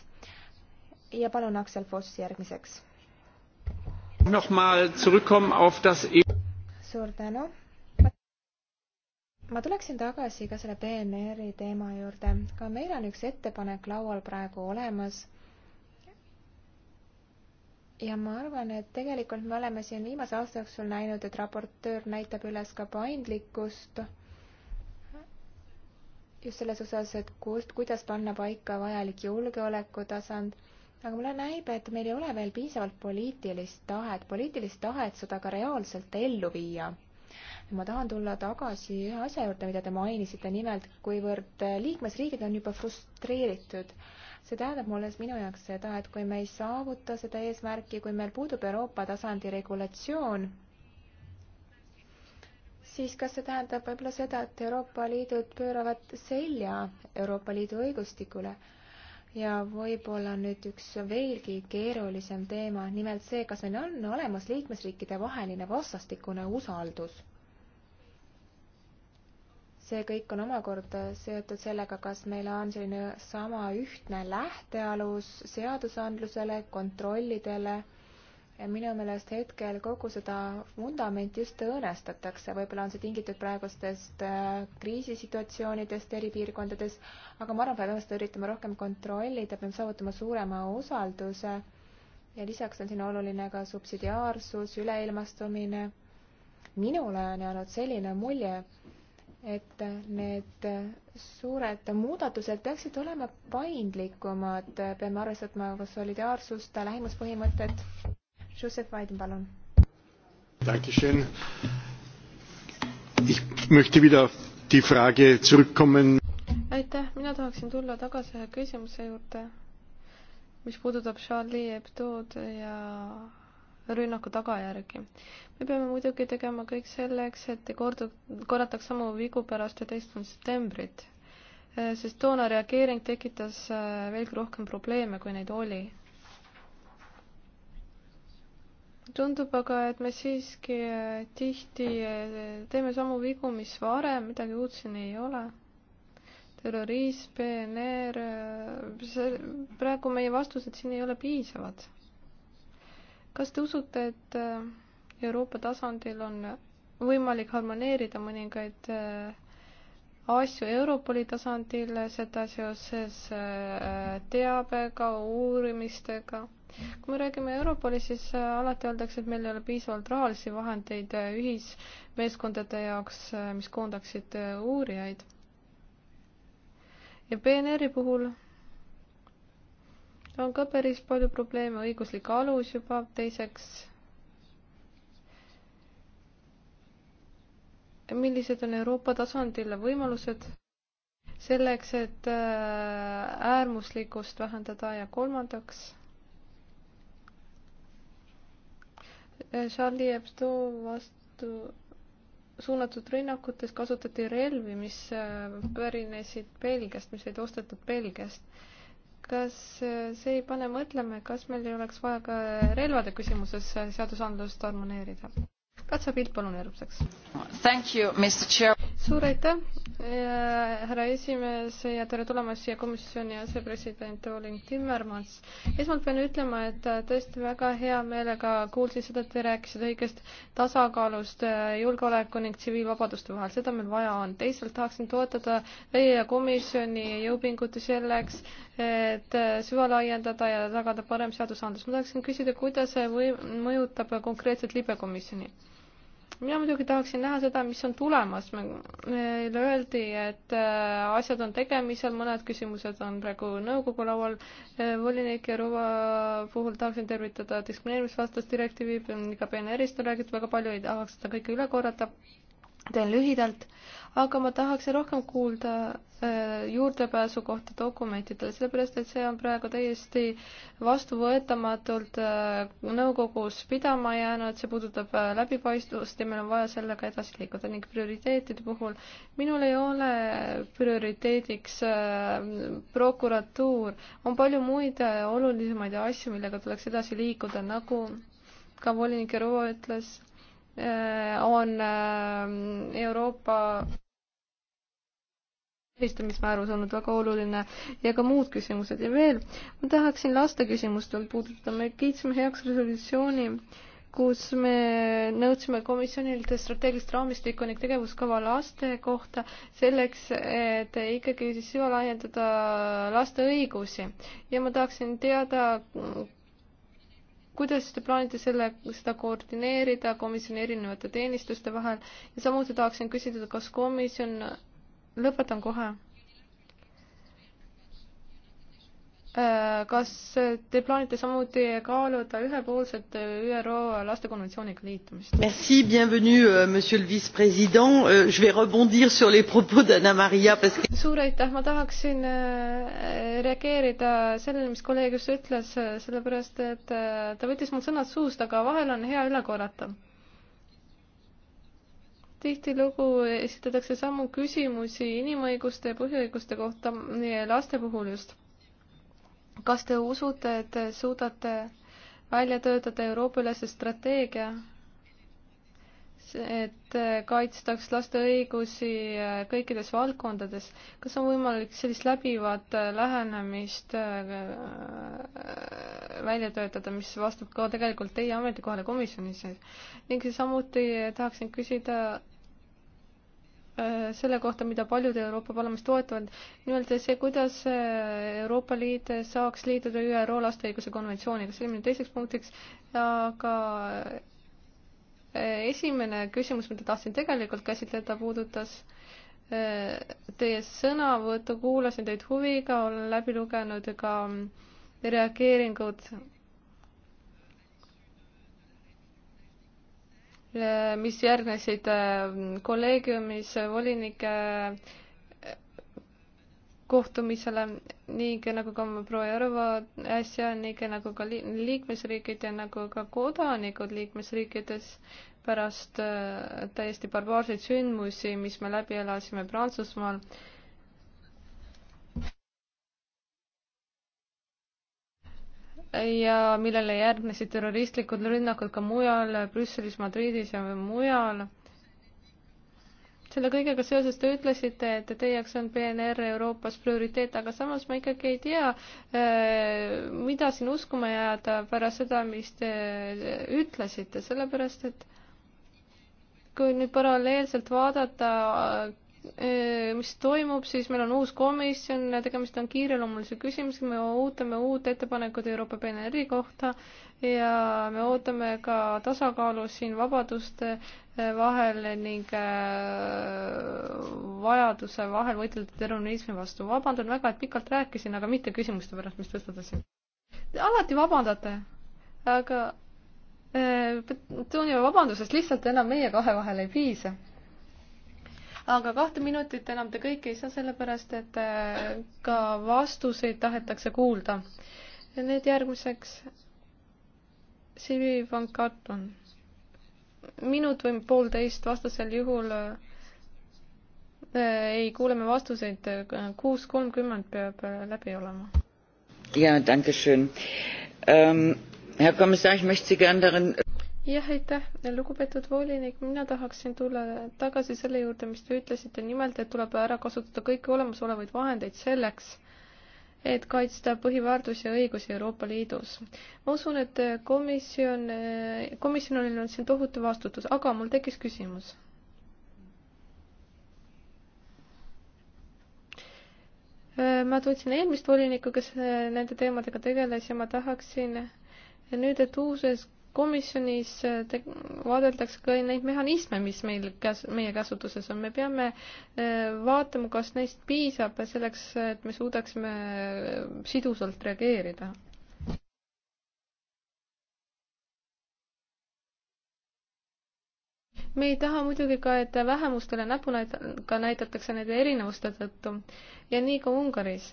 ja palun, Aksel Foss järgmiseks. Das... E- suur tänu. ma tuleksin tagasi ka selle PNR-i teema juurde. ka meil on üks ettepanek laual praegu olemas. ja ma arvan, et tegelikult me oleme siin viimase aasta jooksul näinud, et raportöör näitab üles ka paindlikkust just selles osas, et kust, kuidas panna paika vajalik julgeolekutasand, aga mulle näib, et meil ei ole veel piisavalt poliitilist tahet, poliitilist tahet seda ka reaalselt ellu viia. ma tahan tulla tagasi ühe asja juurde, mida te mainisite, nimelt kuivõrd liikmesriigid on juba frustreeritud see tähendab mulle minu jaoks seda, et kui me ei saavuta seda eesmärki, kui meil puudub Euroopa tasandi regulatsioon, siis kas see tähendab võib-olla seda, et Euroopa Liidud pööravad selja Euroopa Liidu õigustikule? ja võib-olla nüüd üks veelgi keerulisem teema, nimelt see, kas meil on olemas liikmesriikide vaheline vastastikune usaldus. see kõik on omakorda seotud sellega, kas meil on selline sama ühtne lähtealus seadusandlusele, kontrollidele ja minu meelest hetkel kogu seda vundamenti just õõnestatakse, võib-olla on see tingitud praegustest äh, kriisisituatsioonidest eri piirkondades, aga ma arvan, et me peame seda üritama rohkem kontrollida, peame saavutama suurema usalduse ja lisaks on siin oluline ka subsidiaarsus, üleilmastumine. minule on jäänud selline mulje, et need suured muudatused peaksid olema paindlikumad, peame arvestama ka solidaarsust, lähimuspõhimõtet. Joseph Weiden, palun. Dankeschön. Ich möchte wieder die Frage zurückkommen. aitäh, mina tahaksin tulla tagasi ühe küsimuse juurde, mis puudutab Charlie Hebdo'd ja rünnaku tagajärgi. me peame muidugi tegema kõik selleks, et ei kordu-, korrataks samu vigu pärast üheteistkümnendat septembrit, sest toona reageering tekitas äh, veelgi rohkem probleeme, kui neid oli tundub aga, et me siiski äh, tihti äh, teeme samu vigu, mis varem, midagi uut siin ei ole. terrorism, PNR, äh, see, praegu meie vastused siin ei ole piisavad. kas te usute, et Euroopa tasandil on võimalik harmoneerida mõningaid asju Europoli tasandil, seda seoses teabega, uurimistega? kui me räägime Europolist, siis äh, alati öeldakse, et meil ei ole piisavalt rahalisi vahendeid äh, ühismeeskondade jaoks, äh, mis koondaksid uurijaid. ja PNR-i puhul on ka päris palju probleeme, õiguslik alus juba, teiseks millised on Euroopa tasandil võimalused selleks, et äärmuslikkust vähendada ja kolmandaks Charlie Hebdo vastu suunatud rünnakutes kasutati relvi, mis äh, pärinesid Belgiast, mis olid ostetud Belgiast. kas äh, see ei pane mõtlema, kas meil ei oleks vaja ka relvade küsimuses äh, seadusandlust harmoneerida? katse pilt palun järgmiseks suur aitäh, eh, härra esimees ja tere tulemast siia komisjoni asepresident Olin Timmermans. esmalt pean ütlema, et eh, tõesti väga hea meelega kuulsin seda, et te rääkisite õigest tasakaalust eh, julgeoleku ning tsiviilvabaduste vahel, seda meil vaja on. teisalt tahaksin toetada teie komisjoni jõupinguti selleks, et süva laiendada ja tagada parem seadusandlus. ma tahaksin küsida, kuidas see või-, mõjutab konkreetselt libekomisjoni? mina muidugi tahaksin näha seda, mis on tulemas. meile öeldi, et äh, asjad on tegemisel, mõned küsimused on praegu nõukogu laual. Äh, volinik Jerova puhul tahaksin tervitada diskrimineerimisvastast direktiivi, ka PNR-ist on räägitud väga palju, ei tahaks seda kõike üle korrata. teen lühidalt, aga ma tahaksin rohkem kuulda äh, juurdepääsu kohta dokumentidele, sellepärast et see on praegu täiesti vastuvõetamatult äh, nõukogus pidama jäänud, see puudutab äh, läbipaistvust ja meil on vaja sellega edasi liikuda ning prioriteetide puhul minul ei ole prioriteediks prokuratuur, on palju muid olulisemaid asju, millega tuleks edasi liikuda, nagu ka volinik Jurova ütles, on Euroopa eristamismäärus olnud väga oluline ja ka muud küsimused ja veel ma tahaksin laste küsimust veel puudutada, me kiitsime heaks resolutsiooni, kus me nõudsime komisjonilt strateegilist raamistikku ning tegevuskava laste kohta selleks, et ikkagi siis süvalaiendada laste õigusi ja ma tahaksin teada, kuidas te plaanite selle, seda koordineerida komisjoni erinevate teenistuste vahel ja samuti tahaksin küsida, kas komisjon lõpetan kohe. Äh, kas te plaanite samuti kaaluda ühepoolset ÜRO lastekonventsiooniga liitumist? Merci, bienvenue, euh, monsieur le vice-president. Euh, je vais rebondir sur les propos d'Anna Maria parce que. suur aitäh, ma tahaksin äh, reageerida sellele, mis kolleeg just ütles, äh, sellepärast et ta võttis mul sõnad suust, aga vahel on hea üle korrata tihtilugu esitatakse samu küsimusi inimõiguste ja põhiõiguste kohta eh, laste puhul just. kas te usute, et suudate välja töötada Euroopa-ülese strateegia, et eh, kaitstaks laste õigusi eh, kõikides valdkondades. kas on võimalik sellist läbivat lähenemist välja töötada, mis vastab ka tegelikult teie ametikohale komisjonis? ning samuti tahaksin küsida Äh, selle kohta, mida paljud Euroopa Parlamendis toetavad. nimelt see, kuidas äh, Euroopa Liit saaks liituda ÜRO laste õiguse konventsiooniga, see oli minu teiseks punktiks, aga äh, esimene küsimus, mida tahtsin tegelikult käsitleda, puudutas teie sõnavõttu, kuulasin teid huviga, olen läbi lugenud ka reageeringud Äh, mis järgnesid äh, kolleegiumis äh, volinike kohtumisele ning nagu ka proua Järva äsja, ning nagu ka liikmesriigid ja nagu ka kodanikud liikmesriikides pärast täiesti barbaarseid sündmusi, mis me läbi elasime Prantsusmaal ja millele järgnesid terroristlikud rünnakud ka mujal, Brüsselis, Madridis ja mujal. selle kõigega seoses te ütlesite, et teie jaoks on PNR Euroopas prioriteet, aga samas ma ikkagi ei tea, äh, mida siin uskuma jääda pärast seda, mis te äh, ütlesite, sellepärast et kui nüüd paralleelselt vaadata Äh, mis toimub, siis meil on uus komisjon, tegemist on kiireloomulise küsimusega, me ootame uut ettepanekut Euroopa PNR-i kohta ja me ootame ka tasakaalu siin vabaduste äh, vahel ning äh, vajaduse vahel võidelda terrorismi vastu. vabandan väga, et pikalt rääkisin, aga mitte küsimuste pärast, mis tõstatasin. Te alati vabandate, aga äh, Toonia vabandusest lihtsalt enam meie kahe vahel ei piisa aga kahte minutit enam te kõike ei saa, sellepärast et äh, ka vastuseid tahetakse kuulda. nüüd järgmiseks Sivi van Karton. minut või poolteist, vastasel juhul äh, äh, ei kuule me vastuseid, kuus kolmkümmend peab läbi olema. jaa, danke schön um,. Herr Kommissar, ich möchte Sie gern darin jah, aitäh, lugupeetud volinik, mina tahaksin tulla tagasi selle juurde, mis te ütlesite, nimelt, et tuleb ära kasutada kõiki olemasolevaid vahendeid selleks, et kaitsta põhiväärtusi ja õigusi Euroopa Liidus. ma usun, et komisjon, komisjonil on siin tohutu vastutus, aga mul tekkis küsimus. ma tundsin eelmist volinikku, kes nende teemadega tegeles ja ma tahaksin nüüd, et uuses komisjonis äh, te-, vaadeldakse ka neid mehhanisme, mis meil käs-, meie käsutuses on, me peame äh, vaatama, kas neist piisab selleks, et me suudaksime äh, sidusalt reageerida. me ei taha muidugi ka, et vähemustele näpu näid-, ka näidatakse nende erinevuste tõttu ja nii ka Ungaris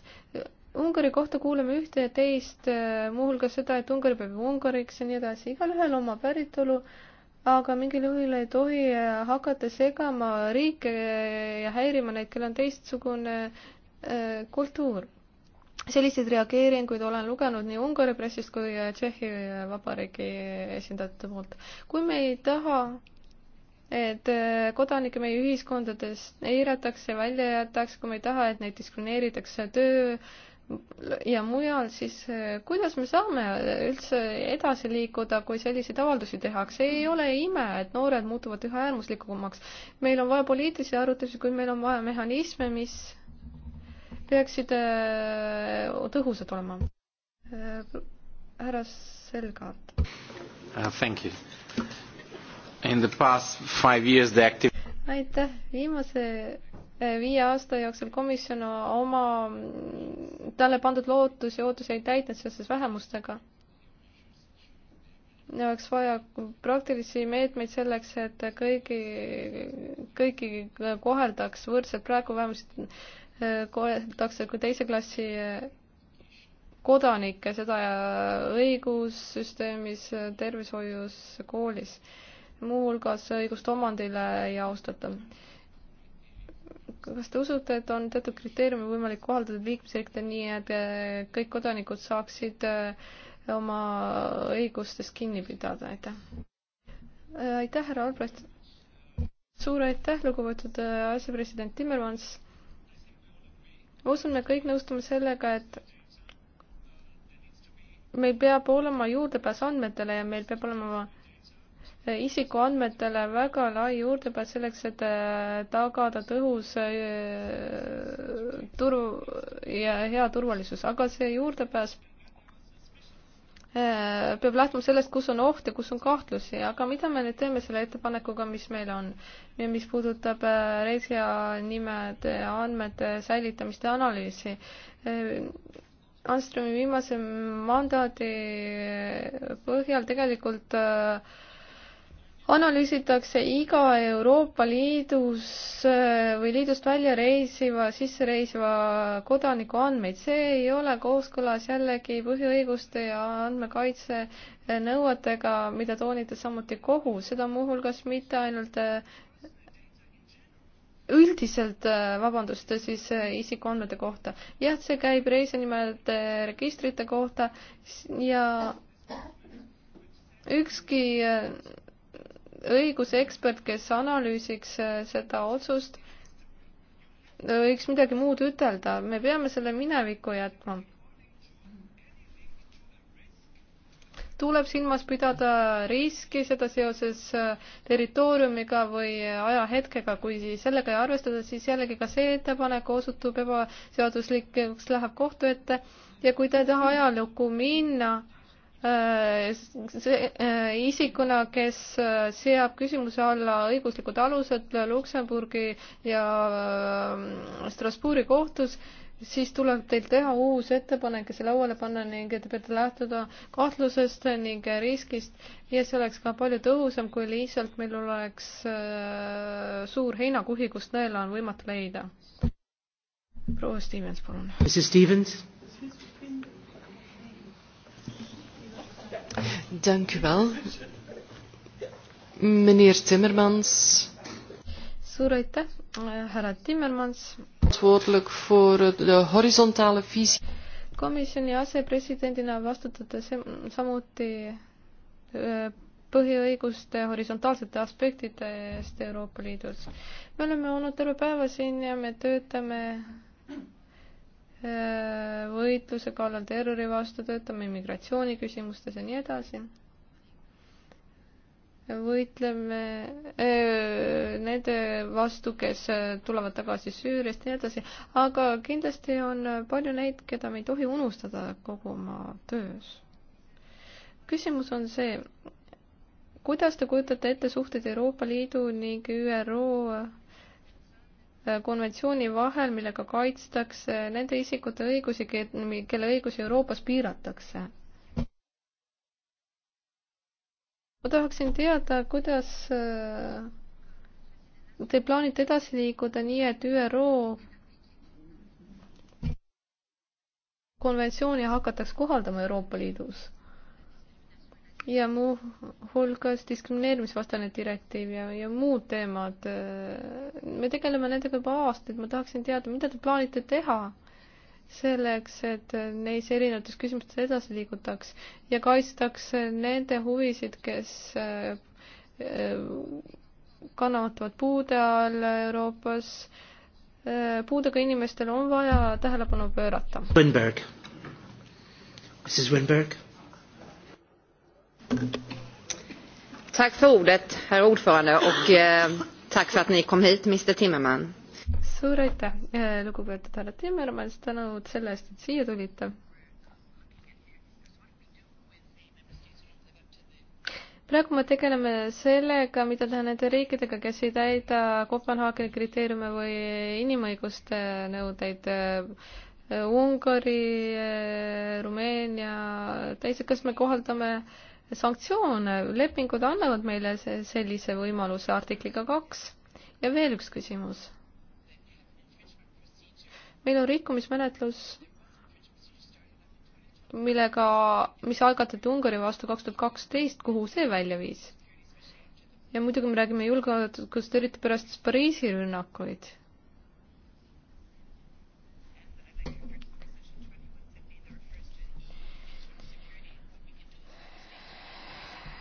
Ungari kohta kuuleme ühte ja teist, äh, muuhulgas seda, et Ungari peab Ungariks ja nii edasi, igalühel oma päritolu, aga mingil juhul ei tohi äh, hakata segama riike äh, ja häirima neid, kellel on teistsugune kultuur. selliseid reageeringuid olen lugenud nii Ungari pressist kui Tšehhi Vabariigi esindajate poolt. kui me ei taha et kodanikke meie ühiskondades eiratakse, välja jäetakse, kui me ei taha, et neid diskrimineeritakse töö ja mujal, siis eh, kuidas me saame üldse edasi liikuda, kui selliseid avaldusi tehakse, ei ole ime, et noored muutuvad üha äärmuslikumaks. meil on vaja poliitilisi arutelusid, kuid meil on vaja mehhanisme, mis peaksid eh, tõhusad olema. Eh, härra Selgaard uh,. Thank you. In the past five years the active aitäh, viimase viie aasta jooksul komisjon oma, talle pandud lootusi ja ootusi ei täitnud seoses vähemustega. oleks vaja praktilisi meetmeid selleks, et kõigi, kõiki koheldaks võrdselt, praegu vähemasti äh, koheldakse kui teise klassi äh, kodanikke, seda äh, õigussüsteemis, tervishoius, koolis, muuhulgas õigust omandile ei austata kas te usute, et on teatud kriteeriumi võimalik kohaldada liikmesriikidele nii, et eh, kõik kodanikud saaksid eh, oma õigustest kinni pidada, aitäh? Eh, aitäh, härra Albrecht! suur aitäh, lugupeetud asepresident Timmermans! ma usun, me kõik nõustume sellega, et meil peab olema juurdepääs andmetele ja meil peab olema isikuandmetele väga lai juurdepääs selleks, et äh, tagada tõhus äh, turu ja hea turvalisus, aga see juurdepääs äh, peab lähtuma sellest, kus on oht ja kus on kahtlusi, aga mida me nüüd teeme selle ettepanekuga, mis meil on ja mis puudutab reisija nimede, andmete säilitamist ja analüüsi. Anstrumi viimase mandaadi põhjal tegelikult äh, analüüsitakse iga Euroopa Liidus äh, või liidust välja reisiva, sissereisiva kodaniku andmeid. see ei ole kooskõlas jällegi põhiõiguste ja andmekaitse äh, nõuetega, mida toonitas samuti kohus, seda muuhulgas mitte ainult äh, üldiselt, vabandust, siis isikuandmete kohta. jah, see käib reisinimede registrite kohta ja ükski õigusekspert, kes analüüsiks äh, seda otsust, võiks midagi muud ütelda, me peame selle minevikku jätma. tuleb silmas pidada riski, seda seoses äh, territooriumiga või ajahetkega, kui sellega ei arvestada, siis jällegi ka see ettepanek osutub ebaseaduslikuks, läheb kohtu ette ja kui ta ei taha ajalukku minna, Äh, see äh, isikuna, kes äh, seab küsimuse alla õiguslikud alused Luksemburgi ja Strasbourgi kohtus, siis tuleb teil teha uus ettepanek ja see lauale panna ning te peate lähtuda kahtlusest ning riskist ja see oleks ka palju tõhusam, kui lihtsalt meil oleks suur heinakuhi, kust nõela on võimatu leida. proua Stevens, palun. Mrs Stevens. Dank u wel. Meneer Timmermans. Suur aitäh, eh, härra Timmermans. verantwoordelijk voor de horizontale visie. komisjoni asepresidendina vastutate samuti eh, põhiõiguste horisontaalsete aspektide eest Euroopa Liidus. me oleme olnud terve päeva siin ja me töötame Äh, võitluse kallal terrori vastu, töötame immigratsiooniküsimustes ja nii edasi. võitleme öö, äh, nende vastu, kes tulevad tagasi Süüriast ja nii edasi, aga kindlasti on palju neid, keda me ei tohi unustada kogu oma töös. küsimus on see, kuidas te kujutate ette suhteid Euroopa Liidu ning ÜRO Äh, konventsiooni vahel, millega kaitstakse nende isikute õigusi, kelle õigusi Euroopas piiratakse. ma tahaksin teada, kuidas äh, te plaanite edasi liikuda nii, et ÜRO konventsiooni hakataks kohaldama Euroopa Liidus ja muuhulgas diskrimineerimisvastane direktiiv ja, ja muud teemad. me tegeleme nendega juba aastaid, ma tahaksin teada, mida te plaanite teha selleks, et neis erinevates küsimustes edasi liigutaks ja kaitstaks nende huvisid, kes eh, kannatavad puude all Euroopas. Eh, puudega inimestel on vaja tähelepanu pöörata. Winberg. Mrs Winberg Tack för ordet, herr ordförande, och eh, tack för att ni kom hit, Mr Timmerman. suur aitäh, eh, lugupeetud härra Timmermans, tänud selle eest, et siia tulite. praegu me tegeleme sellega, mida teha nende riikidega, kes ei täida Kopenhaageni kriteeriume või inimõiguste nõudeid. Eh, Ungari, eh, Rumeenia, teised, kas me kohaldame äh, sanktsioone, lepingud annavad meile see, sellise võimaluse artikliga kaks. ja veel üks küsimus. meil on rikkumismenetlus, millega, mis algatati Ungari vastu kaks tuhat kaksteist, kuhu see välja viis? ja muidugi me räägime julgeolekust, eriti pärast Pariisi rünnakuid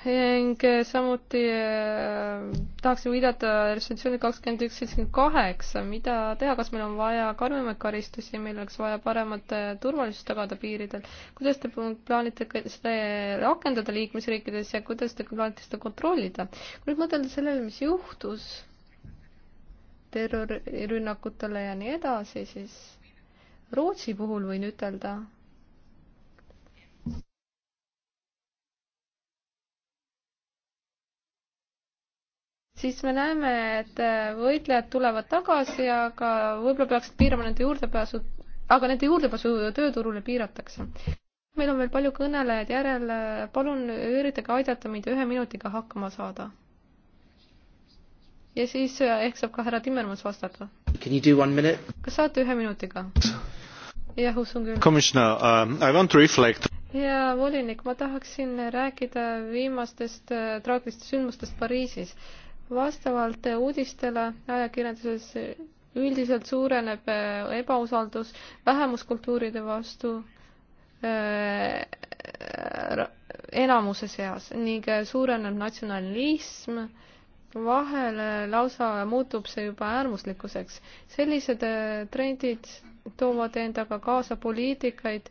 ning eh, samuti eh, tahaksime viidata resolutsiooni kakskümmend üks seitsekümmend kaheksa, mida teha, kas meil on vaja karmimaid karistusi, meil oleks vaja paremat eh, turvalisust tagada piiridel. kuidas te plaanite seda rakendada liikmesriikides ja kuidas te plaanite seda kontrollida? kui nüüd mõtelda sellele, mis juhtus terrorirünnakutele ja nii edasi, siis Rootsi puhul võin ütelda siis me näeme, et äh, võitlejad tulevad tagasi, aga võib-olla peaks piirama nende juurdepääsu, aga nende juurdepääsu tööturule piiratakse. meil on veel palju kõnelejaid järel, palun üritage aidata mind ühe minutiga hakkama saada. ja siis äh, ehk saab ka härra Timmermans vastata. kas saate ühe minutiga? jah, usun küll. Commissioner um,, I want to reflect ja volinik, ma tahaksin rääkida viimastest äh, traagilistest sündmustest Pariisis vastavalt äh, uudistele ajakirjanduses äh, üldiselt suureneb äh, ebausaldus vähemuskultuuride vastu enamuse seas ning suureneb natsionalism, vahel lausa muutub see juba äärmuslikkuseks. sellised trendid toovad endaga kaasa poliitikaid,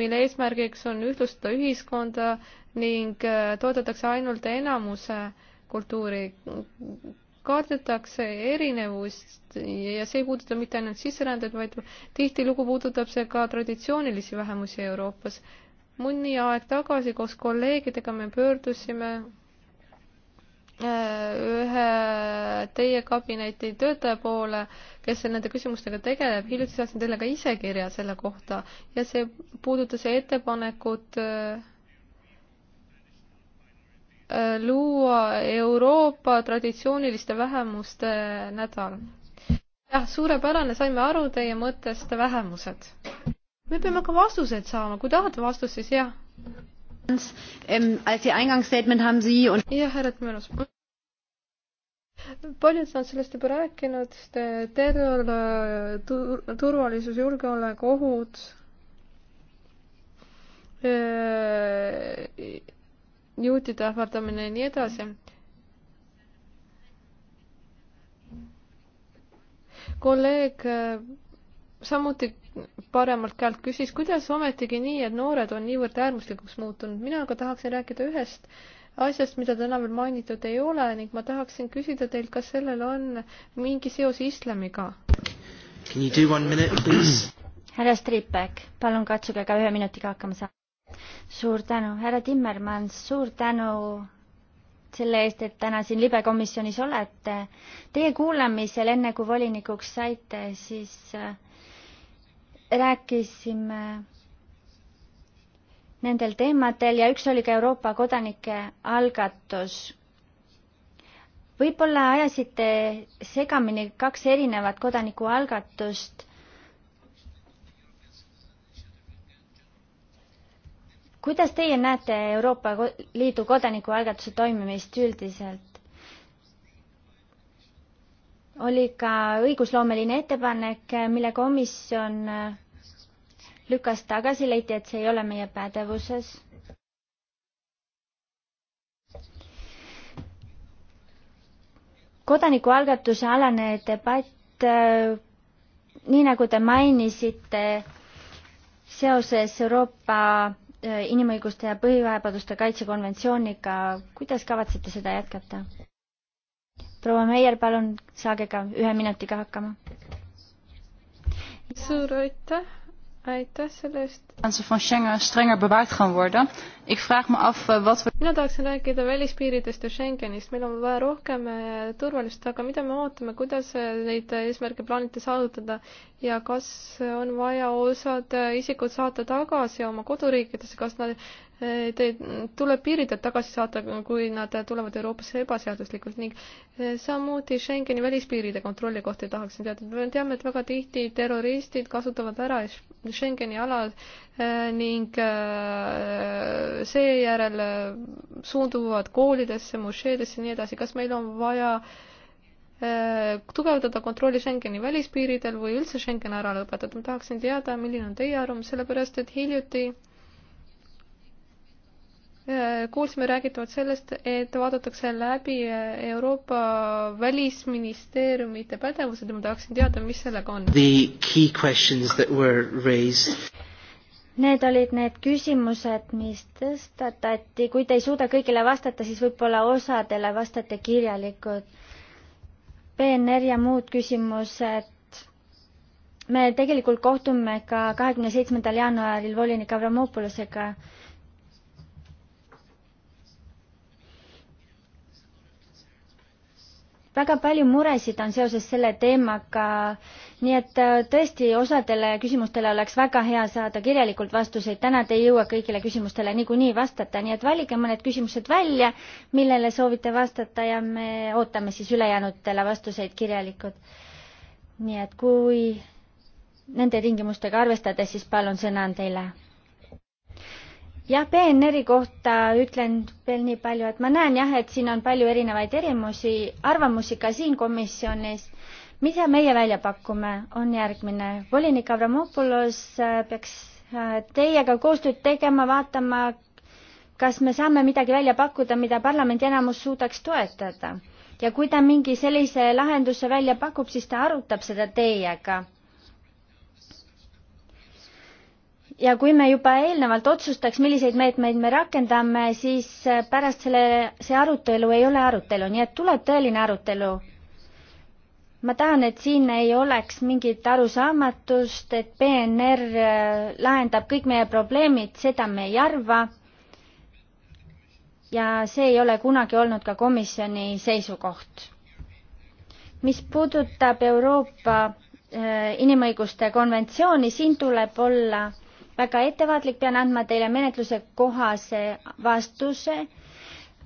mille eesmärgiks on ühtlustada ühiskonda, ning äh, toodetakse ainult enamuse kultuuri, kardetakse erinevust ja see ei puuduta mitte ainult sisserändajaid, vaid tihtilugu puudutab see ka traditsioonilisi vähemusi Euroopas. mõni aeg tagasi koos kolleegidega me pöördusime äh, ühe teie kabineti töötaja poole, kes nende küsimustega tegeleb, hiljuti saatsin teile ka ise kirja selle kohta ja see puudutas ettepanekut äh, luua Euroopa traditsiooniliste vähemuste nädal. jah, suurepärane, saime aru teie mõttest, vähemused. me peame ka vastuseid saama, kui tahate vastust, siis jah. Ähm, jah, härra Tmõnus paljud on sellest juba rääkinud, terror, turvalisus, julgeolek, ohud äh, juutide ähvardamine ja nii edasi. kolleeg äh, samuti paremalt käelt küsis, kuidas ometigi nii, et noored on niivõrd äärmuslikuks muutunud. mina aga tahaksin rääkida ühest asjast, mida täna veel mainitud ei ole ning ma tahaksin küsida teilt, kas sellel on mingi seos islamiga? härra Stripek, palun katsuge ka ühe minutiga hakkama saada suur tänu, härra Timmermans, suur tänu selle eest, et täna siin libekomisjonis olete. Teie kuulamisel, enne kui volinikuks saite, siis äh, rääkisime nendel teemadel ja üks oli ka Euroopa kodanike algatus. võib-olla ajasite segamini kaks erinevat kodanikualgatust kuidas teie näete Euroopa Liidu kodanikualgatuse toimimist üldiselt? oli ka õigusloomeline ettepanek, mille komisjon äh, lükkas tagasi, leiti, et see ei ole meie pädevuses kodanikualgatuse alane debatt, äh, nii nagu te mainisite, seoses Euroopa Äh, inimõiguste ja põhivabaduste kaitsekonventsiooniga, kuidas kavatsete seda jätkata? proua Meier, palun saage ka ühe minutiga hakkama. suur aitäh aitäh selle eest. Eh, mina tahaksin rääkida välispiiridest ja Schengenist, meil on vaja rohkem eh, turvalist, aga mida me ootame, kuidas eh, neid eesmärke plaanite saavutada ja kas on vaja osad isikud saata tagasi oma koduriikidesse, kas nad Äh, Teid tuleb piiridelt tagasi saata, kui nad tulevad Euroopasse ebaseaduslikult ning äh, samuti Schengeni välispiiride kontrolli kohta tahaksin teada. me teame, et väga tihti terroristid kasutavad ära Schengeni ala äh, ning seejärel suunduvad koolidesse, mošeedesse ja nii edasi. kas meil on vaja tugevdada kontrolli Schengeni välispiiridel või üldse Schengen ära lõpetada, ma tahaksin teada, milline on teie arvamus, sellepärast et hiljuti äh, Äh, kuulsime räägitavat sellest, et vaadatakse läbi äh, Euroopa välisministeeriumite pädevused ja ma tahaksin teada, mis sellega on. Need olid need küsimused, mis tõstatati, kui te ei suuda kõigile vastata, siis võib-olla osadele vastate kirjalikult. PNR ja muud küsimused, me tegelikult kohtume ka kahekümne seitsmendal jaanuaril volinik Avramopoulosega väga palju muresid on seoses selle teemaga, nii et äh, tõesti osadele küsimustele oleks väga hea saada kirjalikult vastuseid, täna te ei jõua kõigile küsimustele niikuinii vastata, nii et valige mõned küsimused välja, millele soovite vastata ja me ootame siis ülejäänutele vastuseid kirjalikult. nii et kui nende tingimustega arvestades, siis palun, sõna on teile jah, PNR-i kohta ütlen veel nii palju, et ma näen jah, et siin on palju erinevaid erimusi, arvamusi ka siin komisjonis. mida meie välja pakume, on järgmine. volinik Avramopoulos äh, peaks äh, teiega koostööd tegema, vaatama, kas me saame midagi välja pakkuda, mida parlamendi enamus suudaks toetada. ja kui ta mingi sellise lahenduse välja pakub, siis ta arutab seda teiega ja kui me juba eelnevalt otsustaks, milliseid meetmeid me rakendame, siis äh, pärast selle, see arutelu ei ole arutelu, nii et tuleb tõeline arutelu. ma tahan, et siin ei oleks mingit arusaamatust, et PNR äh, lahendab kõik meie probleemid, seda me ei arva. ja see ei ole kunagi olnud ka komisjoni seisukoht. mis puudutab Euroopa äh, inimõiguste konventsiooni, siin tuleb olla väga ettevaatlik, pean andma teile menetluse kohase vastuse.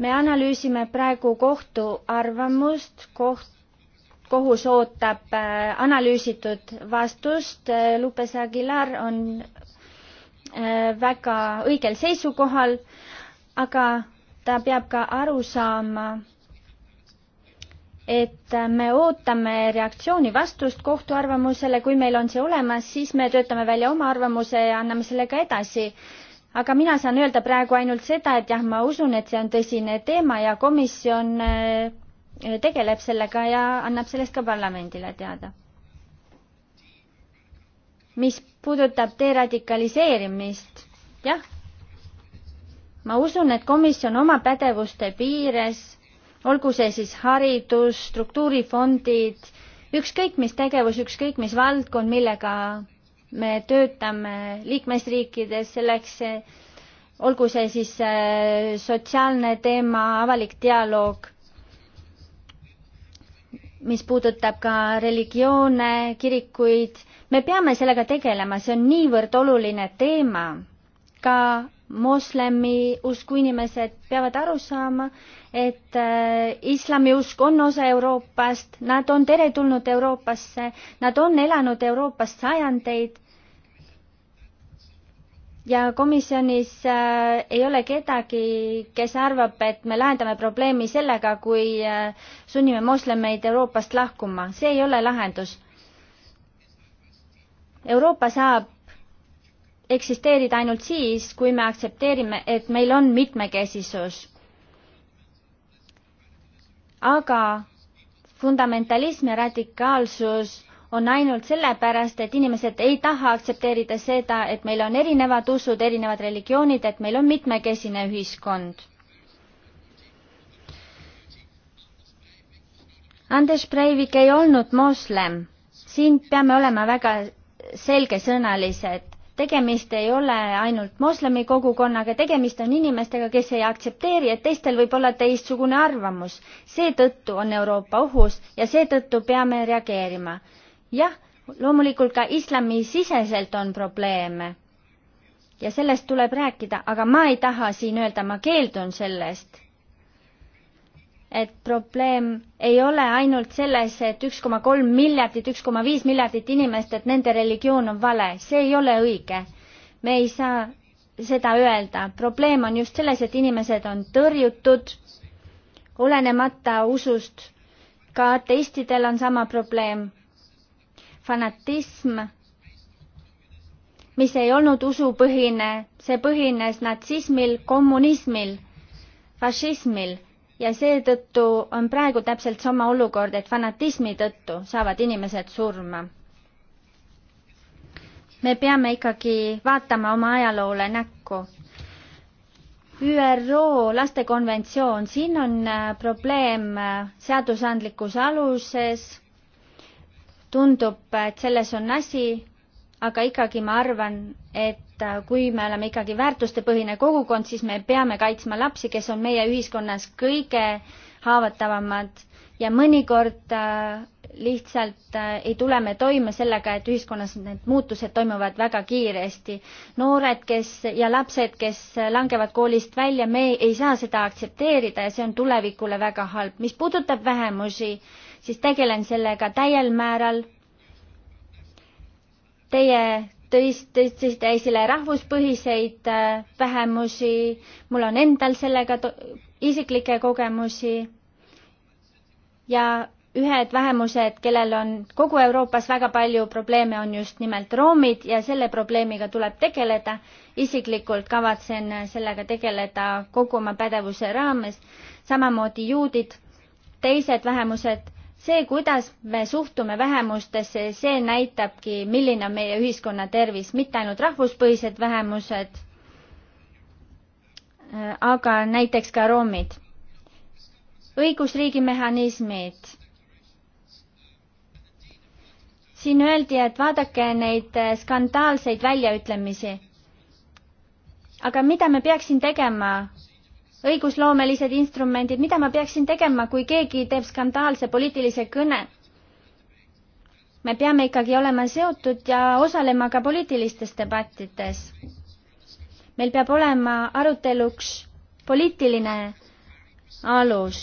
me analüüsime praegu kohtu arvamust, koht, kohus ootab äh, analüüsitud vastust, äh, Lupes Aguilar on äh, väga õigel seisukohal, aga ta peab ka aru saama, et me ootame reaktsiooni, vastust kohtuarvamusele, kui meil on see olemas, siis me töötame välja oma arvamuse ja anname selle ka edasi. aga mina saan öelda praegu ainult seda, et jah, ma usun, et see on tõsine teema ja komisjon äh, tegeleb sellega ja annab sellest ka parlamendile teada. mis puudutab deradikaliseerimist, jah, ma usun, et komisjon oma pädevuste piires olgu see siis haridus, struktuurifondid, ükskõik mis tegevus, ükskõik mis valdkond, millega me töötame liikmesriikides selleks, olgu see siis äh, sotsiaalne teema, avalik dialoog, mis puudutab ka religioone, kirikuid, me peame sellega tegelema, see on niivõrd oluline teema ka moslemi usku inimesed peavad aru saama, et äh, islami usk on osa Euroopast, nad on teretulnud Euroopasse, nad on elanud Euroopas sajandeid. ja komisjonis äh, ei ole kedagi, kes arvab, et me lahendame probleemi sellega, kui äh, sunnime moslemeid Euroopast lahkuma, see ei ole lahendus. Euroopa saab eksisteerida ainult siis, kui me aktsepteerime, et meil on mitmekesisus. aga fundamentalism ja radikaalsus on ainult sellepärast, et inimesed ei taha aktsepteerida seda, et meil on erinevad usud, erinevad religioonid, et meil on mitmekesine ühiskond. Andres Breivik ei olnud moslem, siin peame olema väga selgesõnalised tegemist ei ole ainult moslemi kogukonnaga, tegemist on inimestega, kes ei aktsepteeri, et teistel võib olla teistsugune arvamus. seetõttu on Euroopa ohus ja seetõttu peame reageerima. jah, loomulikult ka islamisiseselt on probleeme ja sellest tuleb rääkida, aga ma ei taha siin öelda, ma keeldun sellest et probleem ei ole ainult selles, et üks koma kolm miljardit, üks koma viis miljardit inimest, et nende religioon on vale, see ei ole õige. me ei saa seda öelda, probleem on just selles, et inimesed on tõrjutud, olenemata usust. ka ateistidel on sama probleem. fanatism, mis ei olnud usupõhine, see põhines natsismil, kommunismil, fašismil ja seetõttu on praegu täpselt sama olukord, et fanatismi tõttu saavad inimesed surma. me peame ikkagi vaatama oma ajaloole näkku. ÜRO lastekonventsioon, siin on äh, probleem äh, seadusandlikus aluses. tundub, et selles on asi aga ikkagi ma arvan, et äh, kui me oleme ikkagi väärtustepõhine kogukond, siis me peame kaitsma lapsi, kes on meie ühiskonnas kõige haavatavamad ja mõnikord äh, lihtsalt äh, ei tule me toime sellega, et ühiskonnas need muutused toimuvad väga kiiresti. noored, kes ja lapsed, kes langevad koolist välja, me ei saa seda aktsepteerida ja see on tulevikule väga halb. mis puudutab vähemusi, siis tegelen sellega täiel määral Teie tõist-, tõstsite esile rahvuspõhiseid äh, vähemusi, mul on endal sellega isiklikke kogemusi ja ühed vähemused, kellel on kogu Euroopas väga palju probleeme, on just nimelt roomid ja selle probleemiga tuleb tegeleda. isiklikult kavatsen sellega tegeleda kogu oma pädevuse raames, samamoodi juudid, teised vähemused see, kuidas me suhtume vähemustesse, see näitabki, milline on meie ühiskonna tervis, mitte ainult rahvuspõhised vähemused, äh, aga näiteks ka roomid. õigusriigi mehhanismid. siin öeldi, et vaadake neid äh, skandaalseid väljaütlemisi. aga mida me peaksin tegema, õigusloomelised instrumendid, mida ma peaksin tegema, kui keegi teeb skandaalse poliitilise kõne? me peame ikkagi olema seotud ja osalema ka poliitilistes debattides. meil peab olema aruteluks poliitiline alus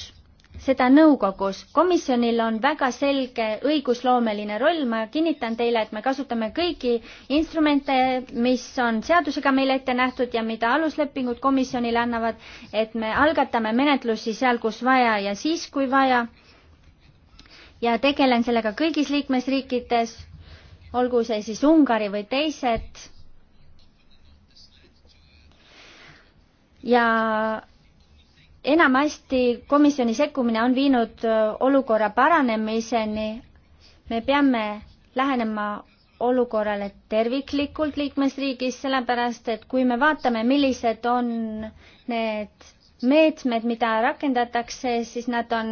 seda nõukogus. komisjonil on väga selge õigusloomeline roll, ma kinnitan teile, et me kasutame kõiki instrumente, mis on seadusega meile ette nähtud ja mida aluslepingud komisjonile annavad, et me algatame menetlusi seal, kus vaja ja siis, kui vaja. ja tegelen sellega kõigis liikmesriikides, olgu see siis Ungari või teised. ja enamasti komisjoni sekkumine on viinud olukorra paranemiseni. me peame lähenema olukorrale terviklikult liikmesriigis, sellepärast et kui me vaatame, millised on need meetmed, mida rakendatakse, siis nad on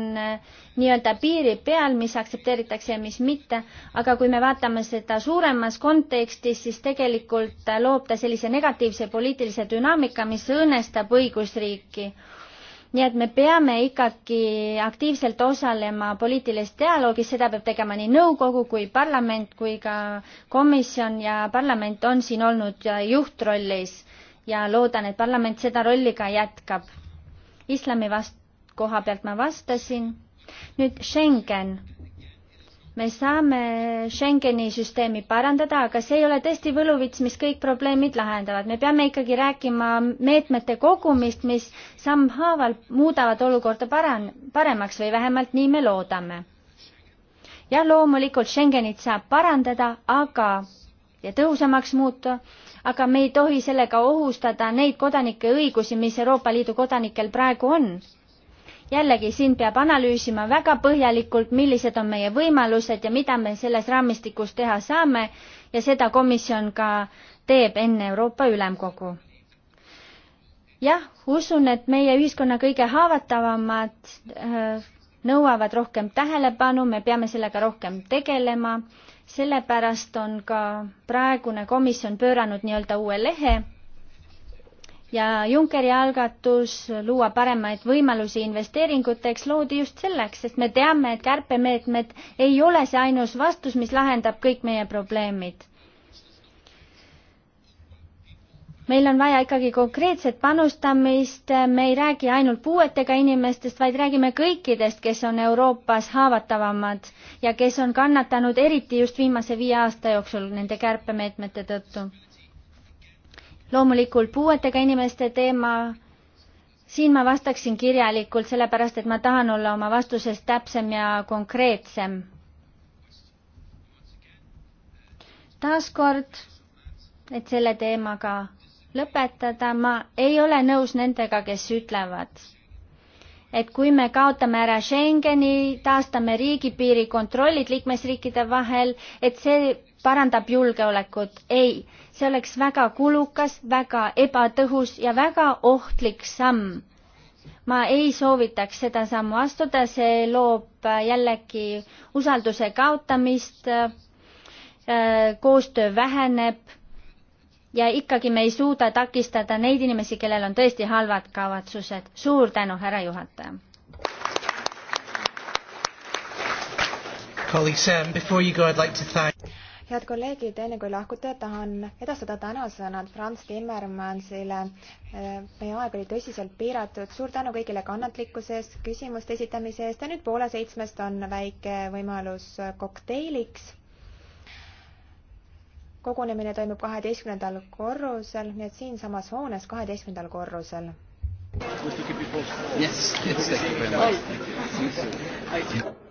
nii-öelda piiri peal, mis aktsepteeritakse ja mis mitte, aga kui me vaatame seda suuremas kontekstis, siis tegelikult äh, loob ta sellise negatiivse poliitilise dünaamika, mis õõnestab õigusriiki nii et me peame ikkagi aktiivselt osalema poliitilises dialoogis, seda peab tegema nii nõukogu kui parlament kui ka komisjon ja parlament on siin olnud juhtrollis ja loodan, et parlament seda rolli ka jätkab. islami vast-, koha pealt ma vastasin. nüüd Schengen me saame Schengeni süsteemi parandada, aga see ei ole tõesti võluvits, mis kõik probleemid lahendavad. me peame ikkagi rääkima meetmete kogumist, mis sammhaaval muudavad olukorda paran-, paremaks või vähemalt nii me loodame. jah, loomulikult Schengenit saab parandada, aga ja tõhusamaks muuta, aga me ei tohi sellega ohustada neid kodanike õigusi, mis Euroopa Liidu kodanikel praegu on jällegi, siin peab analüüsima väga põhjalikult, millised on meie võimalused ja mida me selles raamistikus teha saame ja seda komisjon ka teeb enne Euroopa Ülemkogu. jah, usun, et meie ühiskonna kõige haavatavamad äh, nõuavad rohkem tähelepanu, me peame sellega rohkem tegelema, sellepärast on ka praegune komisjon pööranud nii-öelda uue lehe ja Junckeri algatus luua paremaid võimalusi investeeringuteks loodi just selleks, sest me teame, et kärpemeetmed ei ole see ainus vastus, mis lahendab kõik meie probleemid. meil on vaja ikkagi konkreetset panustamist, me ei räägi ainult puuetega inimestest, vaid räägime kõikidest, kes on Euroopas haavatavamad ja kes on kannatanud eriti just viimase viie aasta jooksul nende kärpemeetmete tõttu loomulikult puuetega inimeste teema, siin ma vastaksin kirjalikult, sellepärast et ma tahan olla oma vastuses täpsem ja konkreetsem. taaskord, et selle teemaga lõpetada, ma ei ole nõus nendega, kes ütlevad, et kui me kaotame ära Schengeni, taastame riigipiiri kontrollid liikmesriikide vahel, et see parandab julgeolekut. ei see oleks väga kulukas, väga ebatõhus ja väga ohtlik samm. ma ei soovitaks seda sammu astuda, see loob jällegi usalduse kaotamist, äh, koostöö väheneb ja ikkagi me ei suuda takistada neid inimesi, kellel on tõesti halvad kavatsused. suur tänu, härra juhataja. Colleague Sam, um, before you go, I'd like to thank head kolleegid, enne kui lahkute, tahan edastada tänusõnad Franz Timmermansile. meie aeg oli tõsiselt piiratud, suur tänu kõigile kannatlikkuse eest, küsimuste esitamise eest ja nüüd poole seitsmest on väike võimalus kokteiliks. kogunemine toimub kaheteistkümnendal korrusel, nii et siinsamas hoones, kaheteistkümnendal korrusel. Yes, yes, thank you very much.